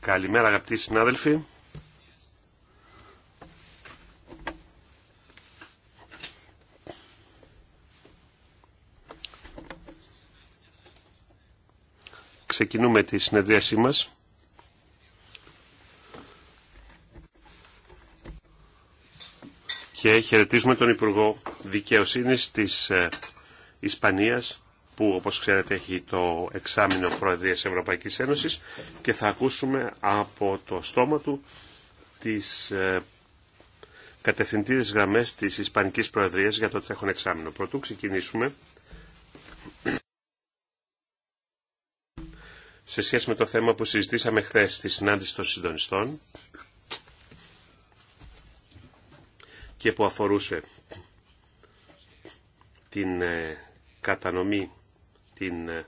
Καλημέρα αγαπητοί συνάδελφοι. Ξεκινούμε τη συνεδρίασή μας. Και χαιρετίζουμε τον Υπουργό Δικαιοσύνης της ε, Ισπανίας, που όπως ξέρετε έχει το εξάμεινο Προεδρίας Ευρωπαϊκής Ένωσης και θα ακούσουμε από το στόμα του τις ε, κατευθυντήρες γραμμές της Ισπανικής Προεδρίας για το τρέχον εξάμεινο. Πρωτού ξεκινήσουμε σε σχέση με το θέμα που συζητήσαμε χθες στη συνάντηση των συντονιστών και που αφορούσε την ε, κατανομή την, ε,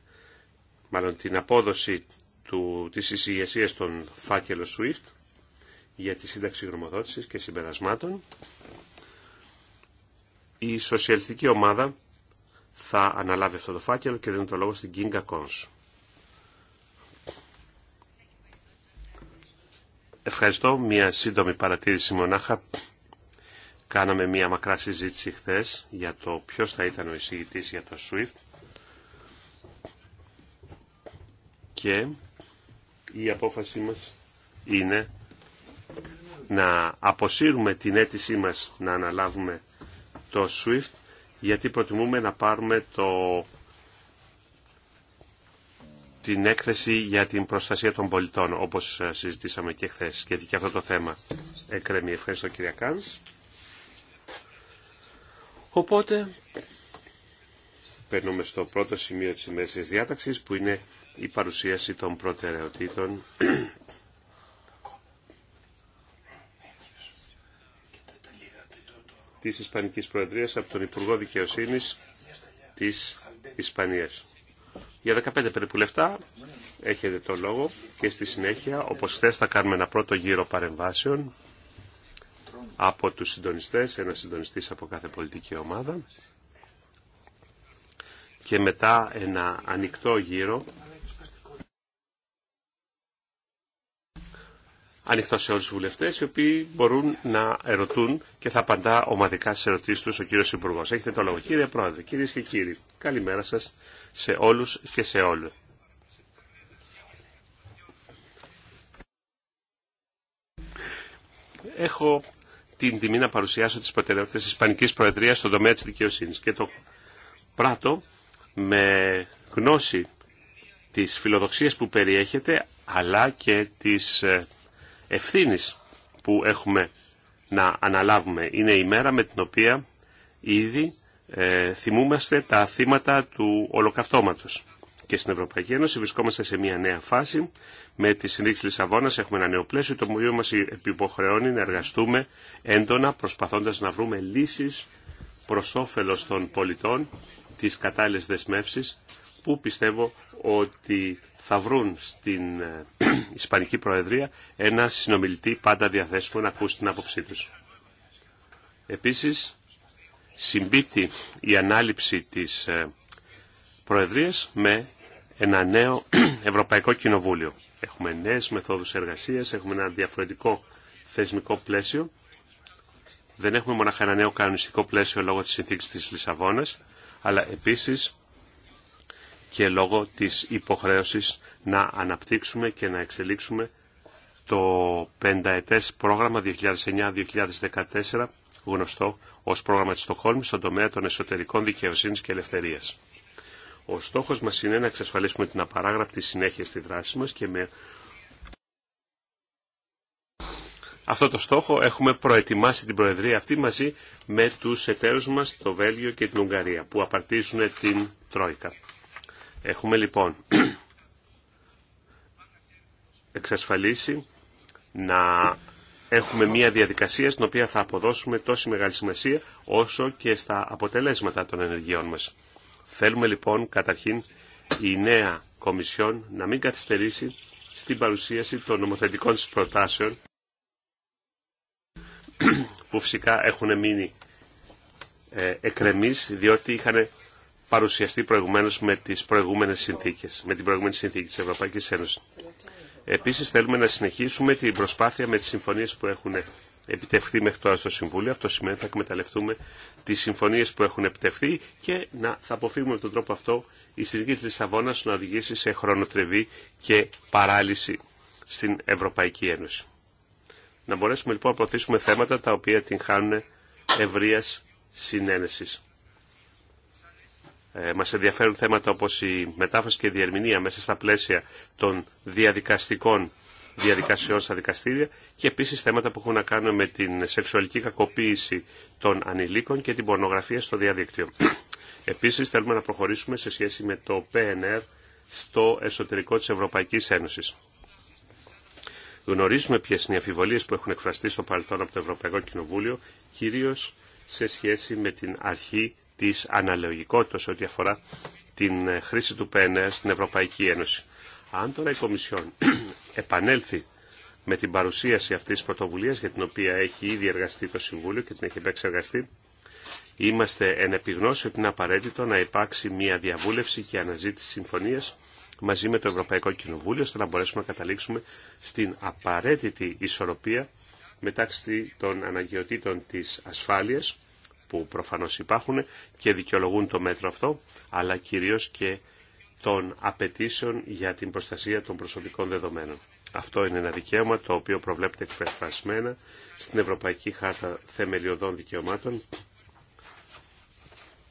μάλλον την απόδοση του, της ηγεσία των φάκελο SWIFT για τη σύνταξη γνωμοδότησης και συμπερασμάτων. Η σοσιαλιστική ομάδα θα αναλάβει αυτό το φάκελο και δίνω το λόγο στην Κίνγκα Κόνς. Ευχαριστώ. Μια σύντομη παρατήρηση μονάχα. Κάναμε μια μακρά συζήτηση χθες για το ποιος θα ήταν ο εισηγητής για το SWIFT και η απόφασή μας είναι να αποσύρουμε την αίτησή μας να αναλάβουμε το SWIFT γιατί προτιμούμε να πάρουμε το, την έκθεση για την προστασία των πολιτών όπως συζητήσαμε και χθε Και και αυτό το θέμα εκκρεμεί. Ευχαριστώ κυρία Κάνς. Οπότε περνούμε στο πρώτο σημείο της ημέρας διάταξης που είναι η παρουσίαση των προτεραιοτήτων της Ισπανικής Προεδρίας από τον Υπουργό Δικαιοσύνης της Ισπανίας. Για 15 περίπου λεφτά έχετε το λόγο και στη συνέχεια, όπως χθε θα κάνουμε ένα πρώτο γύρο παρεμβάσεων από τους συντονιστές, ένα συντονιστής από κάθε πολιτική ομάδα και μετά ένα ανοιχτό γύρο ανοιχτό σε όλου του βουλευτέ, οι οποίοι μπορούν να ερωτούν και θα απαντά ομαδικά στι ερωτήσει του ο κύριο Υπουργό. Έχετε το λόγο. Κύριε Πρόεδρε, κυρίε και κύριοι, καλημέρα σα σε όλου και σε όλου. Έχω την τιμή να παρουσιάσω τις προτεραιότητες της Ισπανικής Προεδρίας στον τομέα της δικαιοσύνης και το πράτο με γνώση της φιλοδοξίας που περιέχεται αλλά και της ε, ευθύνης που έχουμε να αναλάβουμε. Είναι η μέρα με την οποία ήδη ε, θυμούμαστε τα θύματα του ολοκαυτώματος. Και στην Ευρωπαϊκή Ένωση βρισκόμαστε σε μια νέα φάση. Με τη της Λισαβόνας έχουμε ένα νέο πλαίσιο, το οποίο μας επιποχρεώνει να εργαστούμε έντονα, προσπαθώντας να βρούμε λύσεις προς όφελος των πολιτών, τι κατάλληλε δεσμεύσει, που πιστεύω ότι θα βρουν στην ε, Ισπανική Προεδρία ένα συνομιλητή πάντα διαθέσιμο να ακούσει την άποψή τους. Επίσης, συμπίπτει η ανάληψη της ε, Προεδρίας με ένα νέο Ευρωπαϊκό Κοινοβούλιο. Έχουμε νέες μεθόδους εργασίας, έχουμε ένα διαφορετικό θεσμικό πλαίσιο. Δεν έχουμε μόνο ένα νέο κανονιστικό πλαίσιο λόγω της συνθήκης της Λισαβόνας, αλλά επίσης και λόγω της υποχρέωσης να αναπτύξουμε και να εξελίξουμε το πενταετές πρόγραμμα 2009-2014 γνωστό ως πρόγραμμα της Στοχόλμης στον τομέα των εσωτερικών δικαιοσύνης και ελευθερίας. Ο στόχος μας είναι να εξασφαλίσουμε την απαράγραπτη συνέχεια στη δράση μας και με αυτό το στόχο έχουμε προετοιμάσει την Προεδρία αυτή μαζί με τους εταίρους μας, το Βέλγιο και την Ουγγαρία, που απαρτίζουν την Τρόικα. Έχουμε λοιπόν εξασφαλίσει να έχουμε μια διαδικασία στην οποία θα αποδώσουμε τόση μεγάλη σημασία όσο και στα αποτελέσματα των ενεργειών μας. Θέλουμε λοιπόν καταρχήν η νέα Κομισιόν να μην καθυστερήσει στην παρουσίαση των νομοθετικών της προτάσεων που φυσικά έχουν μείνει ε, εκρεμείς διότι είχαν παρουσιαστεί προηγουμένω με τις προηγούμενε συνθήκες, με την προηγούμενη συνθήκη τη Ευρωπαϊκή Ένωση. Επίση, θέλουμε να συνεχίσουμε την προσπάθεια με τι συμφωνίε που έχουν επιτευχθεί μέχρι τώρα στο Συμβούλιο. Αυτό σημαίνει ότι θα εκμεταλλευτούμε τι συμφωνίε που έχουν επιτευχθεί και να, θα αποφύγουμε με τον τρόπο αυτό η συνθήκη της Λισαβόνα να οδηγήσει σε χρονοτριβή και παράλυση στην Ευρωπαϊκή Ένωση. Να μπορέσουμε λοιπόν να προωθήσουμε θέματα τα οποία την χάνουν ευρεία συνένεση ε, μας ενδιαφέρουν θέματα όπως η μετάφραση και η διερμηνία μέσα στα πλαίσια των διαδικαστικών διαδικασιών στα δικαστήρια και επίσης θέματα που έχουν να κάνουν με την σεξουαλική κακοποίηση των ανηλίκων και την πορνογραφία στο διαδίκτυο. Επίσης θέλουμε να προχωρήσουμε σε σχέση με το PNR στο εσωτερικό της Ευρωπαϊκής Ένωσης. Γνωρίζουμε ποιες είναι οι αφιβολίες που έχουν εκφραστεί στο παρελθόν από το Ευρωπαϊκό Κοινοβούλιο, κυρίως σε σχέση με την αρχή της αναλογικότητας ό,τι αφορά την ε, χρήση του ΠΕΝΕΑ στην Ευρωπαϊκή Ένωση. Αν τώρα η Κομισιόν επανέλθει με την παρουσίαση αυτής της πρωτοβουλίας για την οποία έχει ήδη εργαστεί το Συμβούλιο και την έχει επεξεργαστεί, είμαστε εν επιγνώση ότι είναι απαραίτητο να υπάρξει μια διαβούλευση και αναζήτηση συμφωνίας μαζί με το Ευρωπαϊκό Κοινοβούλιο, ώστε να μπορέσουμε να καταλήξουμε στην απαραίτητη ισορροπία μεταξύ των αναγκαιοτήτων της ασφάλειας που προφανώς υπάρχουν και δικαιολογούν το μέτρο αυτό, αλλά κυρίως και των απαιτήσεων για την προστασία των προσωπικών δεδομένων. Αυτό είναι ένα δικαίωμα το οποίο προβλέπεται εκφρασμένα στην Ευρωπαϊκή Χάρτα Θεμελιωδών Δικαιωμάτων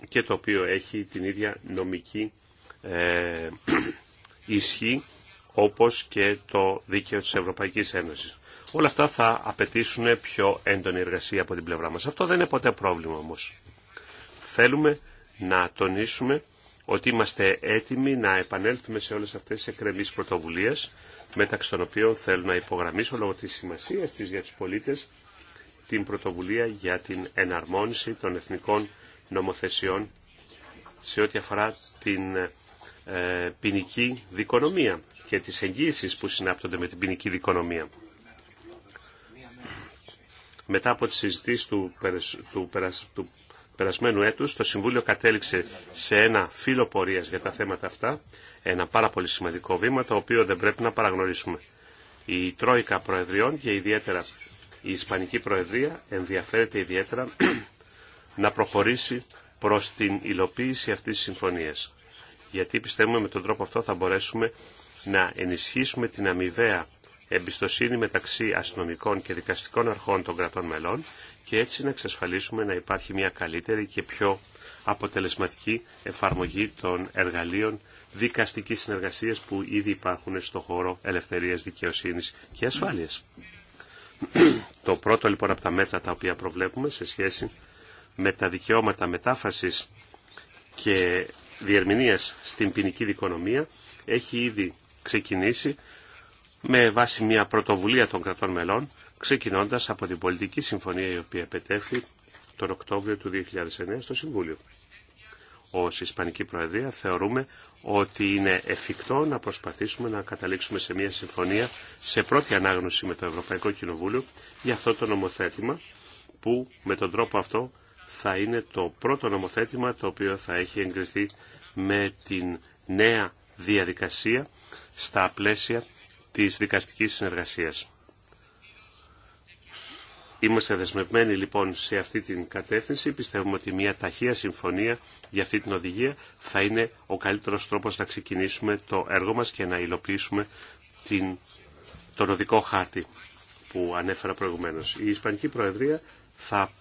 και το οποίο έχει την ίδια νομική ε, ισχύ όπως και το δίκαιο της Ευρωπαϊκής Ένωσης. Όλα αυτά θα απαιτήσουν πιο έντονη εργασία από την πλευρά μας. Αυτό δεν είναι ποτέ πρόβλημα όμως. Θέλουμε να τονίσουμε ότι είμαστε έτοιμοι να επανέλθουμε σε όλες αυτές τις εκκρεμίες πρωτοβουλίες, μεταξύ των οποίων θέλω να υπογραμμίσω λόγω της σημασίας της για τους πολίτες την πρωτοβουλία για την εναρμόνιση των εθνικών νομοθεσιών σε ό,τι αφορά την ε, ποινική δικονομία και τις εγγύησεις που συνάπτονται με την ποινική δικονομία. Μετά από τις συζητήσεις του, του, περασμένου έτους, το Συμβούλιο κατέληξε σε ένα φύλλο πορείας για τα θέματα αυτά, ένα πάρα πολύ σημαντικό βήμα, το οποίο δεν πρέπει να παραγνωρίσουμε. Η Τρόικα Προεδριών και ιδιαίτερα η Ισπανική Προεδρία ενδιαφέρεται ιδιαίτερα να προχωρήσει προς την υλοποίηση αυτής της συμφωνίας. Γιατί πιστεύουμε με τον τρόπο αυτό θα μπορέσουμε να ενισχύσουμε την αμοιβαία εμπιστοσύνη μεταξύ αστυνομικών και δικαστικών αρχών των κρατών μελών και έτσι να εξασφαλίσουμε να υπάρχει μια καλύτερη και πιο αποτελεσματική εφαρμογή των εργαλείων δικαστικής συνεργασίας που ήδη υπάρχουν στο χώρο ελευθερίας, δικαιοσύνης και ασφάλειας. Το πρώτο λοιπόν από τα μέτρα τα οποία προβλέπουμε σε σχέση με τα δικαιώματα μετάφασης και διερμηνίας στην ποινική δικονομία έχει ήδη ξεκινήσει με βάση μια πρωτοβουλία των κρατών μελών, ξεκινώντας από την πολιτική συμφωνία η οποία επετέφθη τον Οκτώβριο του 2009 στο Συμβούλιο. Ως Ισπανική Προεδρία θεωρούμε ότι είναι εφικτό να προσπαθήσουμε να καταλήξουμε σε μια συμφωνία σε πρώτη ανάγνωση με το Ευρωπαϊκό Κοινοβούλιο για αυτό το νομοθέτημα που με τον τρόπο αυτό θα είναι το πρώτο νομοθέτημα το οποίο θα έχει εγκριθεί με την νέα διαδικασία στα πλαίσια της δικαστικής συνεργασίας. Είμαστε δεσμευμένοι λοιπόν σε αυτή την κατεύθυνση. Πιστεύουμε ότι μια ταχεία συμφωνία για αυτή την οδηγία θα είναι ο καλύτερος τρόπος να ξεκινήσουμε το έργο μας και να υλοποιήσουμε την, τον οδικό χάρτη που ανέφερα προηγουμένως. Η Ισπανική Προεδρία θα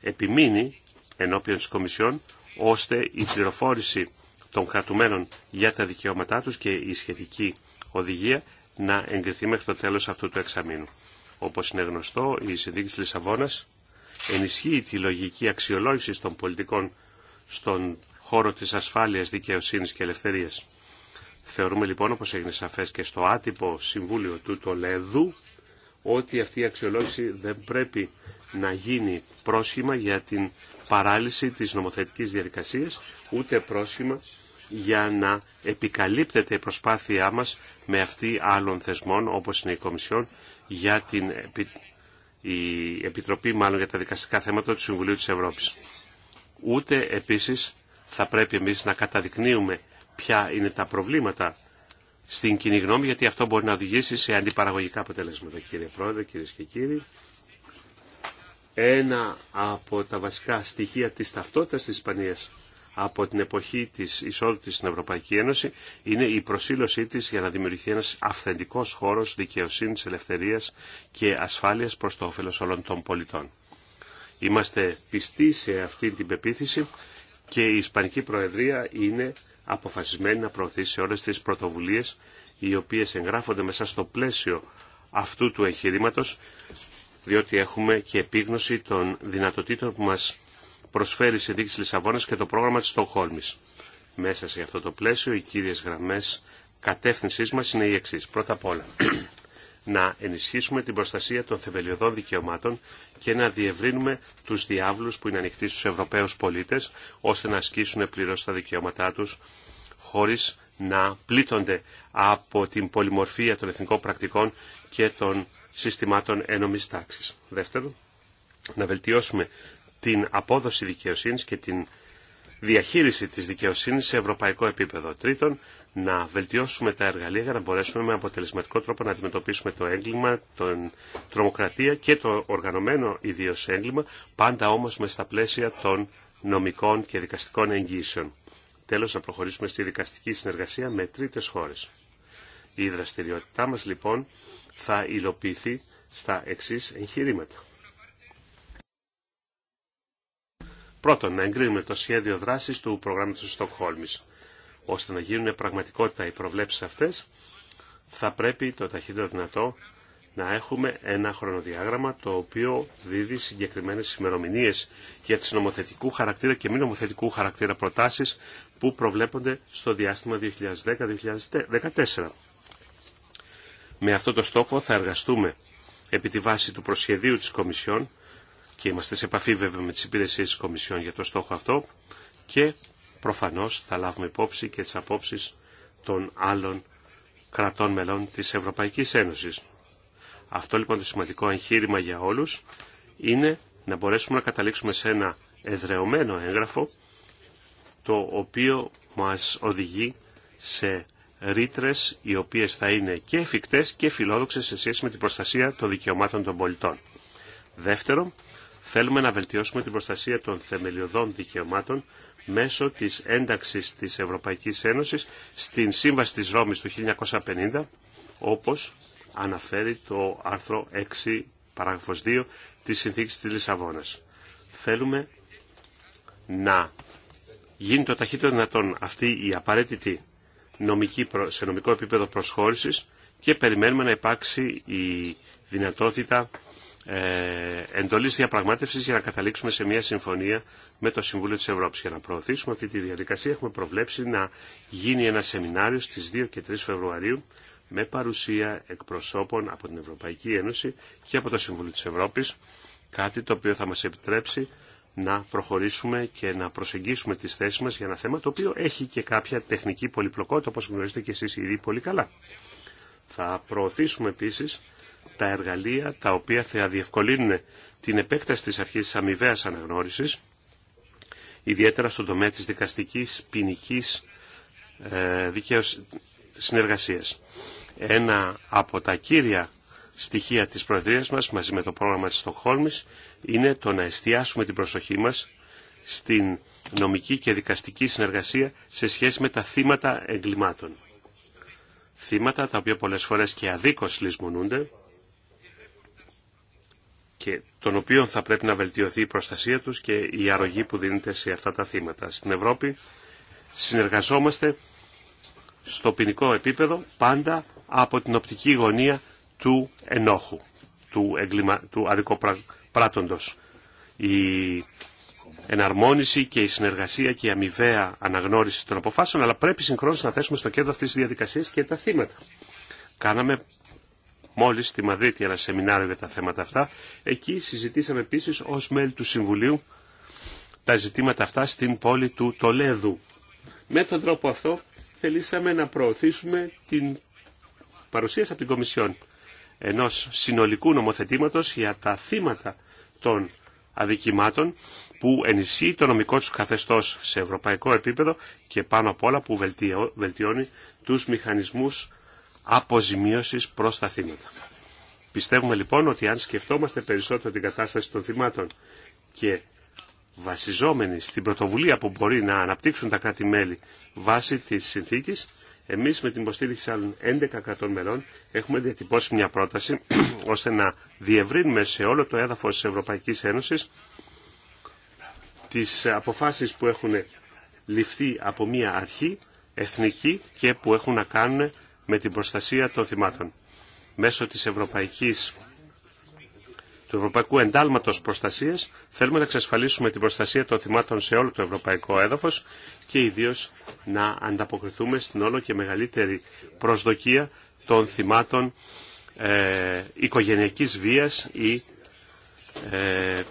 επιμείνει ενώπιον της Κομισιόν ώστε η πληροφόρηση των κρατουμένων για τα δικαιώματά τους και η σχετική οδηγία να εγκριθεί μέχρι το τέλος αυτού του εξαμήνου. Όπως είναι γνωστό, η συνθήκη της Λισαβόνας ενισχύει τη λογική αξιολόγηση των πολιτικών στον χώρο της ασφάλειας, δικαιοσύνης και ελευθερίας. Θεωρούμε λοιπόν, όπως έγινε σαφές και στο άτυπο Συμβούλιο του Τολέδου, ότι αυτή η αξιολόγηση δεν πρέπει να γίνει πρόσχημα για την παράλυση της νομοθετικής διαδικασίας, ούτε πρόσχημα για να επικαλύπτεται η προσπάθειά μας με αυτή άλλων θεσμών όπως είναι η Κομισιόν για την η Επιτροπή μάλλον για τα δικαστικά θέματα του Συμβουλίου της Ευρώπης. Ούτε επίσης θα πρέπει εμείς να καταδεικνύουμε ποια είναι τα προβλήματα στην κοινή γνώμη, γιατί αυτό μπορεί να οδηγήσει σε αντιπαραγωγικά αποτελέσματα. Κύριε Πρόεδρε, κυρίε και κύριοι, ένα από τα βασικά στοιχεία της ταυτότητας της Ισπανίας από την εποχή της εισόδου της στην Ευρωπαϊκή Ένωση είναι η προσήλωσή της για να δημιουργηθεί ένας αυθεντικός χώρος δικαιοσύνης, ελευθερίας και ασφάλειας προς το όφελος όλων των πολιτών. Είμαστε πιστοί σε αυτή την πεποίθηση και η Ισπανική Προεδρία είναι αποφασισμένη να προωθήσει όλες τις πρωτοβουλίες οι οποίες εγγράφονται μέσα στο πλαίσιο αυτού του εγχειρήματο, διότι έχουμε και επίγνωση των δυνατοτήτων που μας προσφέρει η Δίκη της και το πρόγραμμα τη Στοχόλμη. Μέσα σε αυτό το πλαίσιο οι κύριε γραμμέ κατεύθυνσή μα είναι οι εξή. Πρώτα απ' όλα, να ενισχύσουμε την προστασία των θεμελιωδών δικαιωμάτων και να διευρύνουμε του διάβλους που είναι ανοιχτοί στου Ευρωπαίου πολίτε, ώστε να ασκήσουν πληρώ τα δικαιώματά του χωρί να πλήττονται από την πολυμορφία των εθνικών πρακτικών και των συστημάτων ένομης τάξης. Δεύτερον, να βελτιώσουμε την απόδοση δικαιοσύνης και την διαχείριση της δικαιοσύνης σε ευρωπαϊκό επίπεδο. Τρίτον, να βελτιώσουμε τα εργαλεία για να μπορέσουμε με αποτελεσματικό τρόπο να αντιμετωπίσουμε το έγκλημα, την τρομοκρατία και το οργανωμένο ιδίω έγκλημα, πάντα όμως με στα πλαίσια των νομικών και δικαστικών εγγύσεων. Τέλος, να προχωρήσουμε στη δικαστική συνεργασία με τρίτες χώρες. Η δραστηριότητά μας λοιπόν θα υλοποιηθεί στα εξής εγχειρήματα. Πρώτον, να εγκρίνουμε το σχέδιο δράση του προγράμματος Στοκχόλμης. Ώστε να γίνουν πραγματικότητα οι προβλέψει αυτέ, θα πρέπει το ταχύτερο δυνατό να έχουμε ένα χρονοδιάγραμμα το οποίο δίδει συγκεκριμένε ημερομηνίε για τις νομοθετικού χαρακτήρα και μη νομοθετικού χαρακτήρα προτάσει που προβλέπονται στο διάστημα 2010-2014. Με αυτό το στόχο θα εργαστούμε επί τη βάση του προσχεδίου της Κομισιόν και είμαστε σε επαφή βέβαια με τις υπηρεσίες της Κομισιόν για το στόχο αυτό και προφανώς θα λάβουμε υπόψη και τις απόψεις των άλλων κρατών μελών της Ευρωπαϊκής Ένωσης. Αυτό λοιπόν το σημαντικό εγχείρημα για όλους είναι να μπορέσουμε να καταλήξουμε σε ένα εδρεωμένο έγγραφο το οποίο μας οδηγεί σε ρήτρε οι οποίες θα είναι και εφικτές και φιλόδοξες σε σχέση με την προστασία των δικαιωμάτων των πολιτών. Δεύτερον, Θέλουμε να βελτιώσουμε την προστασία των θεμελιωδών δικαιωμάτων μέσω της ένταξης της Ευρωπαϊκής Ένωσης στην Σύμβαση της Ρώμης του 1950, όπως αναφέρει το άρθρο 6 παράγραφος 2 της Συνθήκης της Λισαβόνας. Θέλουμε να γίνει το ταχύτερο δυνατόν αυτή η απαραίτητη νομική, σε νομικό επίπεδο προσχώρησης και περιμένουμε να υπάρξει η δυνατότητα ε, εντολής διαπραγμάτευσης για να καταλήξουμε σε μια συμφωνία με το Συμβούλιο της Ευρώπης. Για να προωθήσουμε αυτή τη διαδικασία έχουμε προβλέψει να γίνει ένα σεμινάριο στις 2 και 3 Φεβρουαρίου με παρουσία εκπροσώπων από την Ευρωπαϊκή Ένωση και από το Συμβούλιο της Ευρώπης, κάτι το οποίο θα μας επιτρέψει να προχωρήσουμε και να προσεγγίσουμε τις θέσεις μας για ένα θέμα το οποίο έχει και κάποια τεχνική πολυπλοκότητα, όπως γνωρίζετε και εσείς ήδη πολύ καλά. Θα προωθήσουμε επίσης τα εργαλεία τα οποία θα διευκολύνουν την επέκταση της αρχής της αμοιβαίας αναγνώρισης, ιδιαίτερα στον τομέα της δικαστικής ποινική ε, συνεργασίας. Ένα από τα κύρια στοιχεία της Προεδρίας μας, μαζί με το πρόγραμμα της Στοχόλμης, είναι το να εστιάσουμε την προσοχή μας στην νομική και δικαστική συνεργασία σε σχέση με τα θύματα εγκλημάτων. Θύματα τα οποία πολλές φορές και αδίκως λησμονούνται και των οποίων θα πρέπει να βελτιωθεί η προστασία τους και η αρρωγή που δίνεται σε αυτά τα θύματα. Στην Ευρώπη συνεργαζόμαστε στο ποινικό επίπεδο πάντα από την οπτική γωνία του ενόχου, του, εγκλημα... του Η εναρμόνιση και η συνεργασία και η αμοιβαία αναγνώριση των αποφάσεων, αλλά πρέπει συγχρόνως να θέσουμε στο κέντρο αυτής της διαδικασίας και τα θύματα. Κάναμε μόλις στη Μαδρίτη ένα σεμινάριο για τα θέματα αυτά. Εκεί συζητήσαμε επίσης ως μέλη του Συμβουλίου τα ζητήματα αυτά στην πόλη του Τολέδου. Με τον τρόπο αυτό θελήσαμε να προωθήσουμε την παρουσίαση από την Κομισιόν ενός συνολικού νομοθετήματος για τα θύματα των αδικημάτων που ενισχύει το νομικό τους καθεστώς σε ευρωπαϊκό επίπεδο και πάνω απ' όλα που βελτιώνει τους μηχανισμούς αποζημίωσης προς τα θύματα. Πιστεύουμε λοιπόν ότι αν σκεφτόμαστε περισσότερο την κατάσταση των θυμάτων και βασιζόμενοι στην πρωτοβουλία που μπορεί να αναπτύξουν τα κράτη-μέλη βάσει της συνθήκης, εμείς με την υποστήριξη άλλων 11 κρατών μελών έχουμε διατυπώσει μια πρόταση ώστε να διευρύνουμε σε όλο το έδαφος της Ευρωπαϊκής Ένωσης τις αποφάσεις που έχουν ληφθεί από μια αρχή εθνική και που έχουν να κάνουν με την προστασία των θυμάτων. Μέσω της ευρωπαϊκής του Ευρωπαϊκού Εντάλματο Προστασία, θέλουμε να εξασφαλίσουμε την προστασία των θυμάτων σε όλο το ευρωπαϊκό έδαφο και ιδίω να ανταποκριθούμε στην όλο και μεγαλύτερη προσδοκία των θυμάτων ε, οικογενειακής βίας ή ε,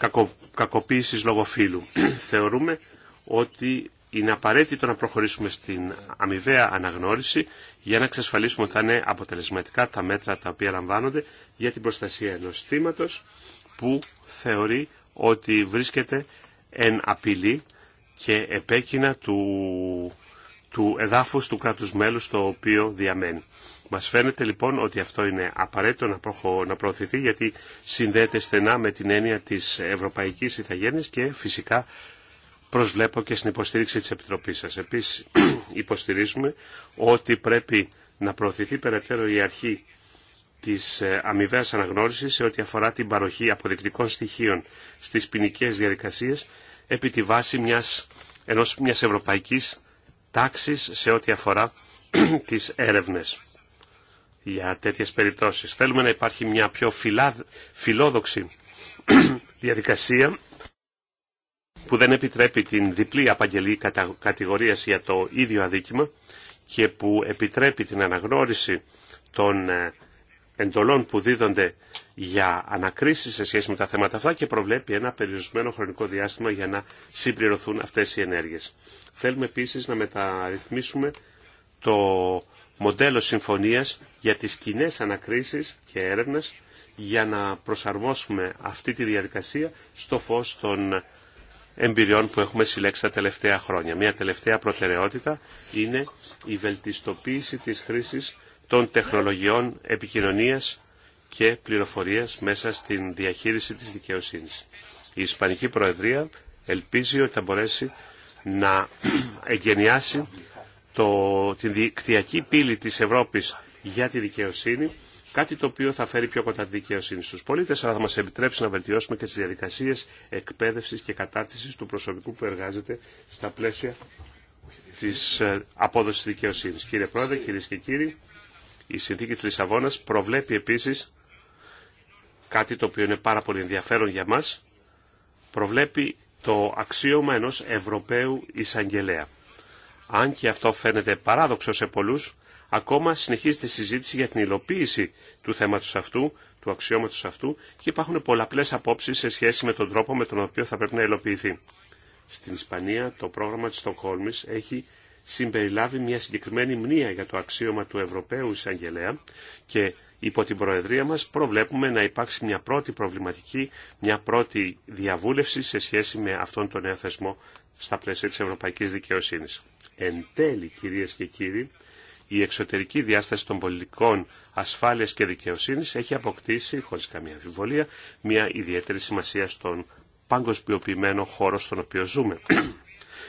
κακοποίησης λογοφύλου. Θεωρούμε ότι είναι απαραίτητο να προχωρήσουμε στην αμοιβαία αναγνώριση για να εξασφαλίσουμε ότι θα είναι αποτελεσματικά τα μέτρα τα οποία λαμβάνονται για την προστασία ενός θύματος που θεωρεί ότι βρίσκεται εν απειλή και επέκεινα του, του εδάφους του κράτους μέλους το οποίο διαμένει. Μας φαίνεται λοιπόν ότι αυτό είναι απαραίτητο να, προχω... προωθηθεί γιατί συνδέεται στενά με την έννοια της ευρωπαϊκής ηθαγένειας και φυσικά προσβλέπω και στην υποστήριξη της Επιτροπής σας. Επίσης υποστηρίζουμε ότι πρέπει να προωθηθεί περαιτέρω η αρχή της ε, αμοιβαία αναγνώρισης σε ό,τι αφορά την παροχή αποδεικτικών στοιχείων στις ποινικέ διαδικασίες επί τη βάση μιας, ενός, μιας ευρωπαϊκής τάξης σε ό,τι αφορά τις έρευνες για τέτοιες περιπτώσεις. Θέλουμε να υπάρχει μια πιο φιλόδοξη διαδικασία που δεν επιτρέπει την διπλή απαγγελή κατηγορίας για το ίδιο αδίκημα και που επιτρέπει την αναγνώριση των ε, εντολών που δίδονται για ανακρίσεις σε σχέση με τα θέματα αυτά και προβλέπει ένα περιορισμένο χρονικό διάστημα για να συμπληρωθούν αυτές οι ενέργειες. Θέλουμε επίσης να μεταρρυθμίσουμε το μοντέλο συμφωνίας για τις κοινέ ανακρίσεις και έρευνες για να προσαρμόσουμε αυτή τη διαδικασία στο φως των εμπειριών που έχουμε συλλέξει τα τελευταία χρόνια. Μια τελευταία προτεραιότητα είναι η βελτιστοποίηση της χρήσης των τεχνολογιών επικοινωνίας και πληροφορίας μέσα στην διαχείριση της δικαιοσύνης. Η Ισπανική Προεδρία ελπίζει ότι θα μπορέσει να εγκαινιάσει το, την δικτυακή πύλη της Ευρώπης για τη δικαιοσύνη Κάτι το οποίο θα φέρει πιο κοντά τη δικαιοσύνη στους πολίτες, αλλά θα μας επιτρέψει να βελτιώσουμε και τις διαδικασίες εκπαίδευσης και κατάρτισης του προσωπικού που εργάζεται στα πλαίσια της ε, απόδοσης δικαιοσύνης. Κύριε Πρόεδρε, κυρίε και κύριοι, η συνθήκη της Λισαβόνας προβλέπει επίσης κάτι το οποίο είναι πάρα πολύ ενδιαφέρον για μας, προβλέπει το αξίωμα ενός Ευρωπαίου εισαγγελέα. Αν και αυτό φαίνεται παράδοξο σε πολλούς, Ακόμα συνεχίζεται η συζήτηση για την υλοποίηση του θέματος αυτού, του αξιώματος αυτού και υπάρχουν πολλαπλές απόψεις σε σχέση με τον τρόπο με τον οποίο θα πρέπει να υλοποιηθεί. Στην Ισπανία το πρόγραμμα της Στοκχόλμης έχει συμπεριλάβει μια συγκεκριμένη μνήα για το αξίωμα του Ευρωπαίου Εισαγγελέα και υπό την Προεδρία μας προβλέπουμε να υπάρξει μια πρώτη προβληματική, μια πρώτη διαβούλευση σε σχέση με αυτόν τον νέο θεσμό στα πλαίσια της Ευρωπαϊκής Δικαιοσύνης. Εν τέλει, κυρίες και κύριοι, η εξωτερική διάσταση των πολιτικών ασφάλειας και δικαιοσύνης έχει αποκτήσει, χωρίς καμία αμφιβολία, μια ιδιαίτερη σημασία στον παγκοσμιοποιημένο χώρο στον οποίο ζούμε.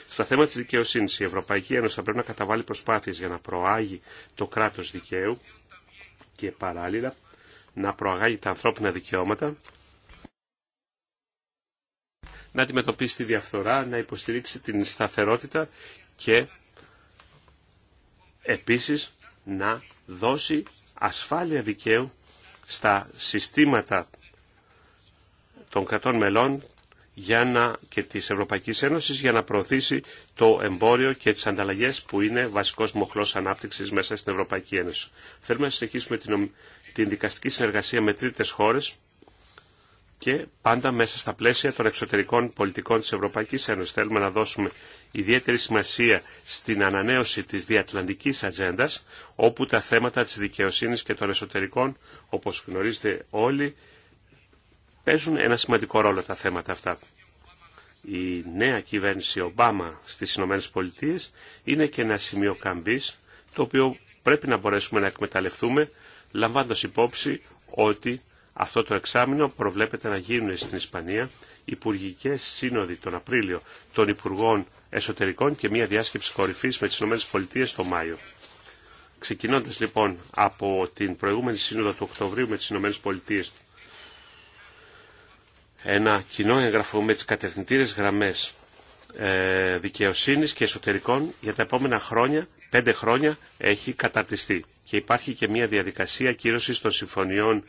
Στα θέματα της δικαιοσύνης η Ευρωπαϊκή Ένωση θα πρέπει να καταβάλει προσπάθειες για να προάγει το κράτος δικαίου και παράλληλα να προαγάγει τα ανθρώπινα δικαιώματα, να αντιμετωπίσει τη διαφθορά, να υποστηρίξει την σταθερότητα και επίσης να δώσει ασφάλεια δικαίου στα συστήματα των κρατών μελών για να, και της Ευρωπαϊκής Ένωσης για να προωθήσει το εμπόριο και τις ανταλλαγές που είναι βασικός μοχλός ανάπτυξης μέσα στην Ευρωπαϊκή Ένωση. Θέλουμε να συνεχίσουμε την, την δικαστική συνεργασία με τρίτες χώρες και πάντα μέσα στα πλαίσια των εξωτερικών πολιτικών της Ευρωπαϊκής Ένωσης. Θέλουμε να δώσουμε ιδιαίτερη σημασία στην ανανέωση της διατλαντικής ατζέντα, όπου τα θέματα της δικαιοσύνης και των εσωτερικών, όπως γνωρίζετε όλοι, παίζουν ένα σημαντικό ρόλο τα θέματα αυτά. Η νέα κυβέρνηση Ομπάμα στις Ηνωμένες Πολιτείες είναι και ένα σημείο καμπής, το οποίο πρέπει να μπορέσουμε να εκμεταλλευτούμε, λαμβάνοντας υπόψη ότι αυτό το εξάμεινο προβλέπεται να γίνουν στην Ισπανία υπουργικέ σύνοδοι τον Απρίλιο των Υπουργών Εσωτερικών και μια διάσκεψη κορυφή με τι ΗΠΑ το Μάιο. Ξεκινώντα λοιπόν από την προηγούμενη σύνοδο του Οκτωβρίου με τι ΗΠΑ, ένα κοινό έγγραφο με τι κατευθυντήρε γραμμέ ε, δικαιοσύνης και εσωτερικών για τα επόμενα χρόνια, πέντε χρόνια, έχει καταρτιστεί. Και υπάρχει και μια διαδικασία κύρωση των συμφωνιών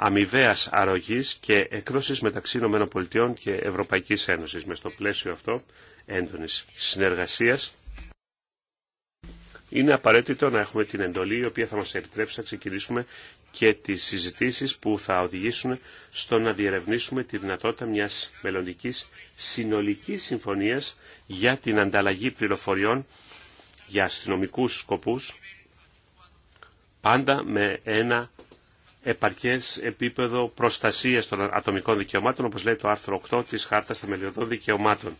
αμοιβαία αρρωγή και εκρώσεις μεταξύ ΗΠΑ και Ευρωπαϊκής Ένωσης Με στο πλαίσιο αυτό έντονη συνεργασία είναι απαραίτητο να έχουμε την εντολή η οποία θα μας επιτρέψει να ξεκινήσουμε και τις συζητήσεις που θα οδηγήσουν στο να διερευνήσουμε τη δυνατότητα μιας μελλοντική συνολικής συμφωνίας για την ανταλλαγή πληροφοριών για αστυνομικούς σκοπούς πάντα με ένα επαρκές επίπεδο προστασίας των ατομικών δικαιωμάτων, όπως λέει το άρθρο 8 της Χάρτας Θεμελιωδών Δικαιωμάτων.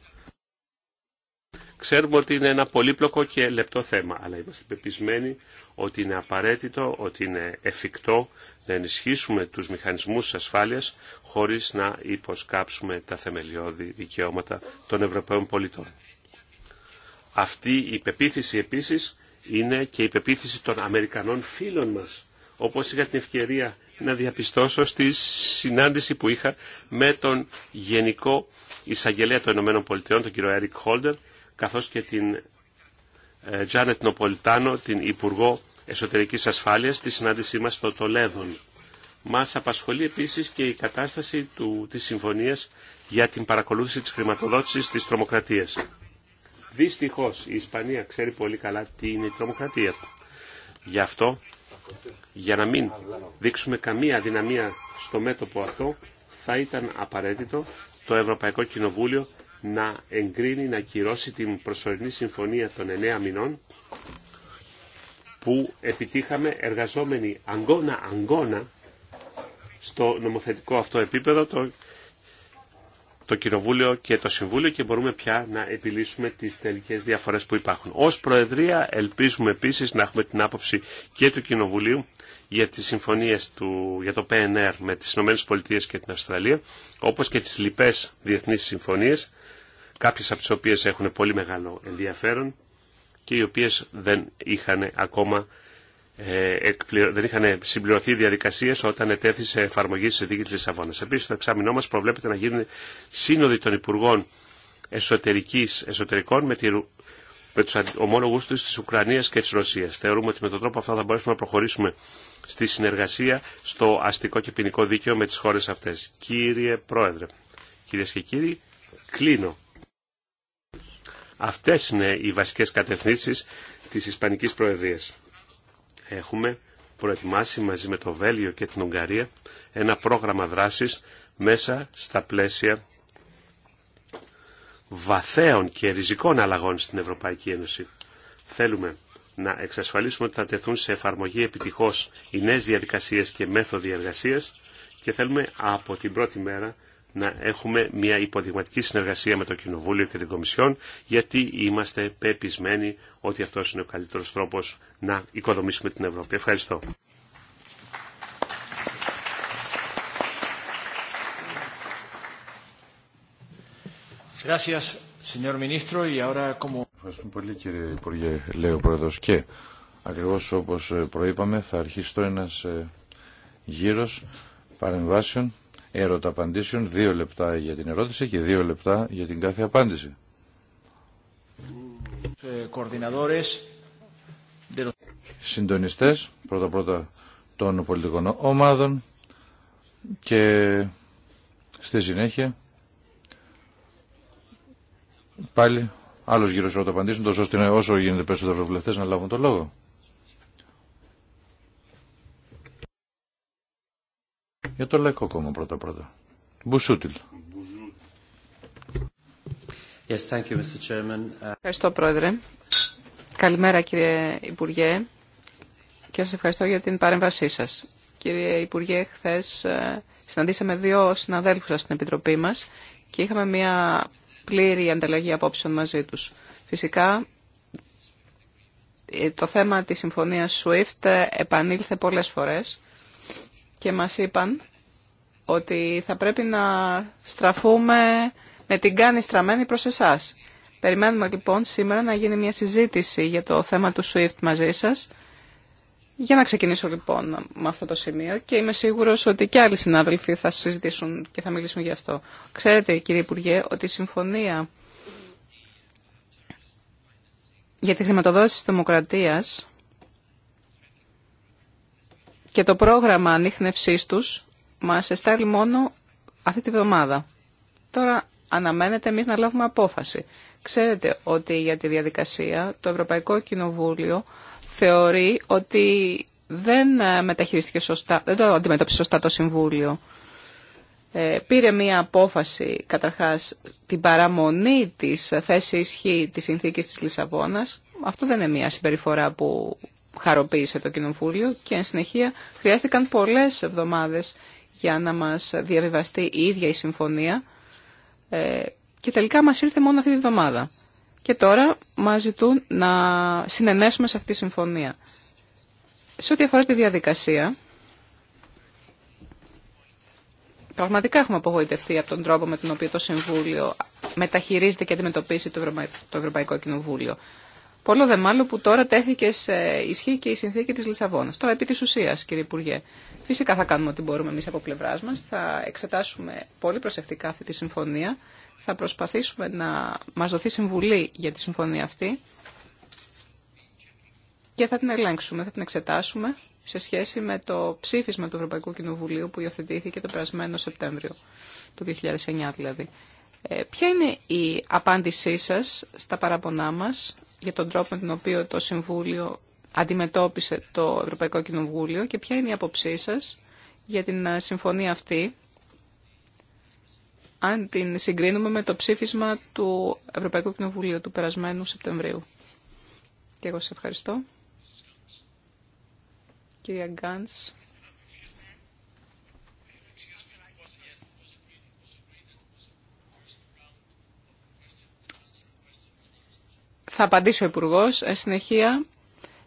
Ξέρουμε ότι είναι ένα πολύπλοκο και λεπτό θέμα, αλλά είμαστε πεπισμένοι ότι είναι απαραίτητο, ότι είναι εφικτό να ενισχύσουμε τους μηχανισμούς ασφάλειας χωρίς να υποσκάψουμε τα θεμελιώδη δικαιώματα των Ευρωπαίων πολιτών. Αυτή η πεποίθηση επίσης είναι και η πεποίθηση των Αμερικανών φίλων μας όπως είχα την ευκαιρία να διαπιστώσω στη συνάντηση που είχα με τον Γενικό Εισαγγελέα των Ηνωμένων Πολιτειών, τον κύριο Έρικ Χόλτερ, καθώς και την ε, Τζάνετ Νοπολιτάνο, την Υπουργό Εσωτερικής Ασφάλειας, στη συνάντησή μας στο Τολέδον. Μας απασχολεί επίσης και η κατάσταση του, της συμφωνίας για την παρακολούθηση της χρηματοδότησης της τρομοκρατίας. Δυστυχώς η Ισπανία ξέρει πολύ καλά τι είναι η τρομοκρατία. Γι' αυτό για να μην δείξουμε καμία δυναμία στο μέτωπο αυτό, θα ήταν απαραίτητο το Ευρωπαϊκό Κοινοβούλιο να εγκρίνει, να κυρώσει την προσωρινή συμφωνία των 9 μηνών που επιτύχαμε εργαζόμενοι αγκώνα-αγκώνα στο νομοθετικό αυτό επίπεδο το το Κοινοβούλιο και το Συμβούλιο και μπορούμε πια να επιλύσουμε τις τελικές διαφορές που υπάρχουν. Ως Προεδρία ελπίζουμε επίσης να έχουμε την άποψη και του Κοινοβουλίου για τις συμφωνίες του, για το PNR με τις ΗΠΑ και την Αυστραλία, όπως και τις λοιπές διεθνείς συμφωνίες, κάποιες από τις οποίες έχουν πολύ μεγάλο ενδιαφέρον και οι οποίες δεν είχαν ακόμα ε, δεν είχαν συμπληρωθεί οι διαδικασίε όταν ετέθησε εφαρμογή τη συνθήκη τη Λισαβόνα. Επίση, το εξάμεινό μα προβλέπεται να γίνουν σύνοδοι των Υπουργών Εσωτερικής, Εσωτερικών με, με του ομόλογου του τη Ουκρανία και τη Ρωσία. Θεωρούμε ότι με τον τρόπο αυτό θα μπορέσουμε να προχωρήσουμε στη συνεργασία στο αστικό και ποινικό δίκαιο με τι χώρε αυτέ. Κύριε Πρόεδρε, κυρίε και κύριοι, κλείνω. Αυτές είναι οι βασικές κατευθύνσεις της Ισπανικής Προεδρίας έχουμε προετοιμάσει μαζί με το Βέλγιο και την Ουγγαρία ένα πρόγραμμα δράσης μέσα στα πλαίσια βαθέων και ριζικών αλλαγών στην Ευρωπαϊκή Ένωση. Θέλουμε να εξασφαλίσουμε ότι θα τεθούν σε εφαρμογή επιτυχώς οι νέες διαδικασίες και μέθοδοι εργασίας και θέλουμε από την πρώτη μέρα να έχουμε μια υποδειγματική συνεργασία με το Κοινοβούλιο και την Κομισιόν, γιατί είμαστε πεπισμένοι ότι αυτό είναι ο καλύτερος τρόπος να οικοδομήσουμε την Ευρώπη. Ευχαριστώ. Ευχαριστούμε πολύ κύριε Υπουργέ, λέει ο Πρόεδρος. Και ακριβώς όπως ε, προείπαμε θα αρχίσει τώρα ένας ε, γύρος παρεμβάσεων έρωτα απαντήσεων, δύο λεπτά για την ερώτηση και δύο λεπτά για την κάθε απάντηση. Συντονιστές, πρώτα-πρώτα των πολιτικών ομάδων και στη συνέχεια πάλι άλλος γύρος απαντήσεων, τόσο ώστε όσο γίνεται περισσότερο βουλευτές να λάβουν το λόγο. Για το Λαϊκό Κόμμα πρώτα πρώτα. Μπουσούτιλ. Yes, thank you, Ευχαριστώ Πρόεδρε. Καλημέρα κύριε Υπουργέ και σας ευχαριστώ για την παρέμβασή σας. Κύριε Υπουργέ, χθε ε, συναντήσαμε δύο συναδέλφους στην Επιτροπή μας και είχαμε μια πλήρη ανταλλαγή απόψεων μαζί τους. Φυσικά ε, το θέμα της συμφωνίας SWIFT ε, επανήλθε πολλές φορές και μας είπαν ότι θα πρέπει να στραφούμε με την κάνη στραμμένη προς εσάς. Περιμένουμε λοιπόν σήμερα να γίνει μια συζήτηση για το θέμα του SWIFT μαζί σας. Για να ξεκινήσω λοιπόν με αυτό το σημείο και είμαι σίγουρος ότι και άλλοι συνάδελφοι θα συζητήσουν και θα μιλήσουν γι' αυτό. Ξέρετε κύριε Υπουργέ ότι η συμφωνία για τη χρηματοδότηση της δημοκρατίας και το πρόγραμμα ανείχνευσή τους μας εστάλει μόνο αυτή τη βδομάδα. Τώρα αναμένεται εμεί να λάβουμε απόφαση. Ξέρετε ότι για τη διαδικασία το Ευρωπαϊκό Κοινοβούλιο θεωρεί ότι δεν μεταχειριστήκε σωστά, δεν το αντιμετώπισε σωστά το Συμβούλιο. Ε, πήρε μία απόφαση, καταρχάς, την παραμονή της θέσης ισχύ της συνθήκης της Λισαβόνας. Αυτό δεν είναι μία συμπεριφορά που χαροποίησε το Κοινοβούλιο και εν συνεχεία χρειάστηκαν πολλές εβδομάδες για να μας διαβιβαστεί η ίδια η συμφωνία ε, και τελικά μας ήρθε μόνο αυτή τη εβδομάδα. Και τώρα μας ζητούν να συνενέσουμε σε αυτή τη συμφωνία. Σε ό,τι αφορά τη διαδικασία, πραγματικά έχουμε απογοητευτεί από τον τρόπο με τον οποίο το Συμβούλιο μεταχειρίζεται και αντιμετωπίσει το Ευρωπαϊκό Κοινοβούλιο. Πόλο δε μάλλον που τώρα τέθηκε σε ισχύ και η συνθήκη τη Λισαβόνα. Τώρα, επί τη ουσία, κύριε Υπουργέ, φυσικά θα κάνουμε ό,τι μπορούμε εμεί από πλευρά μα. Θα εξετάσουμε πολύ προσεκτικά αυτή τη συμφωνία. Θα προσπαθήσουμε να μα δοθεί συμβουλή για τη συμφωνία αυτή και θα την ελέγξουμε, θα την εξετάσουμε σε σχέση με το ψήφισμα του Ευρωπαϊκού Κοινοβουλίου που υιοθετήθηκε το περασμένο Σεπτέμβριο του 2009 δηλαδή. Ε, ποια είναι η απάντησή σας στα παραπονά μας για τον τρόπο με τον οποίο το Συμβούλιο αντιμετώπισε το Ευρωπαϊκό Κοινοβούλιο και ποια είναι η αποψή σας για την ε, συμφωνία αυτή, αν την συγκρίνουμε με το ψήφισμα του Ευρωπαϊκού Κοινοβουλίου του περασμένου Σεπτεμβρίου. Και εγώ σας ευχαριστώ. Κυρία Θα απαντήσει ο Υπουργό. Ε, συνεχεία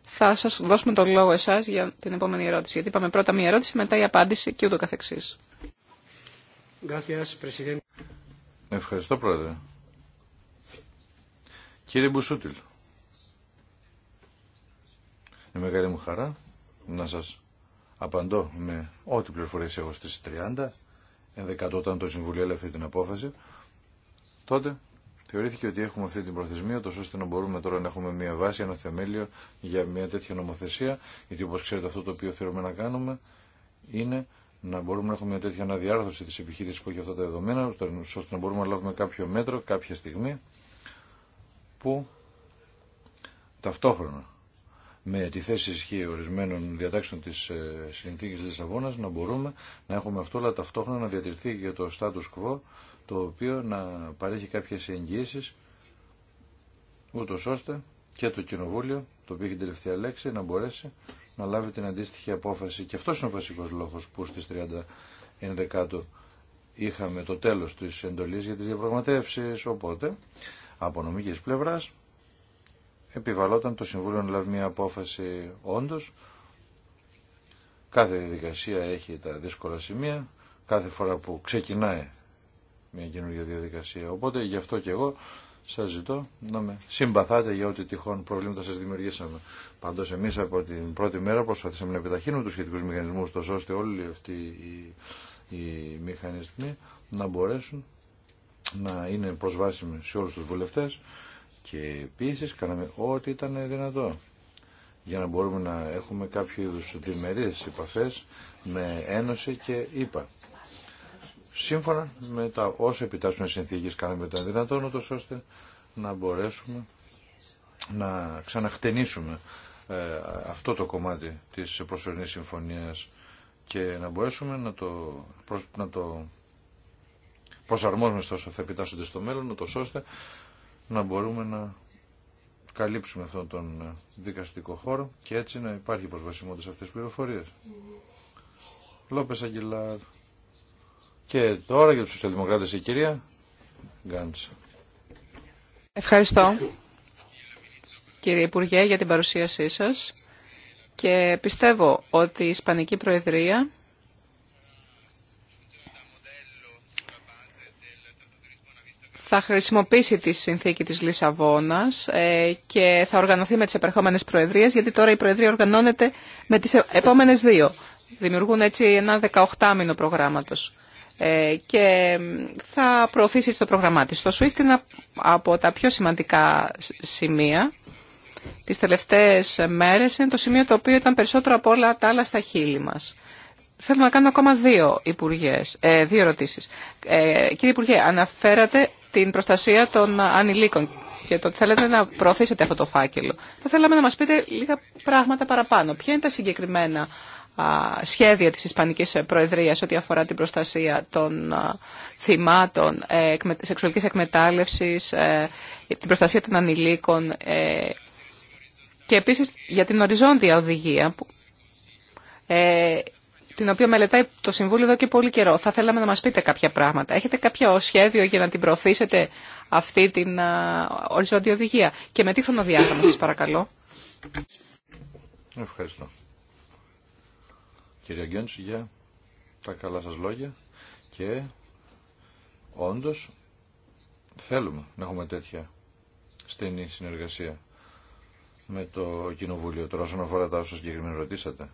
θα σα δώσουμε τον λόγο εσά για την επόμενη ερώτηση. Γιατί είπαμε πρώτα μία ερώτηση, μετά η απάντηση και ούτω καθεξή. Ευχαριστώ, Πρόεδρε. Κύριε Μπουσούτιλ, είναι μεγάλη μου χαρά να σας απαντώ με ό,τι πληροφορίες έχω στις 30, ενδεκατόταν το Συμβουλίο έλαβε την απόφαση, τότε Θεωρήθηκε ότι έχουμε αυτή την προθεσμία, τόσο ώστε να μπορούμε τώρα να έχουμε μια βάση, ένα θεμέλιο για μια τέτοια νομοθεσία, γιατί όπως ξέρετε αυτό το οποίο θέλουμε να κάνουμε είναι να μπορούμε να έχουμε μια τέτοια αναδιάρθρωση της επιχείρησης που έχει αυτά τα δεδομένα, ώστε να μπορούμε να λάβουμε κάποιο μέτρο κάποια στιγμή που ταυτόχρονα με τη θέση ισχύ ορισμένων διατάξεων της ε, συνθήκης Λισαβόνα, να μπορούμε να έχουμε αυτό, αλλά ταυτόχρονα να διατηρηθεί και το status quo το οποίο να παρέχει κάποιες εγγυήσεις ούτω ώστε και το Κοινοβούλιο, το οποίο έχει την τελευταία λέξη, να μπορέσει να λάβει την αντίστοιχη απόφαση. Και αυτός είναι ο βασικός λόγος που στις 30 ενδεκάτου είχαμε το τέλος της εντολής για τις διαπραγματεύσεις. Οπότε, από νομικής πλευράς, επιβαλόταν το Συμβούλιο να λάβει μια απόφαση όντως. Κάθε διαδικασία έχει τα δύσκολα σημεία. Κάθε φορά που ξεκινάει μια καινούργια διαδικασία. Οπότε γι' αυτό και εγώ σας ζητώ να με συμπαθάτε για ό,τι τυχόν προβλήματα σας δημιουργήσαμε. Πάντως εμείς από την πρώτη μέρα προσπαθήσαμε να επιταχύνουμε τους σχετικούς μηχανισμούς τόσο ώστε όλοι αυτοί οι, μηχανισμοί να μπορέσουν να είναι προσβάσιμοι σε όλους τους βουλευτές και επίσης κάναμε ό,τι ήταν δυνατό για να μπορούμε να έχουμε κάποιο είδους διμερείς επαφές με Ένωση και ΕΠΑ σύμφωνα με τα όσα επιτάσσουν οι συνθήκες κάνουμε τα δυνατόν, ώστε να μπορέσουμε να ξαναχτενίσουμε ε, αυτό το κομμάτι της προσωρινής συμφωνίας και να μπορέσουμε να το, να το προσαρμόσουμε στο όσο θα επιτάσσονται στο μέλλον, ώστε να μπορούμε να καλύψουμε αυτόν τον δικαστικό χώρο και έτσι να υπάρχει προσβασιμότητα σε αυτές τις πληροφορίες. Mm-hmm. Λόπες Αγγελάρ. Και τώρα για τους σοσιαλδημοκράτες η κυρία Γκάντσα. Ευχαριστώ κύριε Υπουργέ για την παρουσίασή σας και πιστεύω ότι η Ισπανική Προεδρία θα χρησιμοποιήσει τη συνθήκη της Λισαβόνας ε, και θα οργανωθεί με τις επερχόμενες προεδρίες, γιατί τώρα η προεδρία οργανώνεται με τις επόμενες δύο. Δημιουργούν έτσι ένα 18 μήνο προγράμματος. Ε, και θα προωθήσει το πρόγραμμά της. Το SWIFT είναι από τα πιο σημαντικά σημεία. Τις τελευταίες μέρες είναι το σημείο το οποίο ήταν περισσότερο από όλα τα άλλα στα χείλη μας. Θέλω να κάνω ακόμα δύο, υπουργές, ε, δύο ερωτήσεις. Ε, κύριε Υπουργέ, αναφέρατε την προστασία των ανηλίκων και το ότι θέλετε να προωθήσετε αυτό το φάκελο. Θα θέλαμε να μας πείτε λίγα πράγματα παραπάνω. Ποια είναι τα συγκεκριμένα σχέδια της Ισπανικής Προεδρίας ό,τι αφορά την προστασία των θυμάτων ε, σεξουαλικής εκμετάλλευσης, ε, την προστασία των ανηλίκων ε, και επίσης για την οριζόντια οδηγία την οποία μελετάει το Συμβούλιο εδώ και πολύ καιρό. Θα θέλαμε να μας πείτε κάποια πράγματα. Έχετε κάποιο σχέδιο για να την προωθήσετε αυτή την οριζόντια οδηγία και με τι χρονοδιάγραμμα σας παρακαλώ. Ευχαριστώ. Κύριε Γκέντς για τα καλά σας λόγια και όντως θέλουμε να έχουμε τέτοια στενή συνεργασία με το Κοινοβούλιο. Τώρα όσον αφορά τα όσα συγκεκριμένα ρωτήσατε.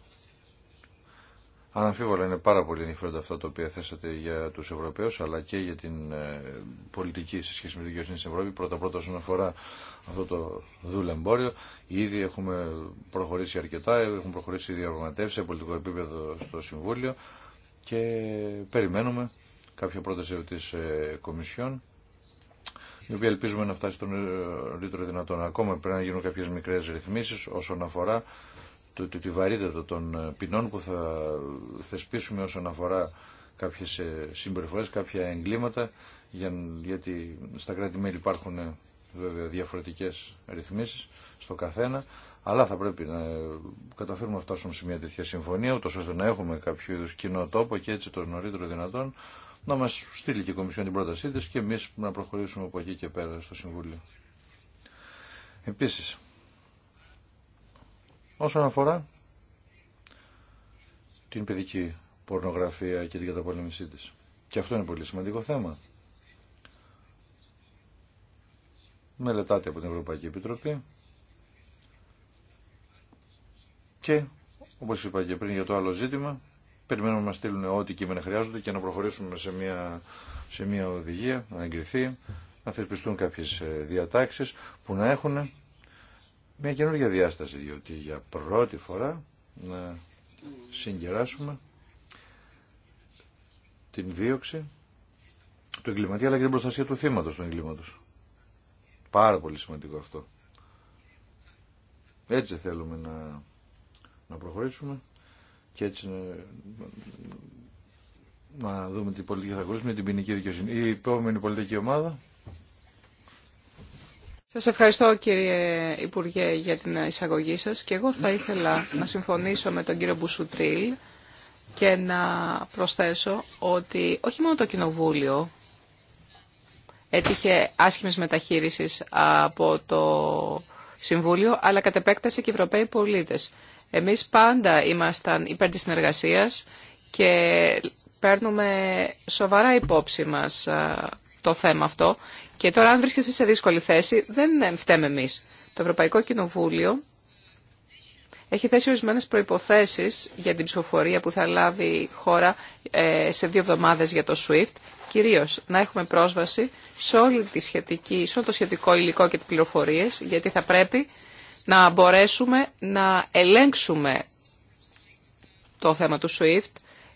Αναμφίβολα είναι πάρα πολύ ενδιαφέροντα αυτά τα οποία θέσατε για του Ευρωπαίου αλλά και για την ε, πολιτική σε σχέση με τη δικαιοσύνη στην Ευρώπη. Πρώτα-πρώτα όσον αφορά αυτό το δουλεμπόριο. Ήδη έχουμε προχωρήσει αρκετά, έχουν προχωρήσει διαπραγματεύσει σε πολιτικό επίπεδο στο Συμβούλιο και περιμένουμε κάποια πρόταση τη ε, Κομισιόν η οποία ελπίζουμε να φτάσει τον ε, ρήτρο δυνατόν. Ακόμα πρέπει να γίνουν κάποιε μικρέ ρυθμίσει όσον αφορά το, τη βαρύτητα των ε, ποινών που θα θεσπίσουμε όσον αφορά κάποιες ε, συμπεριφορές, κάποια εγκλήματα, για, γιατί στα κράτη-μέλη υπάρχουν ε, βέβαια διαφορετικές ρυθμίσεις στο καθένα, αλλά θα πρέπει να καταφέρουμε να φτάσουμε σε μια τέτοια συμφωνία, ούτως ώστε να έχουμε κάποιο είδους κοινό τόπο και έτσι το νωρίτερο δυνατόν να μας στείλει και η Κομισιόν την πρότασή της και εμείς να προχωρήσουμε από εκεί και πέρα στο Συμβούλιο. Επίσης, όσον αφορά την παιδική πορνογραφία και την καταπολέμησή της. Και αυτό είναι πολύ σημαντικό θέμα. Μελετάται από την Ευρωπαϊκή Επιτροπή και, όπως είπα και πριν για το άλλο ζήτημα, περιμένουμε να στείλουν ό,τι κείμενα χρειάζονται και να προχωρήσουμε σε μια, σε μια οδηγία, να εγκριθεί, να θεσπιστούν κάποιες ε, διατάξεις που να έχουν μια καινούργια διάσταση, διότι για πρώτη φορά να συγκεράσουμε την δίωξη του εγκληματία αλλά και την προστασία του θύματος του εγκλήματος. Πάρα πολύ σημαντικό αυτό. Έτσι θέλουμε να, να προχωρήσουμε και έτσι να, να δούμε τι πολιτική θα ακολουθήσουμε, την ποινική δικαιοσύνη. Η επόμενη πολιτική ομάδα σας ευχαριστώ κύριε Υπουργέ για την εισαγωγή σας και εγώ θα ήθελα να συμφωνήσω με τον κύριο Μπουσουτήλ και να προσθέσω ότι όχι μόνο το Κοινοβούλιο έτυχε άσχημες μεταχείρισης από το Συμβούλιο, αλλά κατ' επέκταση και οι Ευρωπαίοι πολίτες. Εμείς πάντα ήμασταν υπέρ της συνεργασίας και παίρνουμε σοβαρά υπόψη μας το θέμα αυτό και τώρα αν βρίσκεσαι σε δύσκολη θέση δεν φταίμε εμείς. Το Ευρωπαϊκό Κοινοβούλιο έχει θέσει ορισμένε προϋποθέσεις για την ψηφοφορία που θα λάβει η χώρα ε, σε δύο εβδομάδες για το SWIFT, κυρίως να έχουμε πρόσβαση σε, όλη τη σχετική, σε όλο το σχετικό υλικό και τις πληροφορίες, γιατί θα πρέπει να μπορέσουμε να ελέγξουμε το θέμα του SWIFT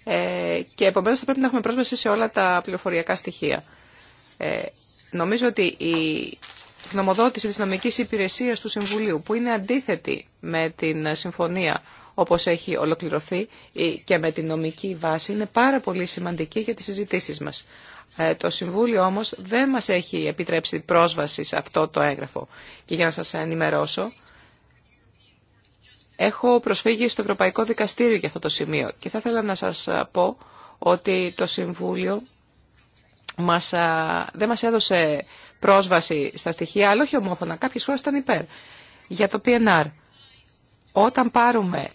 ε, και επομένως θα πρέπει να έχουμε πρόσβαση σε όλα τα πληροφοριακά στοιχεία. Ε, νομίζω ότι η γνωμοδότηση της νομικής υπηρεσίας του Συμβουλίου, που είναι αντίθετη με την συμφωνία όπως έχει ολοκληρωθεί και με την νομική βάση, είναι πάρα πολύ σημαντική για τις συζητήσεις μας. Ε, το Συμβούλιο όμως δεν μας έχει επιτρέψει πρόσβαση σε αυτό το έγγραφο. Και για να σας ενημερώσω, έχω προσφύγει στο Ευρωπαϊκό Δικαστήριο για αυτό το σημείο και θα ήθελα να σας πω ότι το Συμβούλιο μας, δεν μας έδωσε πρόσβαση στα στοιχεία, αλλά όχι ομόφωνα, κάποιες χώρες ήταν υπέρ. Για το PNR, όταν πάρουμε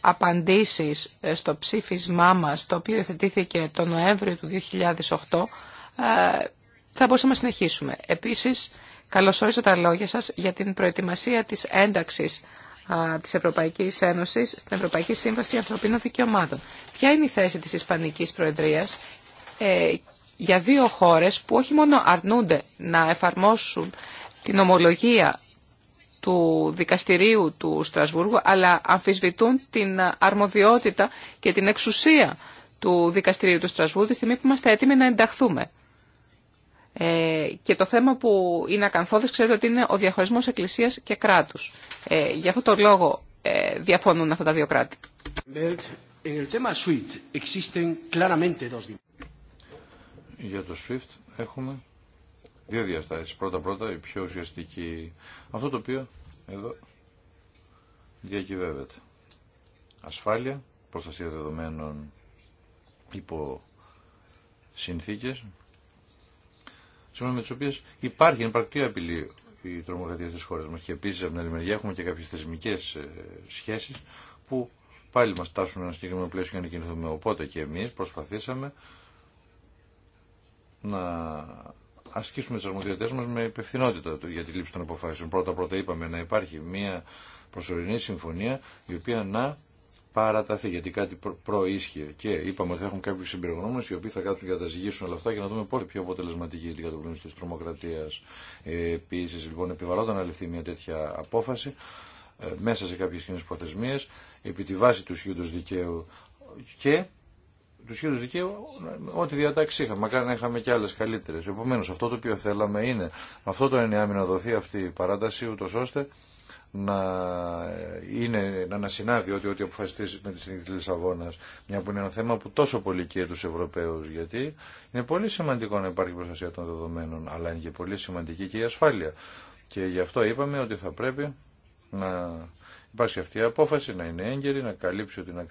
απαντήσεις ε, στο ψήφισμά μας, το οποίο εθετήθηκε τον Νοέμβριο του 2008, θα μπορούσαμε να συνεχίσουμε. Επίσης, καλωσόριζω τα λόγια σας για την προετοιμασία της ένταξης της Ευρωπαϊκής Ένωσης στην Ευρωπαϊκή Σύμβαση Ανθρωπίνων Δικαιωμάτων. Ποια είναι η θέση της Ισπανικής Προεδρίας ε, για δύο χώρες που όχι μόνο αρνούνται να εφαρμόσουν την ομολογία του δικαστηρίου του Στρασβούργου, αλλά αμφισβητούν την αρμοδιότητα και την εξουσία του δικαστηρίου του Στρασβούργου τη στιγμή που είμαστε έτοιμοι να ενταχθούμε. Ε, και το θέμα που είναι ακαθόδες ξέρετε ότι είναι ο διαχωρισμός εκκλησίας και κράτους. Ε, γι' αυτό το λόγο ε, διαφωνούν αυτά τα δύο κράτη. Για το SWIFT έχουμε δύο διαστάσεις. Πρώτα-πρώτα η πιο ουσιαστική, αυτό το οποίο εδώ διακυβεύεται. Ασφάλεια, προστασία δεδομένων υπό συνθήκες, σύμφωνα με τις οποίες υπάρχει πρακτική απειλή η τρομοκρατία της χώρας μας και επίσης από την άλλη μεριά έχουμε και κάποιες θεσμικές ε, σχέσεις που πάλι μας τάσουν ένα συγκεκριμένο πλαίσιο για να κινηθούμε. Οπότε και εμείς προσπαθήσαμε να ασκήσουμε τι αρμοδιότητέ μα με υπευθυνότητα για τη λήψη των αποφάσεων. Πρώτα-πρώτα είπαμε να υπάρχει μια προσωρινή συμφωνία η οποία να παραταθεί γιατί κάτι προίσχυε και είπαμε ότι θα έχουν κάποιου συμπειρογνώμονε οι οποίοι θα κάτσουν για να τα ζυγίσουν όλα αυτά και να δούμε πόσο πιο αποτελεσματική η καταπολέμηση τη τρομοκρατία. Ε, Επίση, λοιπόν, επιβαρόταν να ληφθεί μια τέτοια απόφαση ε, μέσα σε κάποιε κοινέ προθεσμίε επί τη βάση του ισχύοντο δικαίου και του σχέδιου δικαίου ό,τι διατάξει είχαμε. Μακάρι να είχαμε και άλλε καλύτερε. Επομένω, αυτό το οποίο θέλαμε είναι με αυτό το ενιάμι να δοθεί αυτή η παράταση, ούτω ώστε να, είναι, να ανασυνάδει ό,τι, ό,τι αποφασιστεί με τη συνήθεια τη Λισαβόνα. Μια που είναι ένα θέμα που τόσο πολύ καίει του Ευρωπαίου. Γιατί είναι πολύ σημαντικό να υπάρχει προστασία των δεδομένων, αλλά είναι και πολύ σημαντική και η ασφάλεια. Και γι' αυτό είπαμε ότι θα πρέπει να υπάρξει αυτή η απόφαση, να είναι έγκαιρη, να καλύψει ό,τι να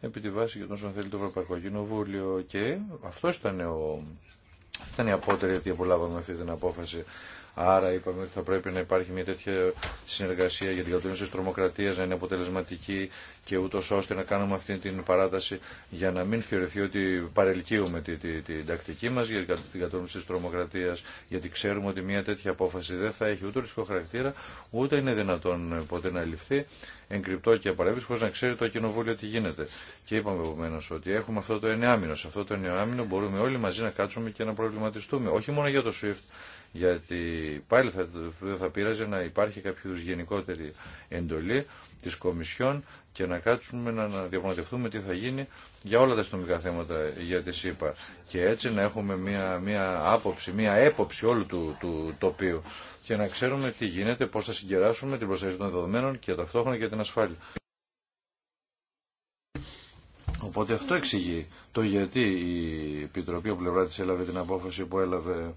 επί τη βάση για τον όσο θέλει το Ευρωπαϊκό Κοινοβούλιο και αυτό ήταν ο... ήταν η απότερη ότι απολάβαμε αυτή την απόφαση. Άρα είπαμε ότι θα πρέπει να υπάρχει μια τέτοια συνεργασία για την κατονίση της τρομοκρατίας να είναι αποτελεσματική και ούτω ώστε να κάνουμε αυτή την παράταση για να μην θεωρηθεί ότι παρελκύουμε την, τη, τη τακτική μας για την κατονίση της τρομοκρατίας Γιατί ξέρουμε ότι μια τέτοια απόφαση δεν θα έχει ούτε ρισκό χαρακτήρα, ούτε είναι δυνατόν ποτέ να ληφθεί εγκρυπτό και απαραίτητο, χωρί να ξέρει το κοινοβούλιο τι γίνεται. Και είπαμε επομένω ότι έχουμε αυτό το εννιάμινο. Σε αυτό το εννιάμινο μπορούμε όλοι μαζί να κάτσουμε και να προβληματιστούμε. Όχι μόνο για το SWIFT, γιατί πάλι θα, δεν θα πειράζει να υπάρχει κάποιο γενικότερη εντολή τη Κομισιόν και να κάτσουμε να, να διαπραγματευτούμε τι θα γίνει για όλα τα αστυνομικά θέματα για τη ΣΥΠΑ. Και έτσι να έχουμε μία, μία άποψη, μία έποψη όλου του, του τοπίου και να ξέρουμε τι γίνεται, πώς θα συγκεράσουμε την προστασία των δεδομένων και ταυτόχρονα και την ασφάλεια. Οπότε αυτό εξηγεί το γιατί η Επιτροπή ο πλευρά της έλαβε την απόφαση που έλαβε.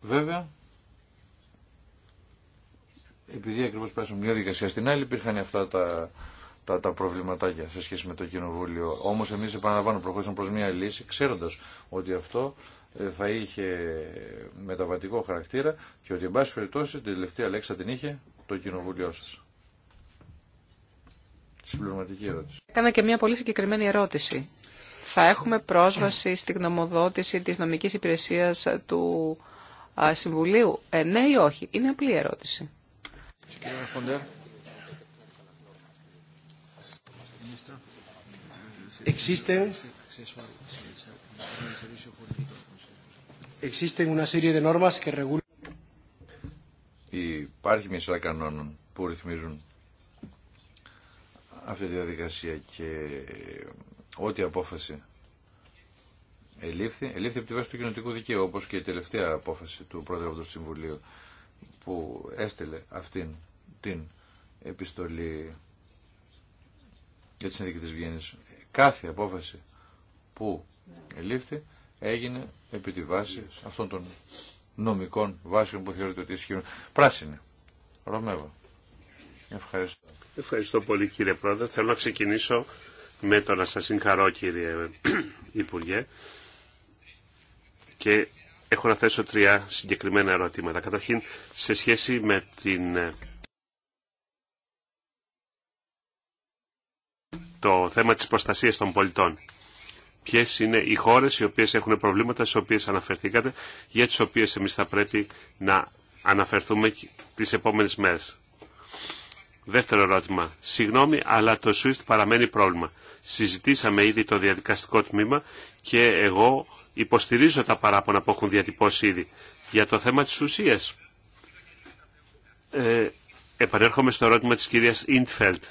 Βέβαια, επειδή ακριβώς πέρασαν μια δικασία στην άλλη, υπήρχαν αυτά τα τα, τα προβληματάκια σε σχέση με το Κοινοβούλιο. Όμω εμείς επαναλαμβάνω προχωρήσαμε προ μια λύση ξέροντα ότι αυτό ε, θα είχε μεταβατικό χαρακτήρα και ότι εν πάση περιπτώσει την τελευταία λέξη θα την είχε το Κοινοβούλιο σα. Συμπληρωματική ερώτηση. Έκανα και μια πολύ συγκεκριμένη ερώτηση. Θα έχουμε πρόσβαση στη γνωμοδότηση της νομικής υπηρεσίας του Συμβουλίου. Ε, ναι ή όχι. Είναι απλή ερώτηση. Existen, existen una serie de normas que Υπάρχει μια σειρά κανόνων που ρυθμίζουν αυτή τη διαδικασία και ό,τι απόφαση ελήφθη, ελήφθη από τη βάση του κοινωτικού δικαίου, όπως και η τελευταία απόφαση του Πρόεδρου του Συμβουλίου που έστελε αυτήν την επιστολή για τη συνδίκη της Βιέννης κάθε απόφαση που ελήφθη έγινε επί τη βάση αυτών των νομικών βάσεων που θεωρείται ότι ισχύουν. Πράσινη. Ρωμεύω. Ευχαριστώ. Ευχαριστώ πολύ κύριε Πρόεδρε. Θέλω να ξεκινήσω με το να σας συγχαρώ κύριε Υπουργέ και έχω να θέσω τρία συγκεκριμένα ερωτήματα. Καταρχήν σε σχέση με την ε, το θέμα της προστασίας των πολιτών. Ποιε είναι οι χώρε οι οποίε έχουν προβλήματα, στι οποίε αναφερθήκατε, για τι οποίε εμεί θα πρέπει να αναφερθούμε τι επόμενε μέρε. Δεύτερο ερώτημα. Συγγνώμη, αλλά το SWIFT παραμένει πρόβλημα. Συζητήσαμε ήδη το διαδικαστικό τμήμα και εγώ υποστηρίζω τα παράπονα που έχουν διατυπώσει ήδη. Για το θέμα της ουσίας, ε, επανέρχομαι στο ερώτημα της κυρίας Ιντφελτ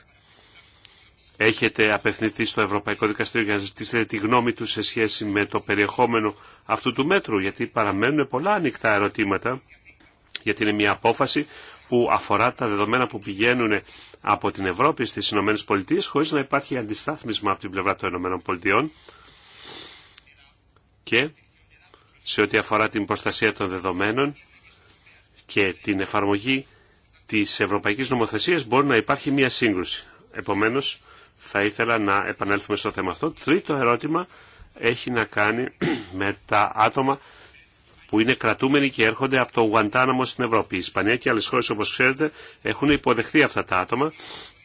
έχετε απευθυνθεί στο Ευρωπαϊκό Δικαστήριο για να ζητήσετε τη γνώμη του σε σχέση με το περιεχόμενο αυτού του μέτρου, γιατί παραμένουν πολλά ανοιχτά ερωτήματα, γιατί είναι μια απόφαση που αφορά τα δεδομένα που πηγαίνουν από την Ευρώπη στις Ηνωμένες Πολιτείες, χωρίς να υπάρχει αντιστάθμισμα από την πλευρά των Ηνωμένων Πολιτειών. Και σε ό,τι αφορά την προστασία των δεδομένων και την εφαρμογή της Ευρωπαϊκής Νομοθεσίας μπορεί να υπάρχει μια σύγκρουση. Επομένως, θα ήθελα να επανέλθουμε στο θέμα αυτό. Τρίτο ερώτημα έχει να κάνει με τα άτομα που είναι κρατούμενοι και έρχονται από το Γουαντάναμο στην Ευρώπη. Η Ισπανία και άλλες χώρες όπως ξέρετε έχουν υποδεχθεί αυτά τα άτομα.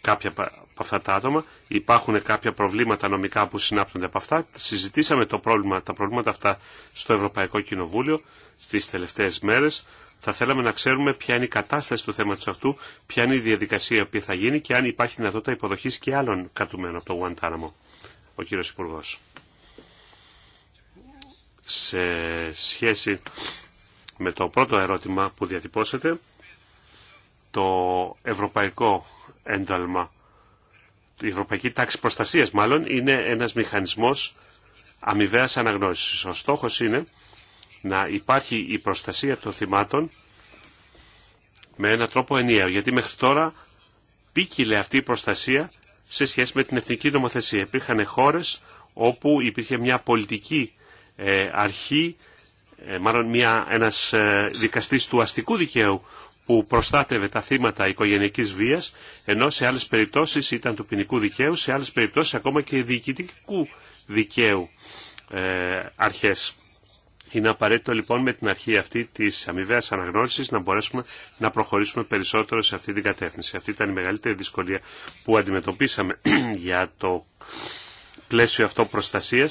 Κάποια από αυτά τα άτομα υπάρχουν κάποια προβλήματα νομικά που συνάπτονται από αυτά. Συζητήσαμε το πρόβλημα, τα προβλήματα αυτά στο Ευρωπαϊκό Κοινοβούλιο στις τελευταίες μέρες. Θα θέλαμε να ξέρουμε ποια είναι η κατάσταση του θέματος αυτού, ποια είναι η διαδικασία που θα γίνει και αν υπάρχει δυνατότητα υποδοχής και άλλων κρατουμένων από το Γουαντάναμο, ο κύριος Υπουργό. Σε σχέση με το πρώτο ερώτημα που διατυπώσατε, το ευρωπαϊκό ένταλμα, η ευρωπαϊκή τάξη προστασίας μάλλον, είναι ένας μηχανισμός αμοιβαίας αναγνώρισης. Ο στόχος είναι να υπάρχει η προστασία των θυμάτων με έναν τρόπο ενιαίο. Γιατί μέχρι τώρα πήκυλε αυτή η προστασία σε σχέση με την εθνική νομοθεσία. Υπήρχαν χώρες όπου υπήρχε μια πολιτική ε, αρχή, ε, μάλλον μια, ένας ε, δικαστής του αστικού δικαίου που προστάτευε τα θύματα οικογενειακής βίας, ενώ σε άλλες περιπτώσεις ήταν του ποινικού δικαίου, σε άλλες περιπτώσεις ακόμα και διοικητικού δικαίου αρχές. Είναι απαραίτητο λοιπόν με την αρχή αυτή τη αμοιβαία αναγνώριση να μπορέσουμε να προχωρήσουμε περισσότερο σε αυτή την κατεύθυνση. Αυτή ήταν η μεγαλύτερη δυσκολία που αντιμετωπίσαμε για το πλαίσιο αυτό προστασία.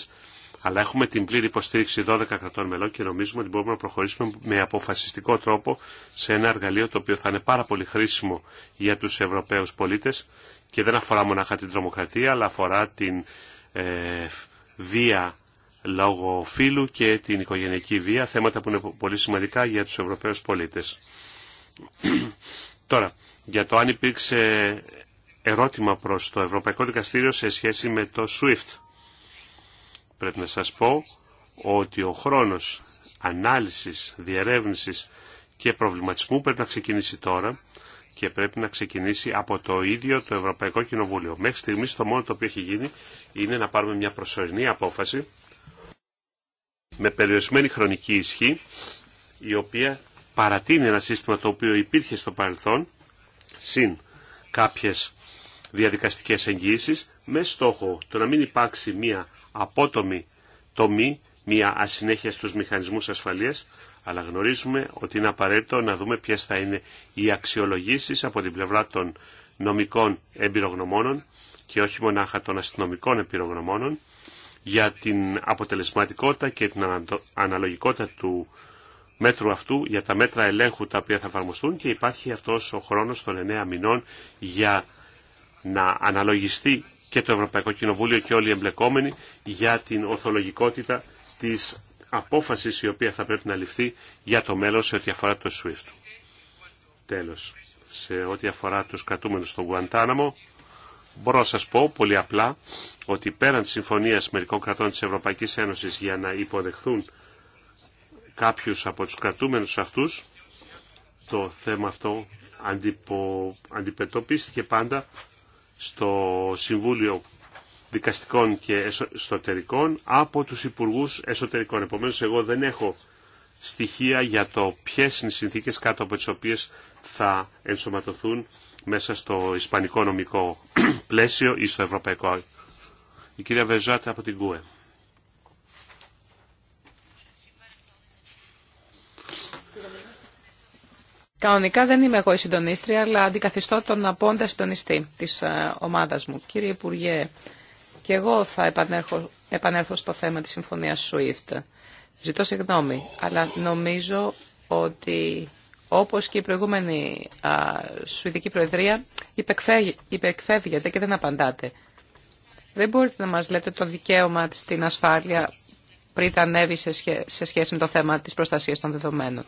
Αλλά έχουμε την πλήρη υποστήριξη 12 κρατών μελών και νομίζουμε ότι μπορούμε να προχωρήσουμε με αποφασιστικό τρόπο σε ένα εργαλείο το οποίο θα είναι πάρα πολύ χρήσιμο για του Ευρωπαίου πολίτε και δεν αφορά μονάχα την τρομοκρατία αλλά αφορά την ε, βία λόγω φύλου και την οικογενειακή βία, θέματα που είναι πολύ σημαντικά για τους Ευρωπαίους πολίτες. Τώρα, για το αν υπήρξε ερώτημα προς το Ευρωπαϊκό Δικαστήριο σε σχέση με το SWIFT. Πρέπει να σας πω ότι ο χρόνος ανάλυσης, διερεύνησης και προβληματισμού πρέπει να ξεκινήσει τώρα και πρέπει να ξεκινήσει από το ίδιο το Ευρωπαϊκό Κοινοβούλιο. Μέχρι στιγμής το μόνο το οποίο έχει γίνει είναι να πάρουμε μια προσωρινή απόφαση με περιορισμένη χρονική ισχύ, η οποία παρατείνει ένα σύστημα το οποίο υπήρχε στο παρελθόν, συν κάποιες διαδικαστικές εγγύησεις, με στόχο το να μην υπάρξει μία απότομη τομή, μία ασυνέχεια στους μηχανισμούς ασφαλείας, αλλά γνωρίζουμε ότι είναι απαραίτητο να δούμε ποιες θα είναι οι αξιολογήσεις από την πλευρά των νομικών εμπειρογνωμόνων και όχι μονάχα των αστυνομικών εμπειρογνωμόνων, για την αποτελεσματικότητα και την αναλογικότητα του μέτρου αυτού για τα μέτρα ελέγχου τα οποία θα εφαρμοστούν και υπάρχει αυτός ο χρόνος των 9 μηνών για να αναλογιστεί και το Ευρωπαϊκό Κοινοβούλιο και όλοι οι εμπλεκόμενοι για την ορθολογικότητα της απόφασης η οποία θα πρέπει να ληφθεί για το μέλλον σε ό,τι αφορά το SWIFT. Τέλος, σε ό,τι αφορά τους κρατούμενους στο Γουαντάναμο, Μπορώ να σας πω πολύ απλά ότι πέραν της συμφωνίας μερικών κρατών της Ευρωπαϊκής Ένωσης για να υποδεχθούν κάποιους από τους κρατούμενους αυτούς, το θέμα αυτό αντιπο, αντιπετωπίστηκε πάντα στο Συμβούλιο Δικαστικών και Εσωτερικών από τους Υπουργούς Εσωτερικών. Επομένως, εγώ δεν έχω στοιχεία για το ποιες είναι οι συνθήκες κάτω από τις οποίες θα ενσωματωθούν μέσα στο ισπανικό νομικό πλαίσιο ή στο ευρωπαϊκό. Η κυρία Βεζάτε βεζατη απο την ΚΟΕ. Κανονικά δεν είμαι εγώ η συντονίστρια, αλλά αντικαθιστώ τον απόντα συντονιστή της ε, ομάδας μου. Κύριε Υπουργέ, και εγώ θα επανέρχω, στο θέμα της συμφωνίας SWIFT. Ζητώ συγγνώμη, αλλά νομίζω ότι όπως και η προηγούμενη α, Σουηδική Προεδρία, υπεκφεύγεται και δεν απαντάτε. Δεν μπορείτε να μας λέτε το δικαίωμα στην ασφάλεια πριν τα ανέβει σε, σχέση με το θέμα της προστασίας των δεδομένων.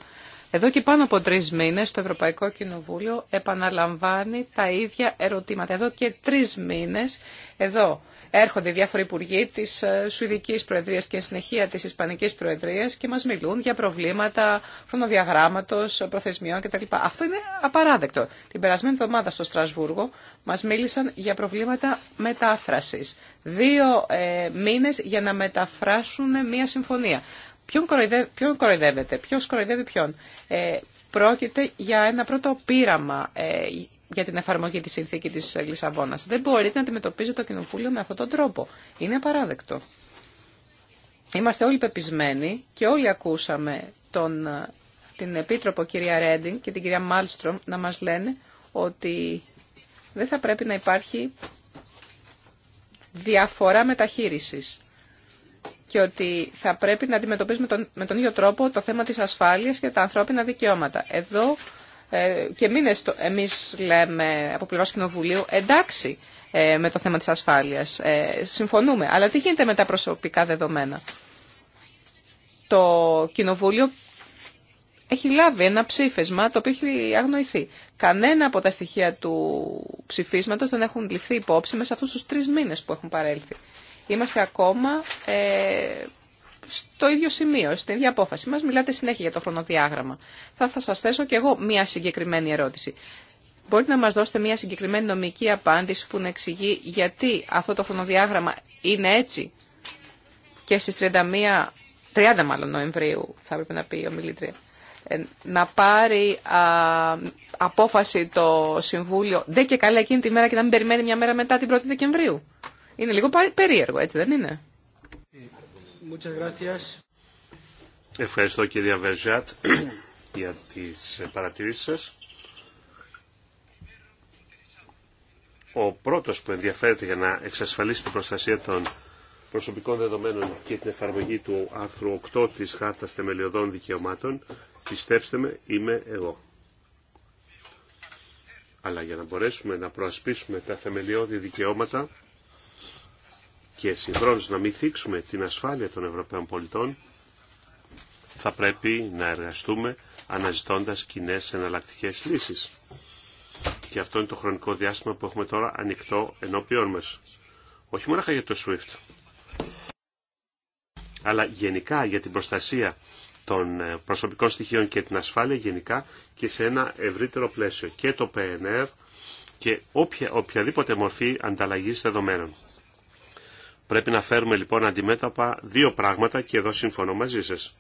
Εδώ και πάνω από τρεις μήνες το Ευρωπαϊκό Κοινοβούλιο επαναλαμβάνει τα ίδια ερωτήματα. Εδώ και τρεις μήνες. εδώ έρχονται διάφοροι υπουργοί τη ε, Σουηδικής προεδρία και συνεχεία τη Ισπανική Προεδρία και μα μιλούν για προβλήματα χρονοδιαγράμματος, προθεσμιών κτλ. Αυτό είναι απαράδεκτο. Την περασμένη εβδομάδα στο Στρασβούργο μα μίλησαν για προβλήματα μετάφραση. Δύο ε, μήνες για να μεταφράσουν μία συμφωνία. Ποιον, κοροϊδεύεται, ποιο κοροϊδεύει ποιον. Ε, πρόκειται για ένα πρώτο πείραμα ε, για την εφαρμογή της συνθήκη της Λισαβόνας. Δεν μπορείτε να αντιμετωπίζετε το Κοινοβούλιο με αυτόν τον τρόπο. Είναι απαράδεκτο. Είμαστε όλοι πεπισμένοι και όλοι ακούσαμε τον, την Επίτροπο κυρία Ρέντινγκ και την κυρία Μάλστρομ να μας λένε ότι δεν θα πρέπει να υπάρχει διαφορά μεταχείρισης και ότι θα πρέπει να αντιμετωπίζουμε τον, με τον ίδιο τρόπο το θέμα της ασφάλειας και τα ανθρώπινα δικαιώματα. Εδώ ε, και εμείς λέμε από πλευρά Κοινοβουλίου εντάξει ε, με το θέμα της ασφάλειας. Ε, συμφωνούμε. Αλλά τι γίνεται με τα προσωπικά δεδομένα. Το Κοινοβούλιο έχει λάβει ένα ψήφισμα το οποίο έχει αγνοηθεί. Κανένα από τα στοιχεία του ψηφίσματος δεν έχουν ληφθεί υπόψη μέσα αυτού του τρει μήνες που έχουν παρέλθει. Είμαστε ακόμα στο ίδιο σημείο, στην ίδια απόφαση μας. Μιλάτε συνέχεια για το χρονοδιάγραμμα. Θα, θα σας θέσω και εγώ μία συγκεκριμένη ερώτηση. Μπορείτε να μας δώσετε μία συγκεκριμένη νομική απάντηση που να εξηγεί γιατί αυτό το χρονοδιάγραμμα είναι έτσι και στις 31, 30 μάλλον Νοεμβρίου θα έπρεπε να πει η ομιλήτρια ε, να πάρει α, απόφαση το Συμβούλιο δεν και καλά εκείνη τη μέρα και να μην περιμένει μια μέρα μετά την 1η Δεκεμβρίου. Είναι λίγο περίεργο, έτσι δεν είναι. Muchas Ευχαριστώ κυρία Βεζιάτ για τις ε, παρατηρήσεις σας. Ο πρώτος που ενδιαφέρεται για να εξασφαλίσει την προστασία των προσωπικών δεδομένων και την εφαρμογή του άρθρου 8 της Χάρτας Θεμελιωδών Δικαιωμάτων, πιστέψτε με, είμαι εγώ. Αλλά για να μπορέσουμε να προασπίσουμε τα θεμελιώδη δικαιώματα, και συγχρόνως να μην θίξουμε την ασφάλεια των Ευρωπαίων πολιτών, θα πρέπει να εργαστούμε αναζητώντας κοινέ εναλλακτικέ λύσεις. Και αυτό είναι το χρονικό διάστημα που έχουμε τώρα ανοιχτό ενώπιόν μας. Όχι μόνο για το SWIFT, αλλά γενικά για την προστασία των ε, προσωπικών στοιχείων και την ασφάλεια γενικά και σε ένα ευρύτερο πλαίσιο. Και το PNR και όποια, οποιαδήποτε μορφή ανταλλαγής δεδομένων. Πρέπει να φέρουμε λοιπόν αντιμέτωπα δύο πράγματα και εδώ συμφωνώ μαζί σας.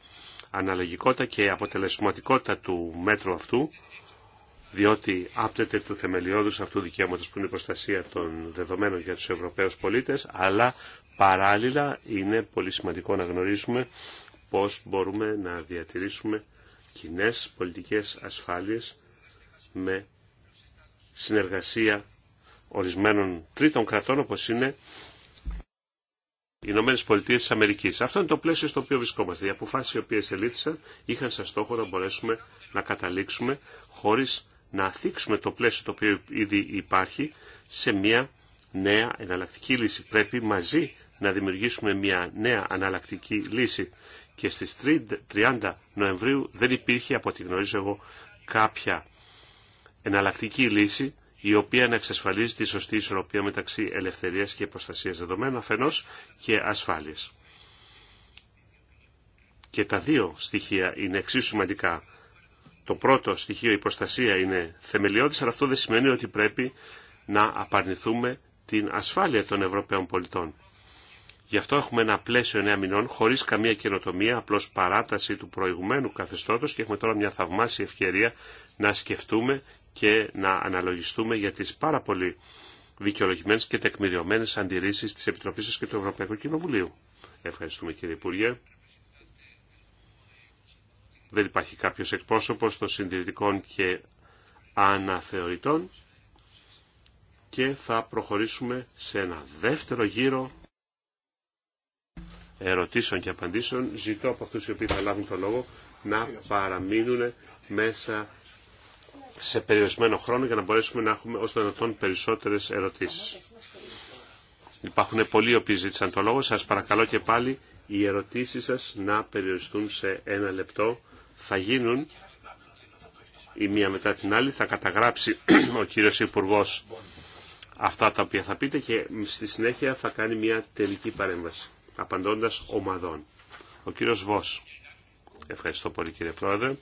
Αναλογικότητα και αποτελεσματικότητα του μέτρου αυτού, διότι άπτεται του θεμελιώδους αυτού δικαίωματος που είναι η προστασία των δεδομένων για τους Ευρωπαίους πολίτες, αλλά παράλληλα είναι πολύ σημαντικό να γνωρίσουμε πώς μπορούμε να διατηρήσουμε κοινέ πολιτικές ασφάλειες με συνεργασία ορισμένων τρίτων κρατών όπως είναι Ηνωμένε Πολιτείε τη Αμερική. Αυτό είναι το πλαίσιο στο οποίο βρισκόμαστε. Οι αποφάσει οι οποίε ελήφθησαν είχαν σαν στόχο να μπορέσουμε να καταλήξουμε χωρί να αθίξουμε το πλαίσιο το οποίο ήδη υπάρχει σε μια νέα εναλλακτική λύση. Πρέπει μαζί να δημιουργήσουμε μια νέα αναλλακτική λύση και στις 30 Νοεμβρίου δεν υπήρχε από ό,τι γνωρίζω εγώ κάποια εναλλακτική λύση η οποία να εξασφαλίζει τη σωστή ισορροπία μεταξύ ελευθερίας και προστασίας δεδομένων αφενός και ασφάλειας. Και τα δύο στοιχεία είναι εξίσου σημαντικά. Το πρώτο στοιχείο, η προστασία, είναι θεμελιώδης, αλλά αυτό δεν σημαίνει ότι πρέπει να απαρνηθούμε την ασφάλεια των Ευρωπαίων πολιτών. Γι' αυτό έχουμε ένα πλαίσιο εννέα μηνών χωρί καμία καινοτομία, απλώ παράταση του προηγουμένου καθεστώτο και έχουμε τώρα μια θαυμάσια ευκαιρία να σκεφτούμε και να αναλογιστούμε για τις πάρα πολύ δικαιολογημένες και τεκμηριωμένες αντιρρήσεις της Επιτροπής σας και του Ευρωπαϊκού Κοινοβουλίου. Ευχαριστούμε κύριε Υπουργέ. Δεν υπάρχει κάποιος εκπρόσωπος των συντηρητικών και αναθεωρητών και θα προχωρήσουμε σε ένα δεύτερο γύρο ερωτήσεων και απαντήσεων. Ζητώ από αυτούς οι οποίοι θα λάβουν το λόγο να παραμείνουν μέσα σε περιορισμένο χρόνο για να μπορέσουμε να έχουμε ως δυνατόν περισσότερες ερωτήσεις. Υπάρχουν πολλοί οι οποίοι ζήτησαν το λόγο. Σας παρακαλώ και πάλι οι ερωτήσεις σας να περιοριστούν σε ένα λεπτό. Θα γίνουν η μία μετά την άλλη. Θα καταγράψει ο κύριος υπουργό αυτά τα οποία θα πείτε και στη συνέχεια θα κάνει μια τελική παρέμβαση απαντώντας ομαδών. Ο κύριος Βος. Ευχαριστώ πολύ κύριε Πρόεδρε.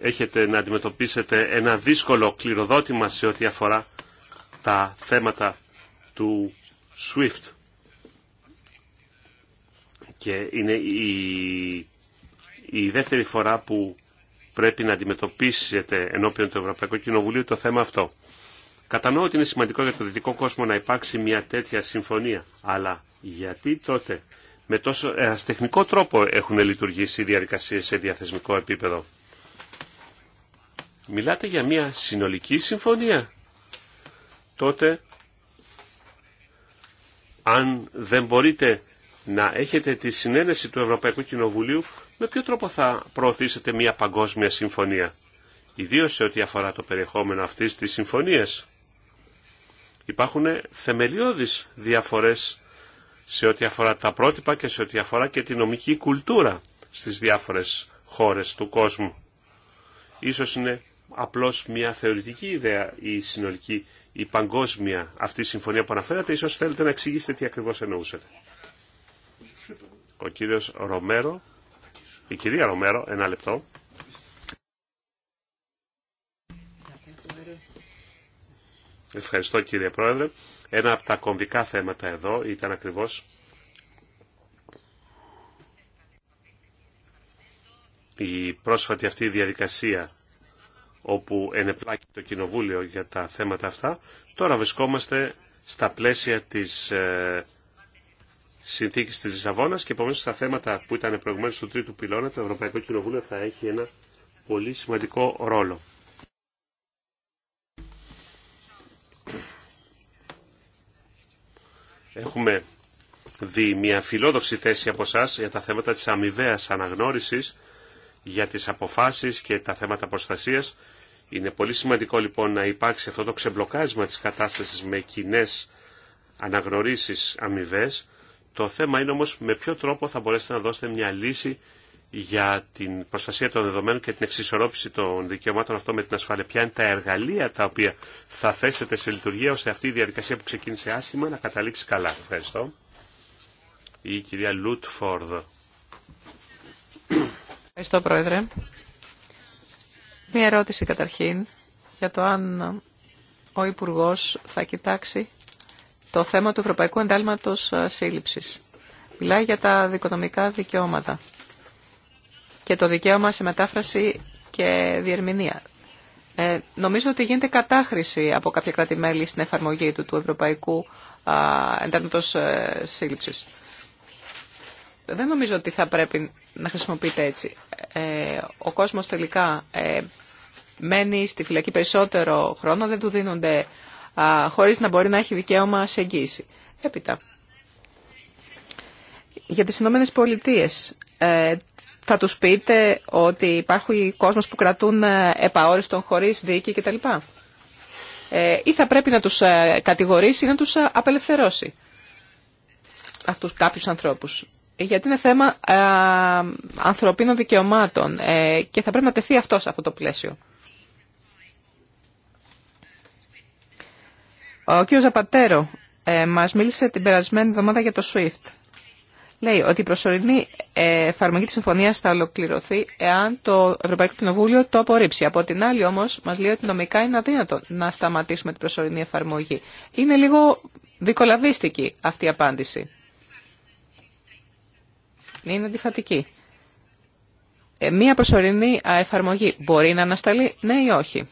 έχετε να αντιμετωπίσετε ένα δύσκολο κληροδότημα σε ό,τι αφορά τα θέματα του SWIFT. Και είναι η, η δεύτερη φορά που πρέπει να αντιμετωπίσετε ενώπιον του Ευρωπαϊκού Κοινοβουλίου το θέμα αυτό. Κατανοώ ότι είναι σημαντικό για το δυτικό κόσμο να υπάρξει μια τέτοια συμφωνία, αλλά γιατί τότε με τόσο ε, τεχνικό τρόπο έχουν λειτουργήσει οι διαδικασίες σε διαθεσμικό επίπεδο. Μιλάτε για μια συνολική συμφωνία. Τότε, αν δεν μπορείτε να έχετε τη συνένεση του Ευρωπαϊκού Κοινοβουλίου, με ποιο τρόπο θα προωθήσετε μια παγκόσμια συμφωνία. ιδίω σε ό,τι αφορά το περιεχόμενο αυτής της συμφωνίας. Υπάρχουν θεμελιώδεις διαφορές σε ό,τι αφορά τα πρότυπα και σε ό,τι αφορά και τη νομική κουλτούρα στις διάφορες χώρες του κόσμου. Ίσως είναι απλώς μια θεωρητική ιδέα η συνολική, η παγκόσμια αυτή η συμφωνία που αναφέρατε. Ίσως θέλετε να εξηγήσετε τι ακριβώς εννοούσατε. Ο κύριος Ρομέρο, η κυρία Ρομέρο, ένα λεπτό. Ευχαριστώ κύριε Πρόεδρε. Ένα από τα κομβικά θέματα εδώ ήταν ακριβώς η πρόσφατη αυτή διαδικασία όπου ενεπλάκει το Κοινοβούλιο για τα θέματα αυτά. Τώρα βρισκόμαστε στα πλαίσια της ε, συνθήκης της Λισαβόνας και επομένως στα θέματα που ήταν προηγουμένως του τρίτου πυλώνα το Ευρωπαϊκό Κοινοβούλιο θα έχει ένα πολύ σημαντικό ρόλο. Έχουμε δει μια φιλόδοξη θέση από εσά για τα θέματα της αμοιβαίας αναγνώρισης για τις αποφάσεις και τα θέματα προστασίας. Είναι πολύ σημαντικό λοιπόν να υπάρξει αυτό το ξεμπλοκάσμα της κατάστασης με κοινέ αναγνωρίσεις αμοιβέ. Το θέμα είναι όμως με ποιο τρόπο θα μπορέσετε να δώσετε μια λύση για την προστασία των δεδομένων και την εξισορρόπηση των δικαιωμάτων αυτών με την ασφάλεια. Ποια είναι τα εργαλεία τα οποία θα θέσετε σε λειτουργία ώστε αυτή η διαδικασία που ξεκίνησε άσχημα να καταλήξει καλά. Ευχαριστώ. Η κυρία Λουτφόρδ. Ευχαριστώ, Πρόεδρε. Μία ερώτηση καταρχήν για το αν ο Υπουργό θα κοιτάξει το θέμα του Ευρωπαϊκού Εντάλματο Σύλληψη. Μιλάει για τα δικονομικά δικαιώματα και το δικαίωμα σε μετάφραση και διερμηνία. Ε, νομίζω ότι γίνεται κατάχρηση από κάποια κράτη-μέλη στην εφαρμογή του του Ευρωπαϊκού Εντάλματο ε, Σύλληψη. Δεν νομίζω ότι θα πρέπει να χρησιμοποιείται έτσι. Ε, ο κόσμος τελικά ε, μένει στη φυλακή περισσότερο χρόνο, δεν του δίνονται χωρίς να μπορεί να έχει δικαίωμα σε εγγύηση. Έπειτα, για τις Ηνωμένε Πολιτείε. Ε, θα τους πείτε ότι υπάρχουν κόσμος που κρατούν επαόριστον χωρίς δίκη κτλ. ή θα πρέπει να τους κατηγορήσει ή να τους απελευθερώσει αυτούς κάποιους ανθρώπους γιατί είναι θέμα ε, ανθρωπίνων δικαιωμάτων ε, και θα πρέπει να τεθεί αυτό σε αυτό το πλαίσιο. Ο κύριος Ζαπατέρο ε, μας μίλησε την περασμένη εβδομάδα για το SWIFT. Λέει ότι η προσωρινή εφαρμογή της συμφωνίας θα ολοκληρωθεί εάν το Ευρωπαϊκό Κοινοβούλιο το απορρίψει. Από την άλλη όμως μας λέει ότι νομικά είναι αδύνατο να σταματήσουμε την προσωρινή εφαρμογή. Είναι λίγο δικολαβίστικη αυτή η απάντηση είναι αντιφατική. Ε, μία προσωρινή εφαρμογή μπορεί να ανασταλεί, ναι ή όχι.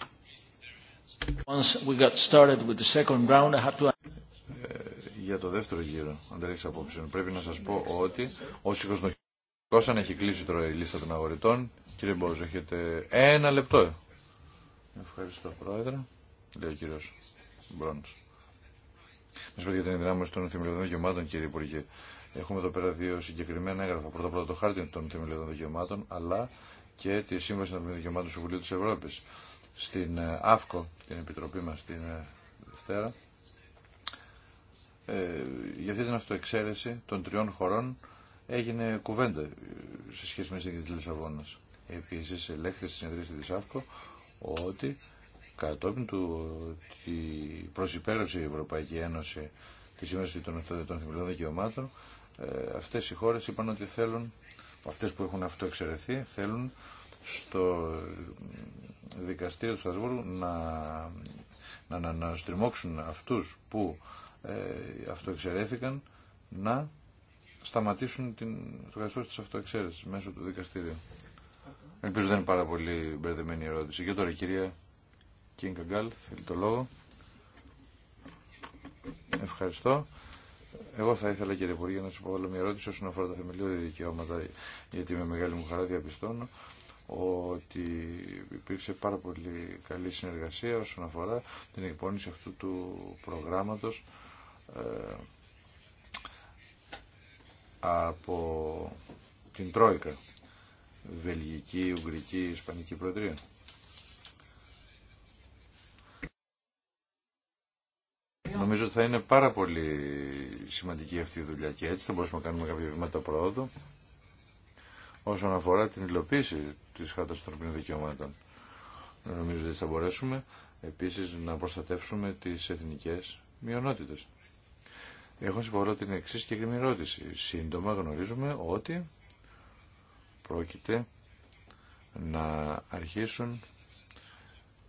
Για το δεύτερο γύρο, έχεις απόψη, πρέπει να σας πω ότι ο σηκωσνοχικός αν έχει κλείσει τώρα η λίστα των αγορητών, κύριε Μπόζο, έχετε ένα λεπτό. Ευχαριστώ, Πρόεδρε. Λέει ο κύριος Μπρόντς. Με σπέτει για την ενδυνάμωση των θεμελιωδών γεωμάτων, κύριε Υπουργέ. Έχουμε εδώ πέρα δύο συγκεκριμένα έγγραφα. Πρώτα όλα το χάρτη των θεμελιωδών δικαιωμάτων, αλλά και τη Σύμβαση των Δικαιωμάτων του Συμβουλίου τη Ευρώπη. Στην ε, ΑΦΚΟ, την επιτροπή μα την ε, Δευτέρα, ε, για αυτή την αυτοεξαίρεση των τριών χωρών έγινε κουβέντα ε, σε σχέση με τη συνθήκη τη Λισαβόνα. Επίση, ελέγχθη στη συνεδρίαση τη ΑΦΚΟ ότι κατόπιν του ότι προσυπέρασε η Ευρωπαϊκή Ένωση τη Σύμβαση των Θεμελιωδών Δικαιωμάτων, ε, αυτές οι χώρες είπαν ότι θέλουν, αυτές που έχουν αυτό αυτοεξαιρεθεί, θέλουν στο δικαστήριο του Στασβούργου να, να, να, να αυτούς που ε, αυτό αυτοεξαιρέθηκαν να σταματήσουν την, το καθεστώς της αυτοεξαίρεσης μέσω του δικαστήριου. Ελπίζω δεν είναι πάρα πολύ μπερδεμένη η ερώτηση. Και τώρα η κυρία Κίνκα Γκάλ, θέλει το λόγο. Ευχαριστώ. Εγώ θα ήθελα κύριε Υπουργέ να σου πω άλλο μια ερώτηση όσον αφορά τα θεμελιώδη δικαιώματα, γιατί με μεγάλη μου χαρά διαπιστώνω ότι υπήρξε πάρα πολύ καλή συνεργασία όσον αφορά την εκπόνηση αυτού του προγράμματος ε, από την Τρόικα, Βελγική, Ουγγρική, Ισπανική Προεδρία. Νομίζω ότι θα είναι πάρα πολύ σημαντική αυτή η δουλειά και έτσι θα μπορούσαμε να κάνουμε κάποια βήματα πρόοδο όσον αφορά την υλοποίηση της χάρτας των δικαιωμάτων. Νομίζω ότι θα μπορέσουμε επίσης να προστατεύσουμε τις εθνικές μειονότητες. Έχω συμπορώ την και συγκεκριμένη ερώτηση. Σύντομα γνωρίζουμε ότι πρόκειται να αρχίσουν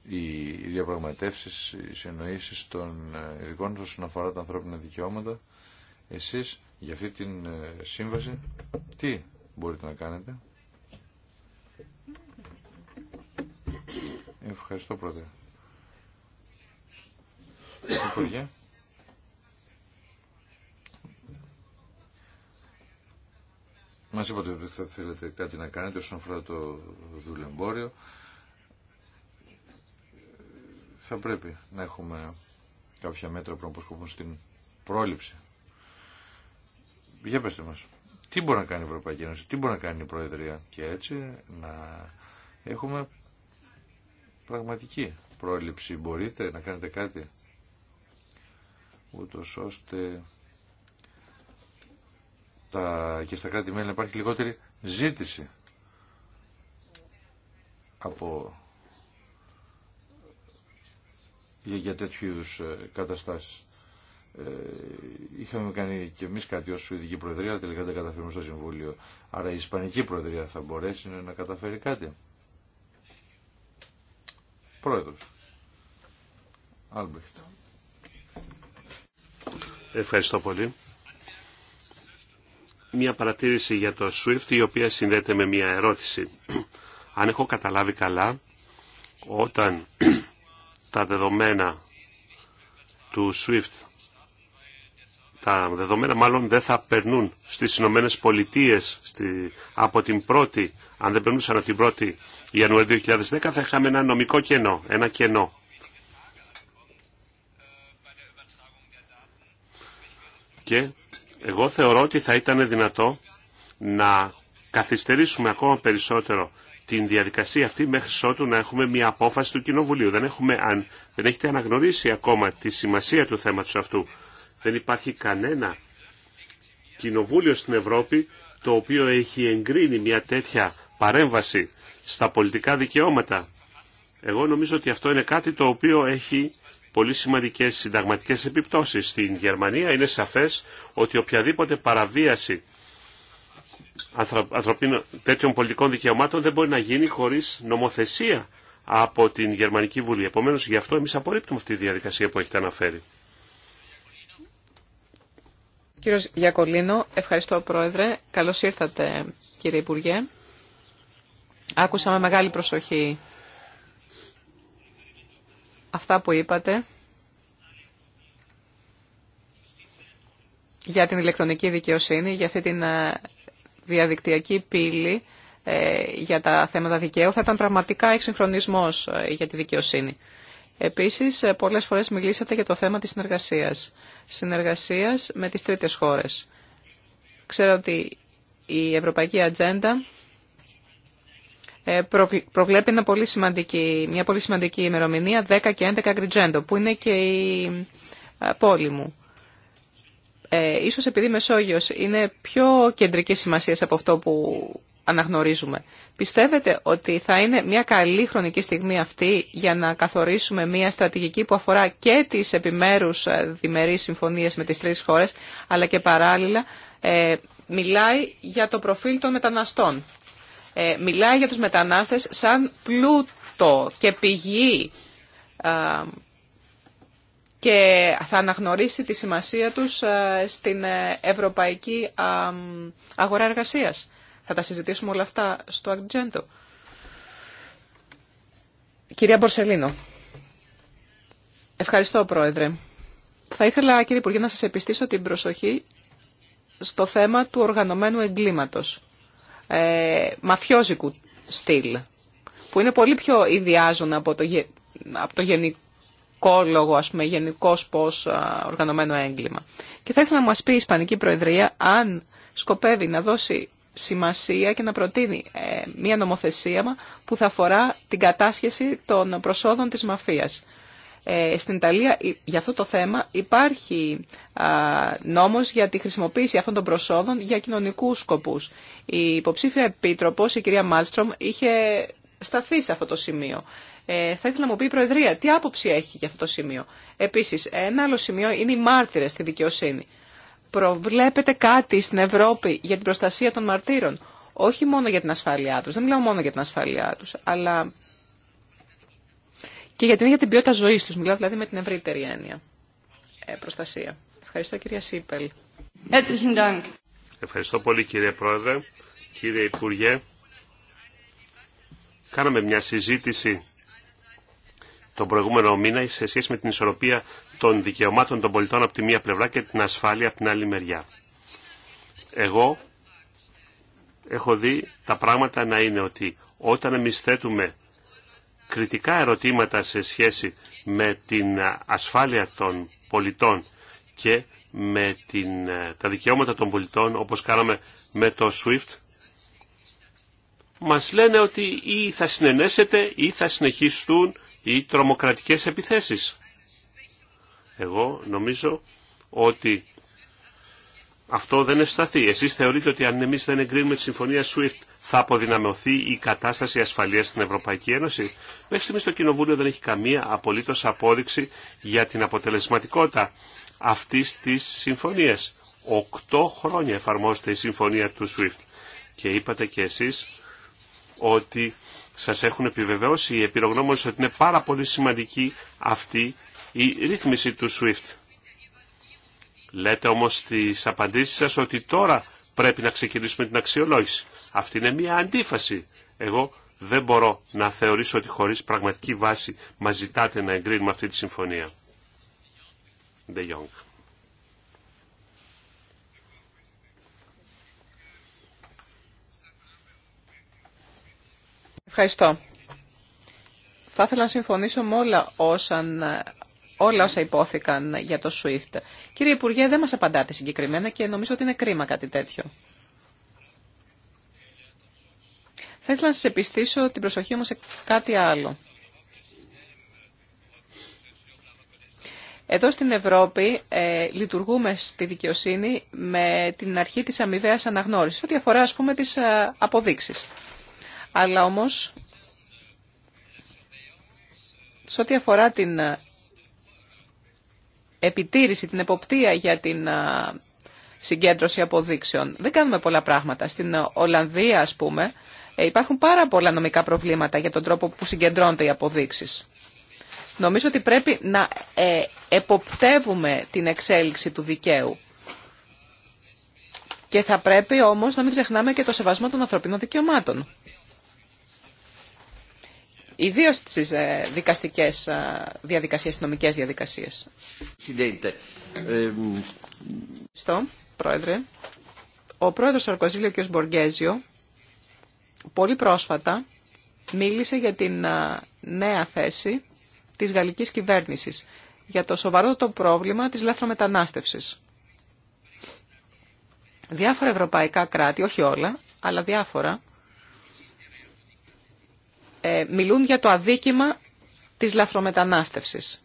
οι διαπραγματεύσεις, οι συνοήσεις των ειδικών όσον αφορά τα ανθρώπινα δικαιώματα. Εσείς για αυτή την ε, σύμβαση τι μπορείτε να κάνετε. Ευχαριστώ πρώτα. Υπουργέ. Μας είπατε ότι θα θέλετε κάτι να κάνετε όσον αφορά το δουλεμπόριο θα πρέπει να έχουμε κάποια μέτρα που να προσκοπούν στην πρόληψη. Για πέστε μας, τι μπορεί να κάνει η Ευρωπαϊκή Ένωση, τι μπορεί να κάνει η Προεδρία και έτσι να έχουμε πραγματική πρόληψη. Μπορείτε να κάνετε κάτι ούτως ώστε τα, και στα κράτη-μέλη να υπάρχει λιγότερη ζήτηση από για, για τέτοιου είδου καταστάσεις. Ε, είχαμε κάνει και εμεί κάτι ω Σουηδική Προεδρία, αλλά τελικά δεν καταφέρουμε στο Συμβούλιο. Άρα η Ισπανική Προεδρία θα μπορέσει να καταφέρει κάτι. Προεδρο. Άλμπεχτ. Ευχαριστώ πολύ. Μια παρατήρηση για το SWIFT η οποία συνδέεται με μια ερώτηση. Αν έχω καταλάβει καλά, όταν τα δεδομένα του SWIFT, τα δεδομένα μάλλον δεν θα περνούν στις Ηνωμένε Πολιτείε από την πρώτη, αν δεν περνούσαν από την πρώτη Ιανουαρίου 2010 θα είχαμε ένα νομικό κενό, ένα κενό. Και εγώ θεωρώ ότι θα ήταν δυνατό να καθυστερήσουμε ακόμα περισσότερο την διαδικασία αυτή μέχρι ότου να έχουμε μια απόφαση του Κοινοβουλίου. Δεν, έχουμε, αν, δεν έχετε αναγνωρίσει ακόμα τη σημασία του θέματος αυτού. Δεν υπάρχει κανένα κοινοβούλιο στην Ευρώπη το οποίο έχει εγκρίνει μια τέτοια παρέμβαση στα πολιτικά δικαιώματα. Εγώ νομίζω ότι αυτό είναι κάτι το οποίο έχει πολύ σημαντικές συνταγματικές επιπτώσεις. Στην Γερμανία είναι σαφές ότι οποιαδήποτε παραβίαση τέτοιων πολιτικών δικαιωμάτων δεν μπορεί να γίνει χωρίς νομοθεσία από την Γερμανική Βουλή. Επομένως, γι' αυτό εμείς απορρίπτουμε αυτή τη διαδικασία που έχετε αναφέρει. Κύριος Γιακολίνο, ευχαριστώ Πρόεδρε. Καλώς ήρθατε κύριε Υπουργέ. Άκουσα με μεγάλη προσοχή αυτά που είπατε για την ηλεκτρονική δικαιοσύνη, για αυτή την ε, διαδικτυακή πύλη ε, για τα θέματα δικαίου θα ήταν πραγματικά εξυγχρονισμός ε, για τη δικαιοσύνη. Επίσης, ε, πολλές φορές μιλήσατε για το θέμα της συνεργασίας. Συνεργασίας με τις τρίτες χώρες. Ξέρω ότι η Ευρωπαϊκή Ατζέντα προβλέπει μια πολύ σημαντική, μια πολύ σημαντική ημερομηνία 10 και 11 Αγκριτζέντο, που είναι και η πόλη μου. Ε, ίσως επειδή η Μεσόγειος είναι πιο κεντρική σημασία από αυτό που αναγνωρίζουμε. Πιστεύετε ότι θα είναι μια καλή χρονική στιγμή αυτή για να καθορίσουμε μια στρατηγική που αφορά και τις επιμέρους ε, διμερείς συμφωνίες με τις τρεις χώρες, αλλά και παράλληλα ε, μιλάει για το προφίλ των μεταναστών. Ε, μιλάει για τους μετανάστες σαν πλούτο και πηγή και θα αναγνωρίσει τη σημασία τους ε, στην ε, ευρωπαϊκή αγορά εργασίας. Θα τα συζητήσουμε όλα αυτά στο Ακτζέντο. Κυρία Μπορσελίνο, ευχαριστώ Πρόεδρε. Θα ήθελα κύριε Υπουργέ να σας επιστήσω την προσοχή στο θέμα του οργανωμένου εγκλήματος, ε, μαφιόζικου στυλ, που είναι πολύ πιο ιδιάζων από από το γενικό Γενικώ ας πούμε, γενικός πώς οργανωμένο έγκλημα. Και θα ήθελα να μας πει η Ισπανική Προεδρία αν σκοπεύει να δώσει σημασία και να προτείνει ε, μία νομοθεσία που θα αφορά την κατάσχεση των προσόδων της μαφίας. Ε, στην Ιταλία για αυτό το θέμα υπάρχει νόμος για τη χρησιμοποίηση αυτών των προσόδων για κοινωνικούς σκοπούς. Η υποψήφια επίτροπος, η κυρία Μάλστρομ, είχε σταθεί σε αυτό το σημείο. Ε, θα ήθελα να μου πει η Προεδρία τι άποψη έχει για αυτό το σημείο. Επίση, ένα άλλο σημείο είναι οι μάρτυρε στη δικαιοσύνη. Προβλέπετε κάτι στην Ευρώπη για την προστασία των μαρτύρων. Όχι μόνο για την ασφάλειά του, δεν μιλάω μόνο για την ασφάλειά του, αλλά και για την ίδια την ποιότητα ζωή του. Μιλάω δηλαδή με την ευρύτερη έννοια. Ε, προστασία. Ευχαριστώ κυρία Σίπελ. Ευχαριστώ πολύ κύριε Πρόεδρε, κύριε Υπουργέ. Κάναμε μια συζήτηση τον προηγούμενο μήνα σε σχέση με την ισορροπία των δικαιωμάτων των πολιτών από τη μία πλευρά και την ασφάλεια από την άλλη μεριά. Εγώ έχω δει τα πράγματα να είναι ότι όταν εμείς θέτουμε κριτικά ερωτήματα σε σχέση με την ασφάλεια των πολιτών και με την, τα δικαιώματα των πολιτών όπως κάναμε με το SWIFT μας λένε ότι ή θα συνενέσετε ή θα συνεχιστούν ή τρομοκρατικές επιθέσεις. Εγώ νομίζω ότι αυτό δεν ευσταθεί. Εσείς θεωρείτε ότι αν εμείς δεν εγκρίνουμε τη συμφωνία SWIFT θα αποδυναμωθεί η κατάσταση ασφαλείας στην Ευρωπαϊκή Ένωση. Μέχρι στιγμής το Κοινοβούλιο δεν έχει καμία απολύτως απόδειξη για την αποτελεσματικότητα αυτής της συμφωνίας. Οκτώ χρόνια εφαρμόζεται η συμφωνία του SWIFT. Και είπατε και εσείς ότι σας έχουν επιβεβαιώσει οι επιρρογνώμονες ότι είναι πάρα πολύ σημαντική αυτή η ρύθμιση του SWIFT. Λέτε όμως στις απαντήσεις σας ότι τώρα πρέπει να ξεκινήσουμε την αξιολόγηση. Αυτή είναι μια αντίφαση. Εγώ δεν μπορώ να θεωρήσω ότι χωρίς πραγματική βάση μας ζητάτε να εγκρίνουμε αυτή τη συμφωνία. De Jong. Ευχαριστώ. Θα ήθελα να συμφωνήσω με όλα όσα, όλα όσα υπόθηκαν για το SWIFT. Κύριε Υπουργέ, δεν μας απαντάτε συγκεκριμένα και νομίζω ότι είναι κρίμα κάτι τέτοιο. Θα ήθελα να σας επιστήσω την προσοχή μου σε κάτι άλλο. Εδώ στην Ευρώπη ε, λειτουργούμε στη δικαιοσύνη με την αρχή της αμοιβαίας αναγνώρισης, ό,τι αφορά ας πούμε τις ε, αποδείξεις. Αλλά όμως, σε ό,τι αφορά την ε, επιτήρηση, την εποπτεία για την ε, συγκέντρωση αποδείξεων, δεν κάνουμε πολλά πράγματα. Στην ε, Ολλανδία, ας πούμε, υπάρχουν πάρα πολλά νομικά προβλήματα για τον τρόπο που συγκεντρώνται οι αποδείξεις. Νομίζω ότι πρέπει να εποπτεύουμε την εξέλιξη του δικαίου. Και θα πρέπει όμως να μην ξεχνάμε και το σεβασμό των ανθρωπίνων δικαιωμάτων ιδίως στις ε, δικαστικές ε, διαδικασίες, νομικές διαδικασίες. Στο, Πρόεδρε, ο πρόεδρος Σαρκοζήλιο και ο Μποργέζιο πολύ πρόσφατα μίλησε για την ε, νέα θέση της γαλλικής κυβέρνησης για το σοβαρό το πρόβλημα της λαθρομετανάστευσης. Διάφορα ευρωπαϊκά κράτη, όχι όλα, αλλά διάφορα, ε, μιλούν για το αδίκημα της λαφρομετανάστευσης.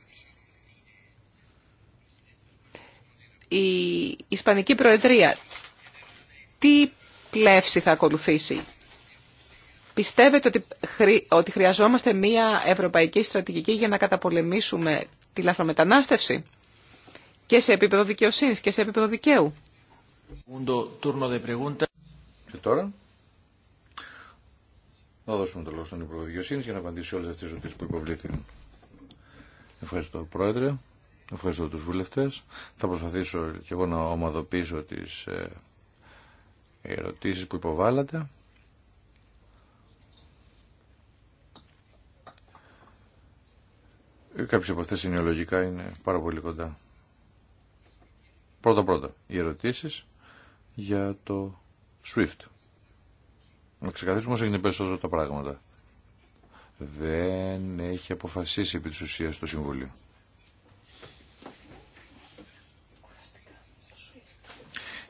Η Ισπανική Προεδρία, τι πλεύση θα ακολουθήσει. Πιστεύετε ότι, ότι χρειαζόμαστε μία ευρωπαϊκή στρατηγική για να καταπολεμήσουμε τη λαφρομετανάστευση και σε επίπεδο δικαιοσύνης και σε επίπεδο δικαίου. Και τώρα να δώσουμε το λόγο στον Υπουργό Δικαιοσύνη για να απαντήσει όλε αυτέ τι ερωτήσει που υποβλήθηκαν. Ευχαριστώ, Πρόεδρε. Ευχαριστώ του βουλευτέ. Θα προσπαθήσω και εγώ να ομαδοποιήσω τις ε, ερωτήσεις που υποβαλλατε Κάποιε Κάποιες αυτε αυτές είναι λογικά, είναι πάρα πολύ κοντά. Πρώτα-πρώτα, οι ερωτήσεις για το SWIFT να ξεκαθαρίσουμε όσο γίνεται περισσότερο τα πράγματα. Δεν έχει αποφασίσει επί τη ουσία το Συμβούλιο.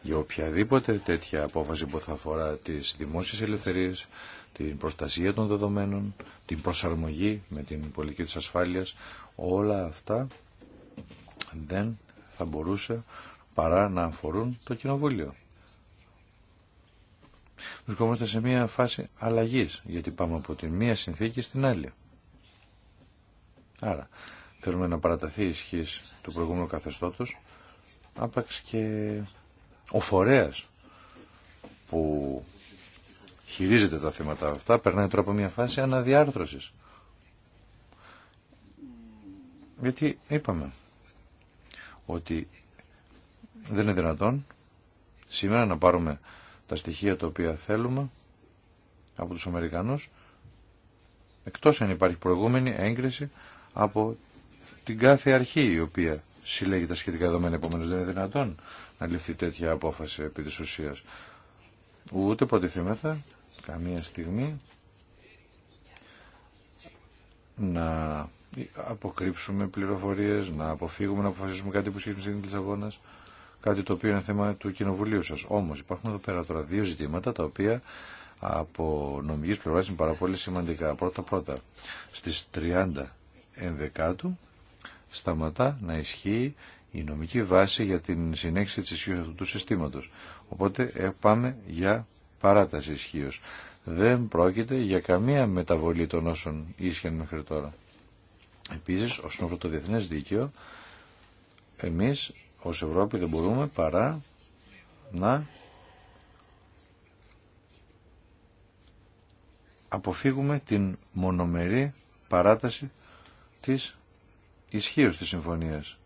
Για οποιαδήποτε τέτοια απόφαση που θα αφορά τις δημόσιες ελευθερίες, την προστασία των δεδομένων, την προσαρμογή με την πολιτική της ασφάλειας, όλα αυτά δεν θα μπορούσε παρά να αφορούν το Κοινοβούλιο. Βρισκόμαστε σε μια φάση αλλαγής, γιατί πάμε από τη μία συνθήκη στην άλλη. Άρα, θέλουμε να παραταθεί η ισχύ του προηγούμενου καθεστώτος, άπαξ και ο που χειρίζεται τα θέματα αυτά, περνάει τώρα από μια φάση αναδιάρθρωσης. Γιατί είπαμε ότι δεν είναι δυνατόν σήμερα να πάρουμε τα στοιχεία τα οποία θέλουμε από τους Αμερικανούς εκτός αν υπάρχει προηγούμενη έγκριση από την κάθε αρχή η οποία συλλέγει τα σχετικά δεδομένα επομένως δεν είναι δυνατόν να ληφθεί τέτοια απόφαση επί της ουσίας ούτε προτιθέμεθα καμία στιγμή να αποκρύψουμε πληροφορίες, να αποφύγουμε να αποφασίσουμε κάτι που σχετίζεται στην τη κάτι το οποίο είναι θέμα του Κοινοβουλίου σας. Όμως υπάρχουν εδώ πέρα τώρα δύο ζητήματα τα οποία από νομικής πλευράς είναι πάρα πολύ σημαντικά. Πρώτα-πρώτα, στις 30 ενδεκάτου σταματά να ισχύει η νομική βάση για την συνέχιση της ισχύω αυτού του συστήματος. Οπότε ε, πάμε για παράταση ισχύω. Δεν πρόκειται για καμία μεταβολή των όσων ίσχυαν μέχρι τώρα. Επίσης, όσον αφορά το διεθνές δίκαιο, εμείς ως Ευρώπη δεν μπορούμε παρά να αποφύγουμε την μονομερή παράταση της ισχύω της συμφωνίας.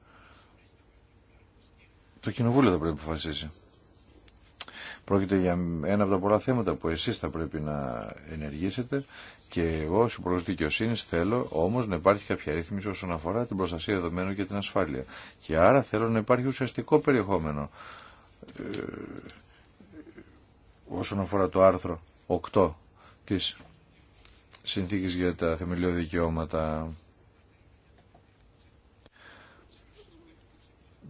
Το κοινοβούλιο θα πρέπει να αποφασίσει. Πρόκειται για ένα από τα πολλά θέματα που εσείς θα πρέπει να ενεργήσετε και εγώ, ως Υπουργός Δικαιοσύνης, θέλω όμως να υπάρχει κάποια ρύθμιση όσον αφορά την προστασία δεδομένων και την ασφάλεια. Και άρα θέλω να υπάρχει ουσιαστικό περιεχόμενο ε, όσον αφορά το άρθρο 8 της Συνθήκης για τα Θεμελιώδη Δικαιώματα.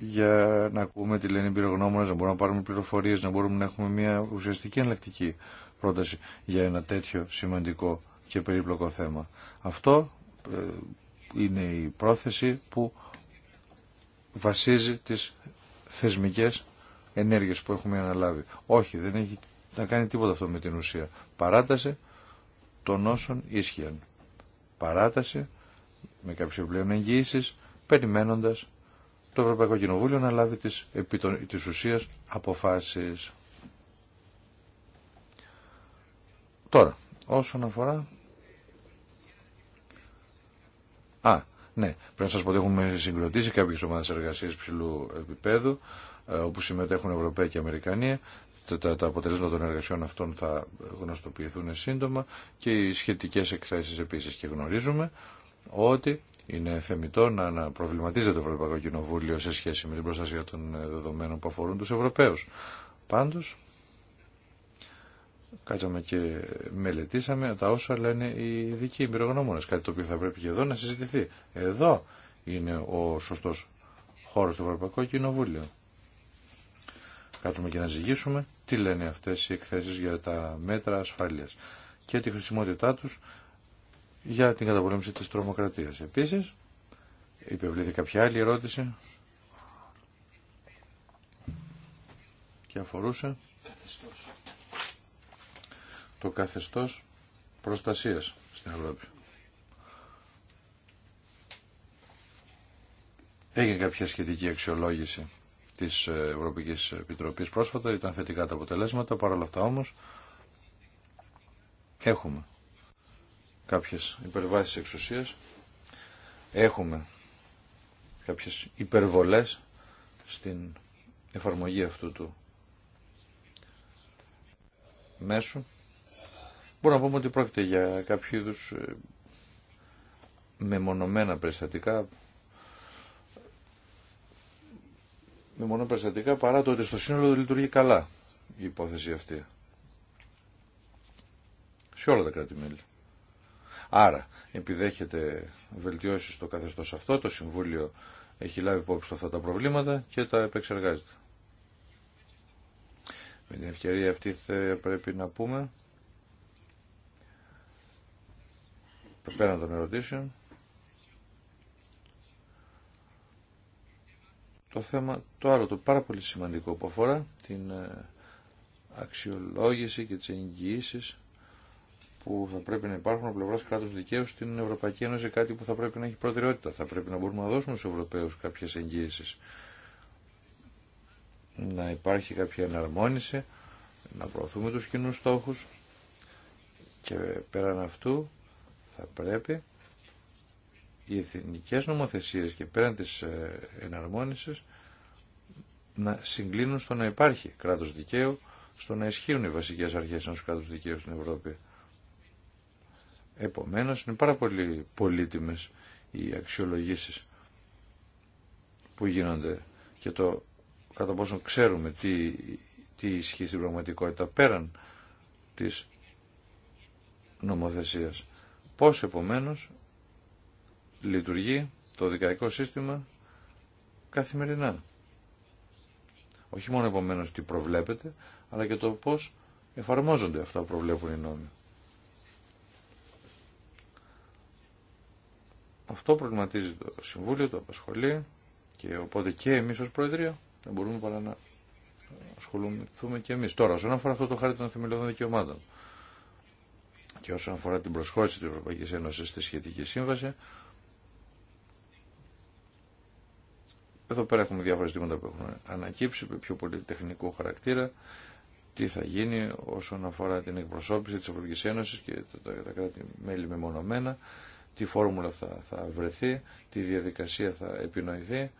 για να ακούμε τι λένε οι πυρογνώμονες, να μπορούμε να πάρουμε πληροφορίες, να μπορούμε να έχουμε μια ουσιαστική εναλλακτική πρόταση για ένα τέτοιο σημαντικό και περίπλοκο θέμα. Αυτό ε, είναι η πρόθεση που βασίζει τις θεσμικές ενέργειες που έχουμε αναλάβει. Όχι, δεν έχει να κάνει τίποτα αυτό με την ουσία. Παράταση των όσων ίσχυαν. Παράταση με κάποιες επιπλέον εγγύησεις, περιμένοντας το Ευρωπαϊκό Κοινοβούλιο να λάβει τις, επί των, ουσίας αποφάσεις. Τώρα, όσον αφορά Ναι, πρέπει να σα πω ότι έχουμε συγκροτήσει κάποιε ομάδε εργασία ψηλού επίπεδου, ε, όπου συμμετέχουν Ευρωπαίοι και Αμερικανοί. Τα, τα αποτελέσματα των εργασιών αυτών θα γνωστοποιηθούν σύντομα και οι σχετικέ εκθέσει επίση. Και γνωρίζουμε ότι είναι θεμητό να, να προβληματίζεται το Ευρωπαϊκό Κοινοβούλιο σε σχέση με την προστασία των δεδομένων που αφορούν του Ευρωπαίου. πάντω. Κάτσαμε και μελετήσαμε τα όσα λένε οι ειδικοί εμπειρογνώμονε. κάτι το οποίο θα πρέπει και εδώ να συζητηθεί. Εδώ είναι ο σωστός χώρος του Ευρωπαϊκού Κοινοβούλιο. Κάτσουμε και να ζυγίσουμε τι λένε αυτές οι εκθέσεις για τα μέτρα ασφάλειας και τη χρησιμότητά τους για την καταπολέμηση της τρομοκρατίας. Επίσης, υπευλήθη κάποια άλλη ερώτηση και αφορούσε το καθεστώς προστασίας στην Ευρώπη. Έγινε κάποια σχετική αξιολόγηση της Ευρωπαϊκής Επιτροπής πρόσφατα, ήταν θετικά τα αποτελέσματα, παρόλα αυτά όμως έχουμε κάποιες υπερβάσεις εξουσίας, έχουμε κάποιες υπερβολές στην εφαρμογή αυτού του μέσου Μπορούμε να πούμε ότι πρόκειται για κάποιο είδου ε, μεμονωμένα περιστατικά μεμονωμένα περιστατικά παρά το ότι στο σύνολο λειτουργεί καλά η υπόθεση αυτή. Σε όλα τα κράτη-μέλη. Άρα, επιδέχεται βελτιώσεις στο καθεστώς αυτό, το Συμβούλιο έχει λάβει υπόψη αυτά τα προβλήματα και τα επεξεργάζεται. Με την ευκαιρία αυτή πρέπει να πούμε πέραν των ερωτήσεων. Το θέμα, το άλλο, το πάρα πολύ σημαντικό που αφορά την ε, αξιολόγηση και τις εγγυήσει που θα πρέπει να υπάρχουν από πλευρά κράτου δικαίου στην Ευρωπαϊκή Ένωση, κάτι που θα πρέπει να έχει προτεραιότητα. Θα πρέπει να μπορούμε να δώσουμε στους Ευρωπαίου κάποιε εγγύησει. Να υπάρχει κάποια εναρμόνιση, να προωθούμε του κοινού στόχου και πέραν αυτού θα πρέπει οι εθνικές νομοθεσίες και πέραν της ε, εναρμόνισης να συγκλίνουν στο να υπάρχει κράτος δικαίου, στο να ισχύουν οι βασικές αρχές ενός κράτους δικαίου στην Ευρώπη. Επομένως είναι πάρα πολύ πολύτιμες οι αξιολογήσεις που γίνονται και το κατά πόσο ξέρουμε τι, τι ισχύει στην πραγματικότητα πέραν της νομοθεσίας. Πώς επομένως λειτουργεί το δικαϊκό σύστημα καθημερινά. Όχι μόνο επομένως τι προβλέπεται, αλλά και το πώς εφαρμόζονται αυτά που προβλέπουν οι νόμοι. Αυτό προβληματίζει το Συμβούλιο, το απασχολεί και οπότε και εμείς ως Προεδρία δεν μπορούμε παρά να ασχοληθούμε και εμείς. Τώρα, όσον αφορά αυτό το χάρτη των θεμελιωδών δικαιωμάτων, και όσον αφορά την προσχώρηση της Ευρωπαϊκής Ένωσης στη σχετική σύμβαση, εδώ πέρα έχουμε διάφορα ζητήματα που έχουν ανακύψει, πιο πολύ χαρακτήρα, τι θα γίνει όσον αφορά την εκπροσώπηση της Ευρωπαϊκής Ένωσης και τα, τα κράτη-μέλη μεμονωμένα, τι φόρμουλα θα, θα βρεθεί, τι διαδικασία θα επινοηθεί.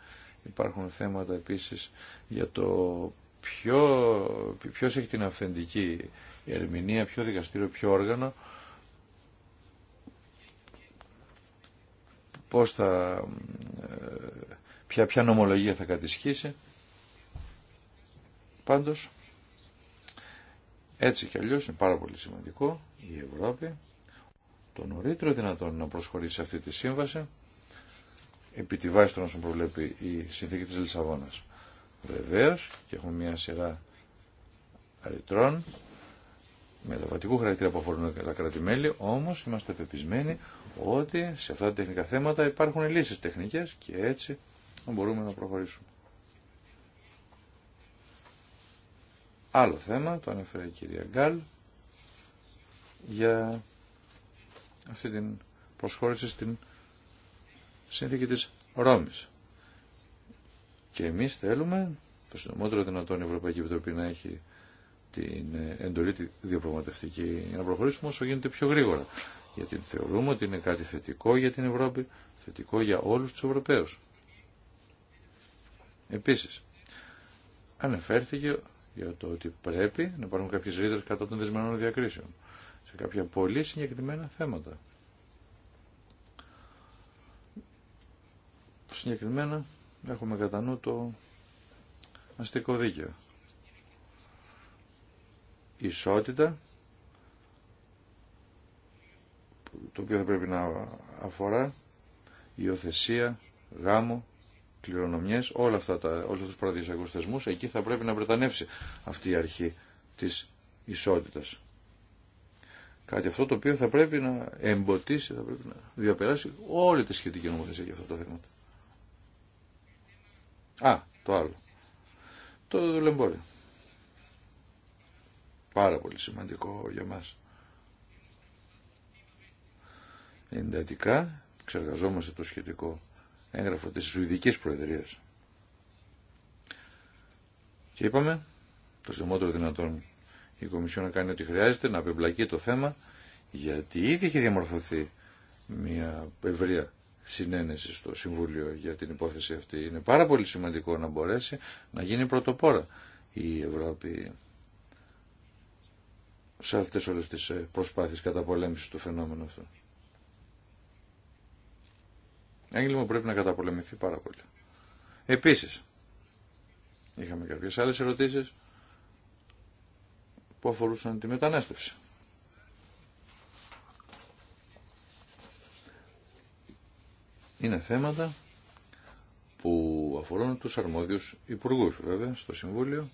Υπάρχουν θέματα επίσης για το ποιο, ποιος έχει την αυθεντική ερμηνεία, ποιο δικαστήριο, ποιο όργανο πώς θα, ποια, ποια νομολογία θα κατησχύσει. Πάντως, έτσι κι αλλιώς είναι πάρα πολύ σημαντικό η Ευρώπη το νωρίτερο δυνατόν να προσχωρήσει αυτή τη σύμβαση επί τη βάση των όσων προβλέπει η συνθήκη της Λισαβόνας. Βεβαίως και έχουμε μια σειρά αριτρών με βατικού χαρακτήρα που αφορούν τα κράτη-μέλη, όμως είμαστε πεπισμένοι ότι σε αυτά τα τεχνικά θέματα υπάρχουν λύσεις τεχνικές και έτσι μπορούμε να προχωρήσουμε. Άλλο θέμα, το ανέφερε η κυρία Γκάλ, για αυτή την προσχώρηση στην σύνθηκη της Ρώμης. Και εμείς θέλουμε το συντομότερο δυνατόν η Ευρωπαϊκή Επιτροπή να έχει την εντολή τη διαπραγματευτική για να προχωρήσουμε όσο γίνεται πιο γρήγορα. Γιατί θεωρούμε ότι είναι κάτι θετικό για την Ευρώπη, θετικό για όλους τους Ευρωπαίους. Επίσης, ανεφέρθηκε για το ότι πρέπει να υπάρχουν κάποιες κάτω κατά των δεσμενών διακρίσεων σε κάποια πολύ συγκεκριμένα θέματα. Συγκεκριμένα έχουμε κατά νου το αστικό δίκαιο ισότητα το οποίο θα πρέπει να αφορά υιοθεσία, γάμο, κληρονομιές, όλα αυτά τα, όλους τους παραδεισιακούς θεσμούς, εκεί θα πρέπει να πρετανεύσει αυτή η αρχή της ισότητας. Κάτι αυτό το οποίο θα πρέπει να εμποτίσει, θα πρέπει να διαπεράσει όλη τη σχετική νομοθεσία για αυτά τα θέματα. Α, το άλλο. Το δουλεμπόριο. Πάρα πολύ σημαντικό για μας. Εντατικά ξεργαζόμαστε το σχετικό έγγραφο της Σουηδικής Προεδρίας. Και είπαμε, το συντομότερο δυνατόν η Κομισιόν να κάνει ό,τι χρειάζεται, να απεμπλακεί το θέμα, γιατί ήδη έχει διαμορφωθεί μια ευρεία συνένεση στο Συμβούλιο για την υπόθεση αυτή. Είναι πάρα πολύ σημαντικό να μπορέσει να γίνει πρωτοπόρα η Ευρώπη σε αυτές όλες τις ε, προσπάθειες καταπολέμησης του φαινόμενου αυτού. Έγκλημα πρέπει να καταπολεμηθεί πάρα πολύ. Επίσης, είχαμε κάποιες άλλες ερωτήσεις που αφορούσαν τη μετανάστευση. Είναι θέματα που αφορούν τους αρμόδιους υπουργούς βέβαια στο Συμβούλιο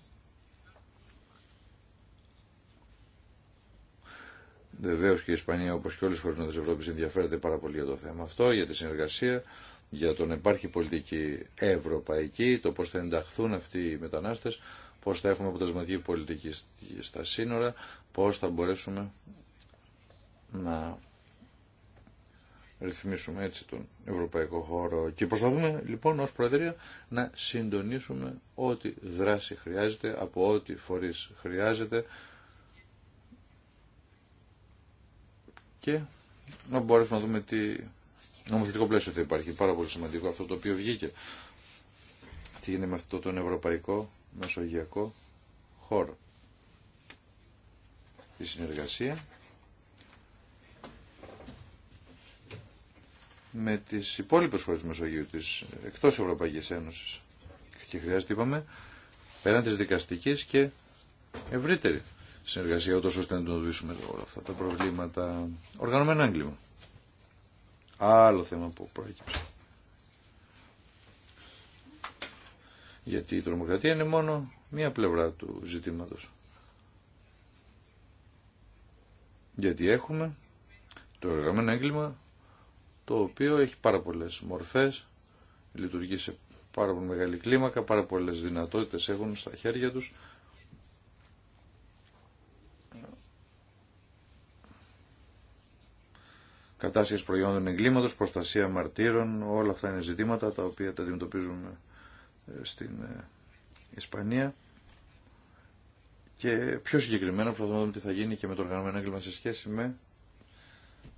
Βεβαίω και η Ισπανία, όπω και όλε οι χώρε τη Ευρώπη, ενδιαφέρεται πάρα πολύ για το θέμα αυτό, για τη συνεργασία, για τον υπάρχει πολιτική ευρωπαϊκή, το πώ θα ενταχθούν αυτοί οι μετανάστε, πώ θα έχουμε αποτελεσματική πολιτική στα σύνορα, πώ θα μπορέσουμε να ρυθμίσουμε έτσι τον ευρωπαϊκό χώρο. Και προσπαθούμε λοιπόν ως Προεδρία να συντονίσουμε ό,τι δράση χρειάζεται, από ό,τι φορείς χρειάζεται, και να μπορέσουμε να δούμε τι νομοθετικό πλαίσιο θα υπάρχει. Πάρα πολύ σημαντικό αυτό το οποίο βγήκε. Τι γίνεται με αυτό τον ευρωπαϊκό μεσογειακό χώρο. Τη συνεργασία με τις υπόλοιπες χώρες Μεσογείου, της εκτός Ευρωπαϊκής Ένωσης. Και χρειάζεται, είπαμε, πέραν της δικαστικής και ευρύτερη συνεργασία ούτως ώστε να αντιμετωπίσουμε όλα αυτά τα προβλήματα. Οργανωμένο έγκλημα. Άλλο θέμα που προέκυψε. Γιατί η τρομοκρατία είναι μόνο μία πλευρά του ζητήματος. Γιατί έχουμε το εργαμένο έγκλημα το οποίο έχει πάρα πολλές μορφές, λειτουργεί σε πάρα πολύ μεγάλη κλίμακα, πάρα πολλές δυνατότητες έχουν στα χέρια τους κατάσχεση προϊόντων εγκλήματος, προστασία μαρτύρων, όλα αυτά είναι ζητήματα τα οποία τα αντιμετωπίζουμε ε, στην ε, Ισπανία και πιο συγκεκριμένα προσπαθούμε να δούμε τι θα γίνει και με το οργανωμένο έγκλημα σε σχέση με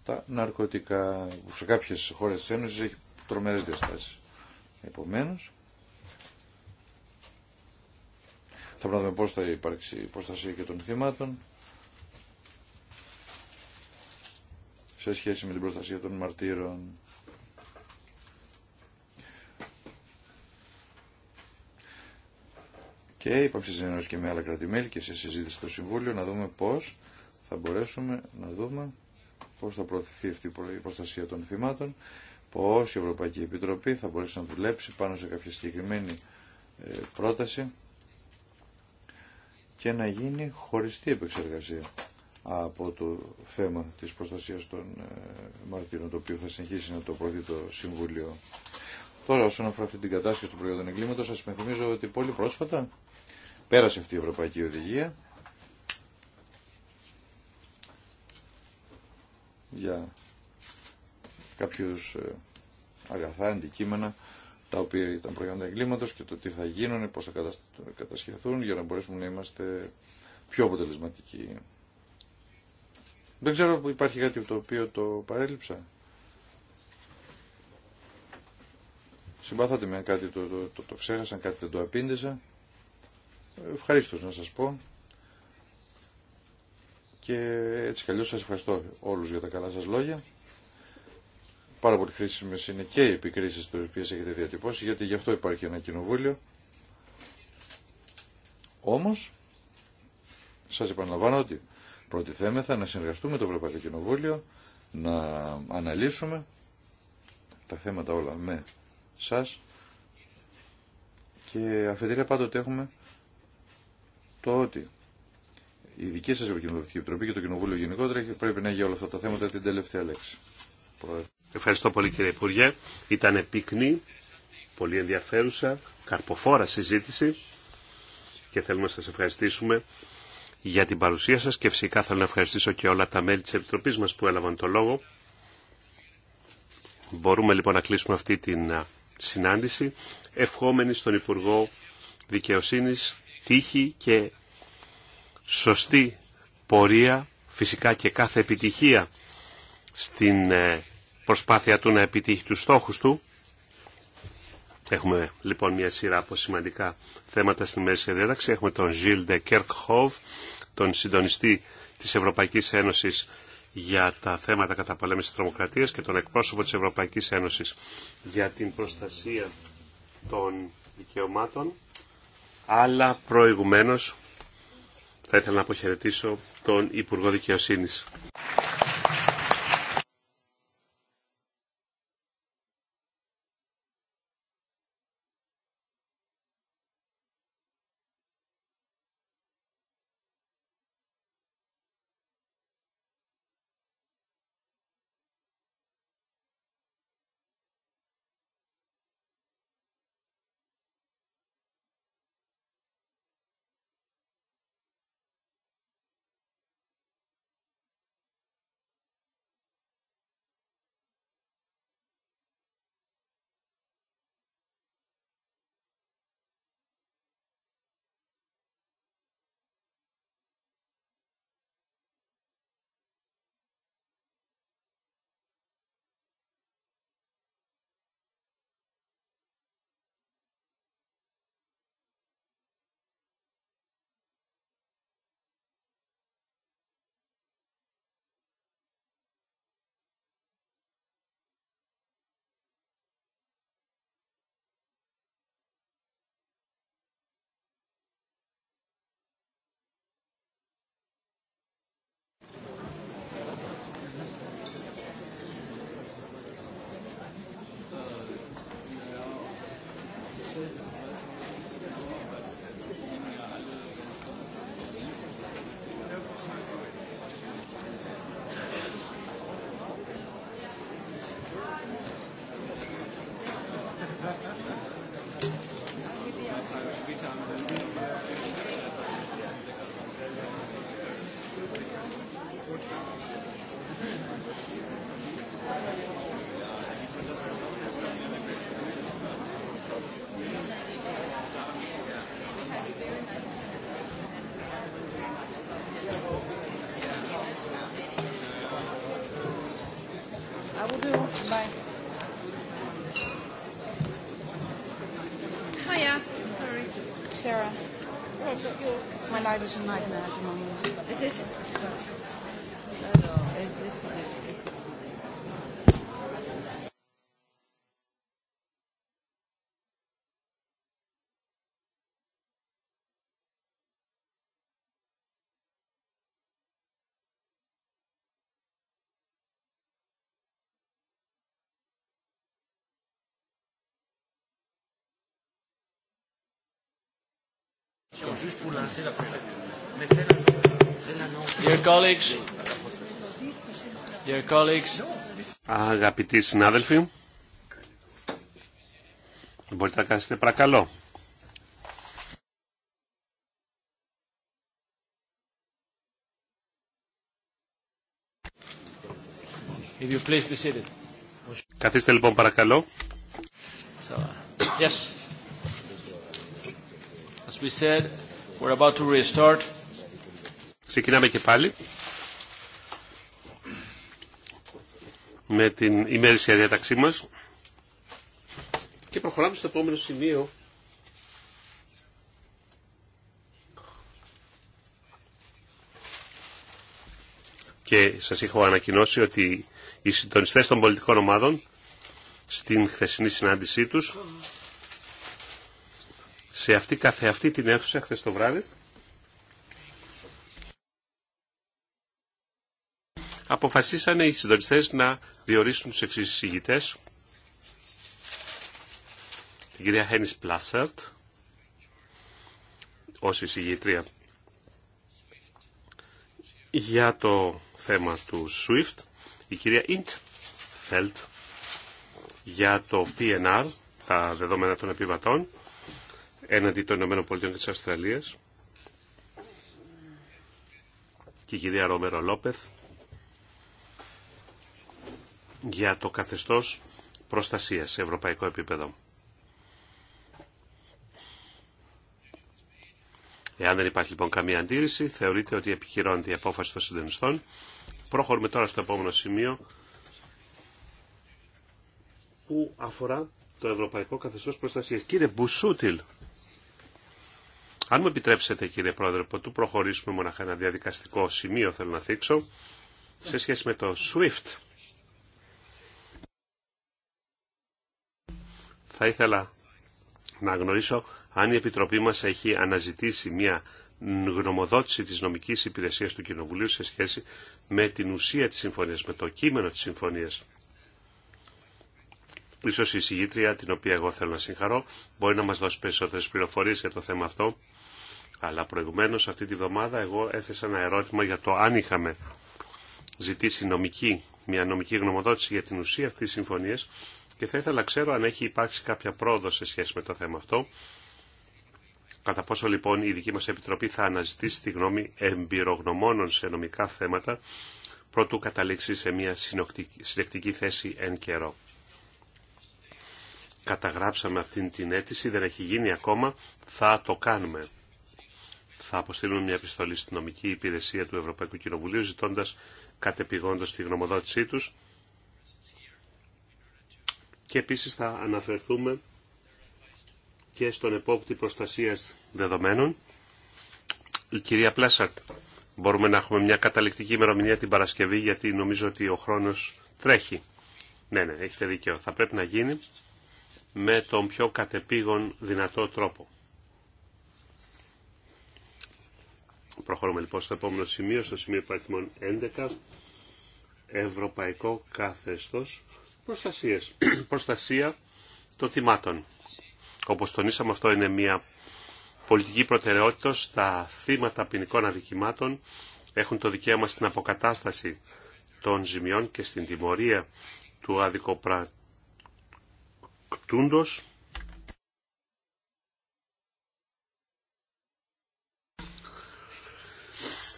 τα ναρκωτικά που σε κάποιες χώρες της Ένωσης έχει τρομερές διαστάσεις. Επομένως, θα πρέπει να δούμε πώς θα υπάρξει η προστασία και των θυμάτων σε σχέση με την προστασία των μαρτύρων. Και είπαμε σε και με άλλα κρατημέλη και σε συζήτηση στο Συμβούλιο να δούμε πώς θα μπορέσουμε να δούμε πώς θα προωθηθεί αυτή η προστασία των θυμάτων, πώς η Ευρωπαϊκή Επιτροπή θα μπορέσει να δουλέψει πάνω σε κάποια συγκεκριμένη ε, πρόταση και να γίνει χωριστή επεξεργασία από το θέμα της προστασίας των ε, μαρτύρων, το οποίο θα συνεχίσει να το προωθεί το Συμβούλιο. Τώρα, όσον αφορά αυτή την κατάσταση του προϊόντων εγκλήματος, σας υπενθυμίζω ότι πολύ πρόσφατα πέρασε αυτή η Ευρωπαϊκή Οδηγία για κάποιους ε, αγαθά, αντικείμενα, τα οποία ήταν προϊόντα εγκλήματος και το τι θα γίνουν, πώς θα κατασχεθούν για να μπορέσουμε να είμαστε πιο αποτελεσματικοί. Δεν ξέρω που υπάρχει κάτι το οποίο το παρέλειψα. Συμπάθατε με κάτι το, το, το, το ξέχασα, κάτι δεν το απήντησα. Ευχαρίστω να σας πω. Και έτσι καλώ σας ευχαριστώ όλους για τα καλά σας λόγια. Πάρα πολύ χρήσιμες είναι και οι επικρίσεις τις οποίες έχετε διατυπώσει, γιατί γι' αυτό υπάρχει ένα κοινοβούλιο. Όμως, σας επαναλαμβάνω ότι Πρώτη θέμεθα να συνεργαστούμε το Ευρωπαϊκό Κοινοβούλιο, να αναλύσουμε τα θέματα όλα με σας και αφεντήρια πάντοτε έχουμε το ότι η δική σας Ευρωκοινοβουλευτική Επιτροπή και το Κοινοβούλιο γενικότερα πρέπει να έχει όλα αυτά τα θέματα την τελευταία λέξη. Ευχαριστώ πολύ κύριε Υπουργέ. Ήταν επικνή, πολύ ενδιαφέρουσα, καρποφόρα συζήτηση και θέλουμε να σας ευχαριστήσουμε για την παρουσία σας και φυσικά θέλω να ευχαριστήσω και όλα τα μέλη της Επιτροπής μας που έλαβαν το λόγο. Μπορούμε λοιπόν να κλείσουμε αυτή την συνάντηση ευχόμενοι στον Υπουργό Δικαιοσύνης τύχη και σωστή πορεία, φυσικά και κάθε επιτυχία στην ε, προσπάθεια του να επιτύχει τους στόχους του Έχουμε λοιπόν μια σειρά από σημαντικά θέματα στην μέση διάταξη. Έχουμε τον Γιλ Ντε Κέρκχοβ, τον συντονιστή της Ευρωπαϊκής Ένωσης για τα θέματα κατά πολέμηση τρομοκρατίας και τον εκπρόσωπο της Ευρωπαϊκής Ένωσης για την προστασία των δικαιωμάτων. Αλλά προηγουμένως θα ήθελα να αποχαιρετήσω τον Υπουργό Δικαιοσύνης. Σα ευχαριστώ. pour Αγαπητοί συνάδελφοι, μπορείτε να κάνετε παρακαλώ. Καθίστε λοιπόν παρακαλώ. yes. As we Ξεκινάμε και πάλι με την ημέρησια διάταξή μας και προχωράμε στο επόμενο σημείο και σας είχα ανακοινώσει ότι οι συντονιστές των πολιτικών ομάδων στην χθεσινή συνάντησή τους σε αυτή καθεαυτή την αίθουσα χθε το βράδυ. Αποφασίσανε οι συντονιστές να διορίσουν τους εξής εισηγητές. Την κυρία Χένις Πλάσσαρτ ως εισηγητρία για το θέμα του SWIFT. Η κυρία Ιντ Φέλτ για το PNR, τα δεδομένα των επιβατών έναντι των ΗΠΑ και της Αυστραλίας και η κυρία Ρόμερο Λόπεθ για το καθεστώς προστασίας σε ευρωπαϊκό επίπεδο. Εάν δεν υπάρχει λοιπόν καμία αντίρρηση, θεωρείται ότι επικυρώνεται η απόφαση των συντονιστών. Προχωρούμε τώρα στο επόμενο σημείο που αφορά το Ευρωπαϊκό Καθεστώς Προστασίας. Κύριε Μπουσούτιλ, αν μου επιτρέψετε κύριε Πρόεδρε, που προχωρήσουμε μοναχα ένα διαδικαστικό σημείο θέλω να θίξω, σε σχέση με το SWIFT. Θα ήθελα να γνωρίσω αν η Επιτροπή μας έχει αναζητήσει μια γνωμοδότηση της νομικής υπηρεσίας του Κοινοβουλίου σε σχέση με την ουσία της συμφωνίας, με το κείμενο της συμφωνίας. Ίσως η συγγήτρια, την οποία εγώ θέλω να συγχαρώ, μπορεί να μας δώσει περισσότερες πληροφορίες για το θέμα αυτό αλλά προηγουμένως αυτή τη βδομάδα εγώ έθεσα ένα ερώτημα για το αν είχαμε ζητήσει νομική, μια νομική γνωμοδότηση για την ουσία αυτής της συμφωνίας και θα ήθελα να ξέρω αν έχει υπάρξει κάποια πρόοδο σε σχέση με το θέμα αυτό. Κατά πόσο λοιπόν η δική μας Επιτροπή θα αναζητήσει τη γνώμη εμπειρογνωμόνων σε νομικά θέματα προτού καταλήξει σε μια συνεκτική θέση εν καιρό. Καταγράψαμε αυτή την αίτηση, δεν έχει γίνει ακόμα, θα το κάνουμε θα αποστείλουμε μια επιστολή στην νομική υπηρεσία του Ευρωπαϊκού Κοινοβουλίου ζητώντας κατεπηγόντως τη γνωμοδότησή τους και επίσης θα αναφερθούμε και στον επόπτη προστασίας δεδομένων. Η κυρία Πλάσαρτ, μπορούμε να έχουμε μια καταληκτική ημερομηνία την Παρασκευή γιατί νομίζω ότι ο χρόνος τρέχει. Ναι, ναι, έχετε δίκιο. Θα πρέπει να γίνει με τον πιο κατεπήγον δυνατό τρόπο. Προχωρούμε λοιπόν στο επόμενο σημείο, στο σημείο υπαριθμών 11, Ευρωπαϊκό Κάθεστος Προστασίας, Προστασία των Θυμάτων. Όπως τονίσαμε αυτό είναι μια πολιτική προτεραιότητα στα θύματα ποινικών αδικημάτων έχουν το δικαίωμα στην αποκατάσταση των ζημιών και στην τιμωρία του αδικοπρακτούντος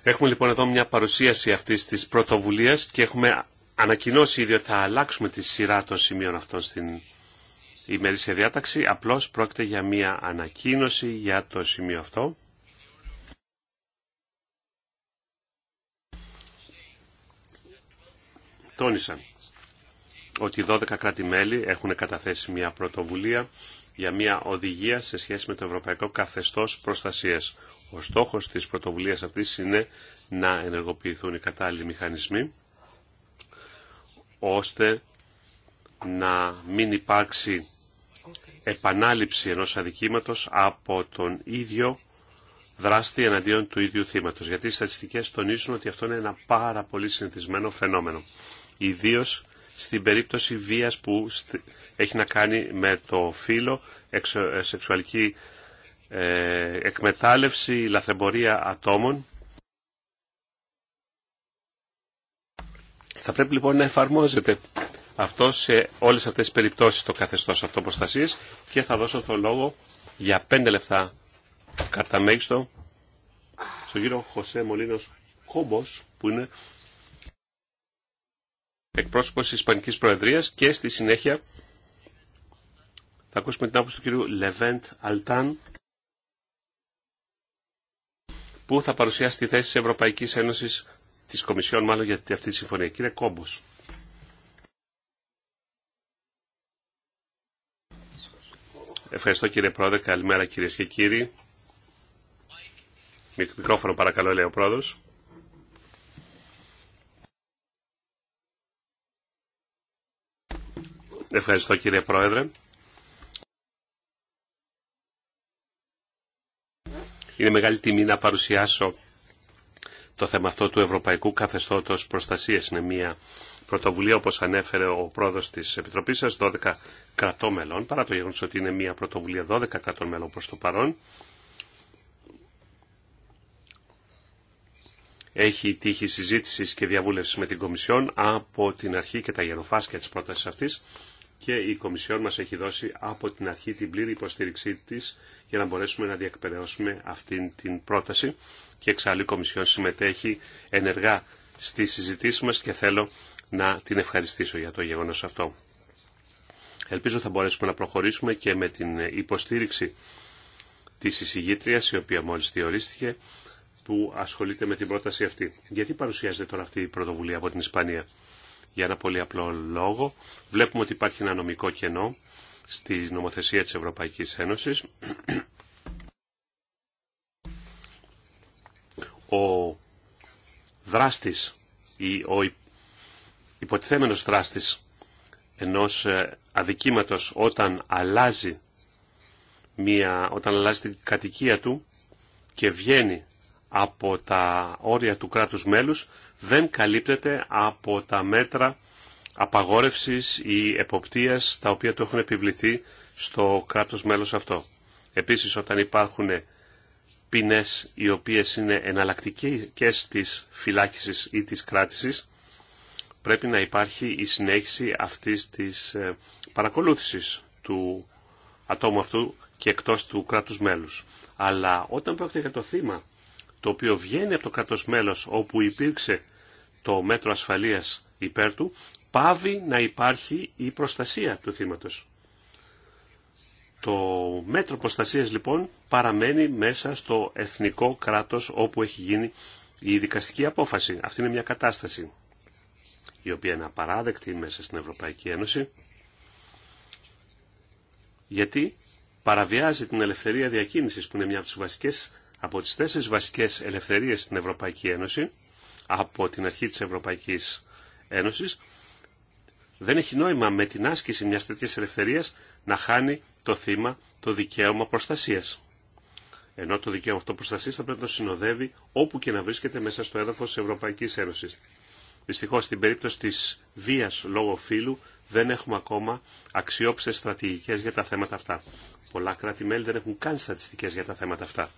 Έχουμε λοιπόν εδώ μια παρουσίαση αυτής της πρωτοβουλίας και έχουμε ανακοινώσει ήδη ότι θα αλλάξουμε τη σειρά των σημείων αυτών στην ημερήσια διάταξη. Απλώς πρόκειται για μια ανακοίνωση για το σημείο αυτό. Τόνισαν ότι 12 κράτη-μέλη έχουν καταθέσει μια πρωτοβουλία για μια οδηγία σε σχέση με το Ευρωπαϊκό Καθεστώς Προστασίας. Ο στόχος της πρωτοβουλίας αυτής είναι να ενεργοποιηθούν οι κατάλληλοι μηχανισμοί ώστε να μην υπάρξει επανάληψη ενός αδικήματος από τον ίδιο δράστη εναντίον του ίδιου θύματος. Γιατί οι στατιστικές τονίζουν ότι αυτό είναι ένα πάρα πολύ συνηθισμένο φαινόμενο. ιδίω στην περίπτωση βίας που έχει να κάνει με το φύλλο, σεξουαλική ε, εκμετάλλευση, λαθρεμπορία ατόμων. Θα πρέπει λοιπόν να εφαρμόζεται αυτό σε όλες αυτές τις περιπτώσεις το καθεστώς αυτοποστασίας και θα δώσω το λόγο για πέντε λεπτά κατά μέγιστο στον κύριο Χωσέ Μολίνος Κόμπος που είναι εκπρόσωπος της Ισπανικής Προεδρίας και στη συνέχεια θα ακούσουμε την άποψη του κύριου Λεβέντ Αλτάν που θα παρουσιάσει τη θέση της Ευρωπαϊκής Ένωσης, της Κομισιόν μάλλον για αυτή τη συμφωνία. Κύριε Κόμπος. Ευχαριστώ κύριε Πρόεδρε, καλημέρα κύριε και κύριοι. Μικρόφωνο παρακαλώ λέει ο Πρόεδρος. Ευχαριστώ κύριε Πρόεδρε. Είναι μεγάλη τιμή να παρουσιάσω το θέμα αυτό του Ευρωπαϊκού Καθεστώτος Προστασίας. Είναι μια πρωτοβουλία, όπως ανέφερε ο πρόεδρος της Επιτροπής σας, 12 κρατών μελών, παρά το γεγονός ότι είναι μια πρωτοβουλία 12 κρατών μελών προς το παρόν. Έχει τύχει συζήτηση και διαβούλευση με την Κομισιόν από την αρχή και τα γεροφάσκια της πρότασης αυτής και η Κομισιόν μας έχει δώσει από την αρχή την πλήρη υποστήριξή της για να μπορέσουμε να διακπαιρεώσουμε αυτή την πρόταση και εξάλλου η Κομισιόν συμμετέχει ενεργά στη συζητήσεις μας και θέλω να την ευχαριστήσω για το γεγονός αυτό. Ελπίζω θα μπορέσουμε να προχωρήσουμε και με την υποστήριξη της εισηγήτριας, η οποία μόλις διορίστηκε, που ασχολείται με την πρόταση αυτή. Γιατί παρουσιάζεται τώρα αυτή η πρωτοβουλία από την Ισπανία για ένα πολύ απλό λόγο. Βλέπουμε ότι υπάρχει ένα νομικό κενό στη νομοθεσία της Ευρωπαϊκής Ένωσης. Ο δράστης ή ο υποτιθέμενος δράστης ενός ε, αδικήματος όταν αλλάζει, μια, όταν αλλάζει την κατοικία του και βγαίνει από τα όρια του κράτους μέλους δεν καλύπτεται από τα μέτρα απαγόρευσης ή εποπτείας τα οποία το έχουν επιβληθεί στο κράτος μέλος αυτό. Επίσης όταν υπάρχουν ποινές οι οποίες είναι εναλλακτικές της φυλάκισης ή της κράτησης πρέπει να υπάρχει η εποπτειας τα οποια του εχουν επιβληθει στο κρατος μελος αυτο επισης οταν υπαρχουν πίνες οι οποιες ειναι εναλλακτικες της ε, παρακολούθησης του ατόμου αυτού και εκτός του κράτους μέλους. Αλλά όταν πρόκειται για το θύμα το οποίο βγαίνει από το κράτος μέλος όπου υπήρξε το μέτρο ασφαλείας υπέρ του, πάβει να υπάρχει η προστασία του θύματος. Το μέτρο προστασίας λοιπόν παραμένει μέσα στο εθνικό κράτος όπου έχει γίνει η δικαστική απόφαση. Αυτή είναι μια κατάσταση η οποία είναι απαράδεκτη μέσα στην Ευρωπαϊκή Ένωση γιατί παραβιάζει την ελευθερία διακίνησης που είναι μια από τις βασικές από τις τέσσερις βασικές ελευθερίες στην Ευρωπαϊκή Ένωση, από την αρχή της Ευρωπαϊκής Ένωσης, δεν έχει νόημα με την άσκηση μιας τέτοιας ελευθερίας να χάνει το θύμα το δικαίωμα προστασίας. Ενώ το δικαίωμα αυτό προστασίας θα πρέπει να το συνοδεύει όπου και να βρίσκεται μέσα στο έδαφος της Ευρωπαϊκής Ένωσης. Δυστυχώς στην περίπτωση της βίας λόγω φύλου δεν έχουμε ακόμα αξιόπιστες στρατηγικές για τα θέματα αυτά. Πολλά κράτη-μέλη δεν έχουν καν στατιστικές για τα θέματα αυτά.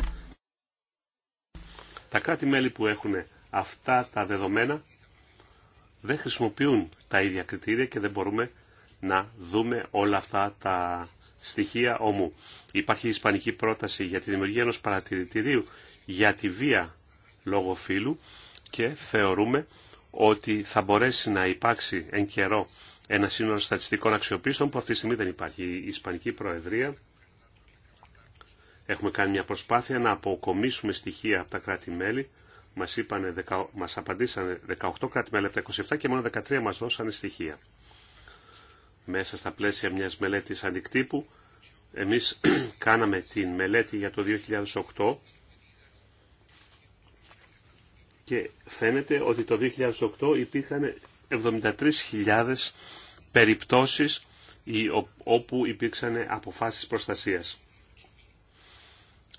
Τα κράτη-μέλη που έχουν αυτά τα δεδομένα δεν χρησιμοποιούν τα ίδια κριτήρια και δεν μπορούμε να δούμε όλα αυτά τα στοιχεία ομού. Υπάρχει η ισπανική πρόταση για τη δημιουργία ενός παρατηρητηρίου για τη βία λόγω φύλου και θεωρούμε ότι θα μπορέσει να υπάρξει εν καιρό ένα σύνολο στατιστικών αξιοπίστων που αυτή τη στιγμή δεν υπάρχει. Η Ισπανική Προεδρία Έχουμε κάνει μια προσπάθεια να αποκομίσουμε στοιχεία από τα κράτη-μέλη. Μας, είπανε, μας απαντήσανε 18 κράτη-μέλη από τα 27 και μόνο 13 μας δώσανε στοιχεία. Μέσα στα πλαίσια μιας μελέτης αντικτύπου, εμείς κάναμε την μελέτη για το 2008 και φαίνεται ότι το 2008 υπήρχαν 73.000 περιπτώσεις όπου υπήρξαν αποφάσεις προστασίας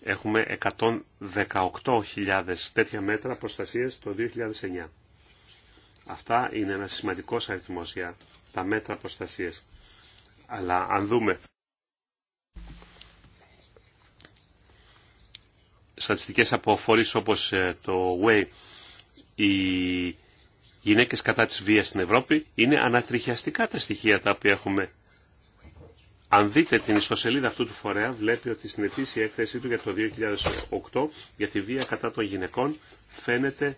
έχουμε 118.000 τέτοια μέτρα προστασίας το 2009. Αυτά είναι ένα σημαντικό αριθμός για τα μέτρα προστασίας. Αλλά αν δούμε στατιστικές αποφόρεις όπως ε, το WAY, οι γυναίκες κατά της βίας στην Ευρώπη, είναι ανατριχιαστικά τα στοιχεία τα οποία έχουμε αν δείτε την ιστοσελίδα αυτού του φορέα, βλέπει ότι στην ετήσια έκθεσή του για το 2008 για τη βία κατά των γυναικών φαίνεται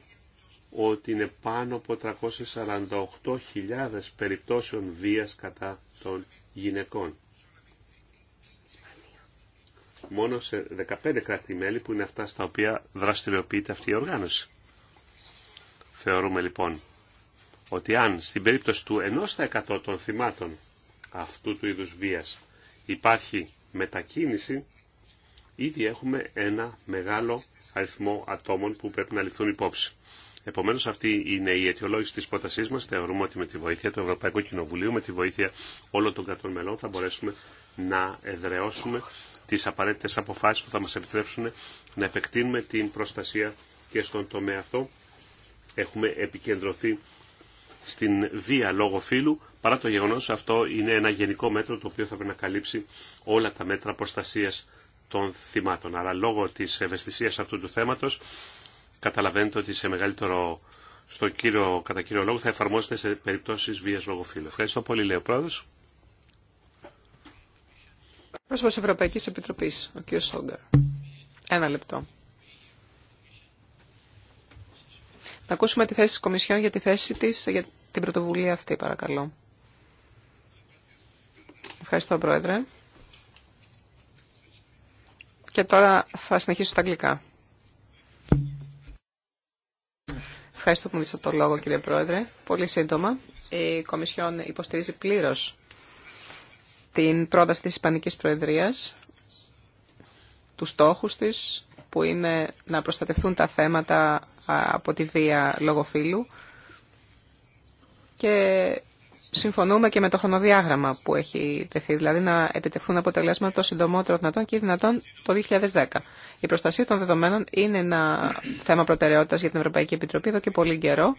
ότι είναι πάνω από 348.000 περιπτώσεων βίας κατά των γυναικών. Μόνο σε 15 κράτη-μέλη που είναι αυτά στα οποία δραστηριοποιείται αυτή η οργάνωση. Θεωρούμε λοιπόν ότι αν στην περίπτωση του 1% των θυμάτων αυτού του είδους βίας υπάρχει μετακίνηση, ήδη έχουμε ένα μεγάλο αριθμό ατόμων που πρέπει να ληφθούν υπόψη. Επομένω, αυτή είναι η αιτιολόγηση τη πρότασή μα. Θεωρούμε ότι με τη βοήθεια του Ευρωπαϊκού Κοινοβουλίου, με τη βοήθεια όλων των κρατών μελών, θα μπορέσουμε να εδραιώσουμε τι απαραίτητε αποφάσει που θα μα επιτρέψουν να επεκτείνουμε την προστασία και στον τομέα αυτό. Έχουμε επικεντρωθεί στην βία λόγω φύλου, παρά το γεγονός αυτό είναι ένα γενικό μέτρο το οποίο θα πρέπει να καλύψει όλα τα μέτρα προστασίας των θυμάτων. αλλά λόγω της ευαισθησίας αυτού του θέματος καταλαβαίνετε ότι σε μεγαλύτερο στο κύριο, κατά κύριο λόγο θα εφαρμόζεται σε περιπτώσεις βίας λόγω φύλου. Ευχαριστώ πολύ, λέει ο Πρόεδρος. Πρόσωπος Ευρωπαϊκής Επιτροπής, ο κ. Σόγκαρ. Ένα λεπτό. Να ακούσουμε τη θέση της Κομισιόν για τη θέση της, για την πρωτοβουλία αυτή, παρακαλώ. Ευχαριστώ, Πρόεδρε. Και τώρα θα συνεχίσω στα αγγλικά. Ευχαριστώ που μου δείξατε το λόγο, κύριε Πρόεδρε. Πολύ σύντομα, η Κομισιόν υποστηρίζει πλήρως την πρόταση της Ισπανικής Προεδρίας, τους στόχους της, που είναι να προστατευτούν τα θέματα από τη βία λογοφύλου και συμφωνούμε και με το χρονοδιάγραμμα που έχει τεθεί, δηλαδή να επιτευχθούν αποτελέσματα το συντομότερο δυνατόν και δυνατόν το 2010. Η προστασία των δεδομένων είναι ένα θέμα προτεραιότητας για την Ευρωπαϊκή Επιτροπή εδώ και πολύ καιρό.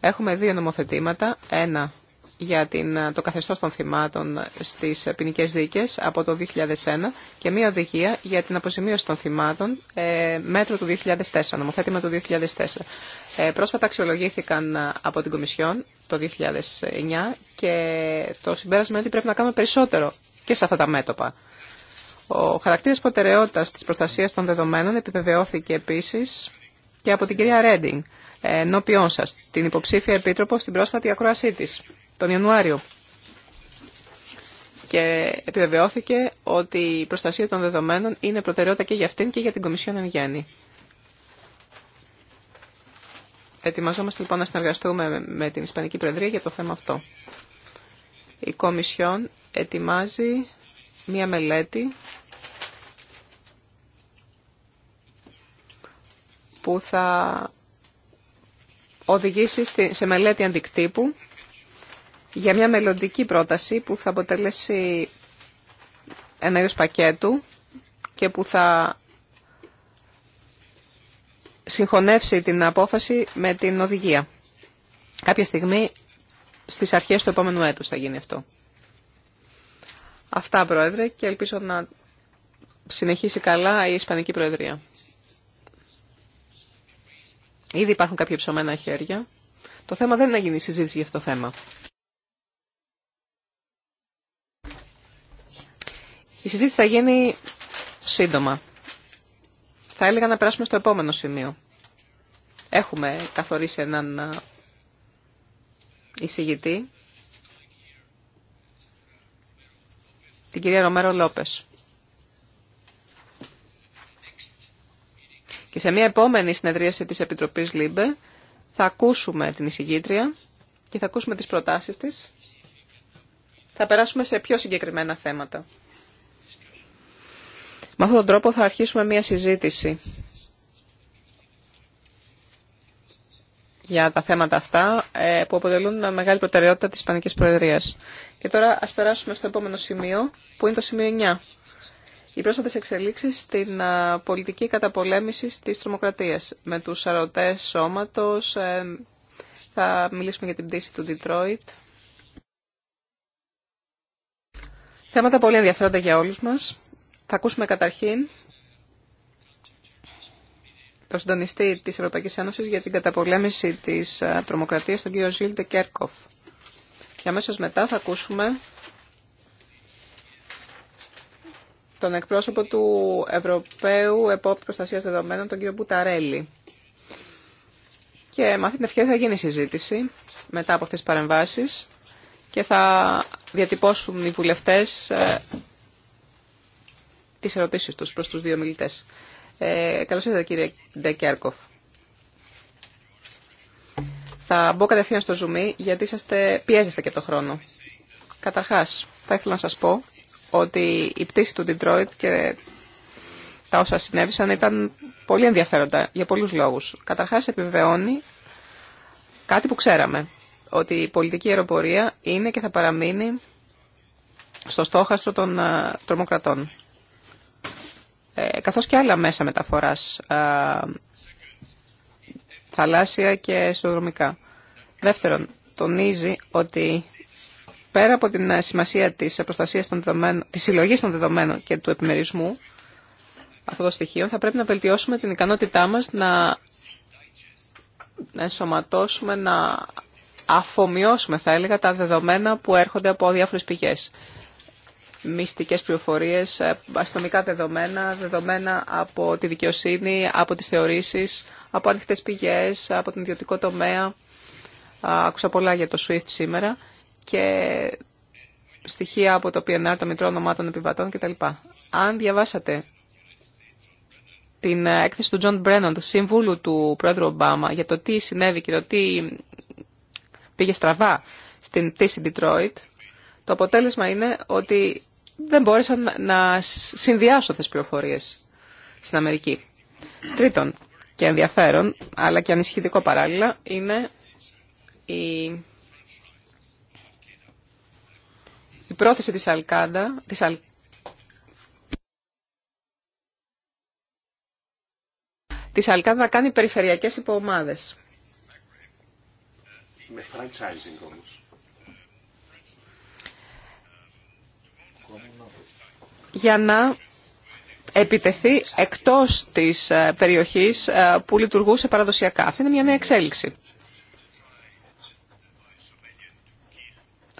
Έχουμε δύο νομοθετήματα, ένα για την, το καθεστώς των θυμάτων στις ποινικέ δίκες από το 2001 και μία οδηγία για την αποζημίωση των θυμάτων ε, μέτρο του 2004, νομοθέτημα του 2004. Ε, πρόσφατα αξιολογήθηκαν ε, από την Κομισιόν το 2009 και το συμπέρασμα είναι ότι πρέπει να κάνουμε περισσότερο και σε αυτά τα μέτωπα. Ο χαρακτήρας προτεραιότητα τη προστασία των δεδομένων επιβεβαιώθηκε επίση και από την κυρία Ρέντινγκ ε, ενώπιόν σα, την υποψήφια επίτροπο στην πρόσφατη ακρόασή τη τον Ιανουάριο. Και επιβεβαιώθηκε ότι η προστασία των δεδομένων είναι προτεραιότητα και για αυτήν και για την Κομισιόν εν Ετοιμαζόμαστε λοιπόν να συνεργαστούμε με την Ισπανική Προεδρία για το θέμα αυτό. Η Κομισιόν ετοιμάζει μία μελέτη που θα οδηγήσει σε μελέτη αντικτύπου για μια μελλοντική πρόταση που θα αποτελέσει ένα είδος πακέτου και που θα συγχωνεύσει την απόφαση με την οδηγία. Κάποια στιγμή στις αρχές του επόμενου έτους θα γίνει αυτό. Αυτά, Πρόεδρε, και ελπίζω να συνεχίσει καλά η Ισπανική Προεδρία. Ήδη υπάρχουν κάποια ψωμένα χέρια. Το θέμα δεν είναι να γίνει συζήτηση για αυτό το θέμα. Η συζήτηση θα γίνει σύντομα. Θα έλεγα να περάσουμε στο επόμενο σημείο. Έχουμε καθορίσει έναν εισηγητή, την κυρία Ρομέρο Λόπες. Και σε μια επόμενη συνεδρίαση της Επιτροπής ΛΥΜΠΕ θα ακούσουμε την εισηγήτρια και θα ακούσουμε τις προτάσεις της. Θα περάσουμε σε πιο συγκεκριμένα θέματα. Με αυτόν τον τρόπο θα αρχίσουμε μία συζήτηση για τα θέματα αυτά ε, που αποτελούν μεγάλη προτεραιότητα της Ισπανικής Προεδρίας. Και τώρα ας περάσουμε στο επόμενο σημείο που είναι το σημείο 9. Οι πρόσφατες εξελίξεις στην πολιτική καταπολέμηση της τρομοκρατίας. Με τους αρωτές σώματος ε, θα μιλήσουμε για την πτήση του Detroit. Θέματα πολύ ενδιαφέροντα για όλους μας. Θα ακούσουμε καταρχήν το συντονιστή της Ευρωπαϊκής Ένωσης για την καταπολέμηση της ε, τρομοκρατίας, τον κύριο Ζίλντε Κέρκοφ. Και αμέσως μετά θα ακούσουμε τον εκπρόσωπο του Ευρωπαίου Επόπτη Προστασίας Δεδομένων, τον κύριο Μπουταρέλη. Και με αυτή την ευκαιρία θα γίνει συζήτηση μετά από αυτές τις παρεμβάσεις και θα διατυπώσουν οι βουλευτές ε, τις ερωτήσεις τους προς τους δύο μιλητές. Ε, καλώς ήρθατε κύριε Ντεκέρκοφ. Θα μπω κατευθείαν στο ζουμί γιατί είσαστε, πιέζεστε και το χρόνο. Καταρχάς, θα ήθελα να σας πω ότι η πτήση του Detroit και τα όσα συνέβησαν ήταν πολύ ενδιαφέροντα για πολλούς λόγους. Καταρχάς επιβεβαιώνει κάτι που ξέραμε, ότι η πολιτική αεροπορία είναι και θα παραμείνει στο στόχαστρο των ε, τρομοκρατών. Ε, καθώς και άλλα μέσα μεταφοράς, ε, θαλάσσια και ισοδρομικά. Δεύτερον, τονίζει ότι πέρα από την σημασία της προστασίας των δεδομένων, της συλλογής των δεδομένων και του επιμερισμού αυτών των στοιχείων, θα πρέπει να βελτιώσουμε την ικανότητά μας να, να ενσωματώσουμε, να αφομοιώσουμε θα έλεγα τα δεδομένα που έρχονται από διάφορες πηγές μυστικές πληροφορίες, ε, αστυνομικά δεδομένα, δεδομένα από τη δικαιοσύνη, από τις θεωρήσεις, από ανοιχτέ πηγές, από τον ιδιωτικό τομέα. Άκουσα πολλά για το SWIFT σήμερα και στοιχεία από το PNR, το Μητρό Ονομάτων Επιβατών κτλ. Αν διαβάσατε την ε, έκθεση του Τζον Brennan, του Συμβούλου του Πρόεδρου Ομπάμα, για το τι συνέβη και το τι πήγε στραβά στην πτήση Detroit, το αποτέλεσμα είναι ότι δεν μπόρεσα να συνδυάσω αυτές τις πληροφορίες στην Αμερική. Τρίτον, και ενδιαφέρον, αλλά και ανησυχητικό παράλληλα, είναι η, η πρόθεση της Αλκάντα, της Αλ... Αλκάντα να κάνει περιφερειακές υποομάδες. Με franchising όμως. για να επιτεθεί εκτός της ε, περιοχής ε, που λειτουργούσε παραδοσιακά. Αυτή είναι μια νέα εξέλιξη.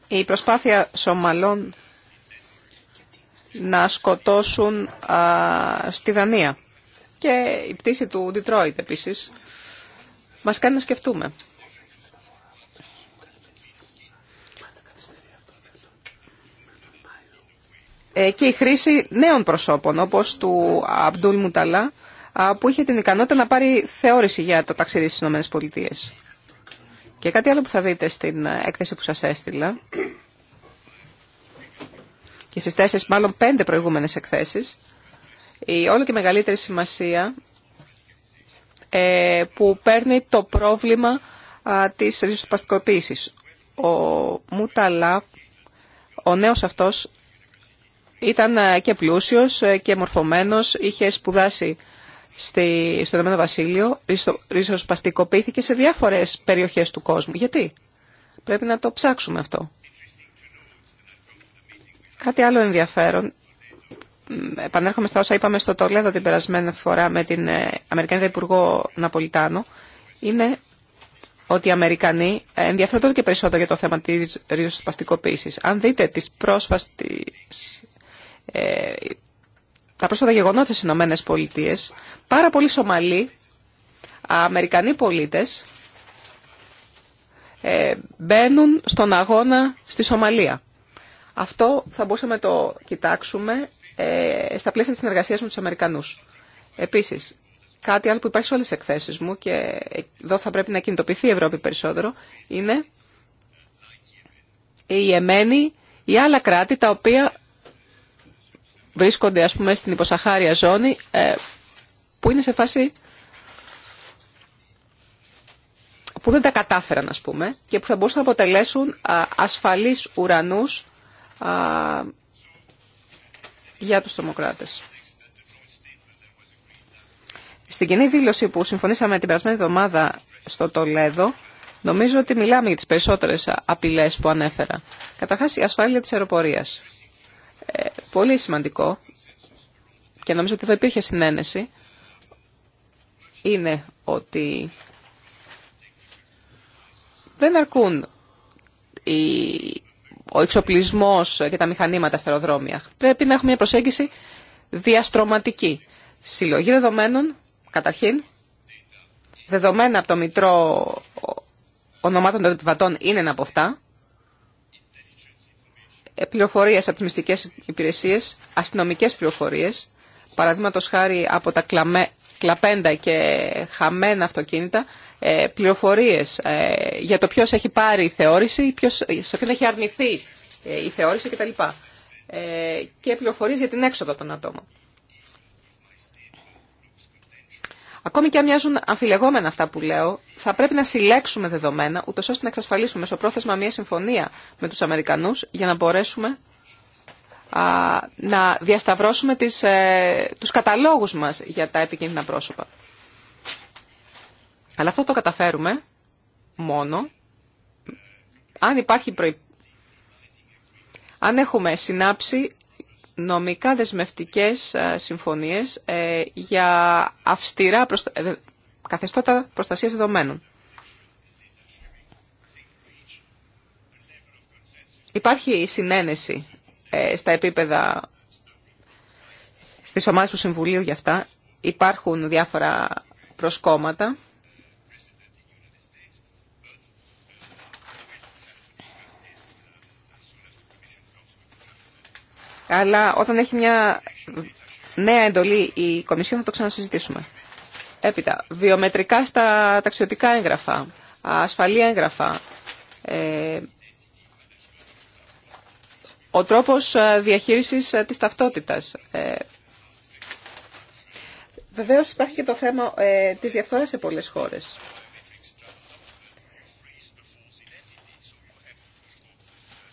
Η προσπάθεια Σομαλών να σκοτώσουν στη Δανία και η πτήση του Ντιτρόιτ επίσης μας κάνει να σκεφτούμε. Ε, και η χρήση νέων προσώπων, όπως του Αμπτούλ Μουταλά, που είχε την ικανότητα να πάρει θεώρηση για το ταξίδι στις ΗΠΑ. Και κάτι άλλο που θα δείτε στην ε, έκθεση που σας έστειλα, και στις τέσσερις μάλλον πέντε προηγούμενες εκθέσεις, η όλο και μεγαλύτερη σημασία ε, που παίρνει το πρόβλημα της ριζοσπαστικοποίησης. Ο Μουταλά, ο νέος αυτός, ήταν ε, και πλούσιος ε, και μορφωμένος, είχε σπουδάσει στη, στο Ηνωμένο Βασίλειο, ριζοσπαστικοποιήθηκε σε διάφορες περιοχές του κόσμου. Γιατί? Πρέπει να το ψάξουμε αυτό. Κάτι άλλο ενδιαφέρον. Επανέρχομαι στα όσα είπαμε στο Τολέδο την περασμένη φορά με την ε, Αμερικανίδα Υπουργό Ναπολιτάνο. Είναι ότι οι Αμερικανοί ενδιαφέρονται και περισσότερο για το θέμα της ριζοσπαστικοποίηση. Αν δείτε τις πρόσφατες ε, τα πρόσφατα γεγονότα στις Ηνωμένε Πολιτείε, πάρα πολλοί Σομαλοί, Αμερικανοί πολίτες, ε, μπαίνουν στον αγώνα στη Σομαλία. Αυτό θα μπορούσαμε να το κοιτάξουμε ε, στα πλαίσια της συνεργασίας με τους Αμερικανούς. Επίσης, κάτι άλλο που υπάρχει σε όλες τις εκθέσεις μου και εδώ θα πρέπει να κινητοποιηθεί η Ευρώπη περισσότερο, είναι η Εμένη οι άλλα κράτη τα οποία βρίσκονται ας πούμε στην υποσαχάρια ζώνη ε, που είναι σε φάση που δεν τα κατάφεραν ας πούμε και που θα μπορούσαν να αποτελέσουν ασφαλείς ουρανούς για τους τρομοκράτες. Στην κοινή δήλωση που συμφωνήσαμε την περασμένη εβδομάδα στο Τολέδο, νομίζω ότι μιλάμε για τις περισσότερες απειλές που ανέφερα. Καταρχάς η ασφάλεια της αεροπορίας. Ε, πολύ σημαντικό και νομίζω ότι θα υπήρχε συνένεση είναι ότι δεν αρκούν ο εξοπλισμός και τα μηχανήματα στα αεροδρόμια. Πρέπει να έχουμε μια προσέγγιση διαστρωματική. Συλλογή δεδομένων, καταρχήν, δεδομένα από το Μητρό Ονομάτων των Επιβατών είναι ένα από αυτά. Ε, πληροφορίες από τις μυστικές υπηρεσίες, αστυνομικές πληροφορίες, παραδείγματος χάρη από τα κλαμέ, κλαπέντα και χαμένα αυτοκίνητα, ε, πληροφορίες ε, για το ποιος έχει πάρει η θεώρηση, ποιος, σε ποιον έχει αρνηθεί η θεώρηση κτλ. Και πληροφορίες για την έξοδο των ατόμων. Ακόμη και αν μοιάζουν αμφιλεγόμενα αυτά που λέω, θα πρέπει να συλλέξουμε δεδομένα, ούτω ώστε να εξασφαλίσουμε πρόθεσμα μια συμφωνία με του Αμερικανού για να μπορέσουμε α, να διασταυρώσουμε τις, ε, τους καταλόγους μας για τα επικίνδυνα πρόσωπα. Αλλά αυτό το καταφέρουμε μόνο αν υπάρχει προϋ... αν έχουμε συνάψει νομικά δεσμευτικές ε, συμφωνίες ε, για αυστηρά προστα... Ε, καθεστώτα προστασίας δεδομένων. Υπάρχει συνένεση στα επίπεδα στις ομάδες του Συμβουλίου για αυτά. Υπάρχουν διάφορα προσκόμματα. αλλά όταν έχει μια νέα εντολή η Κομισιόν θα το ξανασυζητήσουμε. Έπειτα, βιομετρικά στα ταξιδιωτικά έγγραφα, ασφαλή έγγραφα, ε, ο τρόπος ε, διαχείρισης ε, της ταυτότητας. Ε, βεβαίως υπάρχει και το θέμα ε, της διαφθοράς σε πολλές χώρες.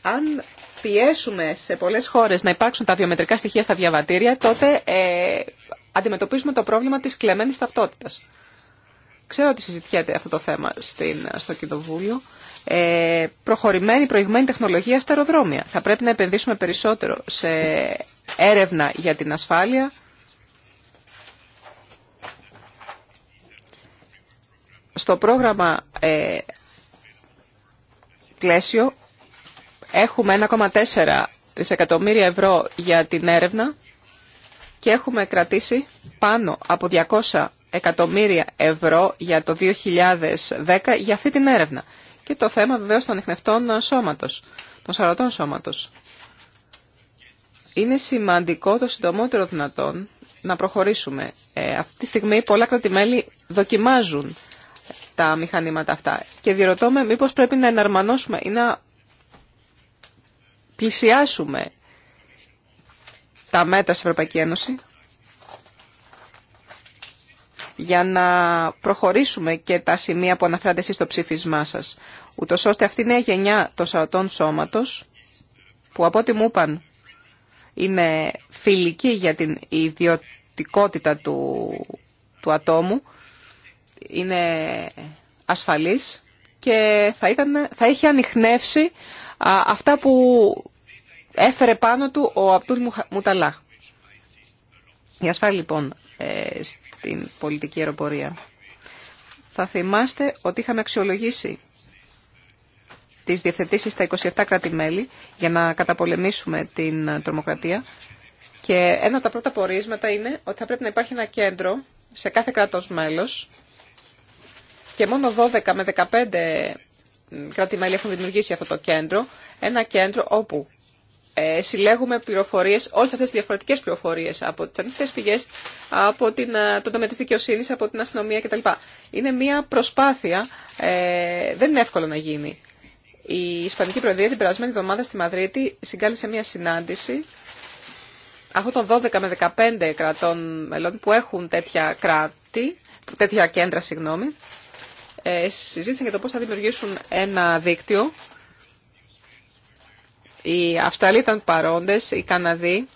Αν πιέσουμε σε πολλές χώρες να υπάρξουν τα βιομετρικά στοιχεία στα διαβατήρια, τότε ε, αντιμετωπίζουμε το πρόβλημα της κλεμμένης ταυτότητας. Ξέρω ότι συζητιέται αυτό το θέμα στην, στο Κοινοβούλιο. Ε, προχωρημένη, προηγμένη τεχνολογία στα αεροδρόμια. Θα πρέπει να επενδύσουμε περισσότερο σε έρευνα για την ασφάλεια. Στο πρόγραμμα ε, πλαίσιο Έχουμε 1,4 δισεκατομμύρια ευρώ για την έρευνα και έχουμε κρατήσει πάνω από 200 εκατομμύρια ευρώ για το 2010 για αυτή την έρευνα. Και το θέμα βεβαίως των εχνευτών σώματος, των σαρωτών σώματος. Είναι σημαντικό το συντομότερο δυνατόν να προχωρήσουμε. Ε, αυτή τη στιγμή πολλά κρατημέλη δοκιμάζουν τα μηχανήματα αυτά. Και διερωτώ με μήπως πρέπει να εναρμανώσουμε ή να πλησιάσουμε τα μέτρα στην Ευρωπαϊκή Ένωση για να προχωρήσουμε και τα σημεία που αναφέρατε εσείς στο ψήφισμά σας. Ούτως ώστε αυτή η νέα γενιά των σαρωτών σώματος, που από ό,τι μου είπαν είναι φιλική για την ιδιωτικότητα του, του ατόμου, είναι ασφαλής και θα, ήταν, θα είχε ανοιχνεύσει αυτά που έφερε πάνω του ο Απτούλ Μουταλάχ. Η ασφάλεια λοιπόν ε, στην πολιτική αεροπορία. Θα θυμάστε ότι είχαμε αξιολογήσει τις διευθετήσεις στα 27 κράτη-μέλη για να καταπολεμήσουμε την τρομοκρατία και ένα από τα πρώτα πορίσματα είναι ότι θα πρέπει να υπάρχει ένα κέντρο σε κάθε κράτος μέλος και μόνο 12 με 15 κράτη-μέλη έχουν δημιουργήσει αυτό το κέντρο, ένα κέντρο όπου ε, συλλέγουμε πληροφορίε, όλε αυτέ τι διαφορετικέ πληροφορίε από τι αρνητικέ πηγέ, από την, ε, τον τομέα τη δικαιοσύνη, από την αστυνομία κτλ. Είναι μια προσπάθεια, ε, δεν είναι εύκολο να γίνει. Η Ισπανική Προεδρία την περασμένη εβδομάδα στη Μαδρίτη συγκάλεσε μια συνάντηση αυτών των 12 με 15 κρατών μελών που έχουν τέτοια, κράτη, τέτοια κέντρα συγγνώμη, ε, συζήτησαν για το πώς θα δημιουργήσουν ένα δίκτυο. Οι Αυστραλοί ήταν παρόντες, οι Καναδοί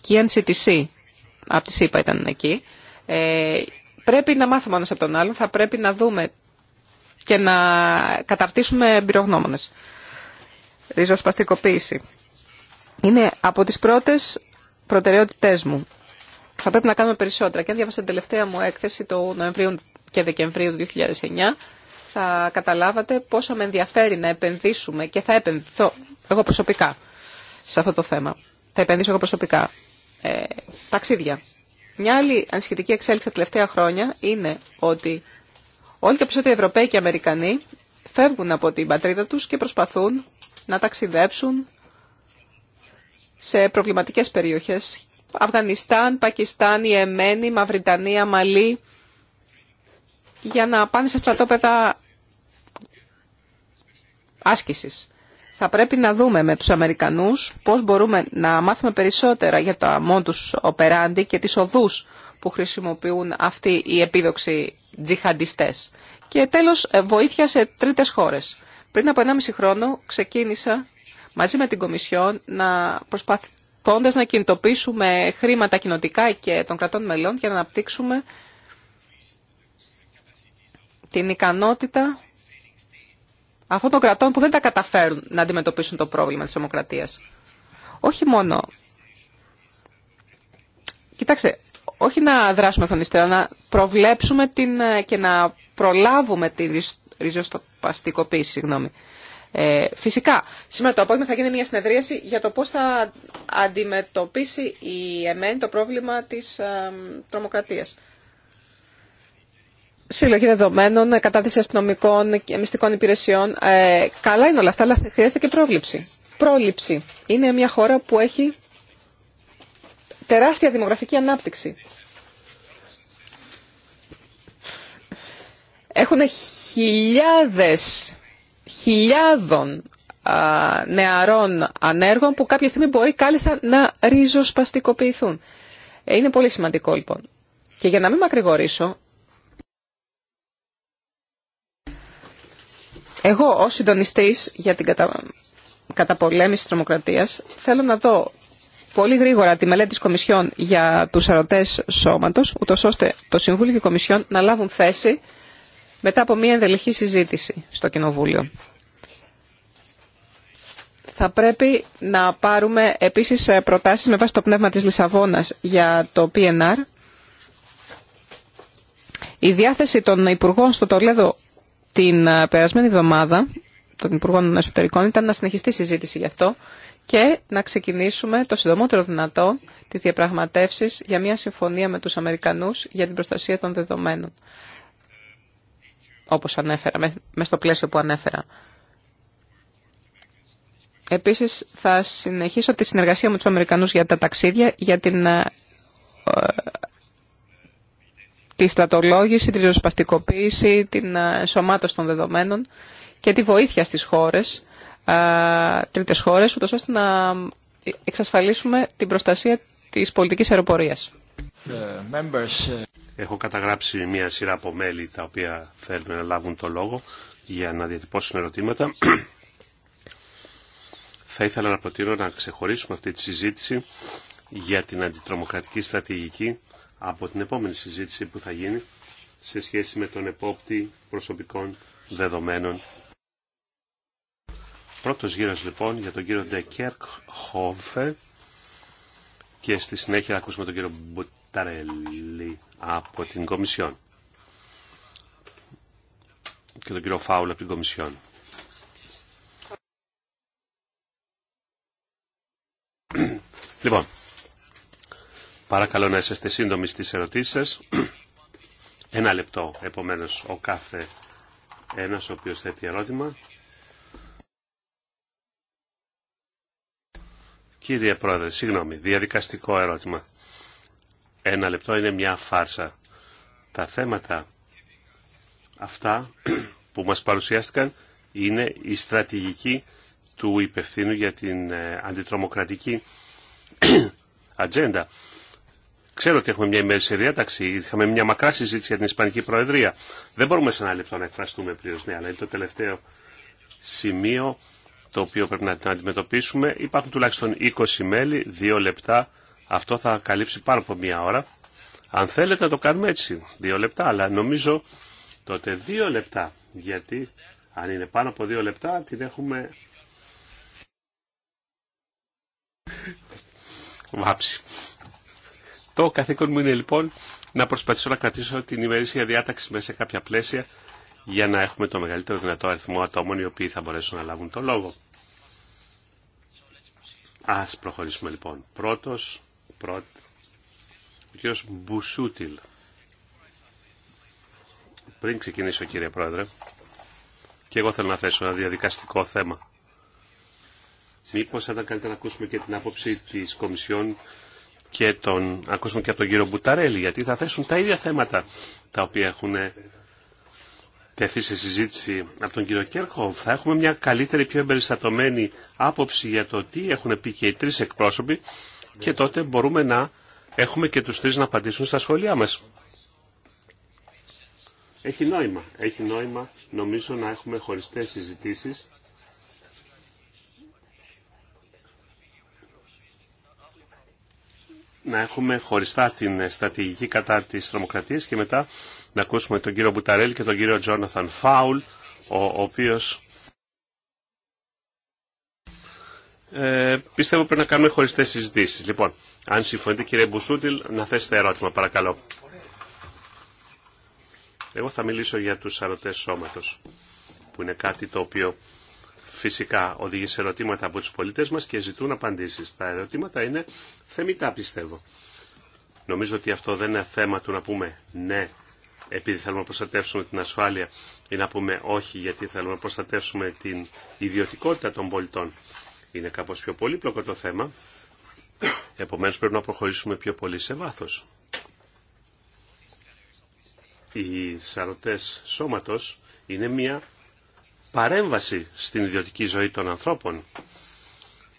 και η NCTC, από τη ΣΥΠΑ ήταν εκεί. Ε, πρέπει να μάθουμε ένας από τον άλλον, θα πρέπει να δούμε και να καταρτήσουμε εμπειρογνώμονες. Ριζοσπαστικοποίηση. Είναι από τις πρώτες προτεραιότητές μου. Θα πρέπει να κάνουμε περισσότερα. Και αν διάβασα την τελευταία μου έκθεση το Νοεμβρίου και Δεκεμβρίου 2009 θα καταλάβατε πόσο με ενδιαφέρει να επενδύσουμε και θα επενδύσω εγώ προσωπικά σε αυτό το θέμα. Θα επενδύσω εγώ προσωπικά. Ε, ταξίδια. Μια άλλη ανησυχητική εξέλιξη τα τελευταία χρόνια είναι ότι όλοι και περισσότεροι Ευρωπαίοι και Αμερικανοί φεύγουν από την πατρίδα τους και προσπαθούν να ταξιδέψουν σε προβληματικές περιοχές. Αφγανιστάν, Πακιστάν, Ιεμένη, Μαυριτανία, Μαλή, για να πάνε σε στρατόπεδα άσκησης. Θα πρέπει να δούμε με τους Αμερικανούς πώς μπορούμε να μάθουμε περισσότερα για το αμό οπεράντι οπεράντη και τις οδούς που χρησιμοποιούν αυτοί οι επίδοξοι τζιχαντιστές. Και τέλος ε, βοήθεια σε τρίτες χώρες. Πριν από 1,5 χρόνο ξεκίνησα μαζί με την Κομισιόν να προσπαθώντας να κινητοποιήσουμε χρήματα κοινοτικά και των κρατών μελών για να αναπτύξουμε την ικανότητα αυτών των κρατών που δεν τα καταφέρουν να αντιμετωπίσουν το πρόβλημα της δημοκρατίας. Όχι μόνο... Κοιτάξτε, όχι να δράσουμε χρονιστέρα, να προβλέψουμε την, ε, και να προλάβουμε τη ριζοστοπαστικοποίηση. Συγγνώμη. Ε, φυσικά, σήμερα το απόγευμα θα γίνει μια συνεδρίαση για το πώς θα αντιμετωπίσει η ΕΜΕΝ το πρόβλημα της ε, τρομοκρατίας συλλογή δεδομένων, κατάθεση αστυνομικών και μυστικών υπηρεσιών. Ε, καλά είναι όλα αυτά, αλλά χρειάζεται και πρόληψη. Πρόληψη. Είναι μια χώρα που έχει τεράστια δημογραφική ανάπτυξη. Έχουν χιλιάδες, χιλιάδων νεαρών ανέργων που κάποια στιγμή μπορεί κάλλιστα να ριζοσπαστικοποιηθούν. Ε, είναι πολύ σημαντικό λοιπόν. Και για να μην μακρηγορήσω, Εγώ ως συντονιστής για την κατα... καταπολέμηση της τρομοκρατίας θέλω να δω πολύ γρήγορα τη μελέτη της Κομισιόν για τους αρωτές σώματος, ούτως ώστε το Συμβούλιο και η Κομισιόν να λάβουν θέση μετά από μια ενδελεχή συζήτηση στο Κοινοβούλιο. Θα πρέπει να πάρουμε επίσης ε, προτάσεις με βάση το πνεύμα της Λισαβόνας για το PNR. Η διάθεση των Υπουργών στο Τολέδο την ε, περασμένη εβδομάδα των Υπουργών Εσωτερικών ήταν να συνεχιστεί η συζήτηση γι' αυτό και να ξεκινήσουμε το συντομότερο δυνατό τι διαπραγματεύσει για μια συμφωνία με τους Αμερικανούς για την προστασία των δεδομένων. Όπως ανέφερα, με στο πλαίσιο που ανέφερα. Επίσης θα συνεχίσω τη συνεργασία με του Αμερικανού για τα ταξίδια, για την ε, τη στρατολόγηση, τη ριζοσπαστικοποίηση, την ε, σωμάτωση των δεδομένων και τη βοήθεια στις χώρες, τρίτες χώρες, ούτως ώστε να εξασφαλίσουμε την προστασία της πολιτικής αεροπορίας. Ε, Έχω καταγράψει μια σειρά από μέλη τα οποία θέλουν να λάβουν το λόγο για να διατυπώσουν ερωτήματα. Θα ήθελα να προτείνω να ξεχωρίσουμε αυτή τη συζήτηση για την αντιτρομοκρατική στρατηγική από την επόμενη συζήτηση που θα γίνει σε σχέση με τον επόπτη προσωπικών δεδομένων. Πρώτος γύρος λοιπόν για τον κύριο Ντεκέρκ Χόβε και στη συνέχεια ακούσουμε τον κύριο Μπουταρέλη από την Κομισιόν και τον κύριο Φάουλ από την Κομισιόν. λοιπόν, Παρακαλώ να είσαστε σύντομοι στις ερωτήσεις σας. Ένα λεπτό, επομένως, ο κάθε ένας ο οποίος θέτει ερώτημα. Κύριε Πρόεδρε, συγγνώμη, διαδικαστικό ερώτημα. Ένα λεπτό είναι μια φάρσα. Τα θέματα αυτά που μας παρουσιάστηκαν είναι η στρατηγική του υπευθύνου για την ε, αντιτρομοκρατική ατζέντα. Ξέρω ότι έχουμε μια ημέρηση διάταξη. Είχαμε μια μακρά συζήτηση για την Ισπανική Προεδρία. Δεν μπορούμε σε ένα λεπτό να εκφραστούμε πλήρω. Ναι, αλλά είναι το τελευταίο σημείο το οποίο πρέπει να αντιμετωπίσουμε. Υπάρχουν τουλάχιστον 20 μέλη, 2 λεπτά. Αυτό θα καλύψει πάνω από μία ώρα. Αν θέλετε να το κάνουμε έτσι, 2 λεπτά, αλλά νομίζω τότε 2 λεπτά. Γιατί αν είναι πάνω από 2 λεπτά την έχουμε βάψει. Το καθήκον μου είναι λοιπόν να προσπαθήσω να κρατήσω την ημερήσια διάταξη μέσα σε κάποια πλαίσια για να έχουμε το μεγαλύτερο δυνατό αριθμό ατόμων οι οποίοι θα μπορέσουν να λάβουν το λόγο. Ας προχωρήσουμε λοιπόν. Πρώτος, πρώτος, ο κ. Μπουσούτιλ. Πριν ξεκινήσω κύριε Πρόεδρε, και εγώ θέλω να θέσω ένα διαδικαστικό θέμα. Μήπως θα ήταν καλύτερα να ακούσουμε και την άποψη της Κομισιόν και τον, ακούσουμε και από τον κύριο Μπουταρέλη, γιατί θα θέσουν τα ίδια θέματα τα οποία έχουν τεθεί σε συζήτηση από τον κύριο Κέρχοβ. Θα έχουμε μια καλύτερη, πιο εμπεριστατωμένη άποψη για το τι έχουν πει και οι τρεις εκπρόσωποι και τότε μπορούμε να έχουμε και τους τρεις να απαντήσουν στα σχόλιά μας. Έχει νόημα. Έχει νόημα νομίζω να έχουμε χωριστές συζητήσεις να έχουμε χωριστά την στρατηγική κατά της τρομοκρατίας και μετά να ακούσουμε τον κύριο Μπουταρέλ και τον κύριο Τζόναθαν Φάουλ, ο οποίος ε, πιστεύω πρέπει να κάνουμε χωριστές συζητήσεις. Λοιπόν, αν συμφωνείτε κύριε Μπουσούτιλ, να θέσετε ερώτημα παρακαλώ. Εγώ θα μιλήσω για τους αρωτές σώματος, που είναι κάτι το οποίο φυσικά οδηγεί σε ερωτήματα από τους πολίτες μας και ζητούν απαντήσεις. Τα ερωτήματα είναι θεμητά πιστεύω. Νομίζω ότι αυτό δεν είναι θέμα του να πούμε ναι επειδή θέλουμε να προστατεύσουμε την ασφάλεια ή να πούμε όχι γιατί θέλουμε να προστατεύσουμε την ιδιωτικότητα των πολιτών. Είναι κάπως πιο πολύπλοκο το θέμα, επομένως πρέπει να προχωρήσουμε πιο πολύ σε βάθος. Οι σαρωτές σώματος είναι μια παρέμβαση στην ιδιωτική ζωή των ανθρώπων.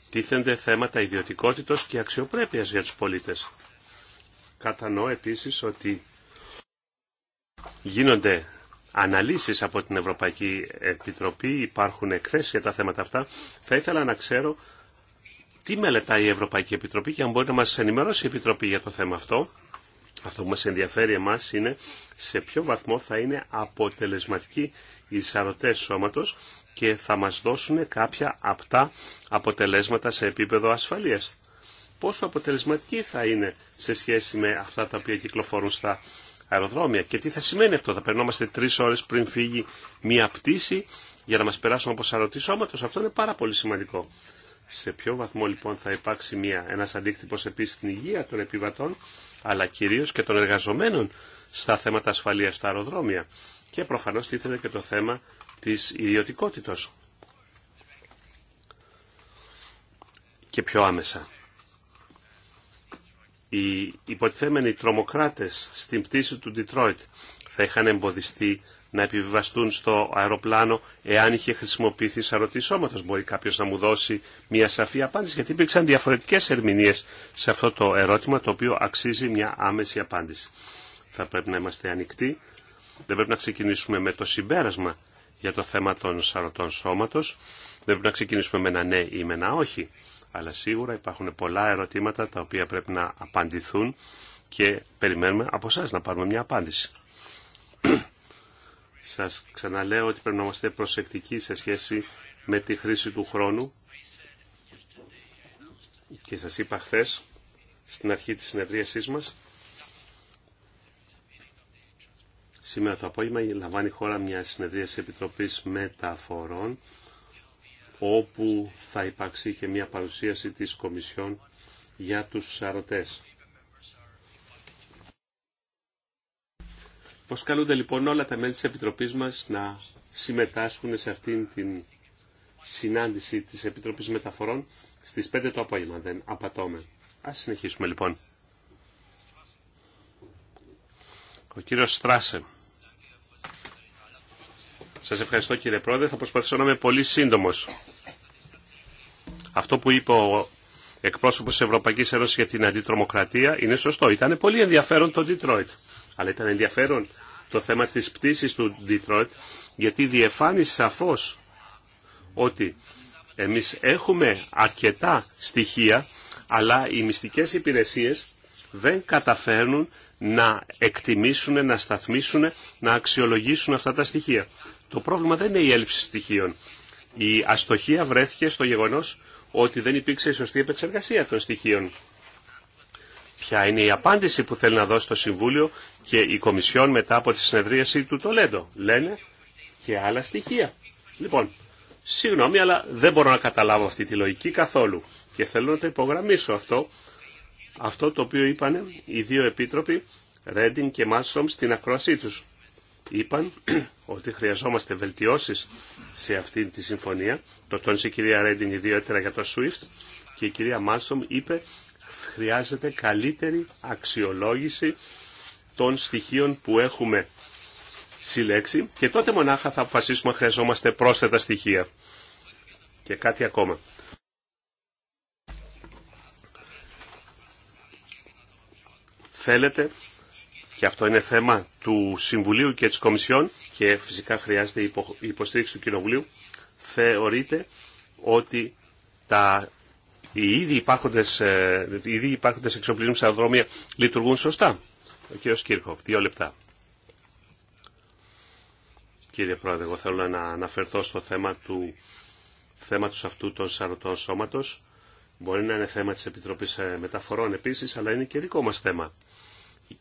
Τίθενται θέματα ιδιωτικότητος και αξιοπρέπειας για τους πολίτες. Κατανοώ επίσης ότι γίνονται αναλύσεις από την Ευρωπαϊκή Επιτροπή, υπάρχουν εκθέσεις για τα θέματα αυτά. Θα ήθελα να ξέρω τι μελετάει η Ευρωπαϊκή Επιτροπή και αν μπορεί να μας ενημερώσει η Επιτροπή για το θέμα αυτό. Αυτό που μας ενδιαφέρει εμάς είναι σε ποιο βαθμό θα είναι αποτελεσματικοί οι σαρωτές σώματος και θα μας δώσουν κάποια απτά αποτελέσματα σε επίπεδο ασφαλείας. Πόσο αποτελεσματική θα είναι σε σχέση με αυτά τα οποία κυκλοφορούν στα αεροδρόμια και τι θα σημαίνει αυτό. Θα περνόμαστε τρεις ώρες πριν φύγει μία πτήση για να μας περάσουν από σαρωτή σώματος. Αυτό είναι πάρα πολύ σημαντικό. Σε ποιο βαθμό λοιπόν θα υπάρξει μια, ένας αντίκτυπος επίσης στην υγεία των επιβατών, αλλά κυρίως και των εργαζομένων στα θέματα ασφαλείας στα αεροδρόμια. Και προφανώς τίθεται και το θέμα της ιδιωτικότητα. Και πιο άμεσα. Οι υποτιθέμενοι τρομοκράτες στην πτήση του Ντιτρόιτ θα είχαν εμποδιστεί να επιβιβαστούν στο αεροπλάνο εάν είχε χρησιμοποιηθεί σαρωτή σώματο. Μπορεί κάποιο να μου δώσει μια σαφή απάντηση, γιατί υπήρξαν διαφορετικέ ερμηνείε σε αυτό το ερώτημα, το οποίο αξίζει μια άμεση απάντηση. Θα πρέπει να είμαστε ανοιχτοί. Δεν πρέπει να ξεκινήσουμε με το συμπέρασμα για το θέμα των σαρωτών σώματο. Δεν πρέπει να ξεκινήσουμε με ένα ναι ή με ένα όχι. Αλλά σίγουρα υπάρχουν πολλά ερωτήματα τα οποία πρέπει να απαντηθούν και περιμένουμε από εσά να πάρουμε μια απάντηση. Σας ξαναλέω ότι πρέπει να είμαστε προσεκτικοί σε σχέση με τη χρήση του χρόνου και σας είπα χθε στην αρχή της συνεδρίασής μας Σήμερα το απόγευμα λαμβάνει χώρα μια συνεδρία της Επιτροπής Μεταφορών όπου θα υπάρξει και μια παρουσίαση της Κομισιόν για τους σαρωτές. καλούνται λοιπόν όλα τα μέλη της Επιτροπής μας να συμμετάσχουν σε αυτήν την συνάντηση της Επιτροπής Μεταφορών στις 5 το απόγευμα. Δεν απατώμε. Ας συνεχίσουμε λοιπόν. Ο κύριος Στράσε. Σας ευχαριστώ κύριε Πρόεδρε. Θα προσπαθήσω να είμαι πολύ σύντομος. Αυτό που είπε ο εκπρόσωπος της Ευρωπαϊκής Ένωσης για την αντιτρομοκρατία είναι σωστό. Ήταν πολύ ενδιαφέρον το Detroit. Αλλά ήταν ενδιαφέρον το θέμα της πτήσης του Detroit, γιατί διεφάνισε σαφώς ότι εμείς έχουμε αρκετά στοιχεία, αλλά οι μυστικές υπηρεσίες δεν καταφέρνουν να εκτιμήσουν, να σταθμίσουν, να αξιολογήσουν αυτά τα στοιχεία. Το πρόβλημα δεν είναι η έλλειψη στοιχείων. Η αστοχία βρέθηκε στο γεγονός ότι δεν υπήρξε η σωστή επεξεργασία των στοιχείων ποια είναι η απάντηση που θέλει να δώσει το Συμβούλιο και η Κομισιόν μετά από τη συνεδρίαση του Τολέντο. Λένε και άλλα στοιχεία. Λοιπόν, συγγνώμη, αλλά δεν μπορώ να καταλάβω αυτή τη λογική καθόλου. Και θέλω να το υπογραμμίσω αυτό, αυτό το οποίο είπαν οι δύο επίτροποι, Ρέντιν και Μάστρομ, στην ακρόασή τους. Είπαν ότι χρειαζόμαστε βελτιώσεις σε αυτή τη συμφωνία. Το τόνισε η κυρία Ρέντιν ιδιαίτερα για το SWIFT και η κυρία Μάλστομ είπε χρειάζεται καλύτερη αξιολόγηση των στοιχείων που έχουμε συλλέξει και τότε μονάχα θα αποφασίσουμε αν χρειαζόμαστε πρόσθετα στοιχεία. Και κάτι ακόμα. Θέλετε, και αυτό είναι θέμα του Συμβουλίου και της Κομισιόν και φυσικά χρειάζεται υποστήριξη του Κοινοβουλίου, θεωρείτε ότι τα οι ήδη υπάρχοντες, ε, ήδη υπάρχοντες λειτουργούν σωστά. Ο κ. Κύρχοφ, δύο λεπτά. Κύριε Πρόεδρε, εγώ θέλω να αναφερθώ στο θέμα του θέματος αυτού των σαρωτών σώματος. Μπορεί να είναι θέμα της Επιτροπής ε, Μεταφορών επίσης, αλλά είναι και δικό μας θέμα.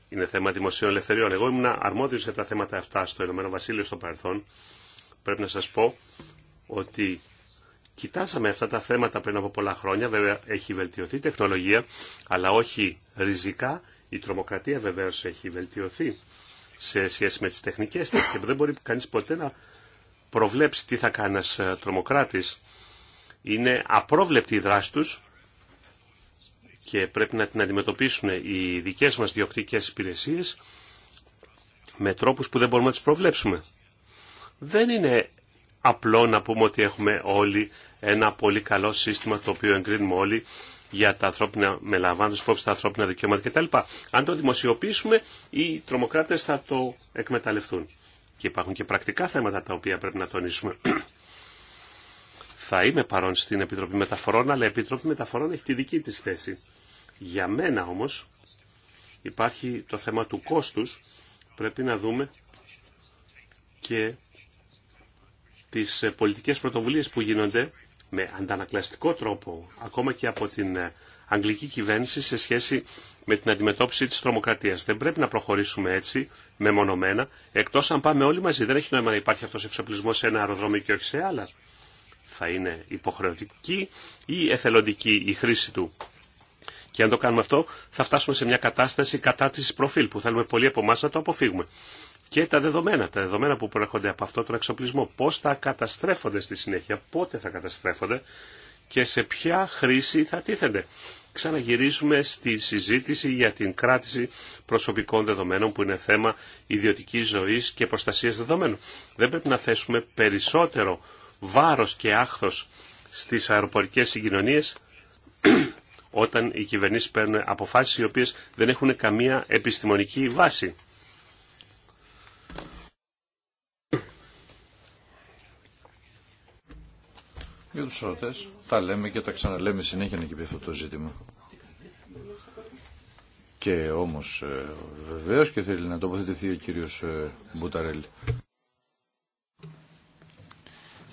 Είναι θέμα δημοσίων ελευθεριών. Εγώ ήμουν αρμόδιος για τα θέματα αυτά στο Ηνωμένο Βασίλειο στο παρελθόν. Πρέπει να σας πω ότι Κοιτάσαμε αυτά τα θέματα πριν από πολλά χρόνια. Βέβαια έχει βελτιωθεί η τεχνολογία, αλλά όχι ριζικά. Η τρομοκρατία βεβαίω έχει βελτιωθεί σε σχέση με τις τεχνικές της και δεν μπορεί κανείς ποτέ να προβλέψει τι θα κάνει ένας ε, τρομοκράτης. Είναι απρόβλεπτη η δράση τους και πρέπει να την αντιμετωπίσουν οι δικές μας διοκτικές υπηρεσίες με τρόπους που δεν μπορούμε να τις προβλέψουμε. Δεν είναι απλό να πούμε ότι έχουμε όλοι ένα πολύ καλό σύστημα το οποίο εγκρίνουμε όλοι για τα ανθρώπινα, με λαμβάνοντα υπόψη τα ανθρώπινα δικαιώματα κτλ. Αν το δημοσιοποιήσουμε, οι τρομοκράτε θα το εκμεταλλευτούν. Και υπάρχουν και πρακτικά θέματα τα οποία πρέπει να τονίσουμε. θα είμαι παρόν στην Επιτροπή Μεταφορών, αλλά η Επιτροπή Μεταφορών έχει τη δική τη θέση. Για μένα όμω υπάρχει το θέμα του κόστου. Πρέπει να δούμε και τις ε, πολιτικές πρωτοβουλίες που γίνονται με αντανακλαστικό τρόπο ακόμα και από την ε, αγγλική κυβέρνηση σε σχέση με την αντιμετώπιση της τρομοκρατίας. Δεν πρέπει να προχωρήσουμε έτσι μεμονωμένα, εκτός αν πάμε όλοι μαζί. Δεν έχει νόημα να υπάρχει αυτός εξοπλισμός σε ένα αεροδρόμιο και όχι σε άλλα. Θα είναι υποχρεωτική ή εθελοντική η χρήση του. Και αν το κάνουμε αυτό, θα φτάσουμε σε μια κατάσταση κατά προφίλ που θέλουμε πολλοί από εμά να το αποφύγουμε και τα δεδομένα, τα δεδομένα που προέρχονται από αυτό τον εξοπλισμό, πώς θα καταστρέφονται στη συνέχεια, πότε θα καταστρέφονται και σε ποια χρήση θα τίθενται. Ξαναγυρίζουμε στη συζήτηση για την κράτηση προσωπικών δεδομένων που είναι θέμα ιδιωτικής ζωής και προστασίας δεδομένων. Δεν πρέπει να θέσουμε περισσότερο βάρος και άχθος στις αεροπορικές συγκοινωνίες όταν οι κυβερνήσεις παίρνουν αποφάσεις οι οποίες δεν έχουν καμία επιστημονική βάση. για τους ρωτές. Τα λέμε και τα ξαναλέμε συνέχεια να κυπεί αυτό το ζήτημα. Και όμως ε, βεβαίως και θέλει να τοποθετηθεί ο κύριος ε, Μπουταρέλη.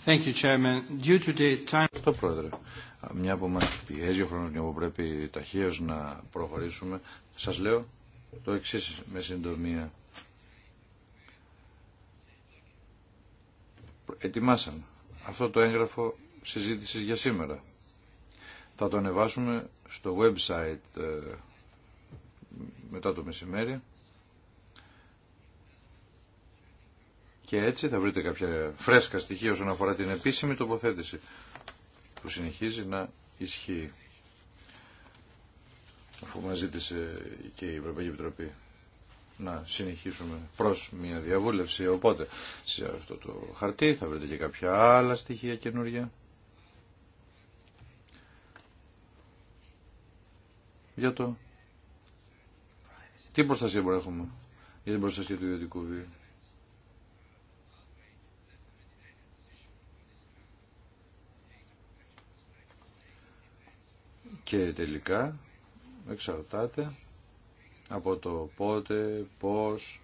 Thank you, Chairman. Due to the time... πρόεδρε, μια από μας πιέζει ο χρόνος που πρέπει ταχύως να προχωρήσουμε, σας λέω το εξής με συντομία. Ετοιμάσαμε αυτό το έγγραφο συζήτησης για σήμερα. Θα το ανεβάσουμε στο website ε, μετά το μεσημέρι και έτσι θα βρείτε κάποια φρέσκα στοιχεία όσον αφορά την επίσημη τοποθέτηση που συνεχίζει να ισχύει αφού μας ζήτησε και η Ευρωπαϊκή Επιτροπή να συνεχίσουμε προς μια διαβούλευση οπότε σε αυτό το χαρτί θα βρείτε και κάποια άλλα στοιχεία καινούργια για το τι προστασία μπορούμε έχουμε για την προστασία του ιδιωτικού βίου. Και τελικά εξαρτάται από το πότε, πώς,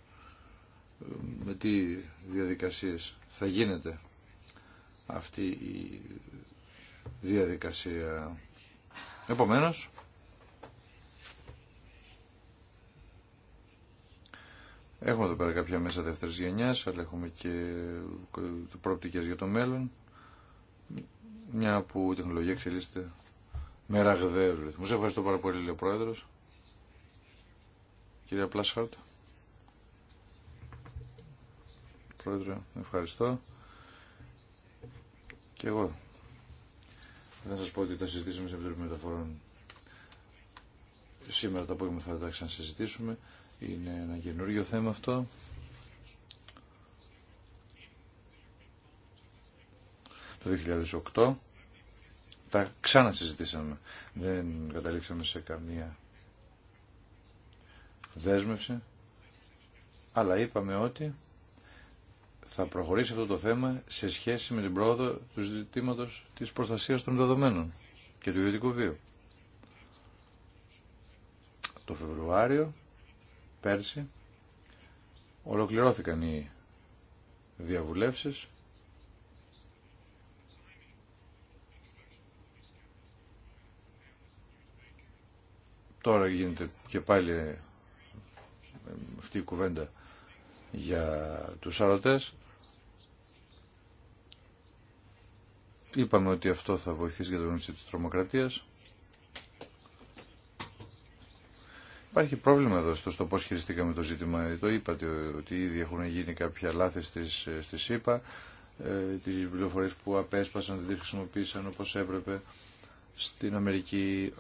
με τι διαδικασίες θα γίνεται αυτή η διαδικασία. Επομένως, Έχουμε εδώ πέρα κάποια μέσα δεύτερη γενιά αλλά έχουμε και προοπτικέ για το μέλλον. Μια που η τεχνολογία εξελίσσεται με ραγδαίου ρυθμού. Ευχαριστώ πάρα πολύ, λέει ο Πρόεδρος. Κυρία Πλάσχαρτ. Πρόεδρε, ευχαριστώ. Και εγώ θα σα πω ότι θα συζητήσουμε σε Επιτροπή Μεταφορών σήμερα το απόγευμα θα τα ξανασυζητήσουμε. Είναι ένα καινούριο θέμα αυτό. Το 2008 τα ξανασυζητήσαμε. Δεν καταλήξαμε σε καμία δέσμευση. Αλλά είπαμε ότι θα προχωρήσει αυτό το θέμα σε σχέση με την πρόοδο του ζητήματος της προστασίας των δεδομένων και του ιδιωτικού βίου. Το Φεβρουάριο πέρσι ολοκληρώθηκαν οι διαβουλεύσεις Τώρα γίνεται και πάλι αυτή η κουβέντα για τους αρωτές. Είπαμε ότι αυτό θα βοηθήσει για τον νησί της τρομοκρατίας. Υπάρχει πρόβλημα εδώ στο, στο πώς χειριστήκαμε το ζήτημα. Το είπατε ότι ήδη έχουν γίνει κάποια λάθη στη ΣΥΠΑ, ε, τις που απέσπασαν, δεν τι χρησιμοποίησαν όπω έπρεπε. Στην Αμερική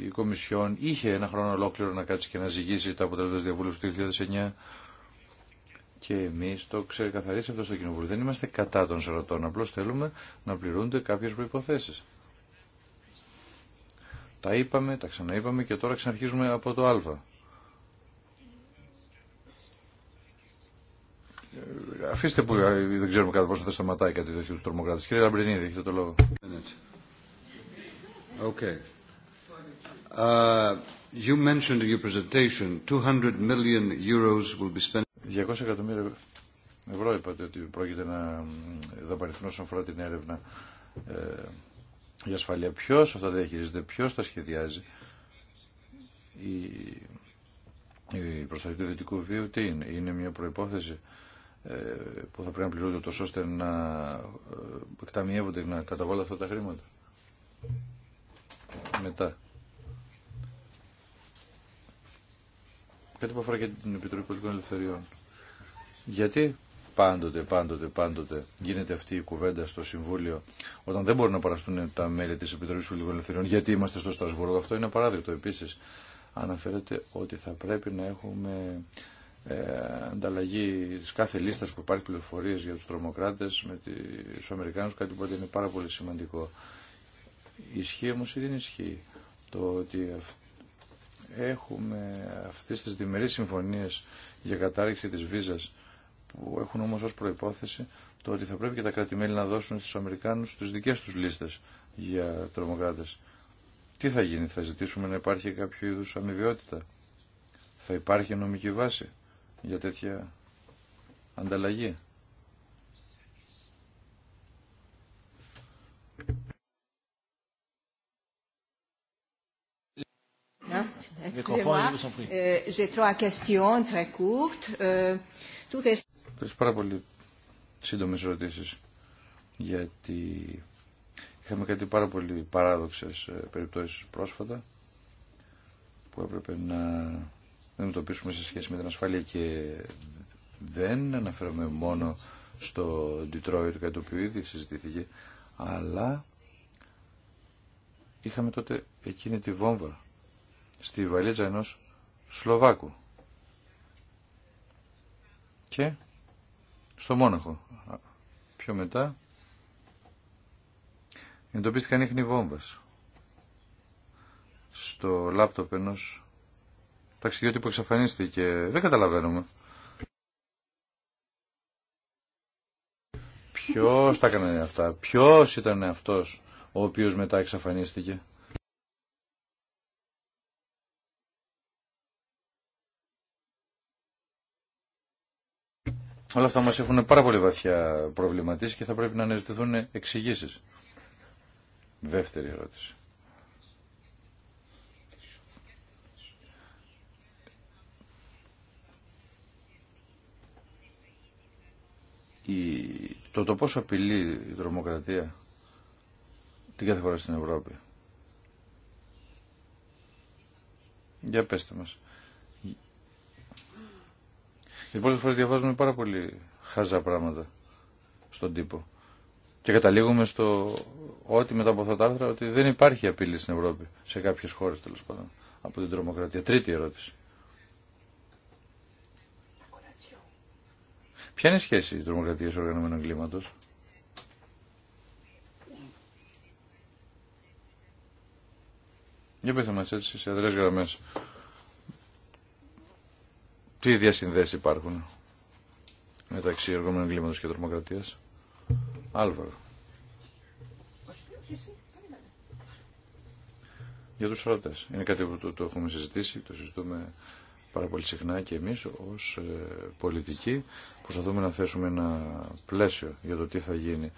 ε, η Κομισιόν είχε ένα χρόνο ολόκληρο να κάτσει και να ζυγίσει τα αποτελέσματα διαβούλευση του 2009 και εμεί το ξεκαθαρίσαμε αυτό στο Κοινοβούλιο. Δεν είμαστε κατά των σωρατών, απλώ θέλουμε να πληρούνται κάποιε προποθέσει. Τα είπαμε, τα ξαναείπαμε και τώρα ξαναρχίζουμε από το α. Αφήστε που δεν ξέρουμε κατά πόσο θα σταματάει κάτι τέτοιο του τρομοκράτη. Κύριε Λαμπρινίδη, έχετε το λόγο. Okay. Uh, you mentioned in your presentation 200 million euros will be spent. 200 εκατομμύρια ευρώ είπατε ότι πρόκειται να δαπανηθούν όσον αφορά την έρευνα. Ε, για ασφαλεία. Ποιο αυτά τα διαχειρίζεται, ποιο τα σχεδιάζει. Η, η προστασία του δυτικού βίου τι είναι, είναι μια προπόθεση ε, που θα πρέπει να πληρώνεται τόσο ώστε να ε, εκταμιεύονται να καταβάλουν αυτά τα χρήματα. Μετά. Κάτι που αφορά και την Επιτροπή Πολιτικών Ελευθεριών. Γιατί πάντοτε, πάντοτε, πάντοτε γίνεται αυτή η κουβέντα στο Συμβούλιο όταν δεν μπορούν να παραστούν τα μέλη της Επιτροπής Φιλικών γιατί είμαστε στο Στρασβούργο. Αυτό είναι παράδειγμα. Επίσης αναφέρεται ότι θα πρέπει να έχουμε ε, ανταλλαγή τη κάθε λίστα που υπάρχει πληροφορίε για του τρομοκράτε με του Αμερικάνου, κάτι που είναι πάρα πολύ σημαντικό. Ισχύει όμω ή δεν ισχύει το ότι έχουμε αυτέ τι διμερείς συμφωνίε για κατάρριξη τη βίζας που έχουν όμως ως προϋπόθεση το ότι θα πρέπει και τα κρατη να δώσουν στους Αμερικάνους τις δικές τους λίστες για τρομοκράτες. Τι θα γίνει, θα ζητήσουμε να υπάρχει κάποιο είδους αμοιβαιότητα. Θα υπάρχει νομική βάση για τέτοια ανταλλαγή. Excusez-moi, euh, j'ai trois questions très courtes. Euh, Τρεις πάρα πολύ σύντομες ερωτήσεις γιατί είχαμε κάτι πάρα πολύ παράδοξες ε, περιπτώσεις πρόσφατα που έπρεπε να αντιμετωπίσουμε σε σχέση με την ασφάλεια και δεν αναφέρομαι μόνο στο Detroit κάτι το οποίο ήδη συζητήθηκε αλλά είχαμε τότε εκείνη τη βόμβα στη βαλίτσα ενός Σλοβάκου και στο Μόναχο. Πιο μετά εντοπίστηκαν ίχνη βόμβας στο λάπτοπ ενός ταξιδιώτη που εξαφανίστηκε. Δεν καταλαβαίνουμε. Ποιος τα έκανε αυτά, ποιος ήταν αυτός ο οποίος μετά εξαφανίστηκε. Όλα αυτά μας έχουν πάρα πολύ βαθιά προβληματίσει και θα πρέπει να αναζητηθούν εξηγήσεις. Δεύτερη ερώτηση. Η... Το το πόσο απειλεί η τρομοκρατία την κάθε χώρα στην Ευρώπη. Για πέστε μας. Γιατί πολλές φορές διαβάζουμε πάρα πολύ χάζα πράγματα στον τύπο. Και καταλήγουμε στο ότι μετά από αυτά τα άρθρα ότι δεν υπάρχει απειλή στην Ευρώπη, σε κάποιες χώρες τέλος πάντων, από την τρομοκρατία. Τρίτη ερώτηση. Ποια είναι η σχέση τρομοκρατίας οργανωμένου κλίματος. Για πέστε μας έτσι σε αδρές γραμμές τι συνδέσεις υπάρχουν μεταξύ εργομένου εγκλήματος και τρομοκρατίας. Άλβαρο. Για τους ρώτες. Είναι κάτι που το, έχουμε συζητήσει, το συζητούμε πάρα πολύ συχνά και εμείς ως ε, πολιτικοί προσπαθούμε να θέσουμε ένα πλαίσιο για το τι θα γίνει,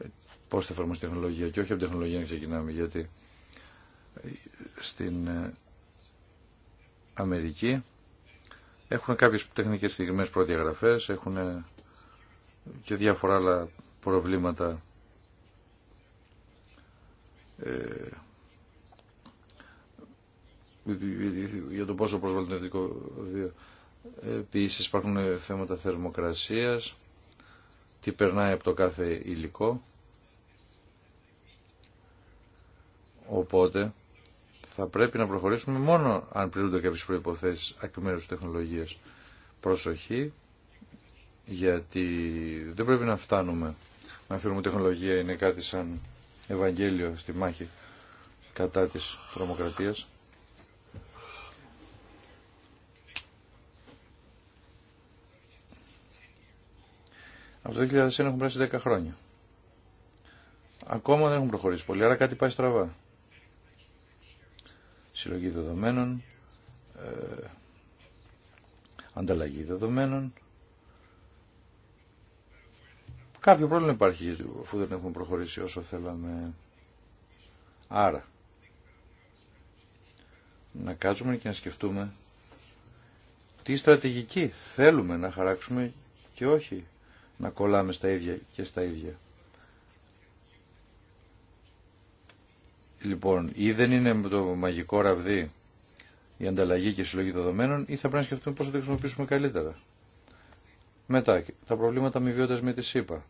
ε, πώς θα εφαρμοστεί η τεχνολογία και όχι από τεχνολογία να ξεκινάμε γιατί ε, στην Αμερική έχουν κάποιες τεχνικές στιγμές προδιαγραφές, έχουν και διάφορα άλλα προβλήματα ε, για το πόσο προσβάλλει το εθνικό βίο. Επίσης υπάρχουν θέματα θερμοκρασίας, τι περνάει από το κάθε υλικό. Οπότε θα πρέπει να προχωρήσουμε μόνο αν πληρούνται κάποιες προϋποθέσεις ακμέρους τεχνολογίας. Προσοχή, γιατί δεν πρέπει να φτάνουμε να θεωρούμε τεχνολογία είναι κάτι σαν Ευαγγέλιο στη μάχη κατά της τρομοκρατίας. Από το 2001 έχουν περάσει 10 χρόνια. Ακόμα δεν έχουν προχωρήσει πολύ, άρα κάτι πάει στραβά συλλογή δεδομένων, ε, ανταλλαγή δεδομένων. Κάποιο πρόβλημα υπάρχει αφού δεν έχουμε προχωρήσει όσο θέλαμε. Άρα, να κάτσουμε και να σκεφτούμε τι στρατηγική θέλουμε να χαράξουμε και όχι να κολλάμε στα ίδια και στα ίδια. Λοιπόν, ή δεν είναι το μαγικό ραβδί η ανταλλαγή και η συλλογή δεδομένων, ή θα πρέπει να σκεφτούμε πώ θα το χρησιμοποιήσουμε καλύτερα. Μετά, τα προβλήματα αμοιβιότητα με τη ΣΥΠΑ.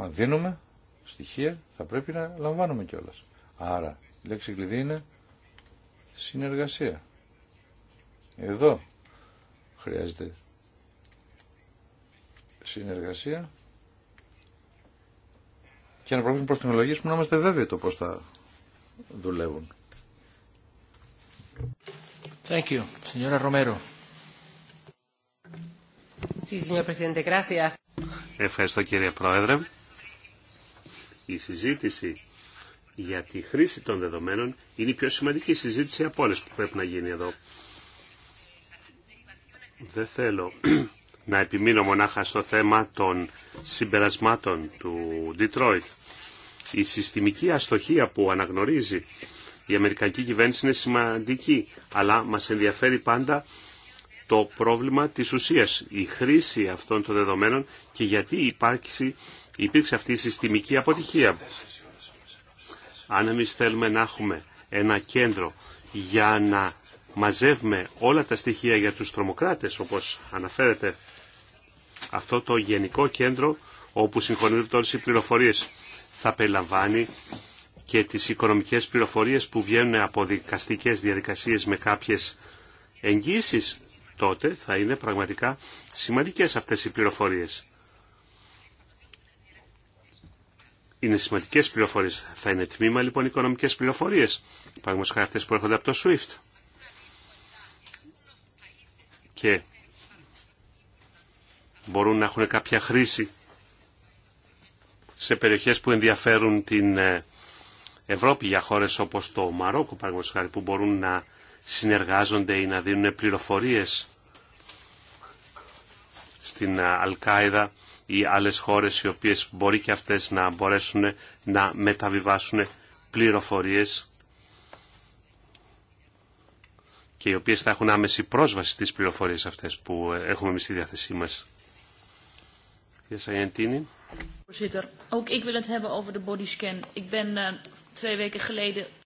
Αν δίνουμε στοιχεία, θα πρέπει να λαμβάνουμε κιόλα. Άρα, η λέξη κλειδί είναι συνεργασία. Εδώ χρειάζεται συνεργασία και να προχωρήσουμε προς τεχνολογίες που να είμαστε βέβαιοι το πώς θα δουλεύουν. Ευχαριστώ κύριε Πρόεδρε. Η συζήτηση για τη χρήση των δεδομένων είναι η πιο σημαντική συζήτηση από όλες που πρέπει να γίνει εδώ. Δεν θέλω να επιμείνω μονάχα στο θέμα των συμπερασμάτων του Detroit. Η συστημική αστοχία που αναγνωρίζει η Αμερικανική κυβέρνηση είναι σημαντική, αλλά μας ενδιαφέρει πάντα το πρόβλημα της ουσίας, η χρήση αυτών των δεδομένων και γιατί υπάρξει, υπήρξε αυτή η συστημική αποτυχία. Αν εμείς θέλουμε να έχουμε ένα κέντρο για να μαζεύουμε όλα τα στοιχεία για τους τρομοκράτες, όπως αναφέρεται αυτό το γενικό κέντρο όπου συγχωνεύονται όλες οι πληροφορίες. Θα περιλαμβάνει και τις οικονομικές πληροφορίες που βγαίνουν από δικαστικές διαδικασίες με κάποιες εγγύσεις, τότε θα είναι πραγματικά σημαντικές αυτές οι πληροφορίες. Είναι σημαντικές πληροφορίες. Θα είναι τμήμα λοιπόν οικονομικές πληροφορίες. Παραδείγματος χάρη αυτές που έρχονται από το SWIFT μπορούν να έχουν κάποια χρήση σε περιοχές που ενδιαφέρουν την ε, Ευρώπη για χώρες όπως το Μαρόκο που μπορούν να συνεργάζονται ή να δίνουν πληροφορίες στην ε, Αλκάιδα ή άλλες χώρες οι οποίες μπορεί και αυτές να μπορέσουν να μεταβιβάσουν πληροφορίες και οι οποίες θα έχουν άμεση πρόσβαση στις πληροφορίες αυτές που ε, έχουμε εμείς στη διάθεσή μας. Eh, Και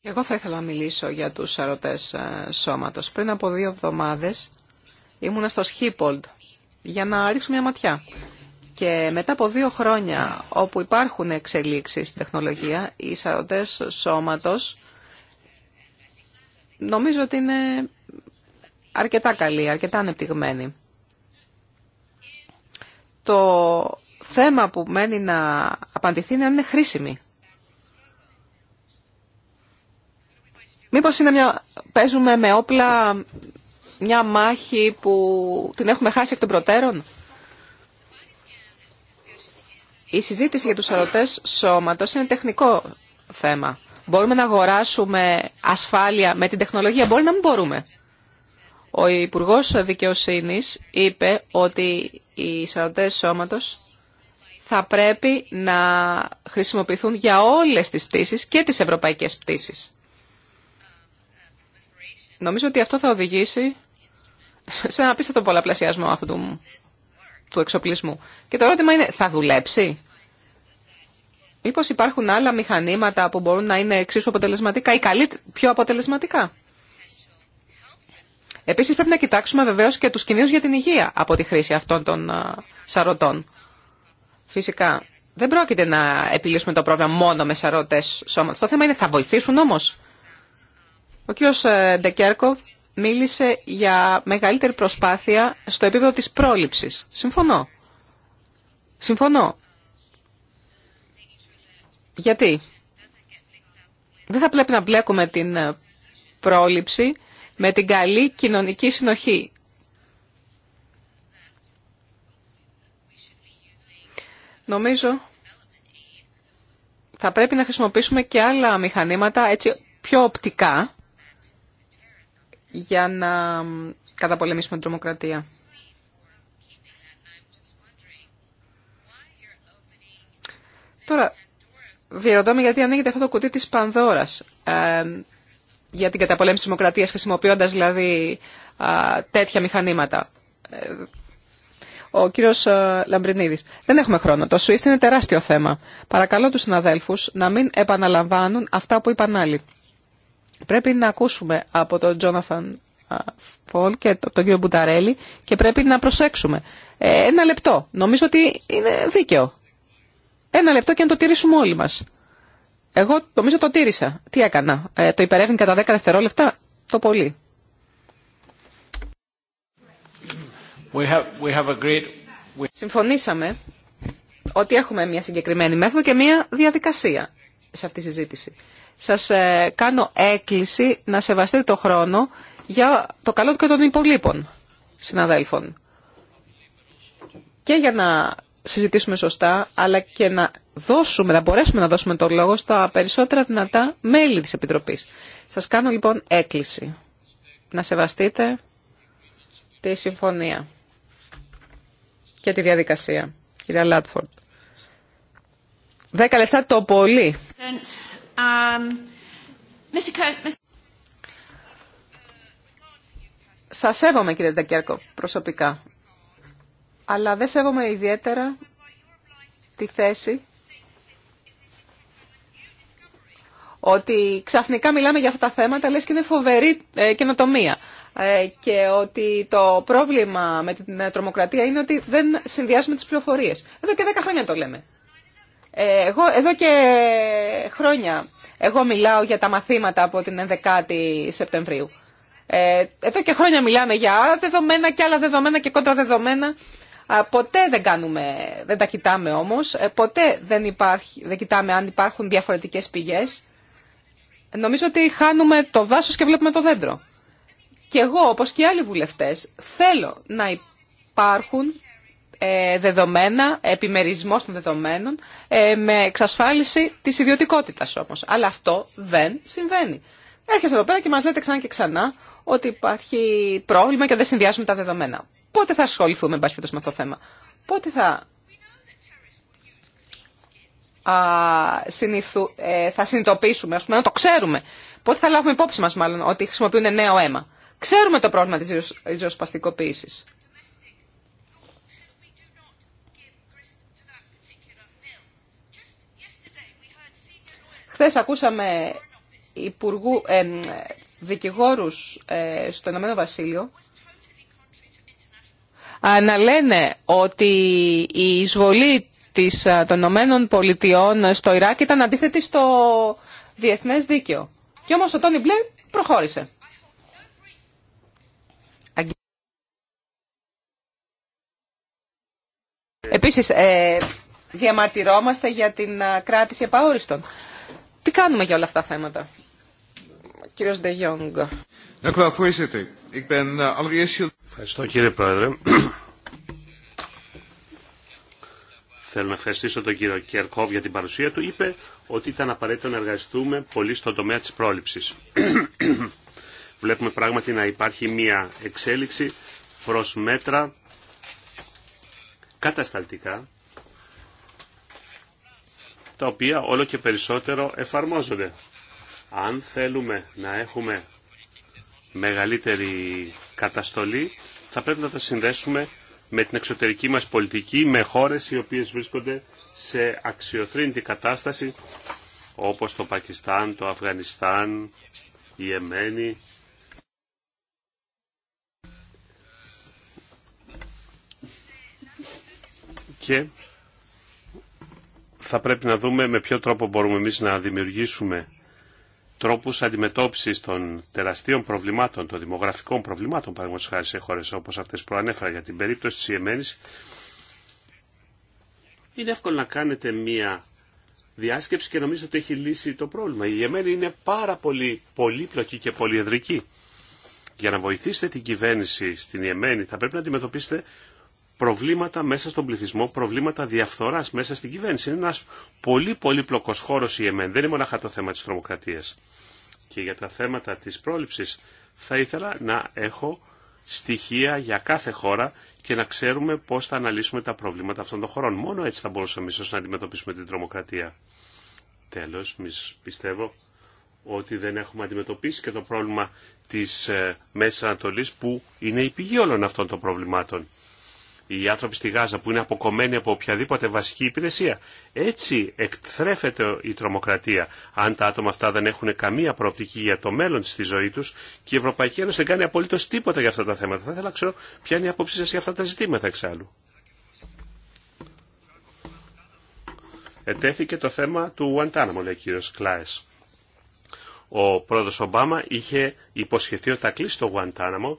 Εγώ θα ήθελα να μιλήσω για τους σαρωτές ε, σώματος. Πριν από δύο εβδομάδες ήμουν στο Σχίπολντ για να ρίξω μια ματιά. Και μετά από δύο χρόνια όπου υπάρχουν εξελίξεις στην τεχνολογία, οι σαρωτές σώματος νομίζω ότι είναι αρκετά καλοί, αρκετά ανεπτυγμένοι το θέμα που μένει να απαντηθεί είναι αν είναι χρήσιμη. Μήπως είναι μια... παίζουμε με όπλα μια μάχη που την έχουμε χάσει εκ των προτέρων. Η συζήτηση για τους αρωτές σώματος είναι τεχνικό θέμα. Μπορούμε να αγοράσουμε ασφάλεια με την τεχνολογία, μπορεί να μην μπορούμε. Ο Υπουργός Δικαιοσύνης είπε ότι οι σαρωτές σώματος θα πρέπει να χρησιμοποιηθούν για όλες τις πτήσεις και τις ευρωπαϊκές πτήσεις. Νομίζω ότι αυτό θα οδηγήσει σε ένα απίστευτο πολλαπλασιασμό αυτού του, του εξοπλισμού. Και το ερώτημα είναι, θα δουλέψει? Μήπως υπάρχουν άλλα μηχανήματα που μπορούν να είναι εξίσου αποτελεσματικά ή καλύτερα, πιο αποτελεσματικά. Επίσης πρέπει να κοιτάξουμε βεβαίως και τους κινδύνους για την υγεία από τη χρήση αυτών των ε, σαρωτών. Φυσικά, δεν πρόκειται να επιλύσουμε το πρόβλημα μόνο με σαρωτές σώματος. Το θέμα είναι θα βοηθήσουν όμως. Ο κύριος ε, Ντεκέρκοβ μίλησε για μεγαλύτερη προσπάθεια στο επίπεδο της πρόληψης. Συμφωνώ. Συμφωνώ. Γιατί δεν θα πρέπει να μπλέκουμε την ε, πρόληψη με την καλή κοινωνική συνοχή. Νομίζω θα πρέπει να χρησιμοποιήσουμε και άλλα μηχανήματα έτσι πιο οπτικά για να καταπολεμήσουμε την τρομοκρατία. Τώρα, διερωτώ γιατί ανοίγεται αυτό το κουτί της Πανδώρας. Ε, για την καταπολέμηση της δημοκρατίας χρησιμοποιώντας δηλαδή τέτοια μηχανήματα. Ο κύριος Λαμπρινίδης. Δεν έχουμε χρόνο. Το SWIFT είναι τεράστιο θέμα. Παρακαλώ τους συναδέλφου να μην επαναλαμβάνουν αυτά που είπαν άλλοι. Πρέπει να ακούσουμε από τον Τζόναθαν Φολ και τον κύριο Μπουταρέλη και πρέπει να προσέξουμε. Ε, ένα λεπτό. Νομίζω ότι είναι δίκαιο. Ένα λεπτό και να το τηρήσουμε όλοι μας. Εγώ νομίζω το τήρησα. Τι έκανα. Ε, το υπερεύνη κατά 10 δευτερόλεπτα το πολύ. Συμφωνήσαμε ότι έχουμε μια συγκεκριμένη μέθοδο και μια διαδικασία σε αυτή τη συζήτηση. Σας ε, κάνω έκκληση να σεβαστείτε το χρόνο για το καλό και των υπολείπων συναδέλφων. Και για να συζητήσουμε σωστά, αλλά και να δώσουμε, να μπορέσουμε να δώσουμε το λόγο στα περισσότερα δυνατά μέλη της Επιτροπής. Σας κάνω λοιπόν έκκληση να σεβαστείτε τη συμφωνία και τη διαδικασία. Κυρία Λάτφορντ. Δέκα λεπτά το πολύ. Um, Σας σέβομαι κύριε Ντακέρκο προσωπικά αλλά δεν σέβομαι ιδιαίτερα τη θέση ότι ξαφνικά μιλάμε για αυτά τα θέματα, λες και είναι φοβερή ε, καινοτομία ε, και ότι το πρόβλημα με την ε, τρομοκρατία είναι ότι δεν συνδυάζουμε τις πληροφορίες. Εδώ και δέκα χρόνια το λέμε. εδώ και χρόνια εγώ μιλάω για τα μαθήματα από την 11η Σεπτεμβρίου. εδώ και χρόνια μιλάμε για δεδομένα και άλλα δεδομένα και κόντρα δεδομένα. Ποτέ δεν, κάνουμε, δεν τα κοιτάμε όμως, ε, ποτέ δεν, υπάρχει, δεν κοιτάμε αν υπάρχουν διαφορετικές πηγές. Νομίζω ότι χάνουμε το δάσος και βλέπουμε το δέντρο. Και εγώ, όπως και άλλοι βουλευτές, θέλω να υπάρχουν ε, δεδομένα, επιμερισμός των δεδομένων, ε, με εξασφάλιση της ιδιωτικότητας όμως. Αλλά αυτό δεν συμβαίνει. Έρχεστε εδώ πέρα και μας λέτε ξανά και ξανά ότι υπάρχει πρόβλημα και δεν συνδυάζουμε τα δεδομένα πότε θα ασχοληθούμε με αυτό το θέμα. Πότε θα συνηθου, ε, θα συνειδητοποιήσουμε, ας πούμε, να το ξέρουμε. Πότε θα λάβουμε υπόψη μας μάλλον ότι χρησιμοποιούν νέο αίμα. Ξέρουμε το πρόβλημα της ριζοσπαστικοποίησης. Χθε ακούσαμε υπουργού, ε, δικηγόρους ε, στο Ηνωμένο Βασίλειο να λένε ότι η εισβολή της, των Ηνωμένων Πολιτειών στο Ιράκ ήταν αντίθετη στο διεθνές δίκαιο. Και όμως ο Τόνι Μπλερ προχώρησε. Επίσης, ε, διαμαρτυρόμαστε για την κράτηση επαόριστον. Τι κάνουμε για όλα αυτά τα θέματα. Κύριος Ντεγιόγκ. Eh, Ευχαριστώ κύριε Πρόεδρε. Θέλω να ευχαριστήσω τον κύριο Κερκόβ για την παρουσία του. Είπε ότι ήταν απαραίτητο να εργαστούμε πολύ στον τομέα της πρόληψης. Βλέπουμε πράγματι να υπάρχει μια εξέλιξη προς μέτρα κατασταλτικά τα οποία όλο και περισσότερο εφαρμόζονται. Αν θέλουμε να έχουμε μεγαλύτερη καταστολή, θα πρέπει να τα συνδέσουμε με την εξωτερική μας πολιτική, με χώρες οι οποίες βρίσκονται σε αξιοθρύντη κατάσταση, όπως το Πακιστάν, το Αφγανιστάν, η Εμένη. Και θα πρέπει να δούμε με ποιο τρόπο μπορούμε εμείς να δημιουργήσουμε τρόπους αντιμετώπισης των τεραστίων προβλημάτων, των δημογραφικών προβλημάτων, παραδείγματος χάρη σε χώρες όπως αυτές που ανέφερα για την περίπτωση της Ιεμένης, είναι εύκολο να κάνετε μία διάσκεψη και νομίζω ότι έχει λύσει το πρόβλημα. Η Ιεμένη είναι πάρα πολύ πολύπλοκη και πολυεδρική. Για να βοηθήσετε την κυβέρνηση στην Ιεμένη θα πρέπει να αντιμετωπίσετε προβλήματα μέσα στον πληθυσμό, προβλήματα διαφθοράς μέσα στην κυβέρνηση. Είναι ένας πολύ πολύ πολύπλοκος χώρος η ΕΜΕΝ. Δεν είναι μονάχα το θέμα της τρομοκρατίας. Και για τα θέματα της πρόληψης θα ήθελα να έχω στοιχεία για κάθε χώρα και να ξέρουμε πώς θα αναλύσουμε τα προβλήματα αυτών των χωρών. Μόνο έτσι θα μπορούσαμε ίσως να αντιμετωπίσουμε την τρομοκρατία. Τέλος, πιστεύω ότι δεν έχουμε αντιμετωπίσει και το πρόβλημα της ε, Μέσης Ανατολής που είναι η πηγή όλων αυτών των προβλημάτων οι άνθρωποι στη Γάζα που είναι αποκομμένοι από οποιαδήποτε βασική υπηρεσία. Έτσι εκτρέφεται η τρομοκρατία αν τα άτομα αυτά δεν έχουν καμία προοπτική για το μέλλον στη ζωή τους και η Ευρωπαϊκή Ένωση δεν κάνει απολύτως τίποτα για αυτά τα θέματα. Θα ήθελα να ξέρω ποια είναι η άποψή σας για αυτά τα ζητήματα εξάλλου. Ετέθηκε το θέμα του Γουαντάναμο, λέει ο κύριος Κλάες. Ο πρόεδρος Ομπάμα είχε υποσχεθεί ότι θα κλείσει το Γουαντάναμο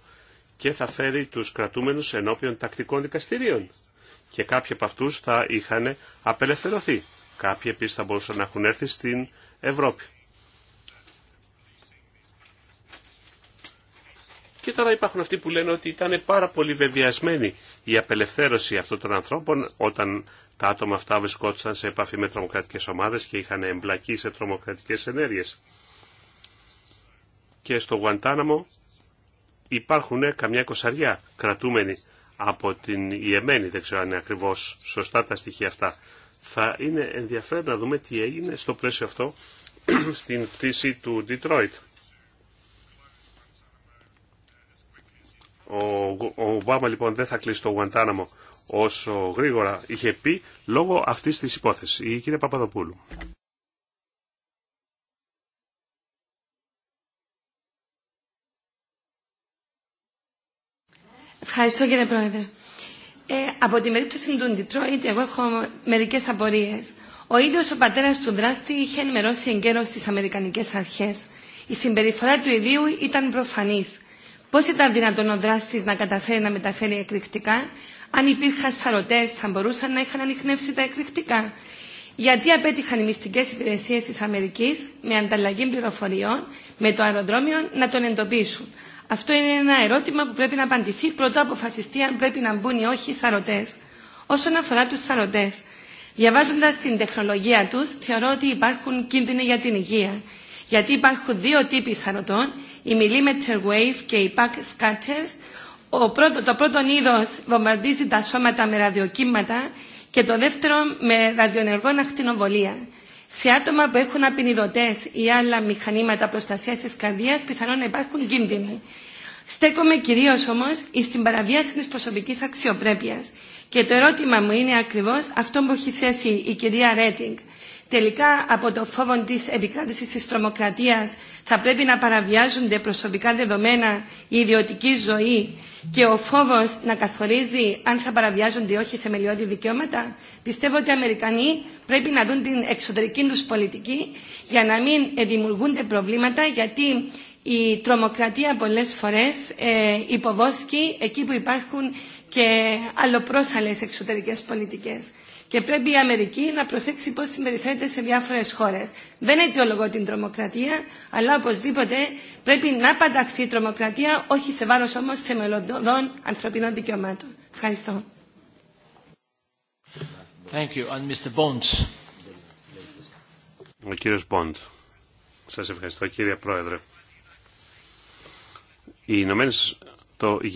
και θα φέρει τους κρατούμενους ενώπιον τακτικών δικαστηρίων. Και κάποιοι από αυτούς θα είχαν απελευθερωθεί. Κάποιοι επίσης θα μπορούσαν να έχουν έρθει στην Ευρώπη. Και τώρα υπάρχουν αυτοί που λένε ότι ήταν πάρα πολύ βεβαιασμένη η απελευθέρωση αυτών των ανθρώπων όταν τα άτομα αυτά βρισκόντουσαν σε επαφή με τρομοκρατικές ομάδες και είχαν εμπλακεί σε τρομοκρατικές ενέργειες. Και στο Γουαντάναμο υπάρχουν καμιά κοσαρία κρατούμενοι από την Ιεμένη, δεν ξέρω αν είναι ακριβώς σωστά τα στοιχεία αυτά. Θα είναι ενδιαφέρον να δούμε τι έγινε στο πλαίσιο αυτό στην πτήση του Ντιτρόιτ. Ο Ομπάμα λοιπόν δεν θα κλείσει το Γουαντάναμο όσο γρήγορα είχε πει λόγω αυτής της υπόθεσης. Η κυρία Παπαδοπούλου. Ευχαριστώ κύριε Πρόεδρε. Ε, από την περίπτωση του Ντιτρόιτ, εγώ έχω μερικέ απορίε. Ο ίδιο ο πατέρα του δράστη είχε ενημερώσει εγκαίρω τι Αμερικανικέ Αρχέ. Η συμπεριφορά του ιδίου ήταν προφανή. Πώ ήταν δυνατόν ο δράστη να καταφέρει να μεταφέρει εκρηκτικά, αν υπήρχαν σαρωτέ, θα μπορούσαν να είχαν ανοιχνεύσει τα εκρηκτικά. Γιατί απέτυχαν οι μυστικέ υπηρεσίε τη Αμερική με ανταλλαγή πληροφοριών με το αεροδρόμιο να τον εντοπίσουν. Αυτό είναι ένα ερώτημα που πρέπει να απαντηθεί πρώτα αποφασιστεί αν πρέπει να μπουν ή όχι οι σαρωτέ. Όσον αφορά του σαρωτέ, διαβάζοντα την τεχνολογία του, θεωρώ ότι υπάρχουν κίνδυνοι για την υγεία. Γιατί υπάρχουν δύο τύποι σαρωτών, οι millimeter wave και οι pack scatters. Ο πρώτο, το πρώτο είδο βομβαρδίζει τα σώματα με ραδιοκύματα και το δεύτερο με ραδιονεργό ακτινοβολία. Σε άτομα που έχουν απεινιδωτέ ή άλλα μηχανήματα προστασία τη καρδία, πιθανόν να υπάρχουν κίνδυνοι. Στέκομαι κυρίω όμω στην παραβίαση τη προσωπική αξιοπρέπεια. Και το ερώτημα μου είναι ακριβώ αυτό που έχει θέσει η κυρία Ρέτινγκ τελικά από το φόβο τη επικράτηση τη τρομοκρατία θα πρέπει να παραβιάζονται προσωπικά δεδομένα, η ιδιωτική ζωή και ο φόβο να καθορίζει αν θα παραβιάζονται ή όχι θεμελιώδη δικαιώματα. Πιστεύω ότι οι Αμερικανοί πρέπει να δουν την εξωτερική του πολιτική για να μην δημιουργούνται προβλήματα, γιατί η τρομοκρατία πολλές φορές ε, υποβόσκει εκεί που υπάρχουν και αλλοπρόσαλες εξωτερικές πολιτικές. Και πρέπει η Αμερική να προσέξει πώ συμπεριφέρεται σε διάφορε χώρε. Δεν αιτιολογώ την τρομοκρατία, αλλά οπωσδήποτε πρέπει να πανταχθεί η τρομοκρατία, όχι σε βάρο όμω θεμελιωδών ανθρωπινών δικαιωμάτων. Ευχαριστώ. Thank you. And Mr. Bonds. Ο κύριος Μποντ. Σας ευχαριστώ κύριε Πρόεδρε. Οι Ηνωμένες, το, οι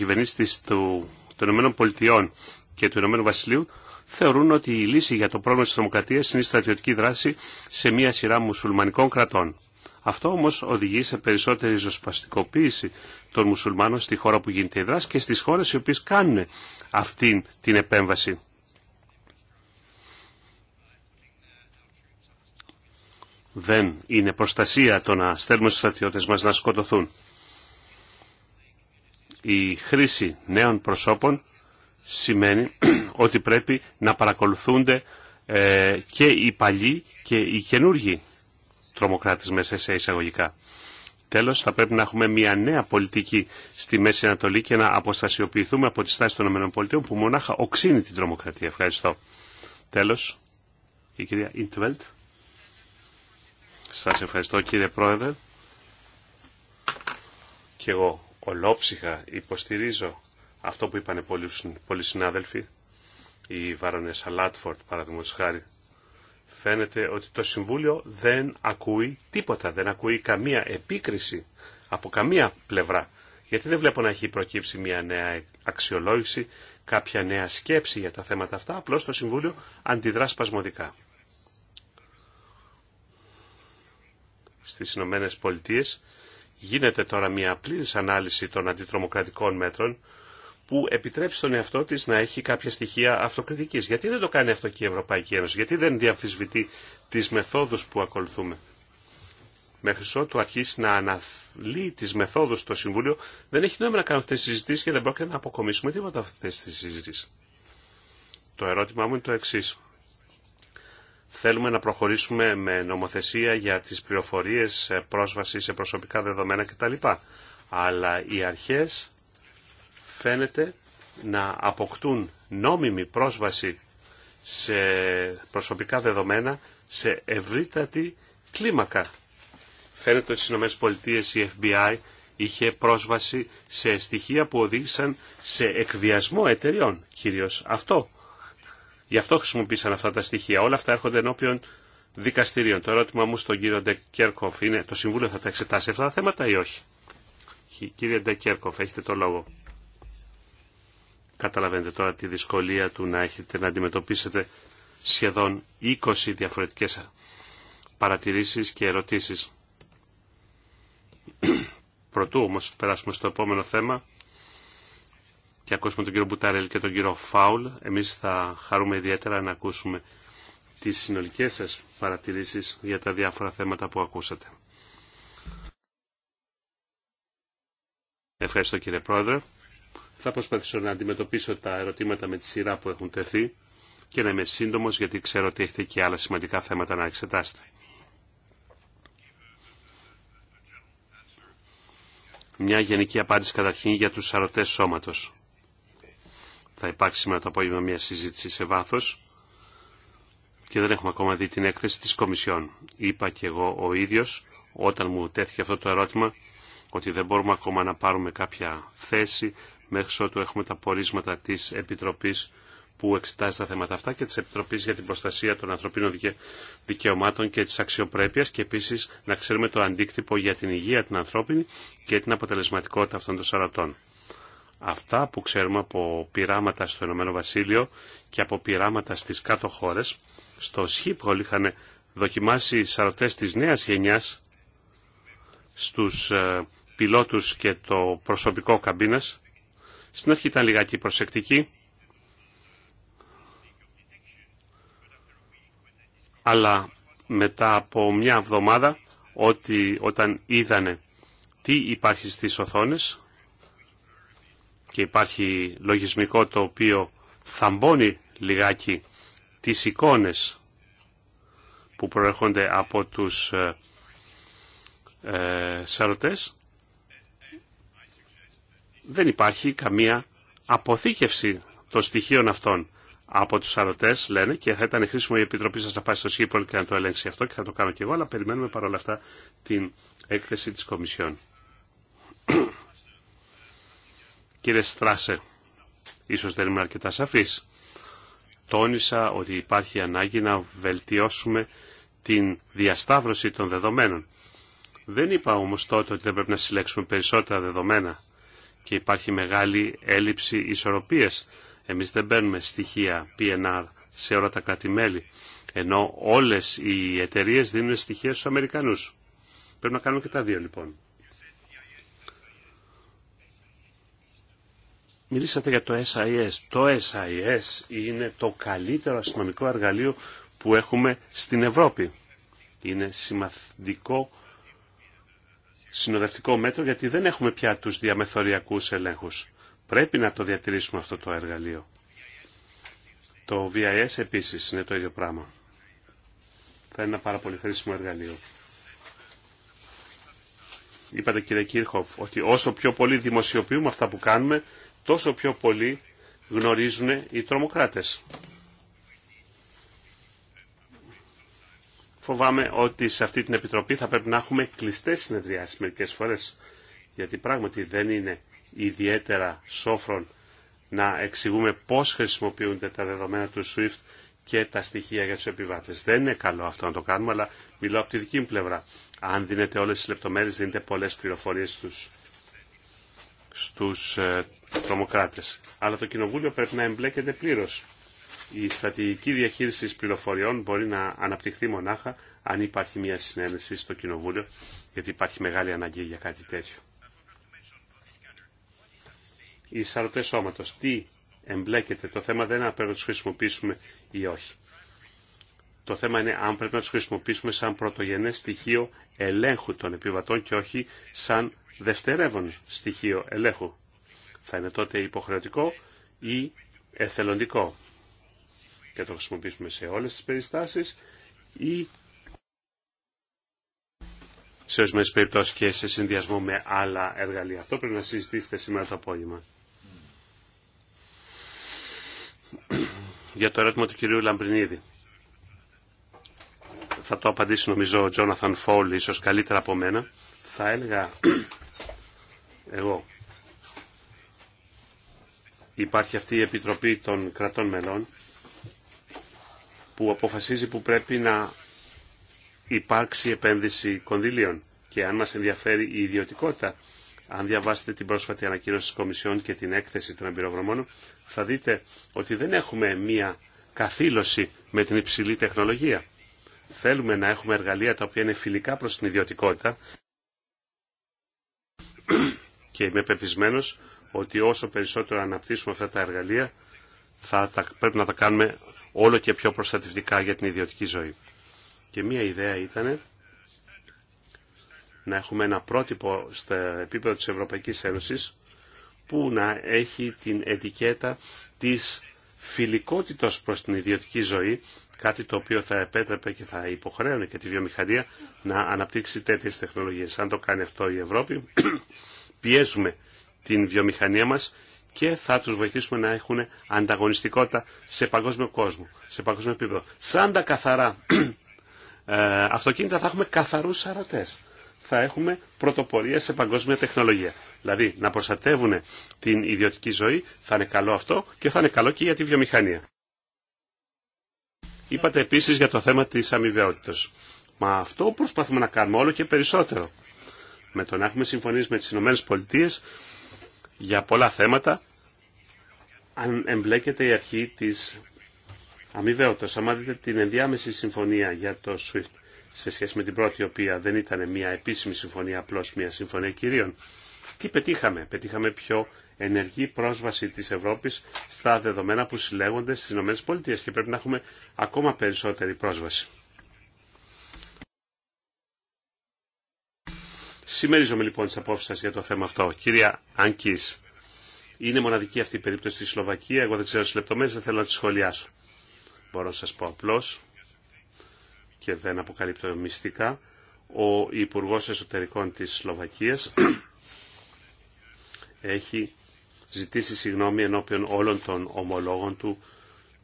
του, των Ηνωμένων Πολιτειών και του Ηνωμένου Βασιλείου θεωρούν ότι η λύση για το πρόβλημα της τρομοκρατίας είναι η στρατιωτική δράση σε μια σειρά μουσουλμανικών κρατών. Αυτό όμως οδηγεί σε περισσότερη ζωσπαστικοποίηση των μουσουλμάνων στη χώρα που γίνεται η δράση και στις χώρες οι οποίες κάνουν αυτή την επέμβαση. Δεν είναι προστασία το να στέλνουμε στους στρατιώτες μας να σκοτωθούν. Η χρήση νέων προσώπων σημαίνει ότι πρέπει να παρακολουθούνται ε, και οι παλιοί και οι καινούργοι τρομοκράτες μέσα σε εισαγωγικά. Τέλος, θα πρέπει να έχουμε μια νέα πολιτική στη Μέση Ανατολή και να αποστασιοποιηθούμε από τη στάση των ΗΠΑ που μονάχα οξύνει την τρομοκρατία. Ευχαριστώ. Τέλος, η κυρία Ιντβέλτ. Σας ευχαριστώ κύριε Πρόεδρε. Και εγώ ολόψυχα υποστηρίζω αυτό που είπαν πολλοί, συνάδελφοι, η Βαρονέσα Λάτφορτ παραδείγματος χάρη, φαίνεται ότι το Συμβούλιο δεν ακούει τίποτα, δεν ακούει καμία επίκριση από καμία πλευρά. Γιατί δεν βλέπω να έχει προκύψει μια νέα αξιολόγηση, κάποια νέα σκέψη για τα θέματα αυτά, απλώς το Συμβούλιο αντιδρά σπασμωδικά. Στις Ηνωμένε Πολιτείες γίνεται τώρα μια πλήρης ανάλυση των αντιτρομοκρατικών μέτρων που επιτρέψει στον εαυτό της να έχει κάποια στοιχεία αυτοκριτικής. Γιατί δεν το κάνει αυτό και η Ευρωπαϊκή Ένωση, γιατί δεν διαμφισβητεί τις μεθόδους που ακολουθούμε. Μέχρι ότου αρχίσει να αναλύει τις μεθόδους στο Συμβούλιο, δεν έχει νόημα να κάνουμε αυτές τις συζητήσεις και δεν πρόκειται να αποκομίσουμε τίποτα αυτές τις συζητήσεις. Το ερώτημά μου είναι το εξή. θέλουμε να προχωρήσουμε με νομοθεσία για τις πληροφορίες, πρόσβαση σε προσωπικά δεδομένα κτλ. Αλλά οι αρχές φαίνεται να αποκτούν νόμιμη πρόσβαση σε προσωπικά δεδομένα σε ευρύτατη κλίμακα. Φαίνεται ότι στις ΗΠΑ η FBI είχε πρόσβαση σε στοιχεία που οδήγησαν σε εκβιασμό εταιριών, κυρίως αυτό. Γι' αυτό χρησιμοποίησαν αυτά τα στοιχεία. Όλα αυτά έρχονται ενώπιον δικαστηρίων. Το ερώτημα μου στον κύριο Ντεκέρκοφ είναι το Συμβούλιο θα τα εξετάσει αυτά τα θέματα ή όχι. Κύριε Ντεκέρκοφ, έχετε το λόγο. Καταλαβαίνετε τώρα τη δυσκολία του να έχετε να αντιμετωπίσετε σχεδόν 20 διαφορετικές παρατηρήσεις και ερωτήσεις. Πρωτού όμως περάσουμε στο επόμενο θέμα και ακούσουμε τον κύριο Μπουτάρελ και τον κύριο Φάουλ. Εμείς θα χαρούμε ιδιαίτερα να ακούσουμε τις συνολικές σας παρατηρήσεις για τα διάφορα θέματα που ακούσατε. Ευχαριστώ κύριε Πρόεδρε. Θα προσπαθήσω να αντιμετωπίσω τα ερωτήματα με τη σειρά που έχουν τεθεί και να είμαι σύντομο γιατί ξέρω ότι έχετε και άλλα σημαντικά θέματα να εξετάσετε. Μια γενική απάντηση καταρχήν για τους σαρωτές σώματος. Θα υπάρξει σήμερα το απόγευμα μια συζήτηση σε βάθος και δεν έχουμε ακόμα δει την έκθεση της Κομισιόν. Είπα και εγώ ο ίδιος όταν μου τέθηκε αυτό το ερώτημα ότι δεν μπορούμε ακόμα να πάρουμε κάποια θέση μέχρι ότου έχουμε τα πορίσματα της Επιτροπής που εξετάζει τα θέματα αυτά και της Επιτροπής για την Προστασία των Ανθρωπίνων Δικαιωμάτων και της Αξιοπρέπειας και επίσης να ξέρουμε το αντίκτυπο για την υγεία την ανθρώπινη και την αποτελεσματικότητα αυτών των σαρωτών. Αυτά που ξέρουμε από πειράματα στο Ηνωμένο Βασίλειο και από πειράματα στις κάτω χώρες, στο Σχύπχολ είχαν δοκιμάσει σαρωτές της νέας γενιάς στους ε, πιλότους και το προσωπικό καμπίνας στην αρχή ήταν λιγάκι προσεκτική. Αλλά μετά από μια εβδομάδα, ότι όταν είδανε τι υπάρχει στις οθόνες και υπάρχει λογισμικό το οποίο θαμπώνει λιγάκι τις εικόνες που προέρχονται από τους ε, ε σαρωτές, δεν υπάρχει καμία αποθήκευση των στοιχείων αυτών από τους αρωτές λένε και θα ήταν χρήσιμο η Επιτροπή σας να πάει στο Σύπολ και να το ελέγξει αυτό και θα το κάνω και εγώ αλλά περιμένουμε παρόλα αυτά την έκθεση της Κομισιόν. Κύριε Στράσε, ίσως δεν είμαι αρκετά σαφής, τόνισα ότι υπάρχει ανάγκη να βελτιώσουμε την διασταύρωση των δεδομένων. Δεν είπα όμως τότε ότι δεν πρέπει να συλλέξουμε περισσότερα δεδομένα και υπάρχει μεγάλη έλλειψη ισορροπίας. Εμείς δεν παίρνουμε στοιχεία PNR σε όλα τα κρατη ενώ όλες οι εταιρείε δίνουν στοιχεία στους Αμερικανούς. Πρέπει να κάνουμε και τα δύο λοιπόν. Μιλήσατε για το SIS. Το SIS είναι το καλύτερο αστυνομικό εργαλείο που έχουμε στην Ευρώπη. Είναι σημαντικό συνοδευτικό μέτρο γιατί δεν έχουμε πια τους διαμεθοριακούς ελέγχους. Πρέπει να το διατηρήσουμε αυτό το εργαλείο. Το VIS επίσης είναι το ίδιο πράγμα. Θα είναι ένα πάρα πολύ χρήσιμο εργαλείο. Είπατε κύριε Κύρχοφ ότι όσο πιο πολύ δημοσιοποιούμε αυτά που κάνουμε, τόσο πιο πολύ γνωρίζουν οι τρομοκράτες. Φοβάμαι ότι σε αυτή την Επιτροπή θα πρέπει να έχουμε κλειστές συνεδριάσεις μερικές φορές, γιατί πράγματι δεν είναι ιδιαίτερα σόφρον να εξηγούμε πώς χρησιμοποιούνται τα δεδομένα του SWIFT και τα στοιχεία για τους επιβάτες. Δεν είναι καλό αυτό να το κάνουμε, αλλά μιλάω από τη δική μου πλευρά. Αν δίνετε όλες τις λεπτομέρειες, δίνετε πολλές πληροφορίες στους, στους ε, τρομοκράτες. Αλλά το Κοινοβούλιο πρέπει να εμπλέκεται πλήρως η στρατηγική διαχείριση πληροφοριών μπορεί να αναπτυχθεί μονάχα αν υπάρχει μια συνένεση στο Κοινοβούλιο, γιατί υπάρχει μεγάλη αναγκή για κάτι τέτοιο. Οι σαρωτέ σώματο. Τι εμπλέκεται. Το θέμα δεν είναι αν πρέπει να του χρησιμοποιήσουμε ή όχι. Το θέμα είναι αν πρέπει να του χρησιμοποιήσουμε σαν πρωτογενέ στοιχείο ελέγχου των επιβατών και όχι σαν δευτερεύον στοιχείο ελέγχου. Θα είναι τότε υποχρεωτικό ή εθελοντικό και το χρησιμοποιήσουμε σε όλες τις περιστάσεις ή σε ορισμένες περιπτώσει και σε συνδυασμό με άλλα εργαλεία. Αυτό πρέπει να συζητήσετε σήμερα το απόγευμα. Για το ερώτημα του κυρίου Λαμπρινίδη. Θα το απαντήσει νομίζω ο Τζόναθαν Φόλ, ίσως καλύτερα από μένα. Θα έλεγα εγώ. Υπάρχει αυτή η Επιτροπή των Κρατών Μελών που αποφασίζει που πρέπει να υπάρξει επένδυση κονδυλίων. Και αν μας ενδιαφέρει η ιδιωτικότητα, αν διαβάσετε την πρόσφατη ανακοίνωση της Κομισιόν και την έκθεση των εμπειρογνωμών, θα δείτε ότι δεν έχουμε μία καθήλωση με την υψηλή τεχνολογία. Θέλουμε να έχουμε εργαλεία τα οποία είναι φιλικά προς την ιδιωτικότητα και είμαι πεπισμένο ότι όσο περισσότερο αναπτύσσουμε αυτά τα εργαλεία θα πρέπει να τα κάνουμε όλο και πιο προστατευτικά για την ιδιωτική ζωή. Και μία ιδέα ήταν να έχουμε ένα πρότυπο στο επίπεδο της Ευρωπαϊκής Ένωσης που να έχει την ετικέτα της φιλικότητας προς την ιδιωτική ζωή, κάτι το οποίο θα επέτρεπε και θα υποχρέωνε και τη βιομηχανία να αναπτύξει τέτοιες τεχνολογίες. Αν το κάνει αυτό η Ευρώπη, πιέζουμε την βιομηχανία μας και θα του βοηθήσουμε να έχουν ανταγωνιστικότητα σε παγκόσμιο κόσμο, σε παγκόσμιο επίπεδο. Σαν τα καθαρά ε, αυτοκίνητα θα έχουμε καθαρού σαρωτές. Θα έχουμε πρωτοπορία σε παγκόσμια τεχνολογία. Δηλαδή να προστατεύουν την ιδιωτική ζωή θα είναι καλό αυτό και θα είναι καλό και για τη βιομηχανία. Είπατε επίση για το θέμα τη αμοιβαιότητα. Μα αυτό προσπαθούμε να κάνουμε όλο και περισσότερο. Με το να έχουμε συμφωνήσει με τι ΗΠΑ για πολλά θέματα αν εμπλέκεται η αρχή της αμοιβαίωτος. Αν δείτε την ενδιάμεση συμφωνία για το SWIFT σε σχέση με την πρώτη, η οποία δεν ήταν μια επίσημη συμφωνία, απλώς μια συμφωνία κυρίων, τι πετύχαμε. Πετύχαμε πιο ενεργή πρόσβαση της Ευρώπης στα δεδομένα που συλλέγονται στις ΗΠΑ και πρέπει να έχουμε ακόμα περισσότερη πρόσβαση. Συμμερίζομαι λοιπόν τι απόψει σας για το θέμα αυτό. Κυρία Ανκή, είναι μοναδική αυτή η περίπτωση στη Σλοβακία. Εγώ δεν ξέρω τι λεπτομέρειε δεν θέλω να τη σχολιάσω. Μπορώ να σας πω απλώ και δεν αποκαλύπτω μυστικά. Ο υπουργό Εσωτερικών της Σλοβακία έχει ζητήσει συγγνώμη ενώπιον όλων των ομολόγων του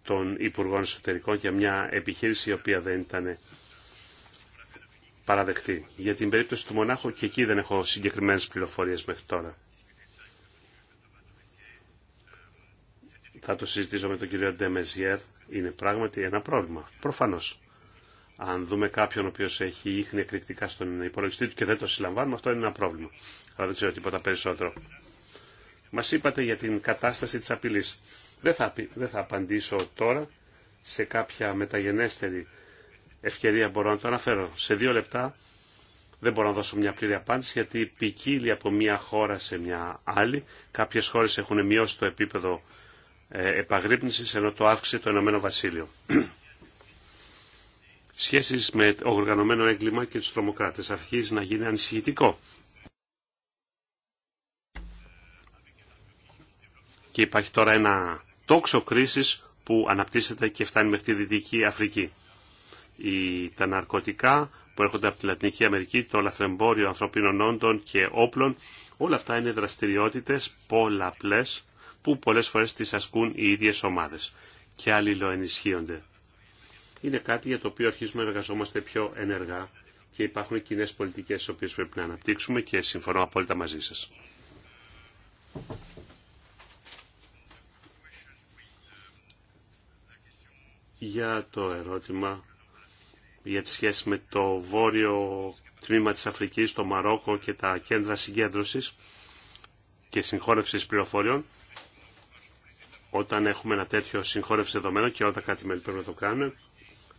των Υπουργών Εσωτερικών για μια επιχείρηση η οποία δεν ήταν παραδεχτεί. Για την περίπτωση του Μονάχου και εκεί δεν έχω συγκεκριμένες πληροφορίες μέχρι τώρα. Θα το συζητήσω με τον κύριο Ντεμεζιέρ. Είναι πράγματι ένα πρόβλημα. Προφανώς. Αν δούμε κάποιον ο οποίος έχει ίχνη εκρηκτικά στον υπολογιστή του και δεν το συλλαμβάνουμε, αυτό είναι ένα πρόβλημα. Αλλά δεν ξέρω τίποτα περισσότερο. Μας είπατε για την κατάσταση της απειλή. Δεν θα, δεν θα απαντήσω τώρα σε κάποια μεταγενέστερη ευκαιρία μπορώ να το αναφέρω. Σε δύο λεπτά δεν μπορώ να δώσω μια πλήρη απάντηση γιατί ποικίλει από μια χώρα σε μια άλλη. Κάποιες χώρες έχουν μειώσει το επίπεδο ε, επαγρύπνησης ενώ το αύξησε το Ηνωμένο Βασίλειο. Σχέσεις με οργανωμένο έγκλημα και τους τρομοκράτες αρχίζει να γίνει ανησυχητικό. Και υπάρχει τώρα ένα τόξο κρίσης που αναπτύσσεται και φτάνει μέχρι τη Δυτική Αφρική η, τα ναρκωτικά που έρχονται από τη Λατινική Αμερική, το λαθρεμπόριο ανθρωπίνων όντων και όπλων, όλα αυτά είναι δραστηριότητες πολλαπλές που πολλές φορές τις ασκούν οι ίδιες ομάδες και αλληλοενισχύονται. Είναι κάτι για το οποίο αρχίζουμε να εργαζόμαστε πιο ενεργά και υπάρχουν κοινέ πολιτικές τις οποίες πρέπει να αναπτύξουμε και συμφωνώ απόλυτα μαζί σας. Για το ερώτημα για τις σχέσεις με το βόρειο τμήμα της Αφρικής, το Μαρόκο και τα κέντρα συγκέντρωσης και συγχώρευσης πληροφοριών. Όταν έχουμε ένα τέτοιο συγχώρευση δεδομένων και όταν κάτι μέλη πρέπει να το κάνουμε,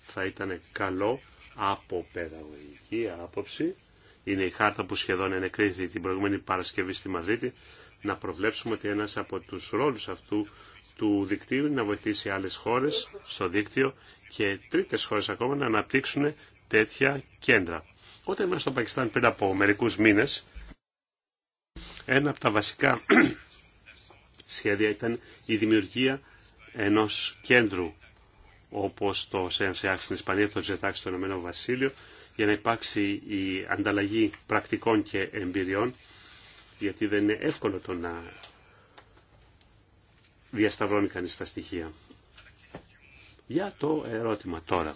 θα ήταν καλό από παιδαγωγική άποψη. Είναι η χάρτα που σχεδόν ενεκρίθη την προηγούμενη Παρασκευή στη Μαδρίτη να προβλέψουμε ότι ένας από τους ρόλους αυτού του δικτύου είναι να βοηθήσει άλλες χώρες στο δίκτυο και τρίτες χώρες ακόμα να αναπτύξουν τέτοια κέντρα. Όταν ήμουν στο Πακιστάν πριν από μερικούς μήνες, ένα από τα βασικά σχέδια ήταν η δημιουργία ενός κέντρου όπως το ΣΕΝΣΕΑΚ στην Ισπανία, το ΖΕΤΑΚ στο Ηνωμένο Βασίλειο, για να υπάρξει η ανταλλαγή πρακτικών και εμπειριών, γιατί δεν είναι εύκολο το να διασταυρώνει κανείς τα στοιχεία. Για το ερώτημα τώρα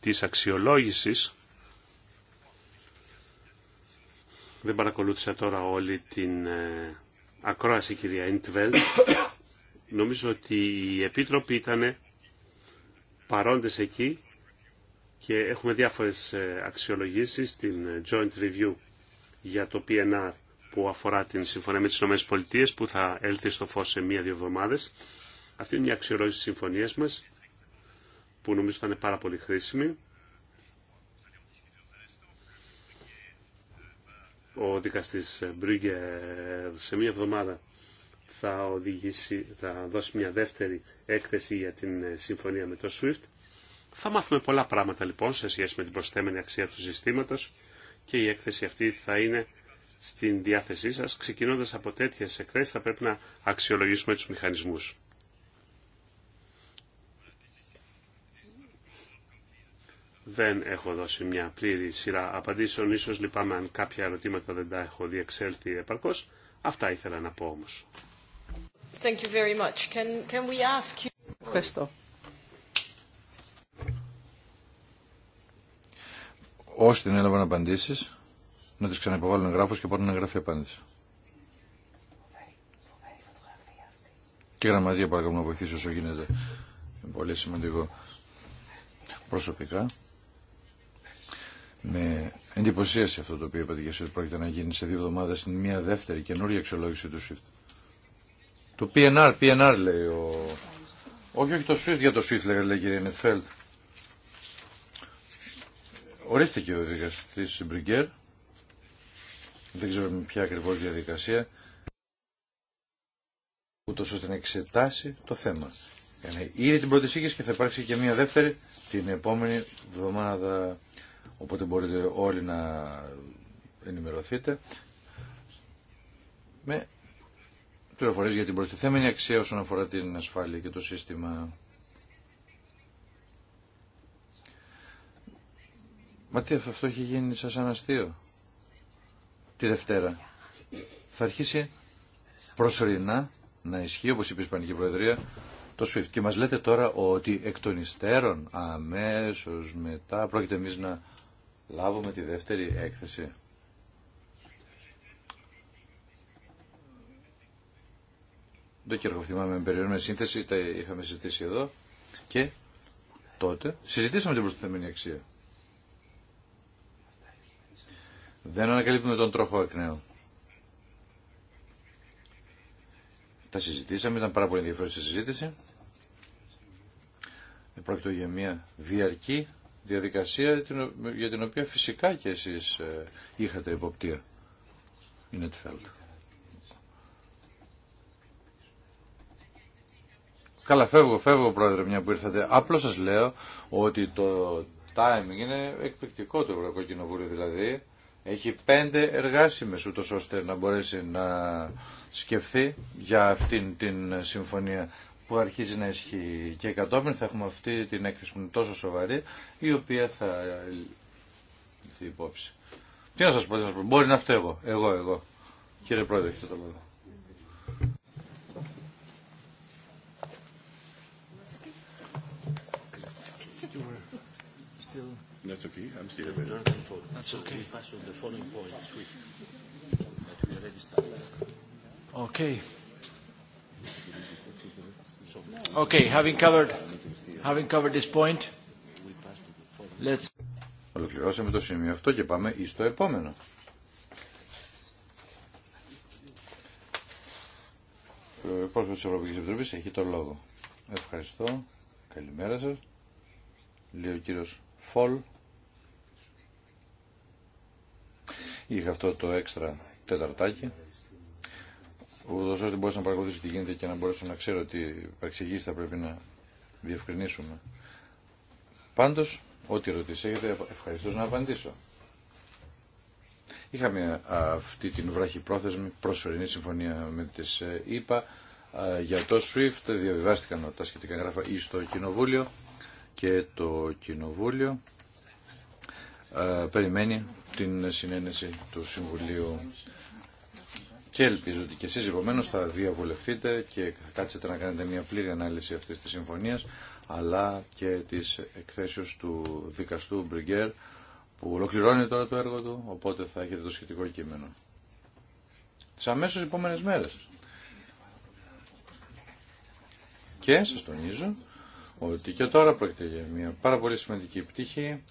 της αξιολόγησης δεν παρακολούθησα τώρα όλη την ε, ακρόαση κυρία Ιντβέλτ νομίζω ότι οι επίτροποι ήταν παρόντες εκεί και έχουμε διάφορες ε, αξιολογήσεις, την ε, Joint Review για το PNR που αφορά την συμφωνία με τις ΗΠΑ που θα έλθει στο φω σε μία-δύο εβδομάδες. Αυτή είναι μια δυο εβδομάδε. αυτη ειναι μια αξιολογηση τη συμφωνία μας που νομίζω θα είναι πάρα πολύ χρήσιμη. Ο δικαστής Μπρίγκερ σε μία εβδομάδα θα, οδηγήσει, θα δώσει μια δεύτερη έκθεση για την συμφωνία με το SWIFT. Θα μάθουμε πολλά πράγματα λοιπόν σε σχέση με την προσθέμενη αξία του συστήματος και η έκθεση αυτή θα είναι στην διάθεσή σας. Ξεκινώντας από τέτοιες εκθέσεις θα πρέπει να αξιολογήσουμε τους μηχανισμούς. Δεν έχω δώσει μια πλήρη σειρά απαντήσεων. Ίσως λυπάμαι αν κάποια ερωτήματα δεν τα έχω διεξέλθει επαρκώς. Αυτά ήθελα να πω όμως. Thank Ευχαριστώ. Όσοι την έλαβαν απαντήσεις, να τις ξαναυποβάλουν εγγράφος και πάρουν εγγραφή απάντηση. Και γραμματεία παρακαλώ να βοηθήσει όσο γίνεται. Είναι πολύ σημαντικό. Προσωπικά με εντυπωσίασε αυτό το οποίο είπατε και πρόκειται να γίνει σε δύο εβδομάδες στην μια δεύτερη καινούργια αξιολόγηση του SWIFT. Το PNR, PNR λέει ο... Όχι, όχι το SWIFT, για το SWIFT λέει, λέει κύριε Νετφέλτ. Ορίστηκε ο δικαστή της Μπριγκέρ δεν ξέρω με ποια ακριβώς διαδικασία, ούτως ώστε να εξετάσει το θέμα. Ε, ναι, ήδη την πρώτη σύγκριση και θα υπάρξει και μία δεύτερη την επόμενη εβδομάδα, οπότε μπορείτε όλοι να ενημερωθείτε με πληροφορίες για την προστιθέμενη αξία όσον αφορά την ασφάλεια και το σύστημα. Μα τι αυτό έχει γίνει σαν αναστείο τη Δευτέρα. Θα αρχίσει προσωρινά να ισχύει, όπως είπε η Ισπανική Προεδρία, το SWIFT. Και μας λέτε τώρα ότι εκ των υστέρων αμέσως μετά πρόκειται εμεί να λάβουμε τη δεύτερη έκθεση. Δεν και θυμάμαι με περιορισμένη σύνθεση, τα είχαμε συζητήσει εδώ και τότε συζητήσαμε την προστιθέμενη αξία. Δεν ανακαλύπτουμε τον τροχό εκ νέου. Τα συζητήσαμε, ήταν πάρα πολύ ενδιαφέρουσα συζήτηση. Πρόκειται για μια διαρκή διαδικασία για την οποία φυσικά και εσείς ε, είχατε υποπτία. Είναι Καλά, φεύγω, φεύγω πρόεδρε μια που ήρθατε. Απλώς σας λέω ότι το timing είναι εκπληκτικό το Ευρωπαϊκό Κοινοβούλιο δηλαδή έχει πέντε εργάσιμες ούτως ώστε να μπορέσει να σκεφτεί για αυτήν την συμφωνία που αρχίζει να ισχύει και κατόπιν θα έχουμε αυτή την έκθεση που είναι τόσο σοβαρή η οποία θα ληφθεί υπόψη. Τι να σας πω, μπορεί να φταίω εγώ, εγώ, εγώ. Κύριε Πρόεδρε, έχετε το λόγο. That's okay. I'm still available. That's okay. We pass on the following point swiftly. But we already started. Okay. Okay, having covered, having covered this point, let's... Ολοκληρώσαμε το σημείο αυτό και πάμε εις το επόμενο. Ο πρόσωπος της Ευρωπαϊκής Επιτροπής έχει το λόγο. Ευχαριστώ. Καλημέρα σας. Λέει ο κύριος Fall. Είχα αυτό το έξτρα τεταρτάκι, ούτως ώστε να παρακολουθήσω τι γίνεται και να μπορέσω να ξέρω ότι παρεξηγήσεις θα πρέπει να διευκρινίσουμε. Πάντως, ό,τι ερωτήσει έχετε, ευχαριστώ να απαντήσω. Είχαμε αυτή την βράχη πρόθεσμη προσωρινή συμφωνία με τις ε, ΕΠΑ για το SWIFT, διαβιβάστηκαν τα σχετικά γράφα ή στο Κοινοβούλιο και το Κοινοβούλιο ε, περιμένει την συνένεση του Συμβουλίου και ελπίζω ότι και εσείς επομένως θα διαβουλευτείτε και κάτσετε να κάνετε μια πλήρη ανάλυση αυτής της συμφωνίας αλλά και της εκθέσεως του δικαστού Μπριγκέρ που ολοκληρώνει τώρα το έργο του οπότε θα έχετε το σχετικό κείμενο. Τις αμέσως επόμενες μέρες. Και σας τονίζω ότι και τώρα πρόκειται για μια πάρα πολύ σημαντική πτύχη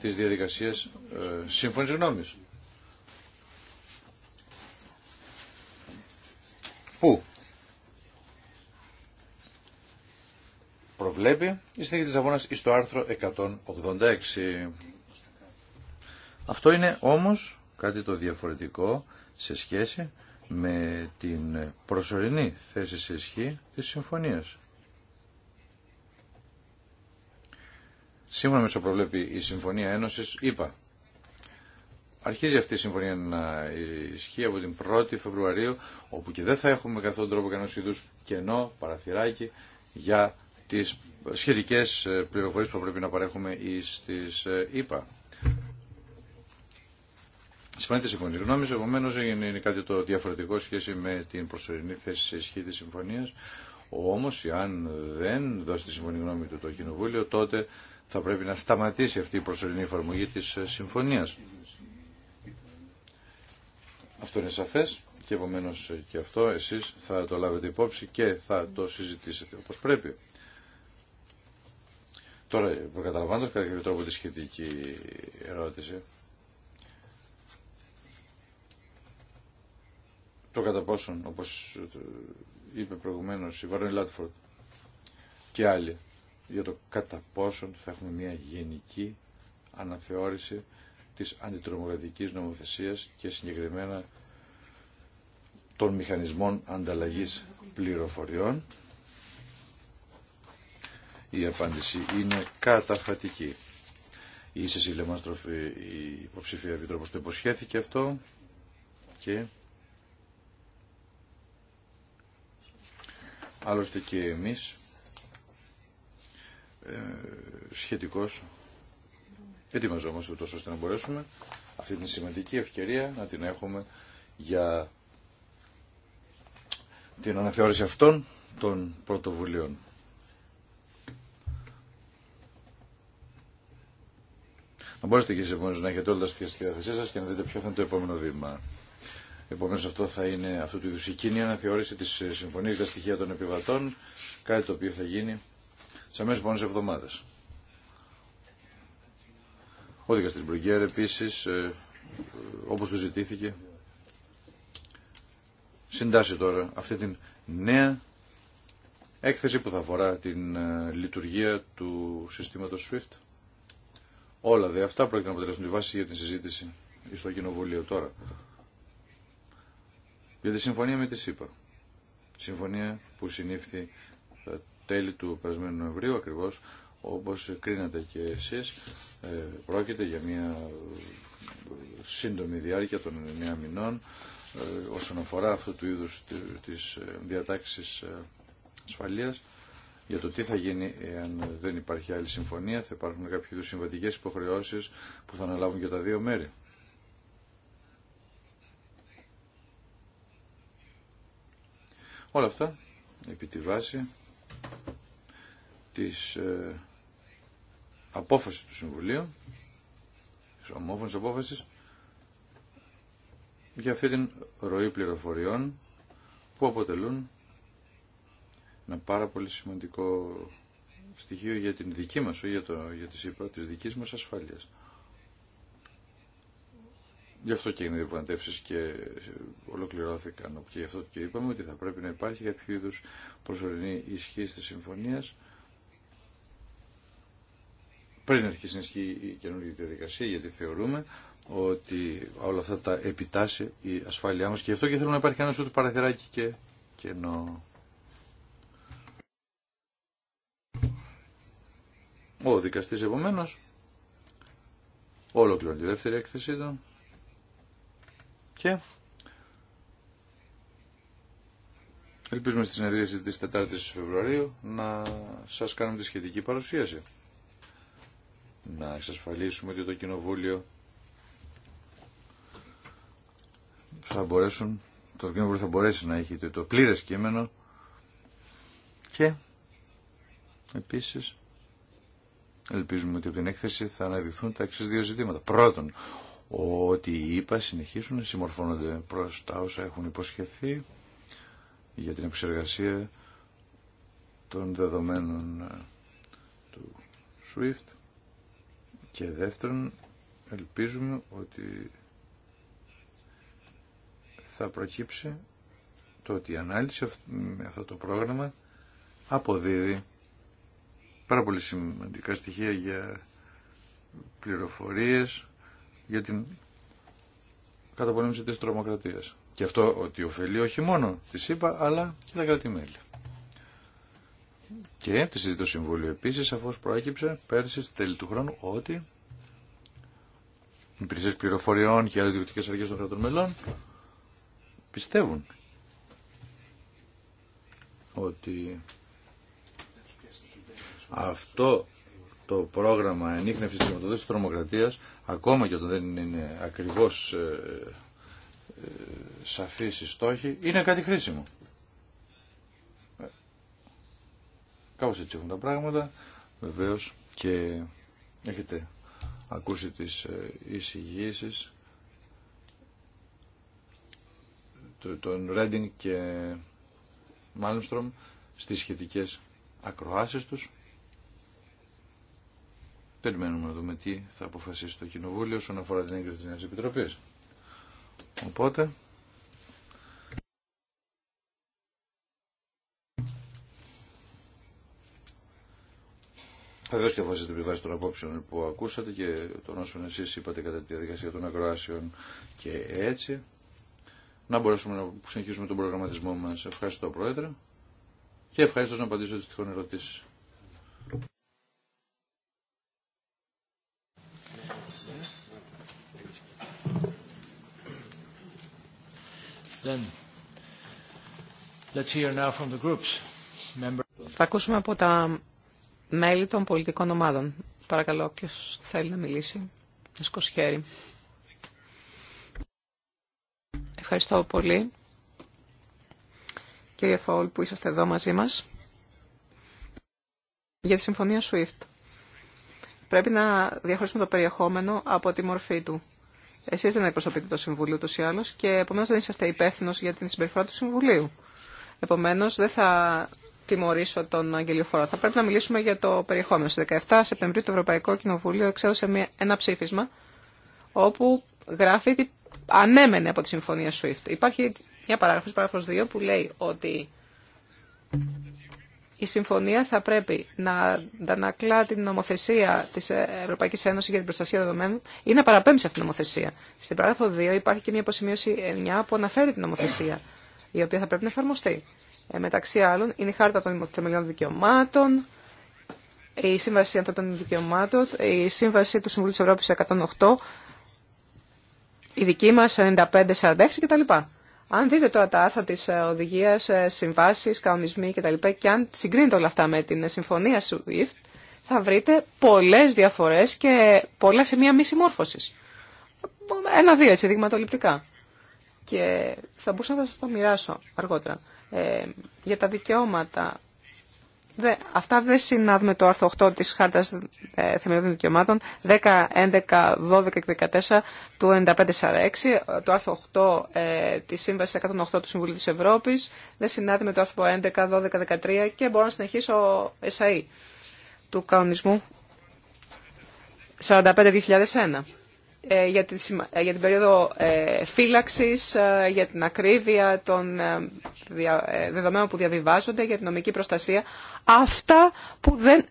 της διαδικασίας ε, σύμφωνης Πού προβλέπει η συνθήκη της εις στο άρθρο 186. Αυτό είναι όμως κάτι το διαφορετικό σε σχέση με την προσωρινή θέση σε ισχύ της συμφωνίας. Σύμφωνα με όσο προβλέπει η Συμφωνία Ένωσης, είπα, αρχίζει αυτή η συμφωνία να ισχύει από την 1η Φεβρουαρίου, όπου και δεν θα έχουμε καθόλου τρόπο κανένα είδου κενό, παραθυράκι για τις σχετικές ε, πληροφορίες που πρέπει να παρέχουμε στις ΕΠΑ. Συμφωνείτε συμφωνία γνώμη, επομένω είναι κάτι το διαφορετικό σχέση με την προσωρινή θέση σε ισχύ τη συμφωνία. Όμω, αν δεν δώσει τη Συμφωνία γνώμη του το Κοινοβούλιο, τότε θα πρέπει να σταματήσει αυτή η προσωρινή εφαρμογή της ε, συμφωνίας. Αυτό είναι σαφές και επομένω ε, και αυτό εσείς θα το λάβετε υπόψη και θα το συζητήσετε όπως πρέπει. Τώρα, προκαταλαμβάνοντας κατά κάποιο τρόπο τη σχετική ερώτηση, το κατά πόσον, όπως ε, είπε προηγουμένως η Βάρνη Λάτφορντ και άλλοι, για το κατά πόσον θα έχουμε μια γενική αναθεώρηση της αντιτρομοκρατικής νομοθεσίας και συγκεκριμένα των μηχανισμών ανταλλαγής πληροφοριών. Η απάντηση είναι καταφατική. Η Σεσίλια Μάστροφη, η υποψηφία επιτρόπος, το υποσχέθηκε αυτό και άλλωστε και εμείς σχετικός ετοιμαζόμαστε τόσο ώστε να μπορέσουμε αυτή την σημαντική ευκαιρία να την έχουμε για την αναθεώρηση αυτών των πρωτοβουλίων. Να μπορέσετε και εσείς να έχετε όλα τα στοιχεία σας και να δείτε ποιο θα είναι το επόμενο βήμα. Επομένω αυτό θα είναι αυτού του είδου η κοινή αναθεώρηση τη συμφωνία για τα στοιχεία των επιβατών, κάτι το οποίο θα γίνει σε αμέσως επόμενε εβδομάδες. Ο δικαστή Μπρουγκέρ επίσης, ε, όπως του ζητήθηκε, συντάσσει τώρα αυτή την νέα έκθεση που θα αφορά την ε, λειτουργία του συστήματος SWIFT. Όλα δε αυτά πρόκειται να αποτελέσουν τη βάση για την συζήτηση στο Κοινοβούλιο τώρα. Για τη συμφωνία με τη ΣΥΠΑ. Συμφωνία που συνήφθη τέλη του περασμένου Νοεμβρίου ακριβώς όπως κρίνατε και εσείς ε, πρόκειται για μια ε, σύντομη διάρκεια των 9 μηνών ε, όσον αφορά αυτού του είδους της διατάξης ασφαλείας για το τι θα γίνει εάν δεν υπάρχει άλλη συμφωνία, θα υπάρχουν κάποιοι είδους συμβατικές υποχρεώσεις που θα αναλάβουν και τα δύο μέρη. Όλα αυτά επί τη βάση της ε, απόφασης του Συμβουλίου, της ομόφωνης απόφασης, για αυτή την ροή πληροφοριών που αποτελούν ένα πάρα πολύ σημαντικό στοιχείο για την δική μας, για, το, για τη υπό, της δικής ασφάλειας. Γι' αυτό και είναι διαπραγματεύσει και ολοκληρώθηκαν. Και γι' αυτό και είπαμε ότι θα πρέπει να υπάρχει κάποιο είδου προσωρινή ισχύ τη συμφωνία πριν αρχίσει να ισχύει η καινούργια διαδικασία, γιατί θεωρούμε ότι όλα αυτά τα επιτάσσει η ασφάλειά μα και γι' αυτό και θέλουμε να υπάρχει ένα ούτε παραθυράκι και κενό. Ο δικαστής επομένως ολοκληρώνει τη δεύτερη έκθεσή του και ελπίζουμε στη συνεδρίαση της 4 Φεβρουαρίου να σας κάνουμε τη σχετική παρουσίαση. Να εξασφαλίσουμε ότι το Κοινοβούλιο θα μπορέσουν, το Κοινοβούλιο θα μπορέσει να έχει το, πλήρες κείμενο και επίσης ελπίζουμε ότι από την έκθεση θα αναδειθούν τα εξής δύο ζητήματα. Πρώτον, ότι οι συνεχίσουν να συμμορφώνονται προς τα όσα έχουν υποσχεθεί για την επεξεργασία των δεδομένων ε, του SWIFT και δεύτερον ελπίζουμε ότι θα προκύψει το ότι η ανάλυση με αυτό το πρόγραμμα αποδίδει πάρα πολύ σημαντικά στοιχεία για πληροφορίες για την καταπολέμηση της τρομοκρατίας. Και αυτό ότι ωφελεί όχι μόνο τη ΣΥΠΑ αλλά και τα κρατη Και τη συζήτηση το Συμβούλιο επίσης αφού προέκυψε πέρσι στη τέλη του χρόνου ότι οι υπηρεσίε πληροφοριών και άλλες διοικητικές αρχές των κρατών μελών πιστεύουν ότι αυτό το πρόγραμμα ενίχνευσης της χρηματοδότησης της τρομοκρατίας, ακόμα και όταν δεν είναι ακριβώς ε, ε, σαφής η στόχη, είναι κάτι χρήσιμο. Ε, κάπως έτσι έχουν τα πράγματα, βεβαίως και έχετε ακούσει τις ε, εισηγήσεις των Ρέντινγκ και Μάλμστρομ στις σχετικές ακροάσεις τους Περιμένουμε να δούμε τι θα αποφασίσει το Κοινοβούλιο όσον αφορά την έγκριση της Νέας Επιτροπής. Οπότε... Βεβαίω και βάζετε την επιβάση των απόψεων που ακούσατε και των όσων εσείς είπατε κατά τη διαδικασία των ακροάσεων και έτσι να μπορέσουμε να συνεχίσουμε τον προγραμματισμό μας. Ευχαριστώ Πρόεδρε και ευχαριστώ να απαντήσω τις τυχόν ερωτήσεις. Θα ακούσουμε από τα μέλη των πολιτικών ομάδων. Παρακαλώ, ποιος θέλει να μιλήσει. χέρι. Ευχαριστώ πολύ. Κύριε Φόλ που είσαστε εδώ μαζί μας για τη συμφωνία SWIFT. Πρέπει να διαχωρίσουμε το περιεχόμενο από τη μορφή του. Εσεί δεν εκπροσωπείτε το Συμβούλιο του ή άλλω και επομένως δεν είσαστε υπεύθυνο για την συμπεριφορά του Συμβουλίου. Επομένως δεν θα τιμωρήσω τον Αγγελιοφόρο. Θα πρέπει να μιλήσουμε για το περιεχόμενο. Στι 17 Σεπτεμβρίου το Ευρωπαϊκό Κοινοβούλιο εξέδωσε ένα ψήφισμα όπου γράφει ότι ανέμενε από τη Συμφωνία SWIFT. Υπάρχει μια παράγραφο, παράγραφος 2, που λέει ότι η συμφωνία θα πρέπει να αντανακλά την νομοθεσία τη Ευρωπαϊκή Ένωση για την προστασία δεδομένων ή να παραπέμψει σε αυτήν την νομοθεσία. Στην παράγραφο 2 υπάρχει και μια υποσημείωση 9 που αναφέρει την νομοθεσία, η οποία θα πρέπει να εφαρμοστεί. Ε, μεταξύ άλλων, είναι η Χάρτα των Θεμελιών Δικαιωμάτων, η Σύμβαση Ανθρωπίνων Δικαιωμάτων, η Σύμβαση του Συμβουλίου τη Ευρώπη 108, η δική μα 95-46 κτλ. Αν δείτε τώρα τα άρθρα της ε, οδηγίας, ε, συμβάσεις, κανονισμοί κτλ. και αν συγκρίνετε όλα αυτά με την συμφωνία SWIFT, θα βρείτε πολλές διαφορές και πολλά σημεία μη συμμόρφωσης. Ένα-δύο έτσι δειγματοληπτικά. Και θα μπορούσα να σας τα μοιράσω αργότερα. Ε, για τα δικαιώματα αυτά δεν συνάδουν με το άρθρο 8 της Χάρτας ε, Θεμελιωδών Δικαιωμάτων 10, 11, 12 και 14 του 9546, το άρθρο 8 ε, της Σύμβασης 108 του Συμβουλίου της Ευρώπης, δεν συνάδει με το άρθρο 11, 12, 13 και μπορώ να συνεχίσω ΕΣΑΗ e, του κανονισμού 45-2001. Ε, ε, για την περίοδο ε, φύλαξης, για την ακρίβεια των δεδομένων που διαβιβάζονται, για την νομική προστασία. Αυτά που δεν,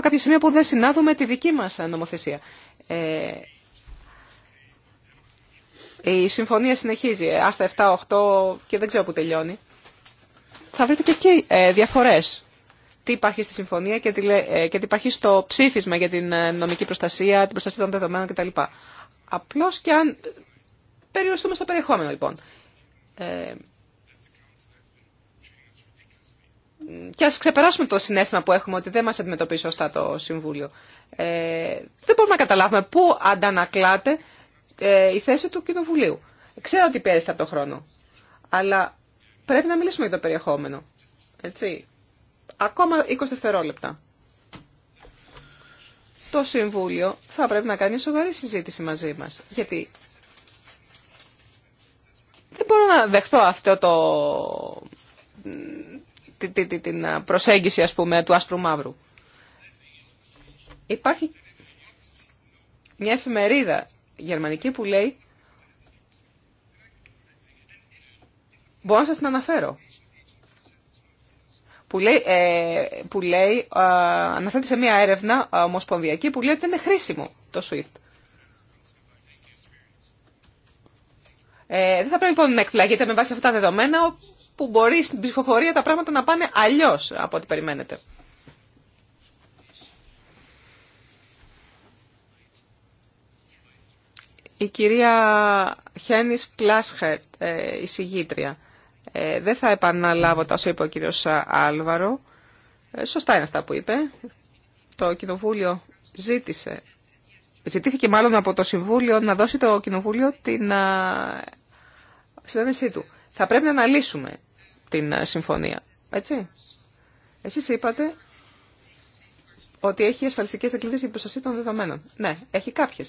κάποια σημεία που δεν συνάδουν με τη δική μας νομοθεσία. Η συμφωνία συνεχίζει, άρθρα 7, 8 και δεν ξέρω που τελειώνει. Θα βρείτε και εκεί διαφορές τι υπάρχει στη συμφωνία και τι, υπάρχει στο ψήφισμα για την νομική προστασία, την προστασία των δεδομένων κτλ. Απλώς και αν περιοριστούμε στο περιεχόμενο λοιπόν. Ε, και ας ξεπεράσουμε το συνέστημα που έχουμε ότι δεν μας αντιμετωπίζει σωστά το Συμβούλιο. Ε, δεν μπορούμε να καταλάβουμε πού αντανακλάται ε, η θέση του Κοινοβουλίου. Ξέρω ότι πέρυσι από τον χρόνο, αλλά πρέπει να μιλήσουμε για το περιεχόμενο. Έτσι. Ακόμα 20 δευτερόλεπτα το Συμβούλιο θα πρέπει να κάνει σοβαρή συζήτηση μαζί μας. Γιατί δεν μπορώ να δεχτώ αυτό το... την προσέγγιση, ας πούμε, του άσπρου μαύρου. Υπάρχει μια εφημερίδα γερμανική που λέει Μπορώ να σας την αναφέρω που λέει, ε, που λέει ε, αναφέρεται σε μια έρευνα ε, ομοσπονδιακή που λέει ότι είναι χρήσιμο το SWIFT. Ε, δεν θα πρέπει λοιπόν να εκπλαγείτε με βάση αυτά τα δεδομένα που μπορεί στην ψηφοφορία τα πράγματα να πάνε αλλιώς από ό,τι περιμένετε. Η κυρία Χένις Πλάσχερτ, η συγγήτρια. Ε, δεν θα επαναλάβω τα όσα είπε ο κύριος Άλβαρο. Ε, σωστά είναι αυτά που είπε. Το Κοινοβούλιο ζήτησε, ζητήθηκε μάλλον από το Συμβούλιο να δώσει το Κοινοβούλιο την ε, συνέντευξή του. Θα πρέπει να αναλύσουμε την συμφωνία, έτσι. Εσείς είπατε ότι έχει ασφαλιστικέ δικλείδε για την προστασία των δεδομένων. Ναι, έχει κάποιε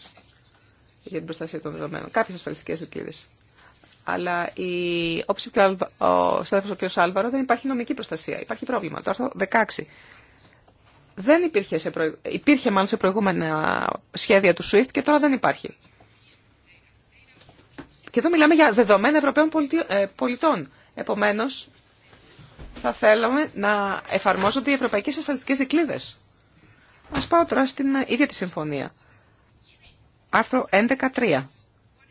για την προστασία των δεδομένων. Κάποιε ασφαλιστικέ δικλείδε αλλά η... ο ο κ. Άλβαρο δεν υπάρχει νομική προστασία. Υπάρχει πρόβλημα. Το άρθρο 16 δεν υπήρχε, υπήρχε μάλλον σε προηγούμενα σχέδια του SWIFT και τώρα δεν υπάρχει. Και εδώ μιλάμε για δεδομένα Ευρωπαίων ε, πολιτών. Επομένως, θα θέλαμε να εφαρμόζονται οι ευρωπαϊκές ασφαλιστικές δικλείδες. Ας πάω τώρα στην ίδια τη συμφωνία. Άρθρο 11.3.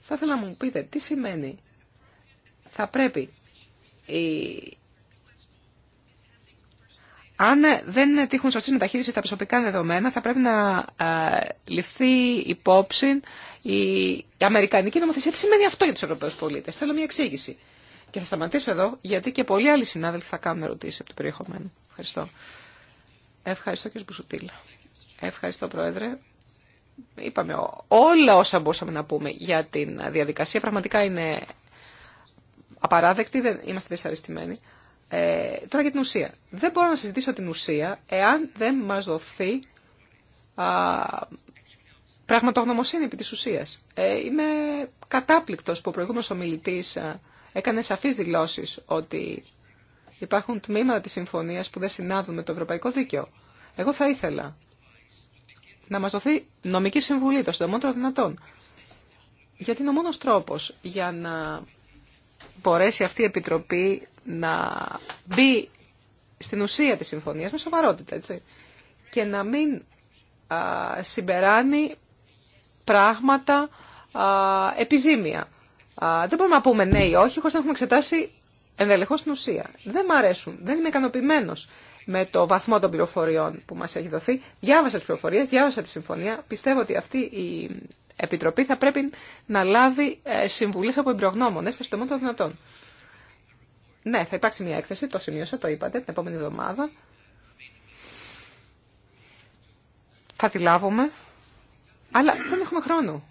Θα ήθελα να μου πείτε τι σημαίνει θα πρέπει... Αν δεν τύχουν σωστή μεταχείριση τα προσωπικά δεδομένα, θα πρέπει να ε, ληφθεί υπόψη η Αμερικανική νομοθεσία. Τι σημαίνει αυτό για του Ευρωπαίου πολίτε. Θέλω μια εξήγηση. Και θα σταματήσω εδώ, γιατί και πολλοί άλλοι συνάδελφοι θα κάνουν ερωτήσει από το περιεχόμενο. Ευχαριστώ. Ευχαριστώ, κύριε Μπουσουτήλα. Ευχαριστώ, Πρόεδρε. Είπαμε όλα όσα μπορούσαμε να πούμε για την διαδικασία. Πραγματικά είναι Απαράδεκτοι, δεν, είμαστε δυσαρεστημένοι. Ε, τώρα για την ουσία. Δεν μπορώ να συζητήσω την ουσία εάν δεν μας δοθεί α, πραγματογνωμοσύνη επί τη ουσία. Ε, είμαι κατάπληκτος που ο προηγούμενο ομιλητή ε, έκανε σαφείς δηλώσει ότι υπάρχουν τμήματα της συμφωνίας που δεν συνάδουν με το ευρωπαϊκό δίκαιο. Εγώ θα ήθελα να μα δοθεί νομική συμβουλή το συντομότερο δυνατόν. Γιατί είναι ο μόνο τρόπο για να μπορέσει αυτή η Επιτροπή να μπει στην ουσία της συμφωνίας με σοβαρότητα, έτσι, και να μην α, συμπεράνει πράγματα επιζήμια. δεν μπορούμε να πούμε ναι ή όχι, χωρίς να έχουμε εξετάσει ενδελεχώς την ουσία. Δεν μ' αρέσουν, δεν είμαι ικανοποιημένο με το βαθμό των πληροφοριών που μας έχει δοθεί. Διάβασα τις πληροφορίες, διάβασα τη συμφωνία. Πιστεύω ότι αυτή η Επιτροπή θα πρέπει να λάβει ε, συμβουλές από εμπειρογνώμονες στο στομό των δυνατών. Ναι, θα υπάρξει μια έκθεση, το σημείωσα, το είπατε, την επόμενη εβδομάδα. Θα τη λάβουμε, αλλά δεν έχουμε χρόνο.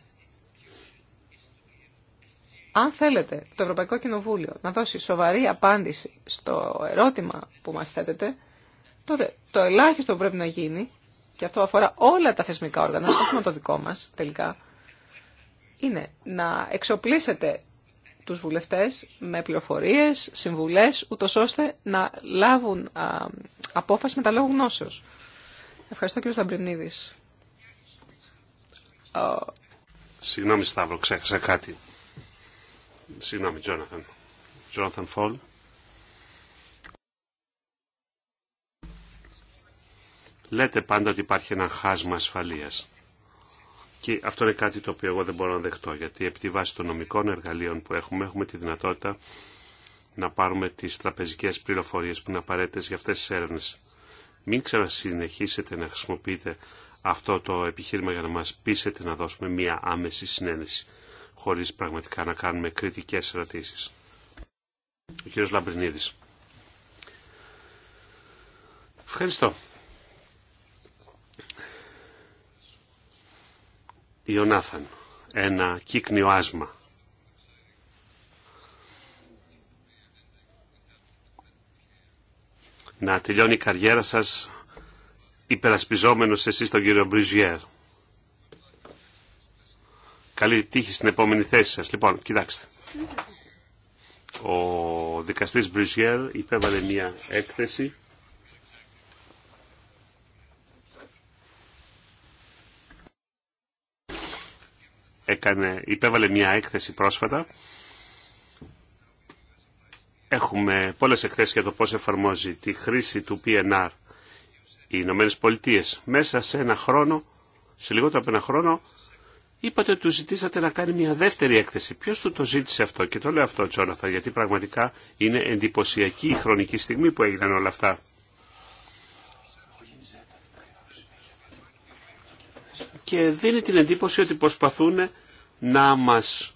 Αν θέλετε το Ευρωπαϊκό Κοινοβούλιο να δώσει σοβαρή απάντηση στο ερώτημα που μας θέτετε, τότε το ελάχιστο που πρέπει να γίνει, και αυτό αφορά όλα τα θεσμικά όργανα, όχι μόνο το δικό μας τελικά, είναι να εξοπλίσετε τους βουλευτές με πληροφορίες, συμβουλές, ούτω ώστε να λάβουν απόφαση με τα λόγω γνώσεως. Ευχαριστώ κύριο Λαμπρινίδης. Συγγνώμη Σταύρο, ξέχασα κάτι. Συγγνώμη, Τζόναθαν. Τζόναθαν Φόλ. Λέτε πάντα ότι υπάρχει ένα χάσμα ασφαλείας. Και αυτό είναι κάτι το οποίο εγώ δεν μπορώ να δεχτώ, γιατί επί τη βάση των νομικών εργαλείων που έχουμε, έχουμε τη δυνατότητα να πάρουμε τις τραπεζικές πληροφορίες που είναι απαραίτητες για αυτές τις έρευνες. Μην ξανασυνεχίσετε να χρησιμοποιείτε αυτό το επιχείρημα για να μας πείσετε να δώσουμε μία άμεση συνένεση, χωρίς πραγματικά να κάνουμε κριτικές ερωτήσεις. Ο Λαμπρινίδης. Ευχαριστώ. Ιωνάθαν, ένα κύκνιο άσμα. Να τελειώνει η καριέρα σας υπερασπιζόμενος εσείς τον κύριο Μπριζιέρ. Καλή τύχη στην επόμενη θέση σας. Λοιπόν, κοιτάξτε. Ο δικαστής Μπριζιέρ υπέβαλε μια έκθεση έκανε, υπέβαλε μια έκθεση πρόσφατα. Έχουμε πολλές εκθέσεις για το πώς εφαρμόζει τη χρήση του PNR οι Ηνωμένε Πολιτείε. Μέσα σε ένα χρόνο, σε λιγότερο από ένα χρόνο, είπατε ότι του ζητήσατε να κάνει μια δεύτερη έκθεση. Ποιο του το ζήτησε αυτό, και το λέω αυτό, Τσόναθα, γιατί πραγματικά είναι εντυπωσιακή η χρονική στιγμή που έγιναν όλα αυτά. Και δίνει την εντύπωση ότι προσπαθούν να μας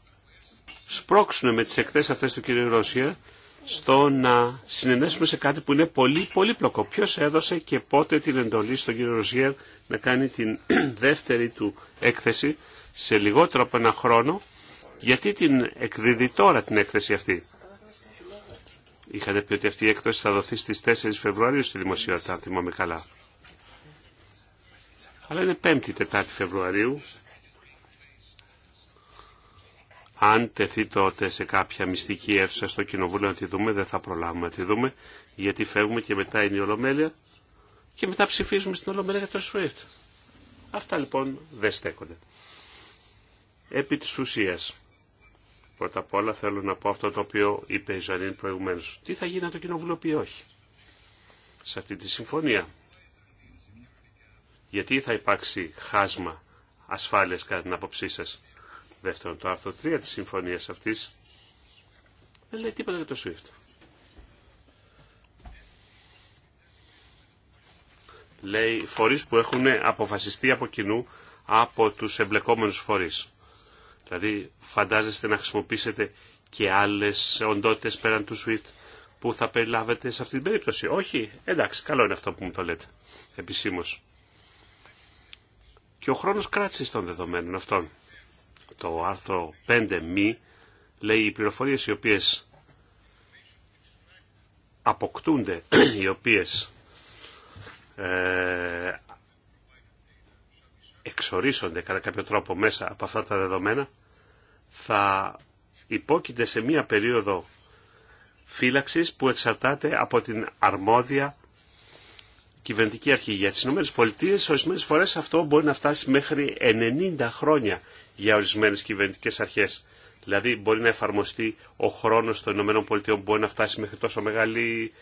σπρώξουν με τις εκθέσεις αυτές του κύριου Ρώσια στο να συνενέσουμε σε κάτι που είναι πολύ πολύπλοκο. Ποιος έδωσε και πότε την εντολή στον κύριο Ροζιέρ να κάνει την δεύτερη του έκθεση σε λιγότερο από ένα χρόνο, γιατί την εκδίδει τώρα την έκθεση αυτή. Είχατε πει ότι αυτή η έκθεση θα δοθεί στις 4 Φεβρουαρίου στη δημοσιότητα, αν θυμάμαι καλά. Αλλά είναι 5η-4η Φεβρουαρίου αν τεθεί τότε σε κάποια μυστική αίθουσα στο κοινοβούλιο να τη δούμε, δεν θα προλάβουμε να τη δούμε, γιατί φεύγουμε και μετά είναι η Ολομέλεια και μετά ψηφίζουμε στην Ολομέλεια για το SWIFT. Αυτά λοιπόν δεν στέκονται. Επί της ουσίας, πρώτα απ' όλα θέλω να πω αυτό το οποίο είπε η Ζανίν προηγουμένως. Τι θα γίνει αν το κοινοβούλιο πει όχι σε αυτή τη συμφωνία. Γιατί θα υπάρξει χάσμα ασφάλειας κατά την άποψή σας. Δεύτερον, το άρθρο 3 της συμφωνίας αυτής δεν λέει τίποτα για το SWIFT. Λέει φορείς που έχουν αποφασιστεί από κοινού από τους εμπλεκόμενους φορείς. Δηλαδή φαντάζεστε να χρησιμοποιήσετε και άλλες οντότητες πέραν του SWIFT που θα περιλάβετε σε αυτή την περίπτωση. Όχι, εντάξει, καλό είναι αυτό που μου το λέτε επισήμως. Και ο χρόνος κράτησης των δεδομένων αυτών το άρθρο 5 μη λέει οι πληροφορίες οι οποίες αποκτούνται, οι οποίες ε, εξορίσονται κατά κάποιο τρόπο μέσα από αυτά τα δεδομένα θα υπόκειται σε μία περίοδο φύλαξης που εξαρτάται από την αρμόδια κυβερνητική αρχή. Για τις ΗΠΑ ορισμένες φορές αυτό μπορεί να φτάσει μέχρι 90 χρόνια για ορισμένες κυβερνητικέ αρχές. Δηλαδή μπορεί να εφαρμοστεί ο χρόνος των ΗΠΑ που μπορεί να φτάσει μέχρι τόσο μεγάλη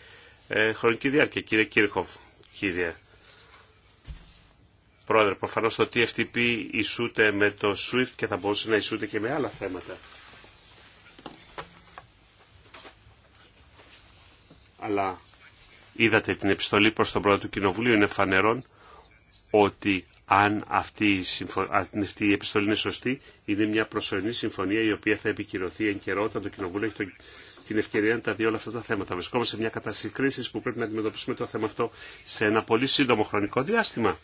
ε, χρονική διάρκεια. Κύριε Κύρχοφ, κύριε Πρόεδρε, προφανώς το TFTP ισούται με το SWIFT και θα μπορούσε να ισούται και με άλλα θέματα. Αλλά είδατε την επιστολή προς τον πρόεδρο του Κοινοβουλίου, είναι φανερόν ότι αν αυτή η, συμφω... αυτή η επιστολή είναι σωστή, είναι μια προσωρινή συμφωνία η οποία θα επικυρωθεί εν καιρό όταν το Κοινοβούλιο έχει το... την ευκαιρία να τα δει όλα αυτά τα θέματα. Βρισκόμαστε σε μια κατάσταση κρίση που πρέπει να αντιμετωπίσουμε το θέμα αυτό σε ένα πολύ σύντομο χρονικό διάστημα.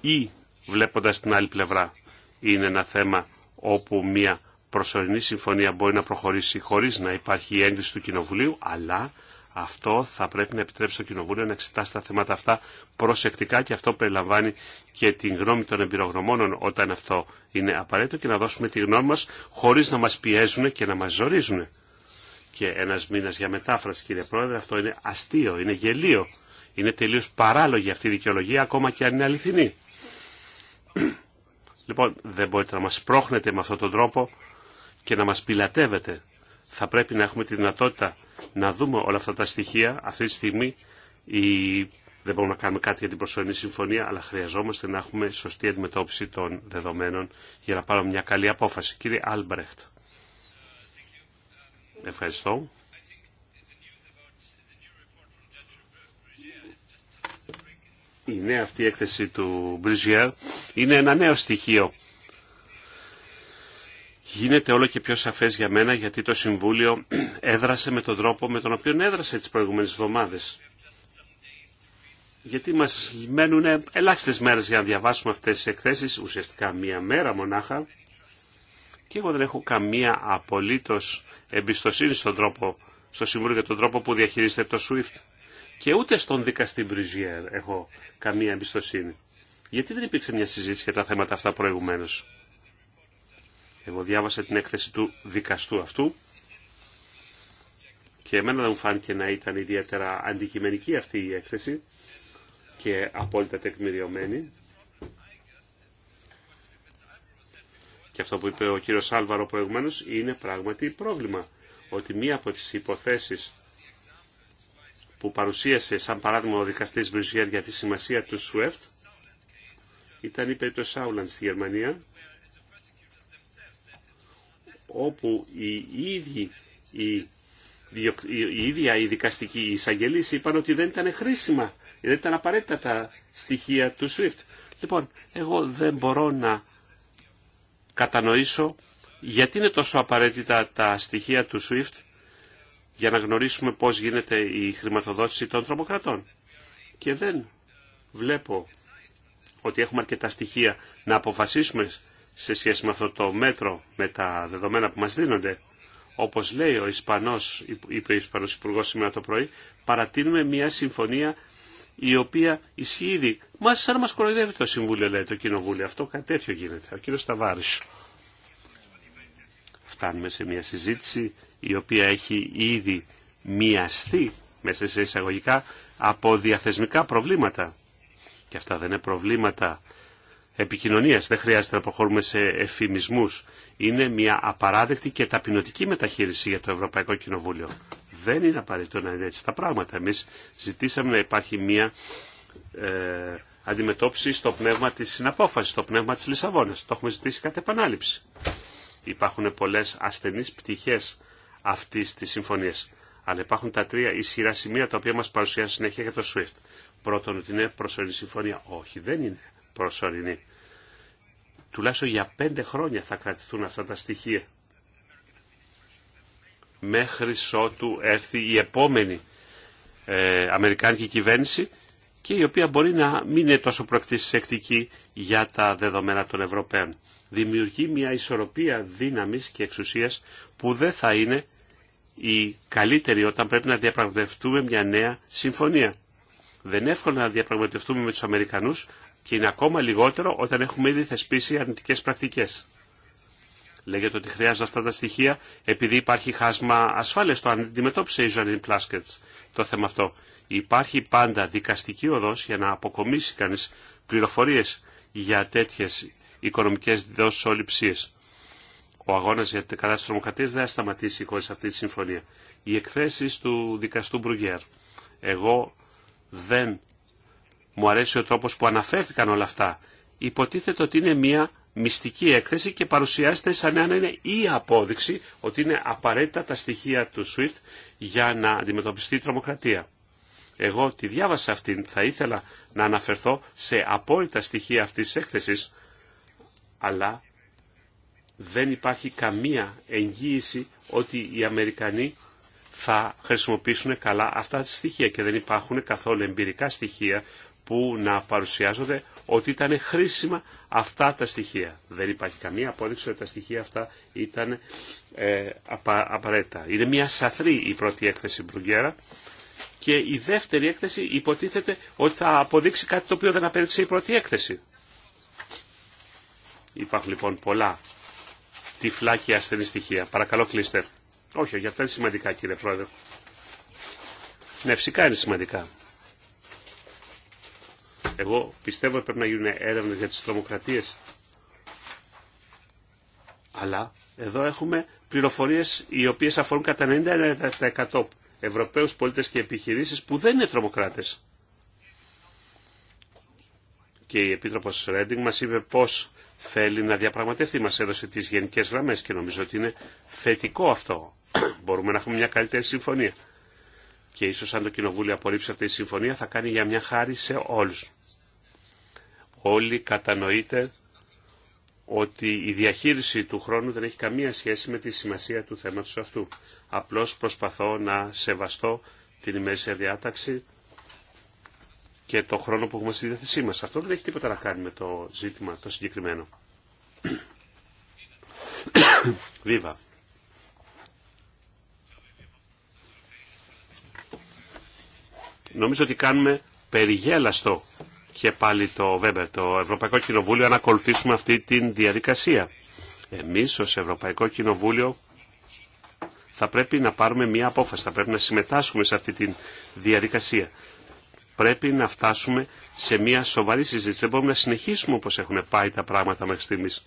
Ή βλέποντα την άλλη πλευρά, είναι ένα θέμα όπου μια προσωρινή συμφωνία μπορεί να προχωρήσει χωρί να υπάρχει η έγκριση του Κοινοβουλίου, αλλά αυτό θα πρέπει να επιτρέψει το Κοινοβούλιο να εξετάσει τα θέματα αυτά προσεκτικά και αυτό περιλαμβάνει και την γνώμη των εμπειρογνωμόνων όταν αυτό είναι απαραίτητο και να δώσουμε τη γνώμη μας χωρίς να μας πιέζουν και να μας ζορίζουν. Και ένας μήνας για μετάφραση κύριε Πρόεδρε αυτό είναι αστείο, είναι γελίο. Είναι τελείως παράλογη αυτή η δικαιολογία ακόμα και αν είναι αληθινή. Λοιπόν, δεν μπορείτε να μας πρόχνετε με αυτόν τον τρόπο και να μας πειλατεύετε. Θα πρέπει να έχουμε τη δυνατότητα να δούμε όλα αυτά τα στοιχεία. Αυτή τη στιγμή η... δεν μπορούμε να κάνουμε κάτι για την προσωρινή συμφωνία, αλλά χρειαζόμαστε να έχουμε σωστή αντιμετώπιση των δεδομένων για να πάρουμε μια καλή απόφαση. Κύριε Άλμπρεχτ. Ευχαριστώ. Η νέα αυτή έκθεση του Μπριζιέρ είναι ένα νέο στοιχείο γίνεται όλο και πιο σαφές για μένα γιατί το Συμβούλιο έδρασε με τον τρόπο με τον οποίο έδρασε τις προηγούμενες εβδομάδες. Γιατί μας μένουν ελάχιστες μέρες για να διαβάσουμε αυτές τις εκθέσεις, ουσιαστικά μία μέρα μονάχα. Και εγώ δεν έχω καμία απολύτως εμπιστοσύνη στον τρόπο, στο Συμβούλιο για τον τρόπο που διαχειρίζεται το SWIFT. Και ούτε στον δικαστή Μπριζιέρ έχω καμία εμπιστοσύνη. Γιατί δεν υπήρξε μια συζήτηση για τα θέματα αυτά προηγουμένως. Εγώ διάβασα την έκθεση του δικαστού αυτού και εμένα δεν μου φάνηκε να ήταν ιδιαίτερα αντικειμενική αυτή η έκθεση και απόλυτα τεκμηριωμένη. Και αυτό που είπε ο κύριος Άλβαρο προηγουμένως είναι πράγματι πρόβλημα. Ότι μία από τις υποθέσεις που παρουσίασε σαν παράδειγμα ο δικαστής Μπριζιέρ για τη σημασία του ΣΟΕΦΤ ήταν η περίπτωση Σάουλαντ στη Γερμανία όπου οι ίδιοι οι η ίδια η δικαστική εισαγγελής είπαν ότι δεν ήταν χρήσιμα, δεν ήταν απαραίτητα τα στοιχεία του SWIFT. Λοιπόν, εγώ δεν μπορώ να κατανοήσω γιατί είναι τόσο απαραίτητα τα στοιχεία του SWIFT για να γνωρίσουμε πώς γίνεται η χρηματοδότηση των τρομοκρατών. Και δεν βλέπω ότι έχουμε αρκετά στοιχεία να αποφασίσουμε σε σχέση με αυτό το μέτρο, με τα δεδομένα που μας δίνονται, όπως λέει ο Ισπανός, είπε ο Ισπανός Υπουργός σήμερα το πρωί, παρατείνουμε μια συμφωνία η οποία ισχύει ήδη. Μα σαν να μας κοροϊδεύει το Συμβούλιο, λέει το Κοινοβούλιο. Αυτό κάτι τέτοιο γίνεται. Ο κύριο Σταβάρης. Φτάνουμε σε μια συζήτηση η οποία έχει ήδη μοιαστεί μέσα σε εισαγωγικά από διαθεσμικά προβλήματα. Και αυτά δεν είναι προβλήματα επικοινωνίας. Δεν χρειάζεται να προχωρούμε σε εφημισμούς. Είναι μια απαράδεκτη και ταπεινωτική μεταχείριση για το Ευρωπαϊκό Κοινοβούλιο. Δεν είναι απαραίτητο να είναι έτσι τα πράγματα. Εμείς ζητήσαμε να υπάρχει μια ε, αντιμετώπιση στο πνεύμα της συναπόφασης, στο πνεύμα της Λισαβόνας. Το έχουμε ζητήσει κατά επανάληψη. Υπάρχουν πολλές ασθενείς πτυχές αυτής της συμφωνίας. Αλλά υπάρχουν τα τρία ισχυρά σημεία τα οποία μας παρουσιάζει συνέχεια για το SWIFT. Πρώτον ότι είναι προσωρινή συμφωνία. Όχι, δεν είναι προσωρινή. Τουλάχιστον για πέντε χρόνια θα κρατηθούν αυτά τα στοιχεία. Μέχρι ότου έρθει η επόμενη ε, Αμερικάνικη κυβέρνηση και η οποία μπορεί να μην είναι τόσο προεκτήσεκτική για τα δεδομένα των Ευρωπαίων. Δημιουργεί μια ισορροπία δύναμης και εξουσίας που δεν θα είναι η καλύτερη όταν πρέπει να διαπραγματευτούμε μια νέα συμφωνία. Δεν είναι να διαπραγματευτούμε με τους Αμερικανούς και είναι ακόμα λιγότερο όταν έχουμε ήδη θεσπίσει αρνητικέ πρακτικέ. Λέγεται ότι χρειάζονται αυτά τα στοιχεία επειδή υπάρχει χάσμα ασφάλεια. Το αντιμετώπισε η Ζωανίν Πλάσκετ το θέμα αυτό. Υπάρχει πάντα δικαστική οδό για να αποκομίσει κανεί πληροφορίε για τέτοιε οικονομικέ δόσει όληψίε. Ο αγώνα για την κατάσταση τη τρομοκρατία δεν θα σταματήσει χωρί αυτή τη συμφωνία. Οι εκθέσει του δικαστού Μπρουγκέρ. Εγώ δεν μου αρέσει ο τρόπος που αναφέρθηκαν όλα αυτά. Υποτίθεται ότι είναι μια μυστική έκθεση και παρουσιάζεται σαν να είναι η απόδειξη ότι είναι απαραίτητα τα στοιχεία του SWIFT για να αντιμετωπιστεί η τρομοκρατία. Εγώ τη διάβασα αυτήν, θα ήθελα να αναφερθώ σε απόλυτα στοιχεία αυτής της έκθεσης, αλλά δεν υπάρχει καμία εγγύηση ότι οι Αμερικανοί θα χρησιμοποιήσουν καλά αυτά τα στοιχεία και δεν υπάρχουν καθόλου εμπειρικά στοιχεία που να παρουσιάζονται ότι ήταν χρήσιμα αυτά τα στοιχεία. Δεν υπάρχει καμία απόδειξη ότι τα στοιχεία αυτά ήταν ε, απα, απαραίτητα. Είναι μια σαθρή η πρώτη έκθεση Μπρουγκέρα και η δεύτερη έκθεση υποτίθεται ότι θα αποδείξει κάτι το οποίο δεν απέδειξε η πρώτη έκθεση. Υπάρχουν λοιπόν πολλά τυφλά και ασθενή στοιχεία. Παρακαλώ κλείστε. Όχι, για αυτά είναι σημαντικά κύριε Πρόεδρε. Ναι, φυσικά είναι σημαντικά. Εγώ πιστεύω ότι πρέπει να γίνουν έρευνε για τι τρομοκρατίες. Αλλά εδώ έχουμε πληροφορίες οι οποίες αφορούν κατά 90% Ευρωπαίους πολίτες και επιχειρήσεις που δεν είναι τρομοκράτε. Και η Επίτροπος Ρέντινγκ μας είπε πώς θέλει να διαπραγματευτεί. Μας έδωσε τις γενικές γραμμές και νομίζω ότι είναι θετικό αυτό. Μπορούμε να έχουμε μια καλύτερη συμφωνία και ίσως αν το Κοινοβούλιο απορρίψει αυτή τη συμφωνία θα κάνει για μια χάρη σε όλους. Όλοι κατανοείτε ότι η διαχείριση του χρόνου δεν έχει καμία σχέση με τη σημασία του θέματος αυτού. Απλώς προσπαθώ να σεβαστώ την ημέρησια διάταξη και το χρόνο που έχουμε στη διάθεσή μας. Αυτό δεν έχει τίποτα να κάνει με το ζήτημα το συγκεκριμένο. Βίβα. Νομίζω ότι κάνουμε περιγέλαστο και πάλι το, το Ευρωπαϊκό Κοινοβούλιο αν ακολουθήσουμε αυτή τη διαδικασία. Εμείς ως Ευρωπαϊκό Κοινοβούλιο θα πρέπει να πάρουμε μία απόφαση, θα πρέπει να συμμετάσχουμε σε αυτή τη διαδικασία. Πρέπει να φτάσουμε σε μία σοβαρή συζήτηση. Δεν μπορούμε να συνεχίσουμε όπως έχουν πάει τα πράγματα μέχρι στιγμής.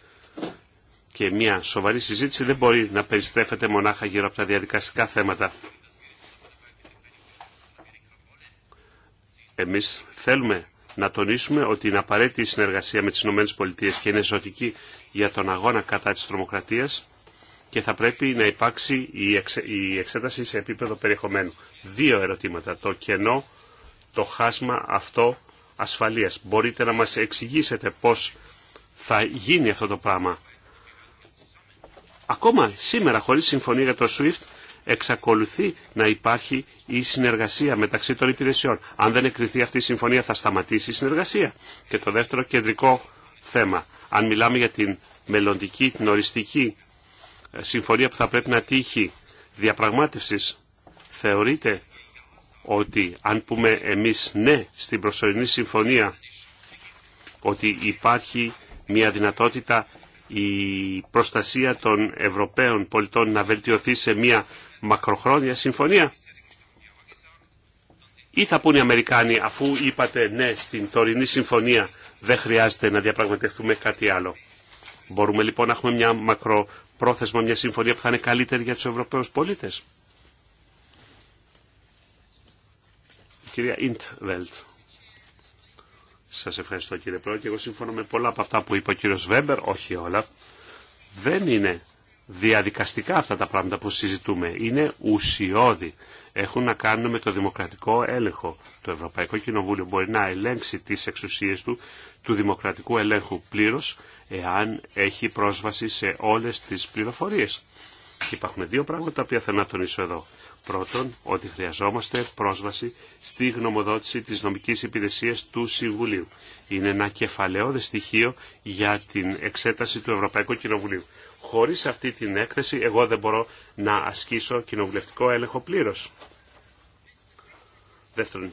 Και μία σοβαρή συζήτηση δεν μπορεί να περιστρέφεται μονάχα γύρω από τα διαδικαστικά θέματα. Εμείς θέλουμε να τονίσουμε ότι είναι απαραίτητη η συνεργασία με τις ΗΠΑ και είναι ζωτική για τον αγώνα κατά της τρομοκρατίας και θα πρέπει να υπάρξει η εξέταση σε επίπεδο περιεχομένου. Δύο ερωτήματα. Το κενό, το χάσμα αυτό ασφαλείας. Μπορείτε να μας εξηγήσετε πώς θα γίνει αυτό το πράγμα. Ακόμα σήμερα, χωρίς συμφωνία για το SWIFT, εξακολουθεί να υπάρχει η συνεργασία μεταξύ των υπηρεσιών. Αν δεν εκριθεί αυτή η συμφωνία θα σταματήσει η συνεργασία. Και το δεύτερο κεντρικό θέμα. Αν μιλάμε για την μελλοντική, την οριστική ε, συμφωνία που θα πρέπει να τύχει διαπραγμάτευσης, θεωρείτε ότι αν πούμε εμείς ναι στην προσωρινή συμφωνία ότι υπάρχει μια δυνατότητα η προστασία των Ευρωπαίων πολιτών να βελτιωθεί σε μια μακροχρόνια συμφωνία. Ή θα πούν οι Αμερικάνοι αφού είπατε ναι στην τωρινή συμφωνία δεν χρειάζεται να διαπραγματευτούμε κάτι άλλο. Μπορούμε λοιπόν να έχουμε μια μακροπρόθεσμα, μια συμφωνία που θα είναι καλύτερη για τους Ευρωπαίους πολίτες. κυρία Ιντβελτ. Σα ευχαριστώ κύριε Πρόεδρε και εγώ συμφωνώ με πολλά από αυτά που είπε ο κύριο Βέμπερ, όχι όλα. Δεν είναι διαδικαστικά αυτά τα πράγματα που συζητούμε. Είναι ουσιώδη. Έχουν να κάνουν με το δημοκρατικό έλεγχο. Το Ευρωπαϊκό Κοινοβούλιο μπορεί να ελέγξει τις εξουσίες του, του δημοκρατικού ελέγχου πλήρως, εάν έχει πρόσβαση σε όλε τι πληροφορίε. Και υπάρχουν δύο πράγματα τα οποία θέλω να τονίσω εδώ. Πρώτον, ότι χρειαζόμαστε πρόσβαση στη γνωμοδότηση της νομικής υπηρεσίας του Συμβουλίου. Είναι ένα κεφαλαιόδε στοιχείο για την εξέταση του Ευρωπαϊκού Κοινοβουλίου. Χωρίς αυτή την έκθεση εγώ δεν μπορώ να ασκήσω κοινοβουλευτικό έλεγχο πλήρως. Δεύτερον,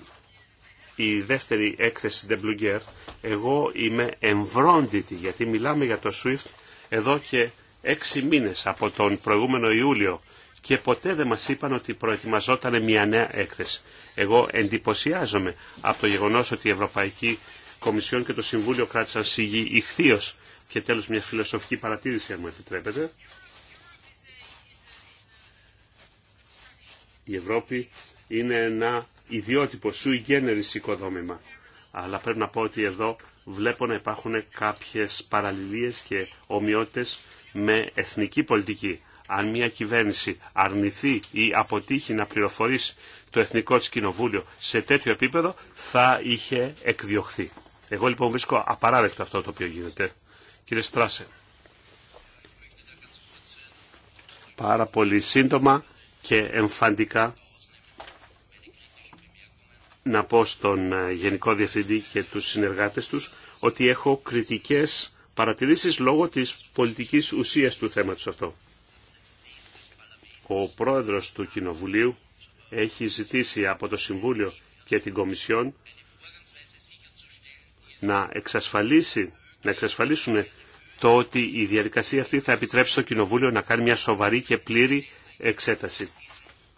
η δεύτερη έκθεση Blue εγώ είμαι εμβρόντιτη γιατί μιλάμε για το SWIFT εδώ και έξι μήνες από τον προηγούμενο Ιούλιο και ποτέ δεν μας είπαν ότι προετοιμαζόταν μια νέα έκθεση. Εγώ εντυπωσιάζομαι από το γεγονός ότι η Ευρωπαϊκή Κομισιόν και το Συμβούλιο κράτησαν σιγή ηχθείως και τέλος μια φιλοσοφική παρατήρηση αν μου επιτρέπετε. Η Ευρώπη είναι ένα ιδιότυπο σου γένερης οικοδόμημα. Αλλά πρέπει να πω ότι εδώ βλέπω να υπάρχουν κάποιες παραλληλίες και ομοιότητες με εθνική πολιτική αν μια κυβέρνηση αρνηθεί ή αποτύχει να πληροφορήσει το Εθνικό της Κοινοβούλιο σε τέτοιο επίπεδο, θα είχε εκδιωχθεί. Εγώ λοιπόν βρίσκω απαράδεκτο αυτό το οποίο γίνεται. Κύριε Στράσε. Πάρα πολύ σύντομα και εμφαντικά να πω στον ε, Γενικό Διευθυντή και τους συνεργάτες τους ότι έχω κριτικές παρατηρήσεις λόγω της πολιτικής ουσίας του θέματος αυτό ο πρόεδρος του Κοινοβουλίου έχει ζητήσει από το Συμβούλιο και την Κομισιόν να, εξασφαλίσει, να εξασφαλίσουν το ότι η διαδικασία αυτή θα επιτρέψει στο Κοινοβούλιο να κάνει μια σοβαρή και πλήρη εξέταση.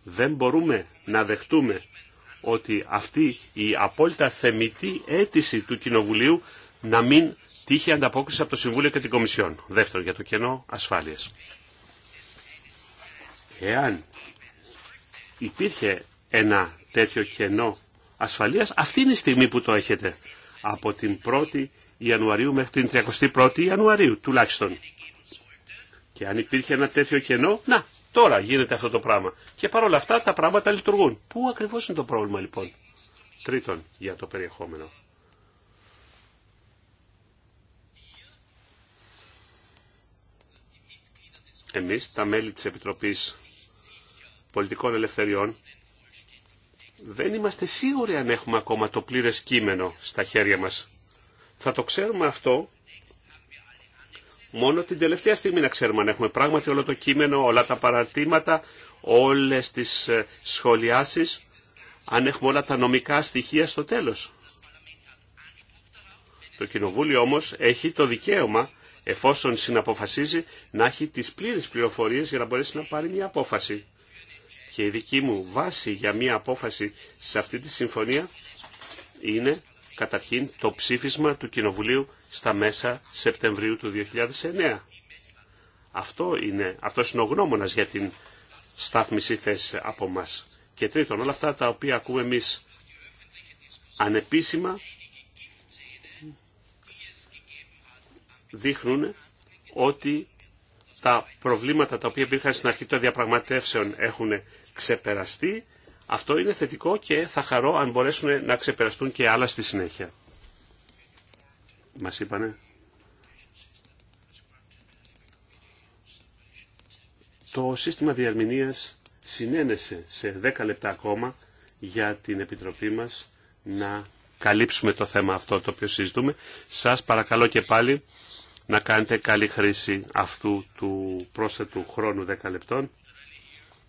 Δεν μπορούμε να δεχτούμε ότι αυτή η απόλυτα θεμητή αίτηση του Κοινοβουλίου να μην τύχει ανταπόκριση από το Συμβούλιο και την Κομισιόν. Δεύτερο, για το κενό ασφάλειας. Εάν υπήρχε ένα τέτοιο κενό ασφαλείας, αυτή είναι η στιγμή που το έχετε. Από την 1η Ιανουαρίου μέχρι την 31η Ιανουαρίου τουλάχιστον. Και αν υπήρχε ένα τέτοιο κενό, να, τώρα γίνεται αυτό το πράγμα. Και παρόλα αυτά τα πράγματα λειτουργούν. Πού ακριβώς είναι το πρόβλημα λοιπόν. Τρίτον, για το περιεχόμενο. Εμείς, τα μέλη της Επιτροπής πολιτικών ελευθεριών, δεν είμαστε σίγουροι αν έχουμε ακόμα το πλήρες κείμενο στα χέρια μας. Θα το ξέρουμε αυτό μόνο την τελευταία στιγμή να ξέρουμε αν έχουμε πράγματι όλο το κείμενο, όλα τα παρατήματα, όλες τις ε, σχολιάσεις, αν έχουμε όλα τα νομικά στοιχεία στο τέλος. Το Κοινοβούλιο όμως έχει το δικαίωμα, εφόσον συναποφασίζει, να έχει τις πλήρες πληροφορίες για να μπορέσει να πάρει μια απόφαση και η δική μου βάση για μια απόφαση σε αυτή τη συμφωνία είναι καταρχήν το ψήφισμα του Κοινοβουλίου στα μέσα Σεπτεμβρίου του 2009. Αυτό είναι, αυτός είναι ο γνώμονας για την στάθμιση θέση από μας. Και τρίτον, όλα αυτά τα οποία ακούμε εμείς ανεπίσημα δείχνουν ότι τα προβλήματα τα οποία υπήρχαν στην αρχή των διαπραγματεύσεων έχουν ξεπεραστεί. Αυτό είναι θετικό και θα χαρώ αν μπορέσουν να ξεπεραστούν και άλλα στη συνέχεια. Μας είπανε. Το σύστημα διαρμηνίας συνένεσε σε 10 λεπτά ακόμα για την Επιτροπή μας να καλύψουμε το θέμα αυτό το οποίο συζητούμε. Σας παρακαλώ και πάλι να κάνετε καλή χρήση αυτού του πρόσθετου χρόνου 10 λεπτών.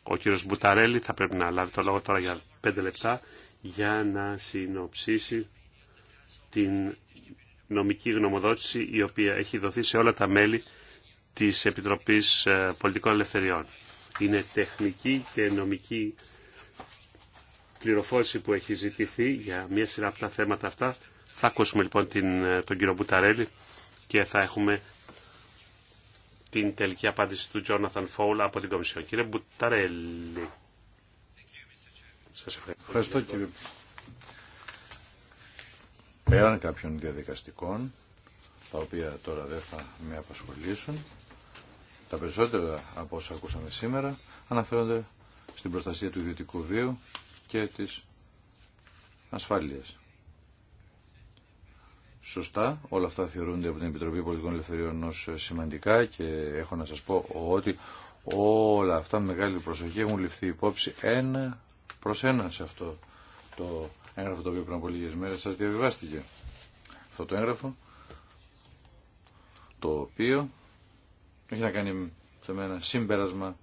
Ο κύριος Μπουταρέλη θα πρέπει να λάβει το λόγο τώρα για 5 λεπτά για να συνοψίσει την νομική γνωμοδότηση η οποία έχει δοθεί σε όλα τα μέλη της Επιτροπής ε, Πολιτικών Ελευθεριών. Είναι τεχνική και νομική πληροφόρηση που έχει ζητηθεί για μια σειρά από τα θέματα αυτά. Θα ακούσουμε λοιπόν ε, τον κύριο Μπουταρέλη και θα έχουμε την τελική απάντηση του Τζόναθαν Φόουλ από την Κομισιόν. Κύριε Μπουταρέλη. Σας ευχαριστώ. Ευχαριστώ κύριε. Πέραν κάποιων διαδικαστικών, τα οποία τώρα δεν θα με απασχολήσουν, τα περισσότερα από όσα ακούσαμε σήμερα αναφέρονται στην προστασία του ιδιωτικού βίου και της ασφάλειας σωστά. Όλα αυτά θεωρούνται από την Επιτροπή Πολιτικών Ελευθεριών ως σημαντικά και έχω να σας πω ότι όλα αυτά με μεγάλη προσοχή έχουν ληφθεί υπόψη ένα προς ένα σε αυτό το έγγραφο το οποίο πριν από λίγες μέρες σας διαβιβάστηκε. Αυτό το έγγραφο το οποίο έχει να κάνει σε ένα συμπέρασμα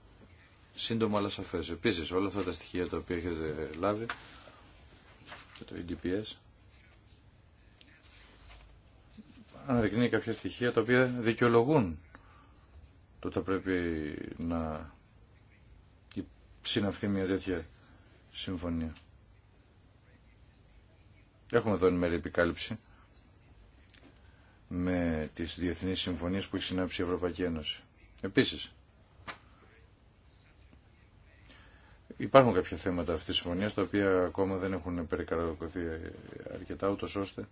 σύντομο αλλά σαφές. Επίσης όλα αυτά τα στοιχεία τα οποία έχετε λάβει και το EDPS αναδεικνύει κάποια στοιχεία τα οποία δικαιολογούν το ότι θα πρέπει να συναυθεί μια τέτοια συμφωνία. Έχουμε εδώ εν μέρει επικάλυψη με τις διεθνείς συμφωνίες που έχει συνάψει η Ευρωπαϊκή Ένωση. Επίσης, υπάρχουν κάποια θέματα αυτής της συμφωνίας τα οποία ακόμα δεν έχουν περικαραδοκωθεί αρκετά ούτως ώστε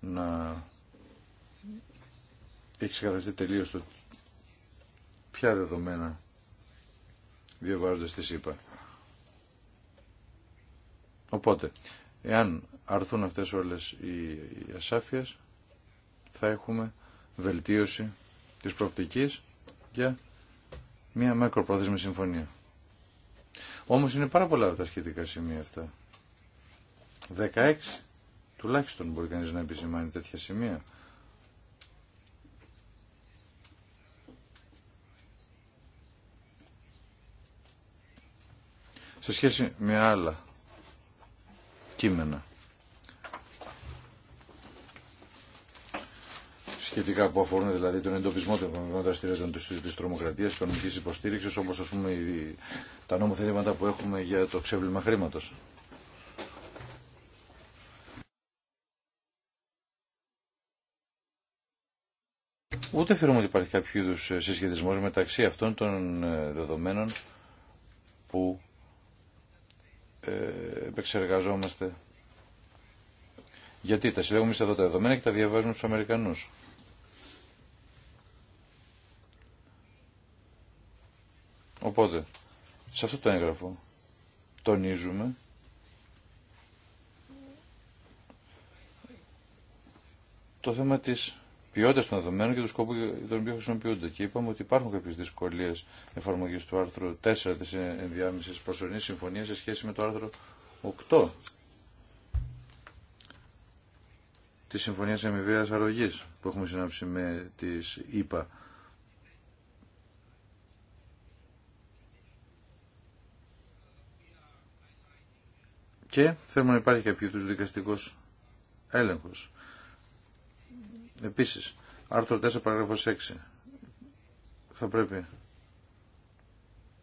να έχει ξεχαθαστεί τελείω το ποια δεδομένα διαβάζονται τη ΣΥΠΑ. Οπότε, εάν αρθούν αυτές όλες οι ασάφειες, θα έχουμε βελτίωση της προοπτικής για μια μακροπρόθεσμη συμφωνία. Όμως είναι πάρα πολλά τα σχετικά σημεία αυτά. 16 τουλάχιστον μπορεί κανείς να επισημάνει τέτοια σημεία σε σχέση με άλλα κείμενα σχετικά που αφορούν δηλαδή τον εντοπισμό των οικονομικών δραστηριοτήτων της τρομοκρατίας, οικονομικής υποστήριξης, όπως ας πούμε τα νομοθετήματα που έχουμε για το ξέβλημα χρήματος. Ούτε θεωρούμε ότι υπάρχει κάποιο είδου ε, συσχετισμό μεταξύ αυτών των ε, δεδομένων που ε, επεξεργαζόμαστε. Γιατί τα συλλέγουμε σε εδώ τα δεδομένα και τα διαβάζουμε στους Αμερικανούς. Οπότε, σε αυτό το έγγραφο τονίζουμε το θέμα της ποιότητα των δεδομένων και του σκοπού τον οποίο χρησιμοποιούνται. Και είπαμε ότι υπάρχουν κάποιε δυσκολίε εφαρμογή του άρθρου 4 τη ενδιάμεση προσωρινή συμφωνία σε σχέση με το άρθρο 8 τη Συμφωνία Αμοιβαία Αρρωγή που έχουμε συνάψει με τι ΗΠΑ. Και θέλουμε να υπάρχει κάποιο του δικαστικό έλεγχο. Επίσης, άρθρο 4 παράγραφος 6 θα πρέπει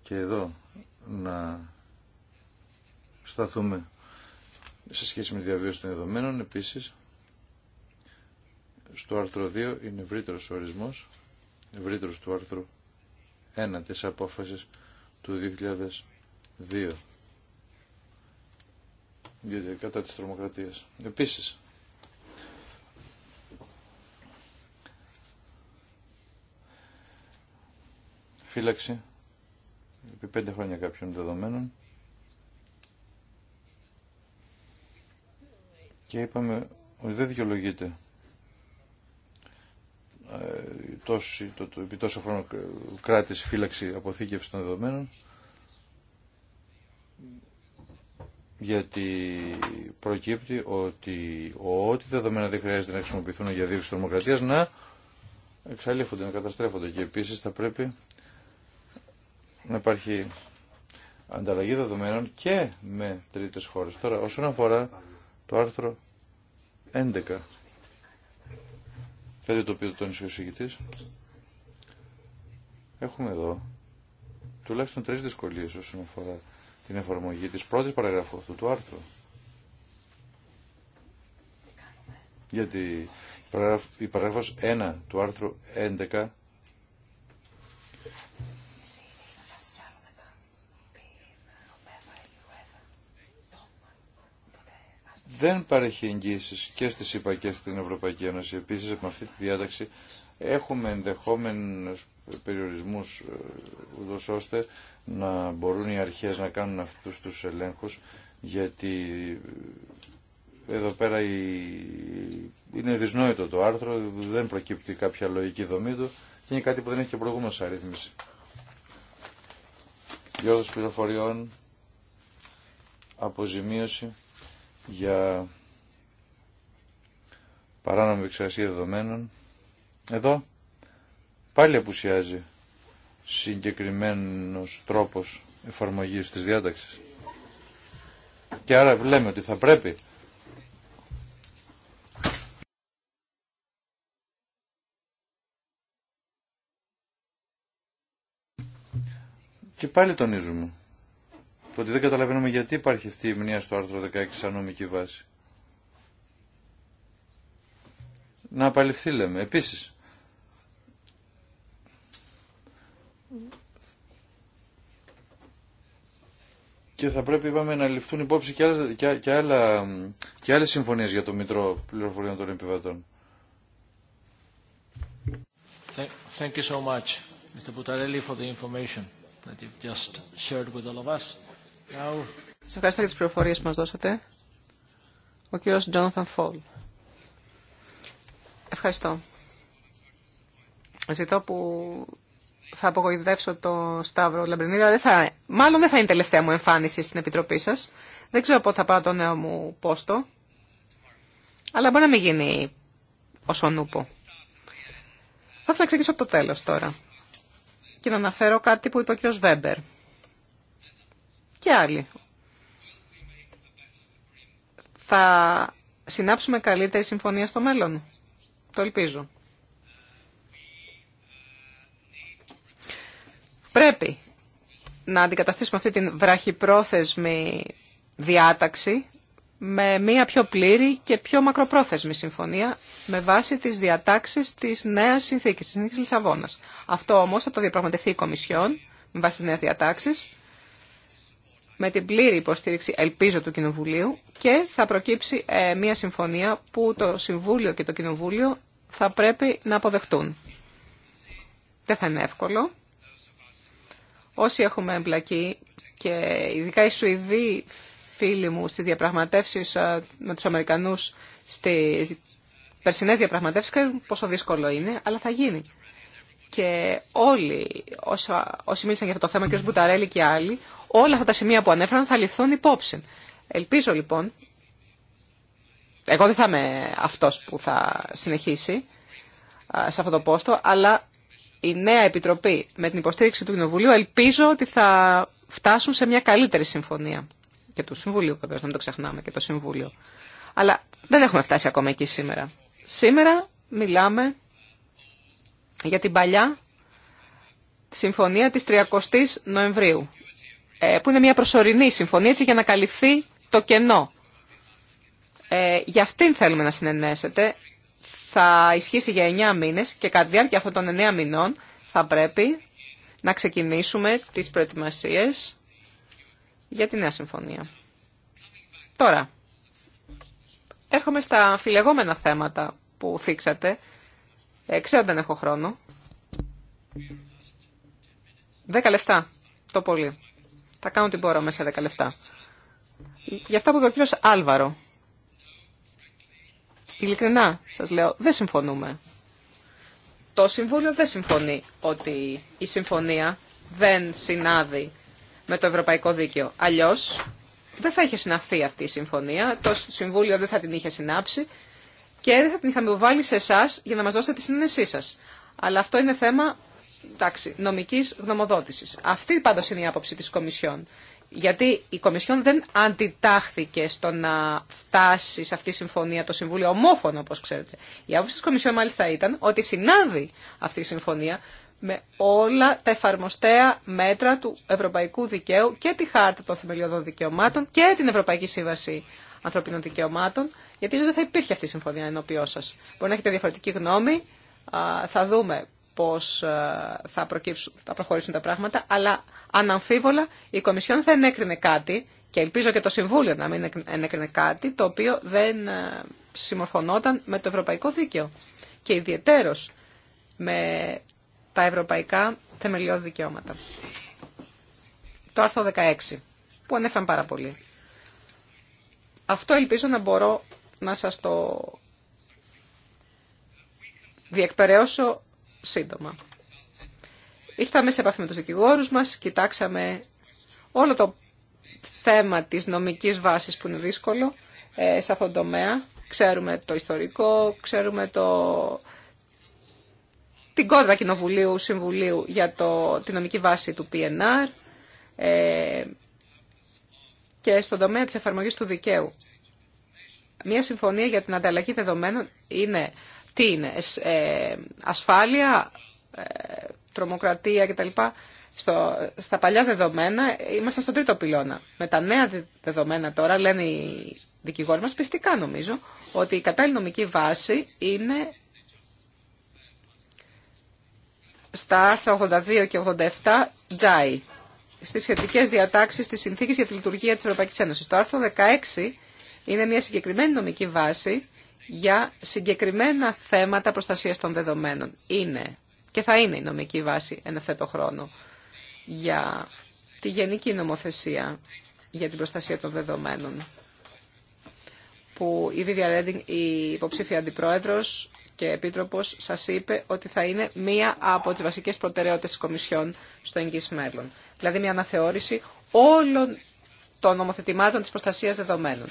και εδώ να σταθούμε σε σχέση με τη διαβίωση των δεδομένων. Επίσης, στο άρθρο 2 είναι ευρύτερος ο ορισμός, ευρύτερος του άρθρου 1 της απόφασης του 2002 για κατά της τρομοκρατίας. Επίσης, φύλαξη επί πέντε χρόνια κάποιων δεδομένων και είπαμε ότι δεν δικαιολογείται ε, το, το, επί τόσο χρόνο κράτηση, φύλαξη, αποθήκευση των δεδομένων γιατί προκύπτει ότι ό,τι δεδομένα δεν χρειάζεται να χρησιμοποιηθούν για δίωξη δημοκρατία, να εξαλείφονται, να καταστρέφονται και επίση θα πρέπει να υπάρχει ανταλλαγή δεδομένων και με τρίτες χώρες. Τώρα, όσον αφορά το άρθρο 11, κάτι το οποίο τόνισε ο συγκητής, έχουμε εδώ τουλάχιστον τρεις δυσκολίες όσον αφορά την εφαρμογή της πρώτης παραγράφου αυτού του άρθρου. Γιατί η παράγραφος 1 του άρθρου 11 δεν παρέχει εγγύησεις και στις ΗΠΑ και στην Ευρωπαϊκή Ένωση. Επίσης, με αυτή τη διάταξη έχουμε ενδεχόμενους περιορισμούς ε, ούτως ώστε να μπορούν οι αρχές να κάνουν αυτούς τους ελέγχους γιατί ε, εδώ πέρα η... είναι δυσνόητο το άρθρο, δεν προκύπτει κάποια λογική δομή του και είναι κάτι που δεν έχει και προηγούμενος αρρύθμιση. Διόδος πληροφοριών, αποζημίωση για παράνομη εξασία δεδομένων. Εδώ πάλι απουσιάζει συγκεκριμένος τρόπος εφαρμογής της διάταξης. Και άρα βλέπουμε ότι θα πρέπει Και πάλι τονίζουμε το ότι δεν καταλαβαίνουμε γιατί υπάρχει αυτή η μνήμα στο άρθρο 16 σαν νομική βάση. Να απαλληφθεί λέμε. Επίσης, και θα πρέπει είπαμε, να ληφθούν υπόψη και, άλλες, και, και, άλλα, και άλλες συμφωνίες για το Μητρό Πληροφοριών των Επιβατών. Thank you so much, Mr. Butarelli, for the information that you've just shared with all of us. Σα Σας ευχαριστώ για τις πληροφορίες που μας δώσατε. Ο κύριος Τζόναθαν Φόλ. Ευχαριστώ. Ζητώ που θα απογοητεύσω το Σταύρο Λαμπρινίδα. Δεν θα, μάλλον δεν θα είναι τελευταία μου εμφάνιση στην Επιτροπή σας. Δεν ξέρω πότε θα πάω το νέο μου πόστο. Αλλά μπορεί να μην γίνει όσον νούπο. Θα ήθελα να ξεκινήσω από το τέλος τώρα. Και να αναφέρω κάτι που είπε ο κ. Βέμπερ και άλλοι. Θα συνάψουμε καλύτερη συμφωνία στο μέλλον. Το ελπίζω. Πρέπει να αντικαταστήσουμε αυτή την βραχυπρόθεσμη διάταξη με μία πιο πλήρη και πιο μακροπρόθεσμη συμφωνία με βάση τις διατάξεις της νέας συνθήκης, της Συνθήκης Λισαβόνας. Αυτό όμως θα το διαπραγματευτεί η Κομισιόν με βάση τις νέες διατάξεις με την πλήρη υποστήριξη, ελπίζω, του Κοινοβουλίου και θα προκύψει ε, μια συμφωνία που το Συμβούλιο και το Κοινοβούλιο θα πρέπει να αποδεχτούν. Δεν θα είναι εύκολο. Όσοι έχουμε εμπλακεί και ειδικά οι Σουηδοί φίλοι μου στις διαπραγματεύσεις ε, με τους Αμερικανούς στις περσινές διαπραγματεύσεις ξέρουν πόσο δύσκολο είναι, αλλά θα γίνει. Και όλοι όσοι μίλησαν για αυτό το θέμα, και ο Μπουταρέλη και άλλοι, Όλα αυτά τα σημεία που ανέφεραν θα ληφθούν υπόψη. Ελπίζω λοιπόν, εγώ δεν θα είμαι αυτός που θα συνεχίσει σε αυτό το πόστο, αλλά η νέα Επιτροπή με την υποστήριξη του Κοινοβουλίου ελπίζω ότι θα φτάσουν σε μια καλύτερη συμφωνία. Και του Συμβουλίου βεβαίω, να μην το ξεχνάμε, και το Συμβούλιο. Αλλά δεν έχουμε φτάσει ακόμα εκεί σήμερα. Σήμερα μιλάμε για την παλιά συμφωνία της 30ης Νοεμβρίου. Ε, που είναι μια προσωρινή συμφωνία έτσι για να καλυφθεί το κενό. Ε, για αυτήν θέλουμε να συνενέσετε. Θα ισχύσει για 9 μήνες και κατά τη διάρκεια αυτών των 9 μηνών θα πρέπει να ξεκινήσουμε τις προετοιμασίες για τη νέα συμφωνία. Τώρα, έρχομαι στα φιλεγόμενα θέματα που θίξατε. Ε, ξέρω δεν έχω χρόνο. Δέκα λεφτά, το πολύ. Θα κάνω την μπορώ μέσα σε 10 λεπτά. Γι' αυτά που είπε ο κύριος Άλβαρο. Ειλικρινά σας λέω, δεν συμφωνούμε. Το Συμβούλιο δεν συμφωνεί ότι η συμφωνία δεν συνάδει με το Ευρωπαϊκό Δίκαιο. Αλλιώς δεν θα είχε συναυθεί αυτή η συμφωνία, το Συμβούλιο δεν θα την είχε συνάψει και δεν θα την είχαμε βάλει σε εσά για να μας δώσετε τη συνένεσή σας. Αλλά αυτό είναι θέμα εντάξει, νομικής γνωμοδότησης. Αυτή πάντως είναι η άποψη της Κομισιόν. Γιατί η Κομισιόν δεν αντιτάχθηκε στο να φτάσει σε αυτή τη συμφωνία το Συμβούλιο ομόφωνο, όπως ξέρετε. Η άποψη της Κομισιόν μάλιστα ήταν ότι συνάδει αυτή η συμφωνία με όλα τα εφαρμοστέα μέτρα του Ευρωπαϊκού Δικαίου και τη Χάρτα των Θεμελιωδών Δικαιωμάτων και την Ευρωπαϊκή Σύμβαση Ανθρωπίνων Δικαιωμάτων, γιατί δεν θα υπήρχε αυτή η συμφωνία ενώπιό σα. Μπορεί να έχετε διαφορετική γνώμη, θα δούμε πώς ε, θα, προχωρήσουν τα πράγματα, αλλά αναμφίβολα η Κομισιόν θα έκρινε κάτι και ελπίζω και το Συμβούλιο να μην έκρινε κάτι το οποίο δεν ε, συμμορφωνόταν με το ευρωπαϊκό δίκαιο και ιδιαιτέρως με τα ευρωπαϊκά θεμελιώδη δικαιώματα. Το άρθρο 16 που ανέφεραν πάρα πολύ. Αυτό ελπίζω να μπορώ να σας το διεκπαιρεώσω σύντομα. Ήρθαμε σε επαφή με τους δικηγόρους μας, κοιτάξαμε όλο το θέμα της νομικής βάσης που είναι δύσκολο ε, σε αυτόν τον τομέα. Ξέρουμε το ιστορικό, ξέρουμε το... την κόδρα Κοινοβουλίου Συμβουλίου για το... την νομική βάση του PNR ε, και στον τομέα της εφαρμογής του δικαίου. Μία συμφωνία για την ανταλλαγή δεδομένων είναι τι είναι, ε, ασφάλεια, ε, τρομοκρατία κτλ. Στο, στα παλιά δεδομένα ήμασταν στον τρίτο πυλώνα. Με τα νέα δεδομένα τώρα, λένε οι δικηγόροι μας, πιστικά νομίζω, ότι η κατάλληλη νομική βάση είναι στα άρθρα 82 και 87 τζάι στις σχετικές διατάξεις της Συνθήκης για τη Λειτουργία της Ευρωπαϊκής Ένωσης. Το άρθρο 16 είναι μια συγκεκριμένη νομική βάση για συγκεκριμένα θέματα προστασίας των δεδομένων. Είναι και θα είναι η νομική βάση εν ευθέτω χρόνο για τη γενική νομοθεσία για την προστασία των δεδομένων που η Βίβια Ρέντινγκ, η υποψήφια αντιπρόεδρος και επίτροπος, σας είπε ότι θα είναι μία από τις βασικές προτεραιότητες της Κομισιόν στο εγγύς μέλλον. Δηλαδή μια αναθεώρηση όλων των νομοθετημάτων της προστασίας δεδομένων.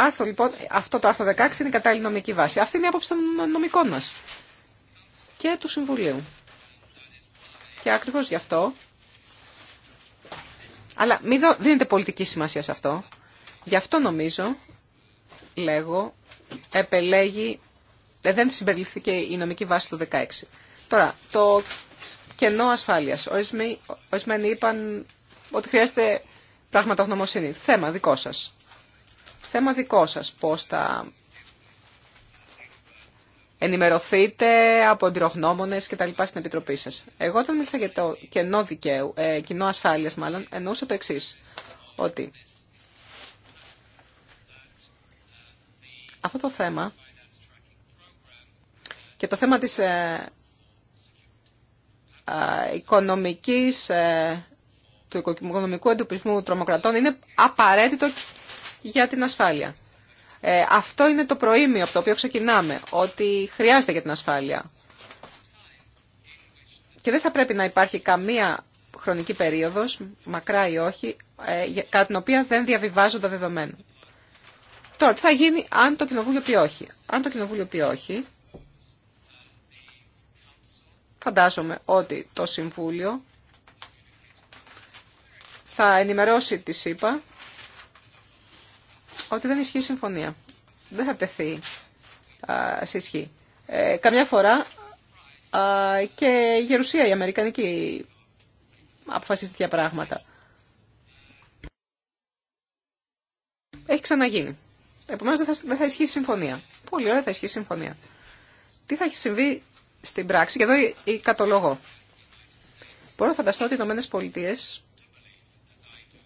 Άρθρο, λοιπόν, αυτό το άρθρο 16 είναι η κατάλληλη νομική βάση. Αυτή είναι η άποψη των νομικών μας και του Συμβουλίου. Και ακριβώς γι' αυτό, αλλά μην δίνετε πολιτική σημασία σε αυτό, γι' αυτό νομίζω, λέγω, επελέγει, ε, δεν συμπεριληφθήκε η νομική βάση του 16. Τώρα, το κενό ασφάλειας. Ορισμένοι είπαν ότι χρειάζεται πραγματογνωμοσύνη. Θέμα δικό σας θέμα δικό σας, πώς θα ενημερωθείτε από εμπειρογνώμονες και τα λοιπά στην Επιτροπή σας. Εγώ όταν μίλησα για το κενό δικαίου, ε, κοινό ασφάλειας μάλλον, εννοούσα το εξής, ότι αυτό το θέμα και το θέμα της ε, ε, οικονομικής, του οικονομικού εντοπισμού τρομοκρατών είναι απαραίτητο για την ασφάλεια. Ε, αυτό είναι το προήμιο από το οποίο ξεκινάμε, ότι χρειάζεται για την ασφάλεια. Και δεν θα πρέπει να υπάρχει καμία χρονική περίοδος, μακρά ή όχι, ε, κατά την οποία δεν διαβιβάζονται τα δεδομένα. Τώρα, τι θα γίνει αν το κοινοβούλιο πει όχι. Αν το κοινοβούλιο πει όχι, φαντάζομαι ότι το Συμβούλιο θα ενημερώσει τη ΣΥΠΑ ότι δεν ισχύει συμφωνία. Δεν θα τεθεί α, σε ισχύ. Ε, καμιά φορά και η Γερουσία, η Αμερικανική, αποφασίζει τέτοια πράγματα. Έχει ξαναγίνει. Επομένω δεν θα, δεν ισχύσει συμφωνία. Πολύ ωραία θα ισχύει συμφωνία. Τι θα έχει συμβεί στην πράξη, και εδώ η, η κατολόγω. Μπορώ να φανταστώ ότι οι Ηνωμένε Πολιτείε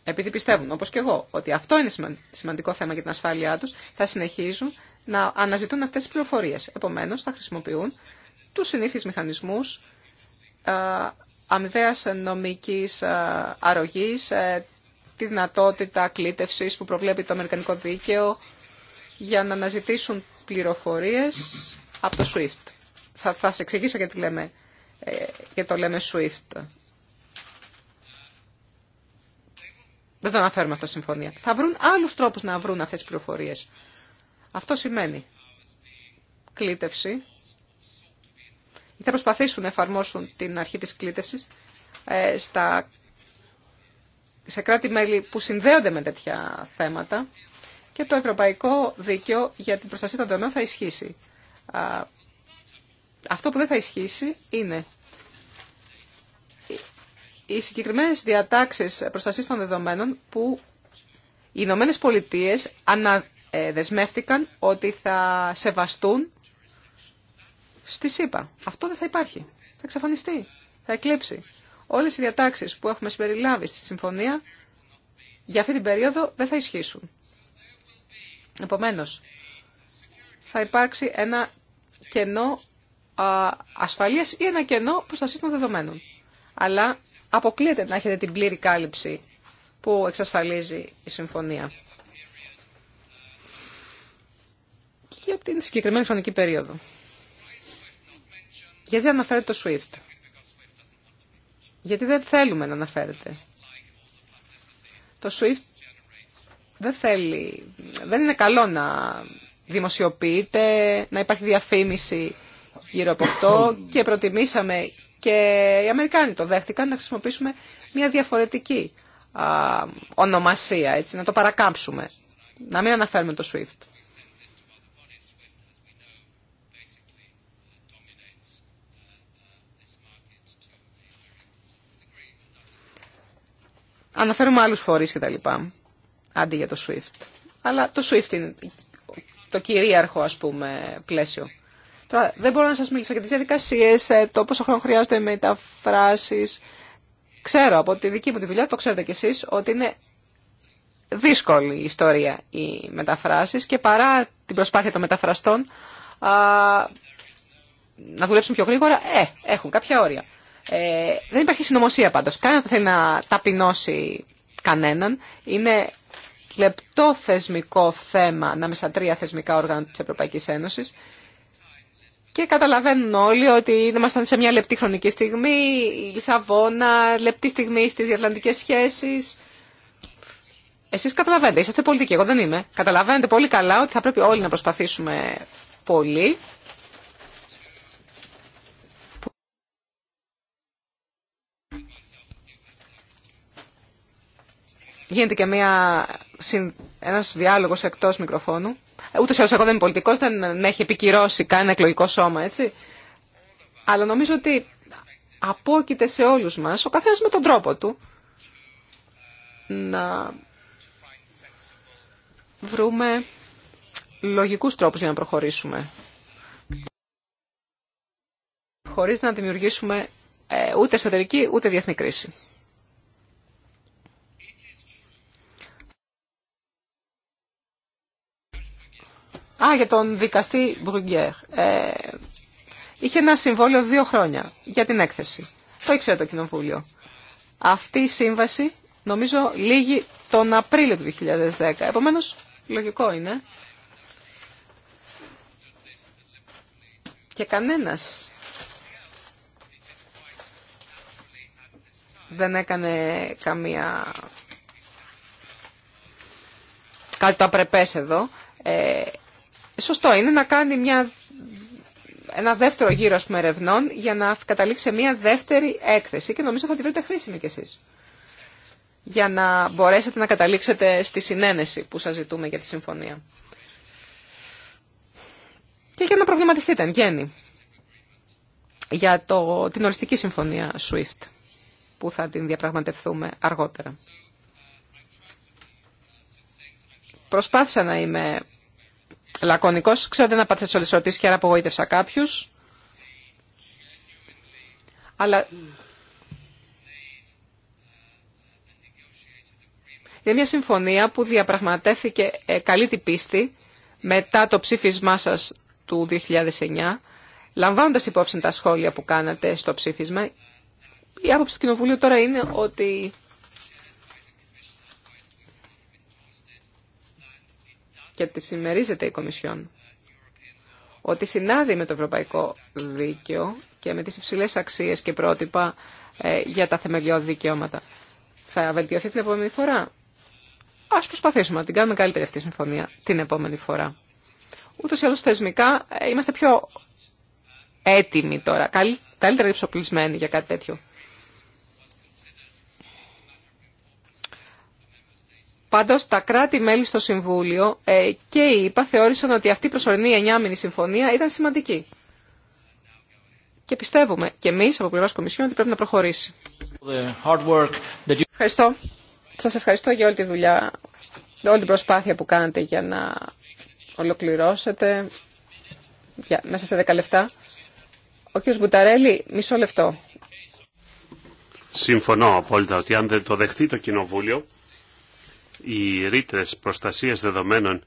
επειδή πιστεύουν, όπως και εγώ, ότι αυτό είναι σημαντικό θέμα για την ασφάλειά τους, θα συνεχίζουν να αναζητούν αυτές τις πληροφορίες. Επομένως, θα χρησιμοποιούν τους συνήθεις μηχανισμούς αμοιβαία νομικής αρρωγής, ε, τη δυνατότητα κλήτευσης που προβλέπει το Αμερικανικό Δίκαιο για να αναζητήσουν πληροφορίες από το SWIFT. Θα, θα εξηγήσω γιατί, λέμε, ε, γιατί το λέμε SWIFT Δεν το αναφέρουμε αυτό συμφωνία. Θα βρουν άλλους τρόπους να βρουν αυτές τι πληροφορίε. Αυτό σημαίνει κλήτευση. Θα προσπαθήσουν να εφαρμόσουν την αρχή της κλήτευσης ε, στα, σε κράτη-μέλη που συνδέονται με τέτοια θέματα και το ευρωπαϊκό δίκαιο για την προστασία των δεδομένων θα ισχύσει. Αυτό που δεν θα ισχύσει είναι οι συγκεκριμένες διατάξεις προστασίας των δεδομένων που οι Ηνωμένε Πολιτείε αναδεσμεύτηκαν ε, ότι θα σεβαστούν στη ΣΥΠΑ. Αυτό δεν θα υπάρχει. Θα εξαφανιστεί. Θα εκλείψει. Όλες οι διατάξεις που έχουμε συμπεριλάβει στη συμφωνία για αυτή την περίοδο δεν θα ισχύσουν. Επομένως, θα υπάρξει ένα κενό ασφαλείας ή ένα κενό προστασία των δεδομένων. Αλλά αποκλείεται να έχετε την πλήρη κάλυψη που εξασφαλίζει η συμφωνία. Για την συγκεκριμένη χρονική περίοδο. Γιατί αναφέρεται το SWIFT. Γιατί δεν θέλουμε να αναφέρεται. Το SWIFT δεν θέλει, δεν είναι καλό να δημοσιοποιείται, να υπάρχει διαφήμιση γύρω από αυτό και προτιμήσαμε και οι Αμερικάνοι το δέχτηκαν να χρησιμοποιήσουμε μια διαφορετική ονομασία, έτσι, να το παρακάμψουμε, να μην αναφέρουμε το SWIFT. Αναφέρουμε άλλους φορείς και τα λοιπά, αντί για το SWIFT. Αλλά το SWIFT είναι το κυρίαρχο, ας πούμε, πλαίσιο δεν μπορώ να σας μιλήσω για τις διαδικασίες, ε, το πόσο χρόνο χρειάζονται οι μεταφράσεις. Ξέρω από τη δική μου τη δουλειά, το ξέρετε κι εσείς, ότι είναι δύσκολη η ιστορία οι μεταφράσεις και παρά την προσπάθεια των μεταφραστών να δουλέψουν πιο γρήγορα, ε, έχουν κάποια όρια. Ε, δεν υπάρχει συνωμοσία πάντως. Κανένας δεν θέλει να ταπεινώσει κανέναν. Είναι λεπτό θεσμικό θέμα ανάμεσα τρία θεσμικά όργανα της Ευρωπαϊκής Ένωσης και καταλαβαίνουν όλοι ότι ήμασταν σε μια λεπτή χρονική στιγμή, η Λισαβόνα, λεπτή στιγμή στις διατλαντικέ σχέσεις. Εσείς καταλαβαίνετε, είσαστε πολιτικοί, εγώ δεν είμαι. Καταλαβαίνετε πολύ καλά ότι θα πρέπει όλοι να προσπαθήσουμε πολύ. Γίνεται και μια, ένας διάλογος εκτός μικροφώνου. Ούτε σε εγώ δεν είμαι πολιτικό, δεν με έχει επικυρώσει κανένα εκλογικό σώμα, έτσι. Αλλά νομίζω ότι απόκειται σε όλους μας, ο καθένας με τον τρόπο του, να βρούμε λογικούς τρόπους για να προχωρήσουμε. Χωρίς να δημιουργήσουμε ε, ούτε εσωτερική ούτε διεθνή κρίση. Α, για τον δικαστή Μπρουγκέρ. Ε, είχε ένα συμβόλαιο δύο χρόνια για την έκθεση. Το ήξερε το Κοινοβούλιο. Αυτή η σύμβαση νομίζω λύγει τον Απρίλιο του 2010. Επομένως, λογικό είναι. Και κανένας δεν έκανε καμία... Κάτι το απρεπές εδώ. Ε, σωστό είναι να κάνει μια, ένα δεύτερο γύρο πούμε, ερευνών για να καταλήξει μια δεύτερη έκθεση και νομίζω θα τη βρείτε χρήσιμη κι εσείς για να μπορέσετε να καταλήξετε στη συνένεση που σας ζητούμε για τη συμφωνία. Και για να προβληματιστείτε εν γέννη για το, την οριστική συμφωνία SWIFT που θα την διαπραγματευτούμε αργότερα. Προσπάθησα να είμαι λακωνικός. Ξέρω δεν απάντησα σε όλες τις ερωτήσεις και άρα απογοήτευσα κάποιους. Αλλά είναι μια συμφωνία που διαπραγματεύθηκε ε, καλή την πίστη μετά το ψήφισμά σας του 2009, λαμβάνοντας υπόψη τα σχόλια που κάνατε στο ψήφισμα. Η άποψη του Κοινοβουλίου τώρα είναι ότι και τις συμμερίζεται η Κομισιόν. Ότι συνάδει με το ευρωπαϊκό δίκαιο και με τις υψηλές αξίες και πρότυπα ε, για τα θεμελιώδη δικαιώματα. Θα βελτιωθεί την επόμενη φορά. Ας προσπαθήσουμε να την κάνουμε καλύτερη αυτή η συμφωνία την επόμενη φορά. Ούτως ή άλλως θεσμικά ε, είμαστε πιο έτοιμοι τώρα, καλύτερα υψοπλισμένοι για κάτι τέτοιο. Πάντω τα κράτη-μέλη στο Συμβούλιο ε, και η ΕΠΑ θεώρησαν ότι αυτή η προσωρινή εννιάμινη συμφωνία ήταν σημαντική. Και πιστεύουμε και εμεί, από πλευρά Κομισιόν ότι πρέπει να προχωρήσει. Ευχαριστώ. Σας ευχαριστώ για όλη τη δουλειά, όλη την προσπάθεια που κάνετε για να ολοκληρώσετε για, μέσα σε δέκα λεπτά. Ο κ. Μπουταρέλη, μισό λεπτό. Συμφωνώ απόλυτα ότι αν δεν το δεχτεί το Κοινοβούλιο, οι ρήτρε προστασίας δεδομένων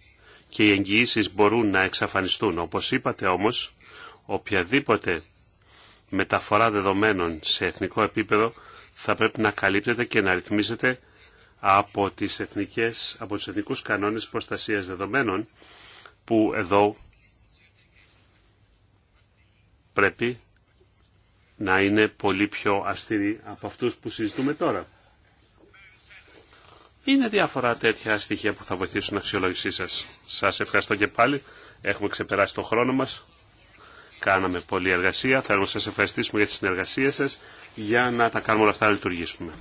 και οι εγγυήσει μπορούν να εξαφανιστούν. Όπως είπατε όμως, οποιαδήποτε μεταφορά δεδομένων σε εθνικό επίπεδο θα πρέπει να καλύπτεται και να ρυθμίζεται από, τις εθνικές, από τους εθνικούς κανόνες προστασίας δεδομένων που εδώ πρέπει να είναι πολύ πιο αστηροί από αυτούς που συζητούμε τώρα. Είναι διάφορα τέτοια στοιχεία που θα βοηθήσουν να αξιολόγησή σας. Σας ευχαριστώ και πάλι. Έχουμε ξεπεράσει τον χρόνο μας. Κάναμε πολλή εργασία. Θέλουμε να σα ευχαριστήσουμε για τη συνεργασία σα για να τα κάνουμε όλα αυτά να λειτουργήσουμε.